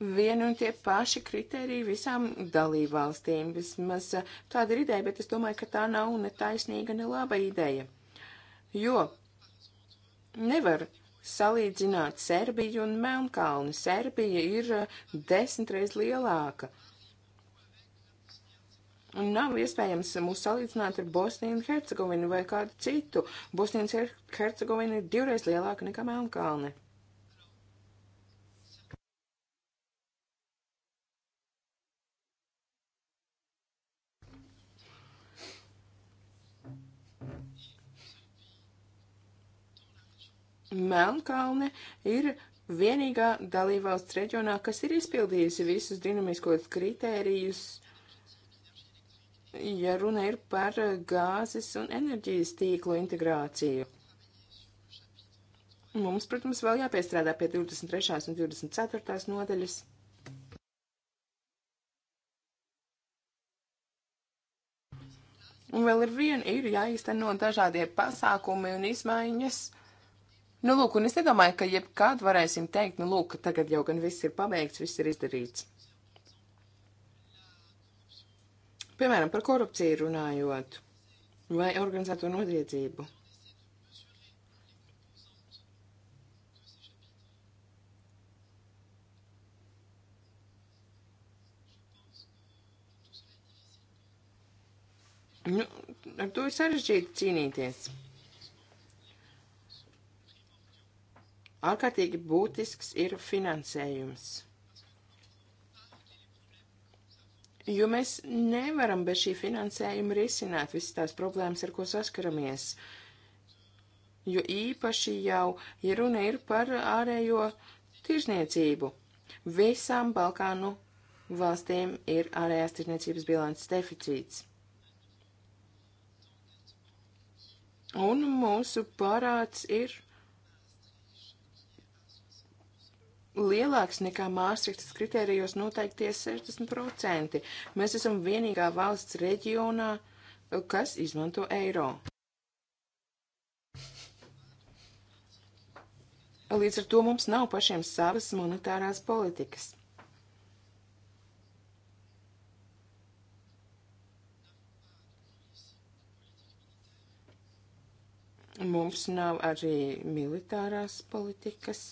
vien un tie paši kriteriji visām dalībvalstīm. Vismaz eh, tāda ir ideja, bet es domāju, ka tā nav ne taisnīga, ne laba ideja. Jo nevar salīdzināt Serbiju un Melnkalni. Serbija ir eh, desmitreiz lielāka. Un nav iespējams mūs salīdzināt ar Bosniju un Hercegovinu vai kādu citu. Bosnijas Hercegovina ir divreiz lielāka nekā Melnkalne. Melnkalne ir vienīgā dalībvalsts reģionā, kas ir izpildījusi visus dinamiskos kritērijus, ja runa ir par gāzes un enerģijas tīklu integrāciju. Mums, protams, vēl jāpiestrādā pie 23. un 24. nodaļas. Un vēl ir viena, ir jāizteno dažādie pasākumi un izmaiņas. Uh, Nu, lūk, un es nedomāju, ka jebkad varēsim teikt, nu, lūk, tagad jau gan viss ir pabeigts, viss ir izdarīts. Piemēram, par korupciju runājot vai organizēto nodriedzību. Nu, ar to ir sarežģīti cīnīties. Ārkārtīgi būtisks ir finansējums. Jo mēs nevaram bez šī finansējuma risināt visas tās problēmas, ar ko saskaramies. Jo īpaši jau, ja runa ir par ārējo tirzniecību, visām Balkānu valstīm ir ārējās tirzniecības bilances deficīts. Un mūsu parāds ir lielāks nekā Māstrihtas kritērijos noteiktie 60%. Mēs esam vienīgā valsts reģionā, kas izmanto eiro. Līdz ar to mums nav pašiem savas monetārās politikas. Mums nav arī militārās politikas.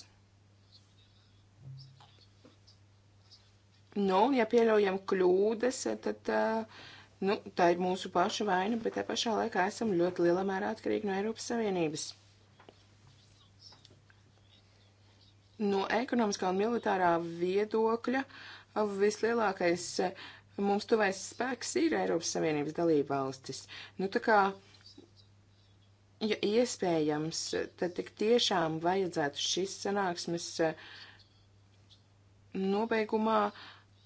Nu, ja pieļaujam kļūdas, tad eh, nu, tā ir mūsu paša vaina, bet te pašā laikā esam ļoti lielā mērā atkarīgi no Eiropas Savienības. No ekonomiskā un militārā viedokļa vislielākais eh, mums tuvais spēks ir Eiropas Savienības dalība valstis. Nu, tā kā ja iespējams, tad tik tiešām vajadzētu šīs sanāksmes eh, nobeigumā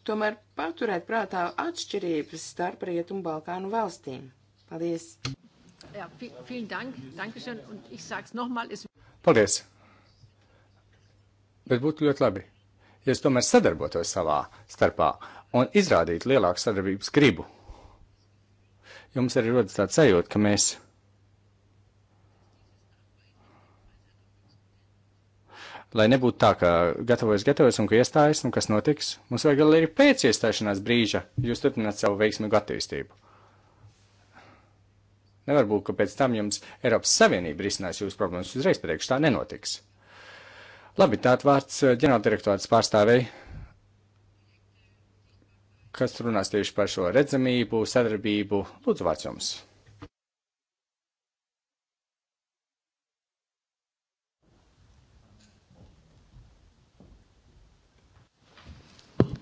tomēr paturēt prātā atšķirības starp Rietumu Balkānu valstīm. Paldies! Jā, vielen dank, dankeschön, un ich sag's nochmal. Es... Paldies! Bet būtu ļoti labi, ja es tomēr sadarbotos savā starpā un izrādītu lielāku sadarbības gribu. Jums arī rodas tāds sajūta, ka mēs lai nebūtu tā, ka gatavojas, gatavojas un ka iestājas, un kas notiks. Mums vajag arī pēc iestāšanās brīža jūs turpināt savu veiksmīgu attīstību. Nevar būt, ka pēc tam jums Eiropas Savienība risinās jūsu problēmas. Uzreiz pateikšu, tā nenotiks. Labi, tātad vārds eh, ģenerāldirektorāts pārstāvēji, kas runās tieši par šo redzamību, sadarbību. Lūdzu, vārds jums!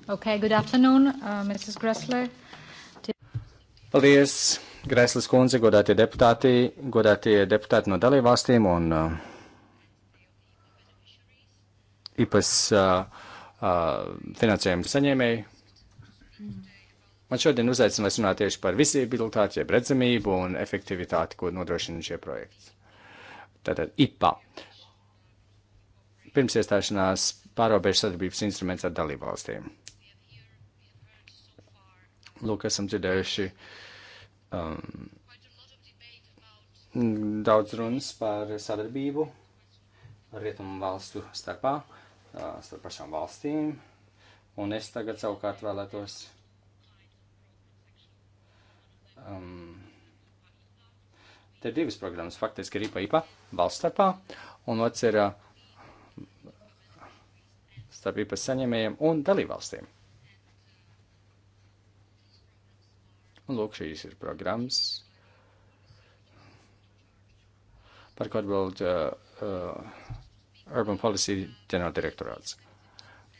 Okay, good afternoon, uh, Mrs. Gressler. Paldies, Grēslis kundze, godātie deputāti, godātie deputāti no dalībvalstīm un uh, IPAS uh, uh, finansējuma saņēmēji. Man šodien uzaicinās runāt tieši par visibilitāti, jeb redzamību un efektivitāti, ko nodrošina šie projekti. Tātad IPA. Pirms iestāšanās pārobežu sadarbības instruments ar dalībvalstīm. valstīm. Lūk, esam dzirdējuši um, daudz runas par sadarbību rietumu valstu starpā, uh, starp pašām valstīm. Un es tagad savukārt vēlētos um, Te ir divas programmas, faktiski ir IPA, IPA valsts starpā, un otrs ir uh, starp IPA saņēmējiem un dalībvalstīm. Un lūk, šīs ir programmas. Par ko atbild uh, uh, Urban Policy ģenerāldirektorāts.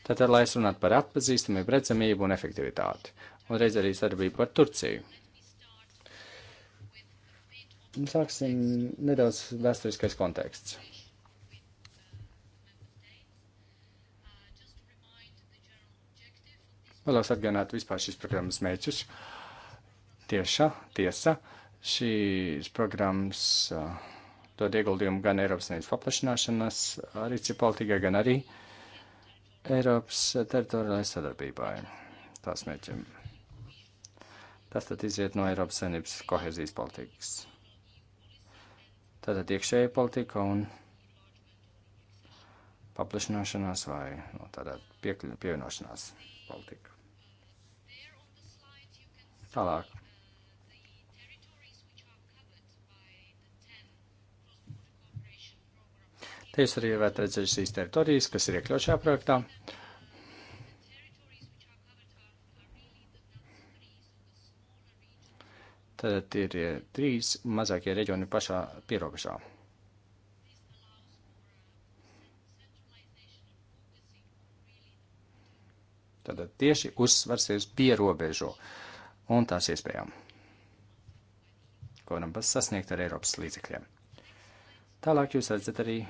Tātad, lai es runātu par atpazīstamību, redzamību un efektivitāti. Un reiz arī sadarbību ar Turciju. Sāksim nedaudz vēsturiskais konteksts. Vēlos atgādināt vispār šīs programmas mērķus. Uh, Tieša tiesa šīs programmas dod ieguldījumu gan Eiropas Savienības paplašināšanas rīci politikā, gan arī Eiropas teritoriālajai sadarbībai. Tās mērķim. Tas tad iziet no Eiropas Savienības kohezijas politikas. Tātad iekšēja politika un paplašināšanās vai no nu, tādā piekļu, pievienošanās politika. Tālāk. Te jūs arī varat redzēt šīs teritorijas, kas ir iekļaut šajā projektā. Tad ir trīs mazākie reģioni pašā pierobežā. Tad tieši uzsvars ir uz pierobežu un tās iespējām, ko varam sasniegt ar Eiropas līdzekļiem. Tālāk jūs redzat arī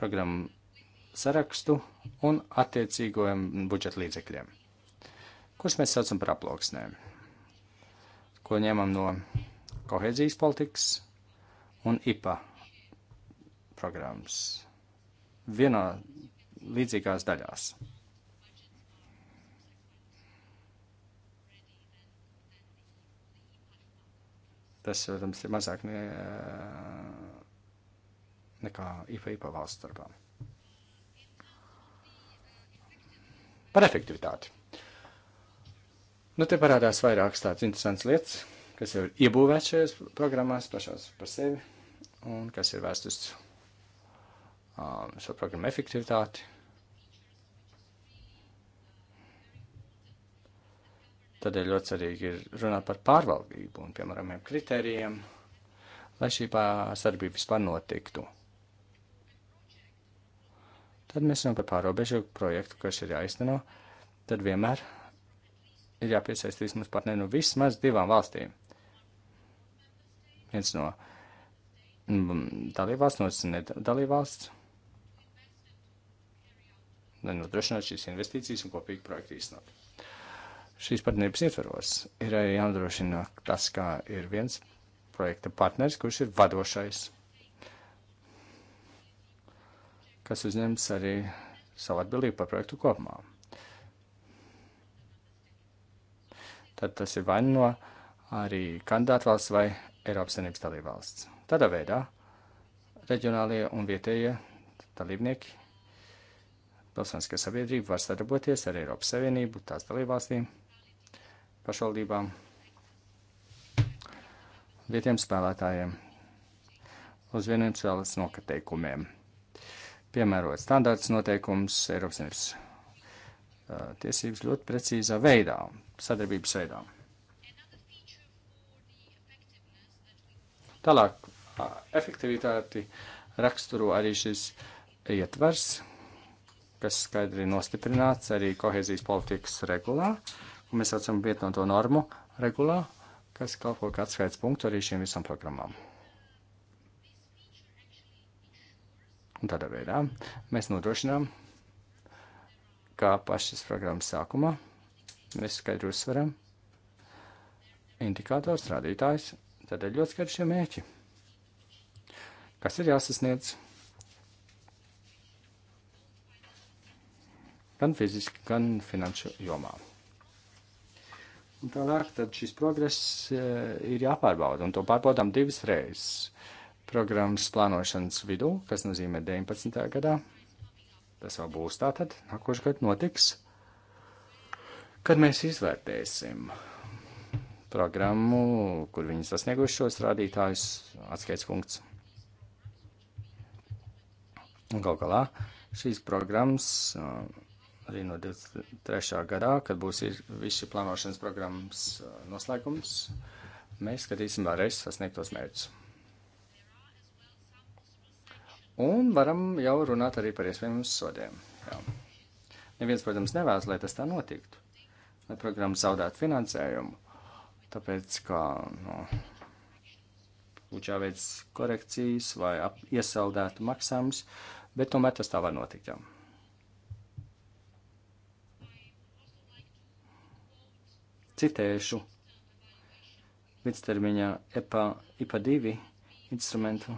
programmu sarakstu un attiecīgojam budžeta līdzekļiem, kurus mēs saucam par aploksnēm, ko ņemam no kohēzijas politikas un IPA programmas vienā līdzīgās daļās. Tas, protams, ir mazāk ne, nekā IFA IPA valsts starpā. Par efektivitāti. Nu, te parādās vairākas tādas interesantas lietas, kas jau ir iebūvēts šajās programmās pašās par sevi un kas ir vērst uz um, šo programmu efektivitāti. Tādēļ ļoti svarīgi ir runāt par pārvaldību un, piemēram, kritērijiem, lai šī pārvaldība vispār notiktu tad mēs runājam par pārobežu projektu, kas ir jāizteno, tad vienmēr ir jāpiesaistīs mums partneri no vismaz divām valstīm. Viens no mm, dalībvalsts, no otras nedalībvalsts, lai nodrošinātu šīs investīcijas un kopīgi projektu īstenot. Šīs partnerības ietveros ir jānodrošina tas, kā ir viens projekta partners, kurš ir vadošais kas uzņems arī savu atbildību par projektu kopumā. Tad tas ir vai no arī kandidātu valsts vai Eiropas Savienības dalībvalsts. Tādā veidā reģionālie un vietējie dalībnieki, pilsoniskā sabiedrība var sadarboties ar Eiropas Savienību, tās dalībvalstīm, pašvaldībām, vietiem spēlētājiem uz vieniem spēles nokateikumiem piemērot standārts noteikums Eiropas Savienības uh, tiesības ļoti precīzā veidā, sadarbības veidā. Tālāk, uh, efektivitāti raksturo arī šis ietvers, kas skaidri nostiprināts arī kohēzijas politikas regulā, un mēs saucam vietnoto normu regulā, kas kalpo kā atskaits punktu arī šiem visam programmām. Un tādā veidā mēs nodrošinām, kā pašas programmas sākumā mēs skaidri uzsveram indikātors, rādītājs, tad ir ļoti skaidri šie mērķi. Kas ir jāsasniedz? Gan fiziski, gan finanšu jomā. Un tālāk tad šis progress eh, ir jāpārbauda, un to pārbaudām divas reizes programmas plānošanas vidū, kas nozīmē 19. gadā. Tas vēl būs tātad, nākošais gads notiks, kad mēs izvērtēsim programmu, kur viņi sasnieguši šos rādītājus, atskaits punkts. Un gal galā šīs programmas arī no 23. gadā, kad būs visi plānošanas programmas noslēgums, mēs skatīsim vēlreiz sasniegtos mērķus. Un varam jau runāt arī par iespējamiem sodiem. Jā. Neviens, protams, nevēlas, lai tas tā notiktu, lai programma zaudētu finansējumu, tāpēc, ka, nu, būtu jāveic korekcijas vai ap, iesaldētu maksājumus, bet tomēr tas tā var notikt jau. Citēšu vidstermiņā EPA, IPA e 2 instrumentu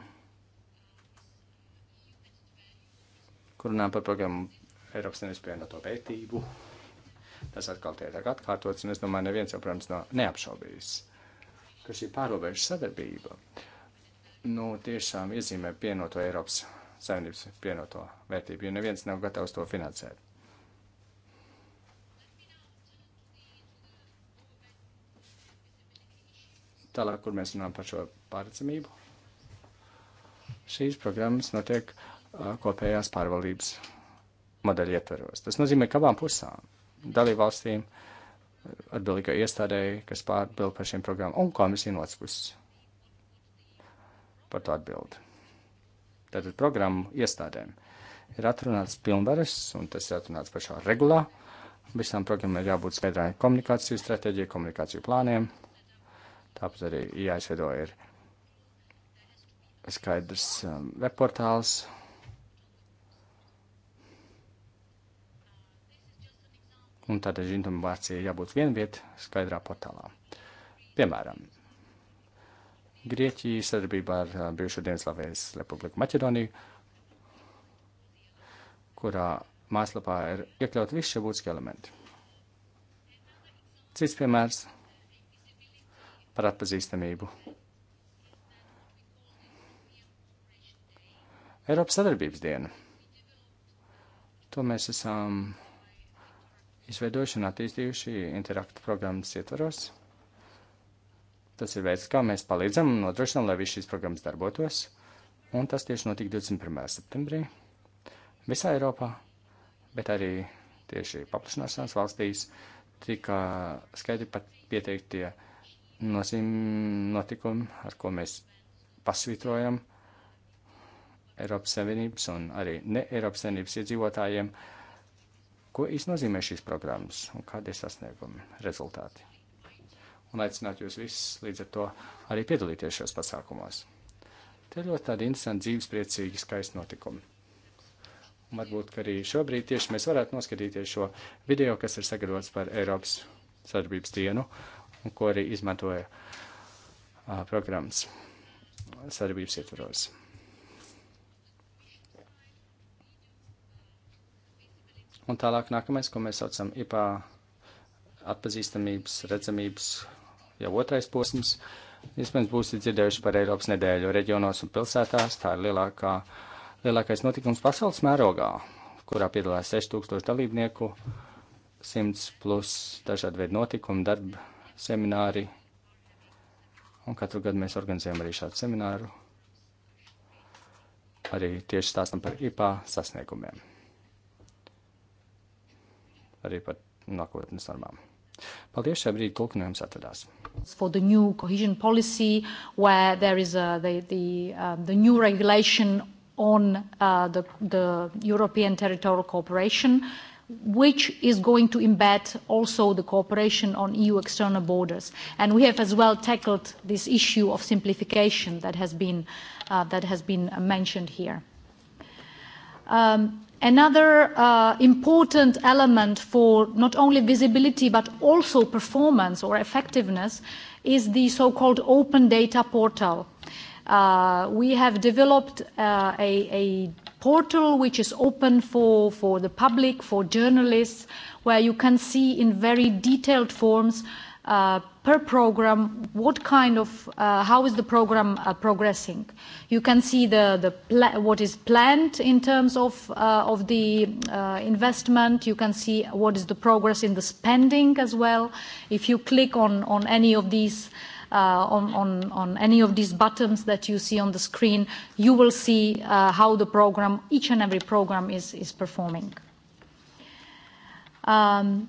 kur runājam par programmu Eiropas Savienības pievienoto vērtību. Tas atkal tiek atkārtots, un es domāju, neviens jau, protams, nav no neapšaubījis, ka šī pārobežu sadarbība nu, tiešām iezīmē pienoto Eiropas Savienības pienoto vērtību, jo neviens nav gatavs to finansēt. Tālāk, kur mēs runājam par šo pārredzamību, šīs programmas notiek uh, kopējās pārvaldības modeļa ietveros. Tas nozīmē, ka abām pusēm dalībvalstīm atbildīgai iestādēji, kas pārbild par šiem programmām, un komisija no otras puses par to atbild. Tātad programmu iestādēm ir atrunāts pilnvaras, un tas ir atrunāts pašā regulā. Visām programmām ir jābūt skaidrai komunikāciju stratēģijai, komunikāciju plāniem. Tāpat arī jāizveido ir skaidrs um, webportāls, un tātad informācija jābūt vienviet skaidrā portālā. Piemēram, Grieķija sadarbībā ar bijušo Dienaslavijas Republiku Maķedoniju, kurā mājaslapā ir iekļaut visi šie būtiski elementi. Cits piemērs par atpazīstamību. Eiropas sadarbības diena. To mēs esam izveidojuši un attīstījuši interaktu programmas ietvaros. Tas ir veids, kā mēs palīdzam un nodrošinām, lai viss šīs programmas darbotos, un tas tieši notika 21. septembrī visā Eiropā, bet arī tieši paplašināšanās valstīs tika skaidri pat pieteiktie nozīm notikumi, ar ko mēs pasvitrojam Eiropas Savienības un arī ne Eiropas Savienības iedzīvotājiem uh, Ko īsti nozīmē šīs programmas un kādi ir sasniegumi, rezultāti? Un aicināt jūs visus līdz ar to arī piedalīties šajos pasākumos. Te ir ļoti tādi interesanti, dzīvespriecīgi, skaisti notikumi. Un varbūt arī šobrīd tieši mēs varētu noskatīties šo video, kas ir sagatavots par Eiropas sadarbības dienu, un ko arī izmantoja uh, programmas sadarbības ietvaros. Un tālāk nākamais, ko mēs saucam IPA atpazīstamības, redzamības, jau otrais posms. Iespējams, būsiet dzirdējuši par Eiropas nedēļu reģionos un pilsētās. Tā ir lielākā, lielākais notikums pasaules mērogā, kurā piedalās 6000 dalībnieku, 100 plus dažādi veidi notikumi, darba, semināri. Un katru gadu mēs organizējam arī šādu semināru. Arī tieši stāstam par IPA sasniegumiem arī par nākotnes normām. Paldies, šajā brīdī tulkinājums atradās. For the new cohesion policy, where there is a, the, the, uh, the new regulation on uh, the, the European territorial cooperation, which is going to embed also the cooperation on EU external borders. And we have as well tackled this issue of simplification that has been, uh, that has been mentioned here. Um, Another uh, important element for not only visibility but also performance or effectiveness is the so-called open data portal. Uh, we have developed uh, a, a portal which is open for, for the public, for journalists, where you can see in very detailed forms uh, per program, what kind of, uh, how is the program uh, progressing? You can see the, the pla- what is planned in terms of, uh, of the uh, investment. You can see what is the progress in the spending as well. If you click on, on any of these, uh, on, on, on any of these buttons that you see on the screen, you will see uh, how the program, each and every program is, is performing. Um,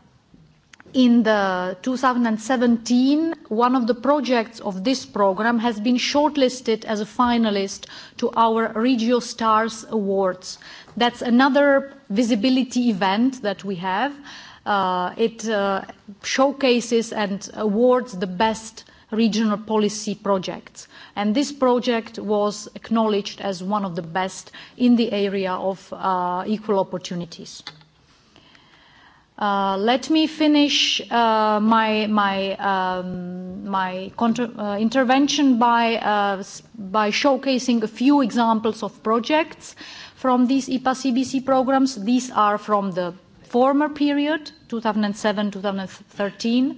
in the 2017, one of the projects of this program has been shortlisted as a finalist to our Regio Stars Awards. That's another visibility event that we have. Uh, it uh, showcases and awards the best regional policy projects. And this project was acknowledged as one of the best in the area of uh, equal opportunities. Uh, let me finish uh, my my um, my contra- uh, intervention by uh, by showcasing a few examples of projects from these IPA CBC programs. These are from the former period, 2007-2013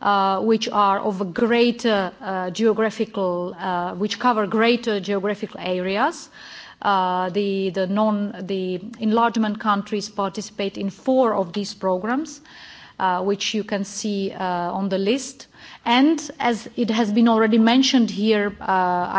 uh, which are of greater uh, geographical, uh, which cover greater geographical areas. Uh, the, the, non, the enlargement countries participate in four of these programs, uh, which you can see uh, on the list. Uh, And as it has been already mentioned here, uh,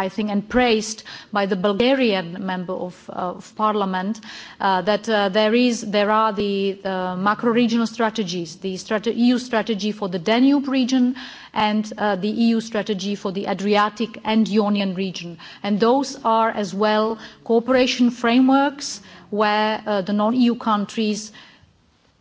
I think, and praised by the Bulgarian member of, uh, of parliament, uh, that uh, there, is, there are the uh, macro-regional strategies, the strate- EU strategy for the Danube region and uh, the EU strategy for the Adriatic and Ionian region. And those are as well cooperation frameworks where uh, the non-EU countries uh,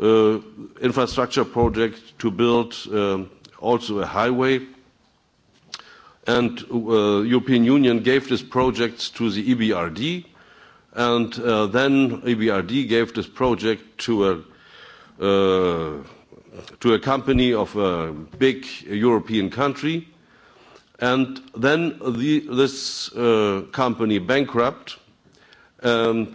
uh, infrastructure project to build um, also a highway. And uh, European Union gave this project to the EBRD, and uh, then EBRD gave this project to a uh, to a company of a big European country, and then the, this uh, company bankrupt, and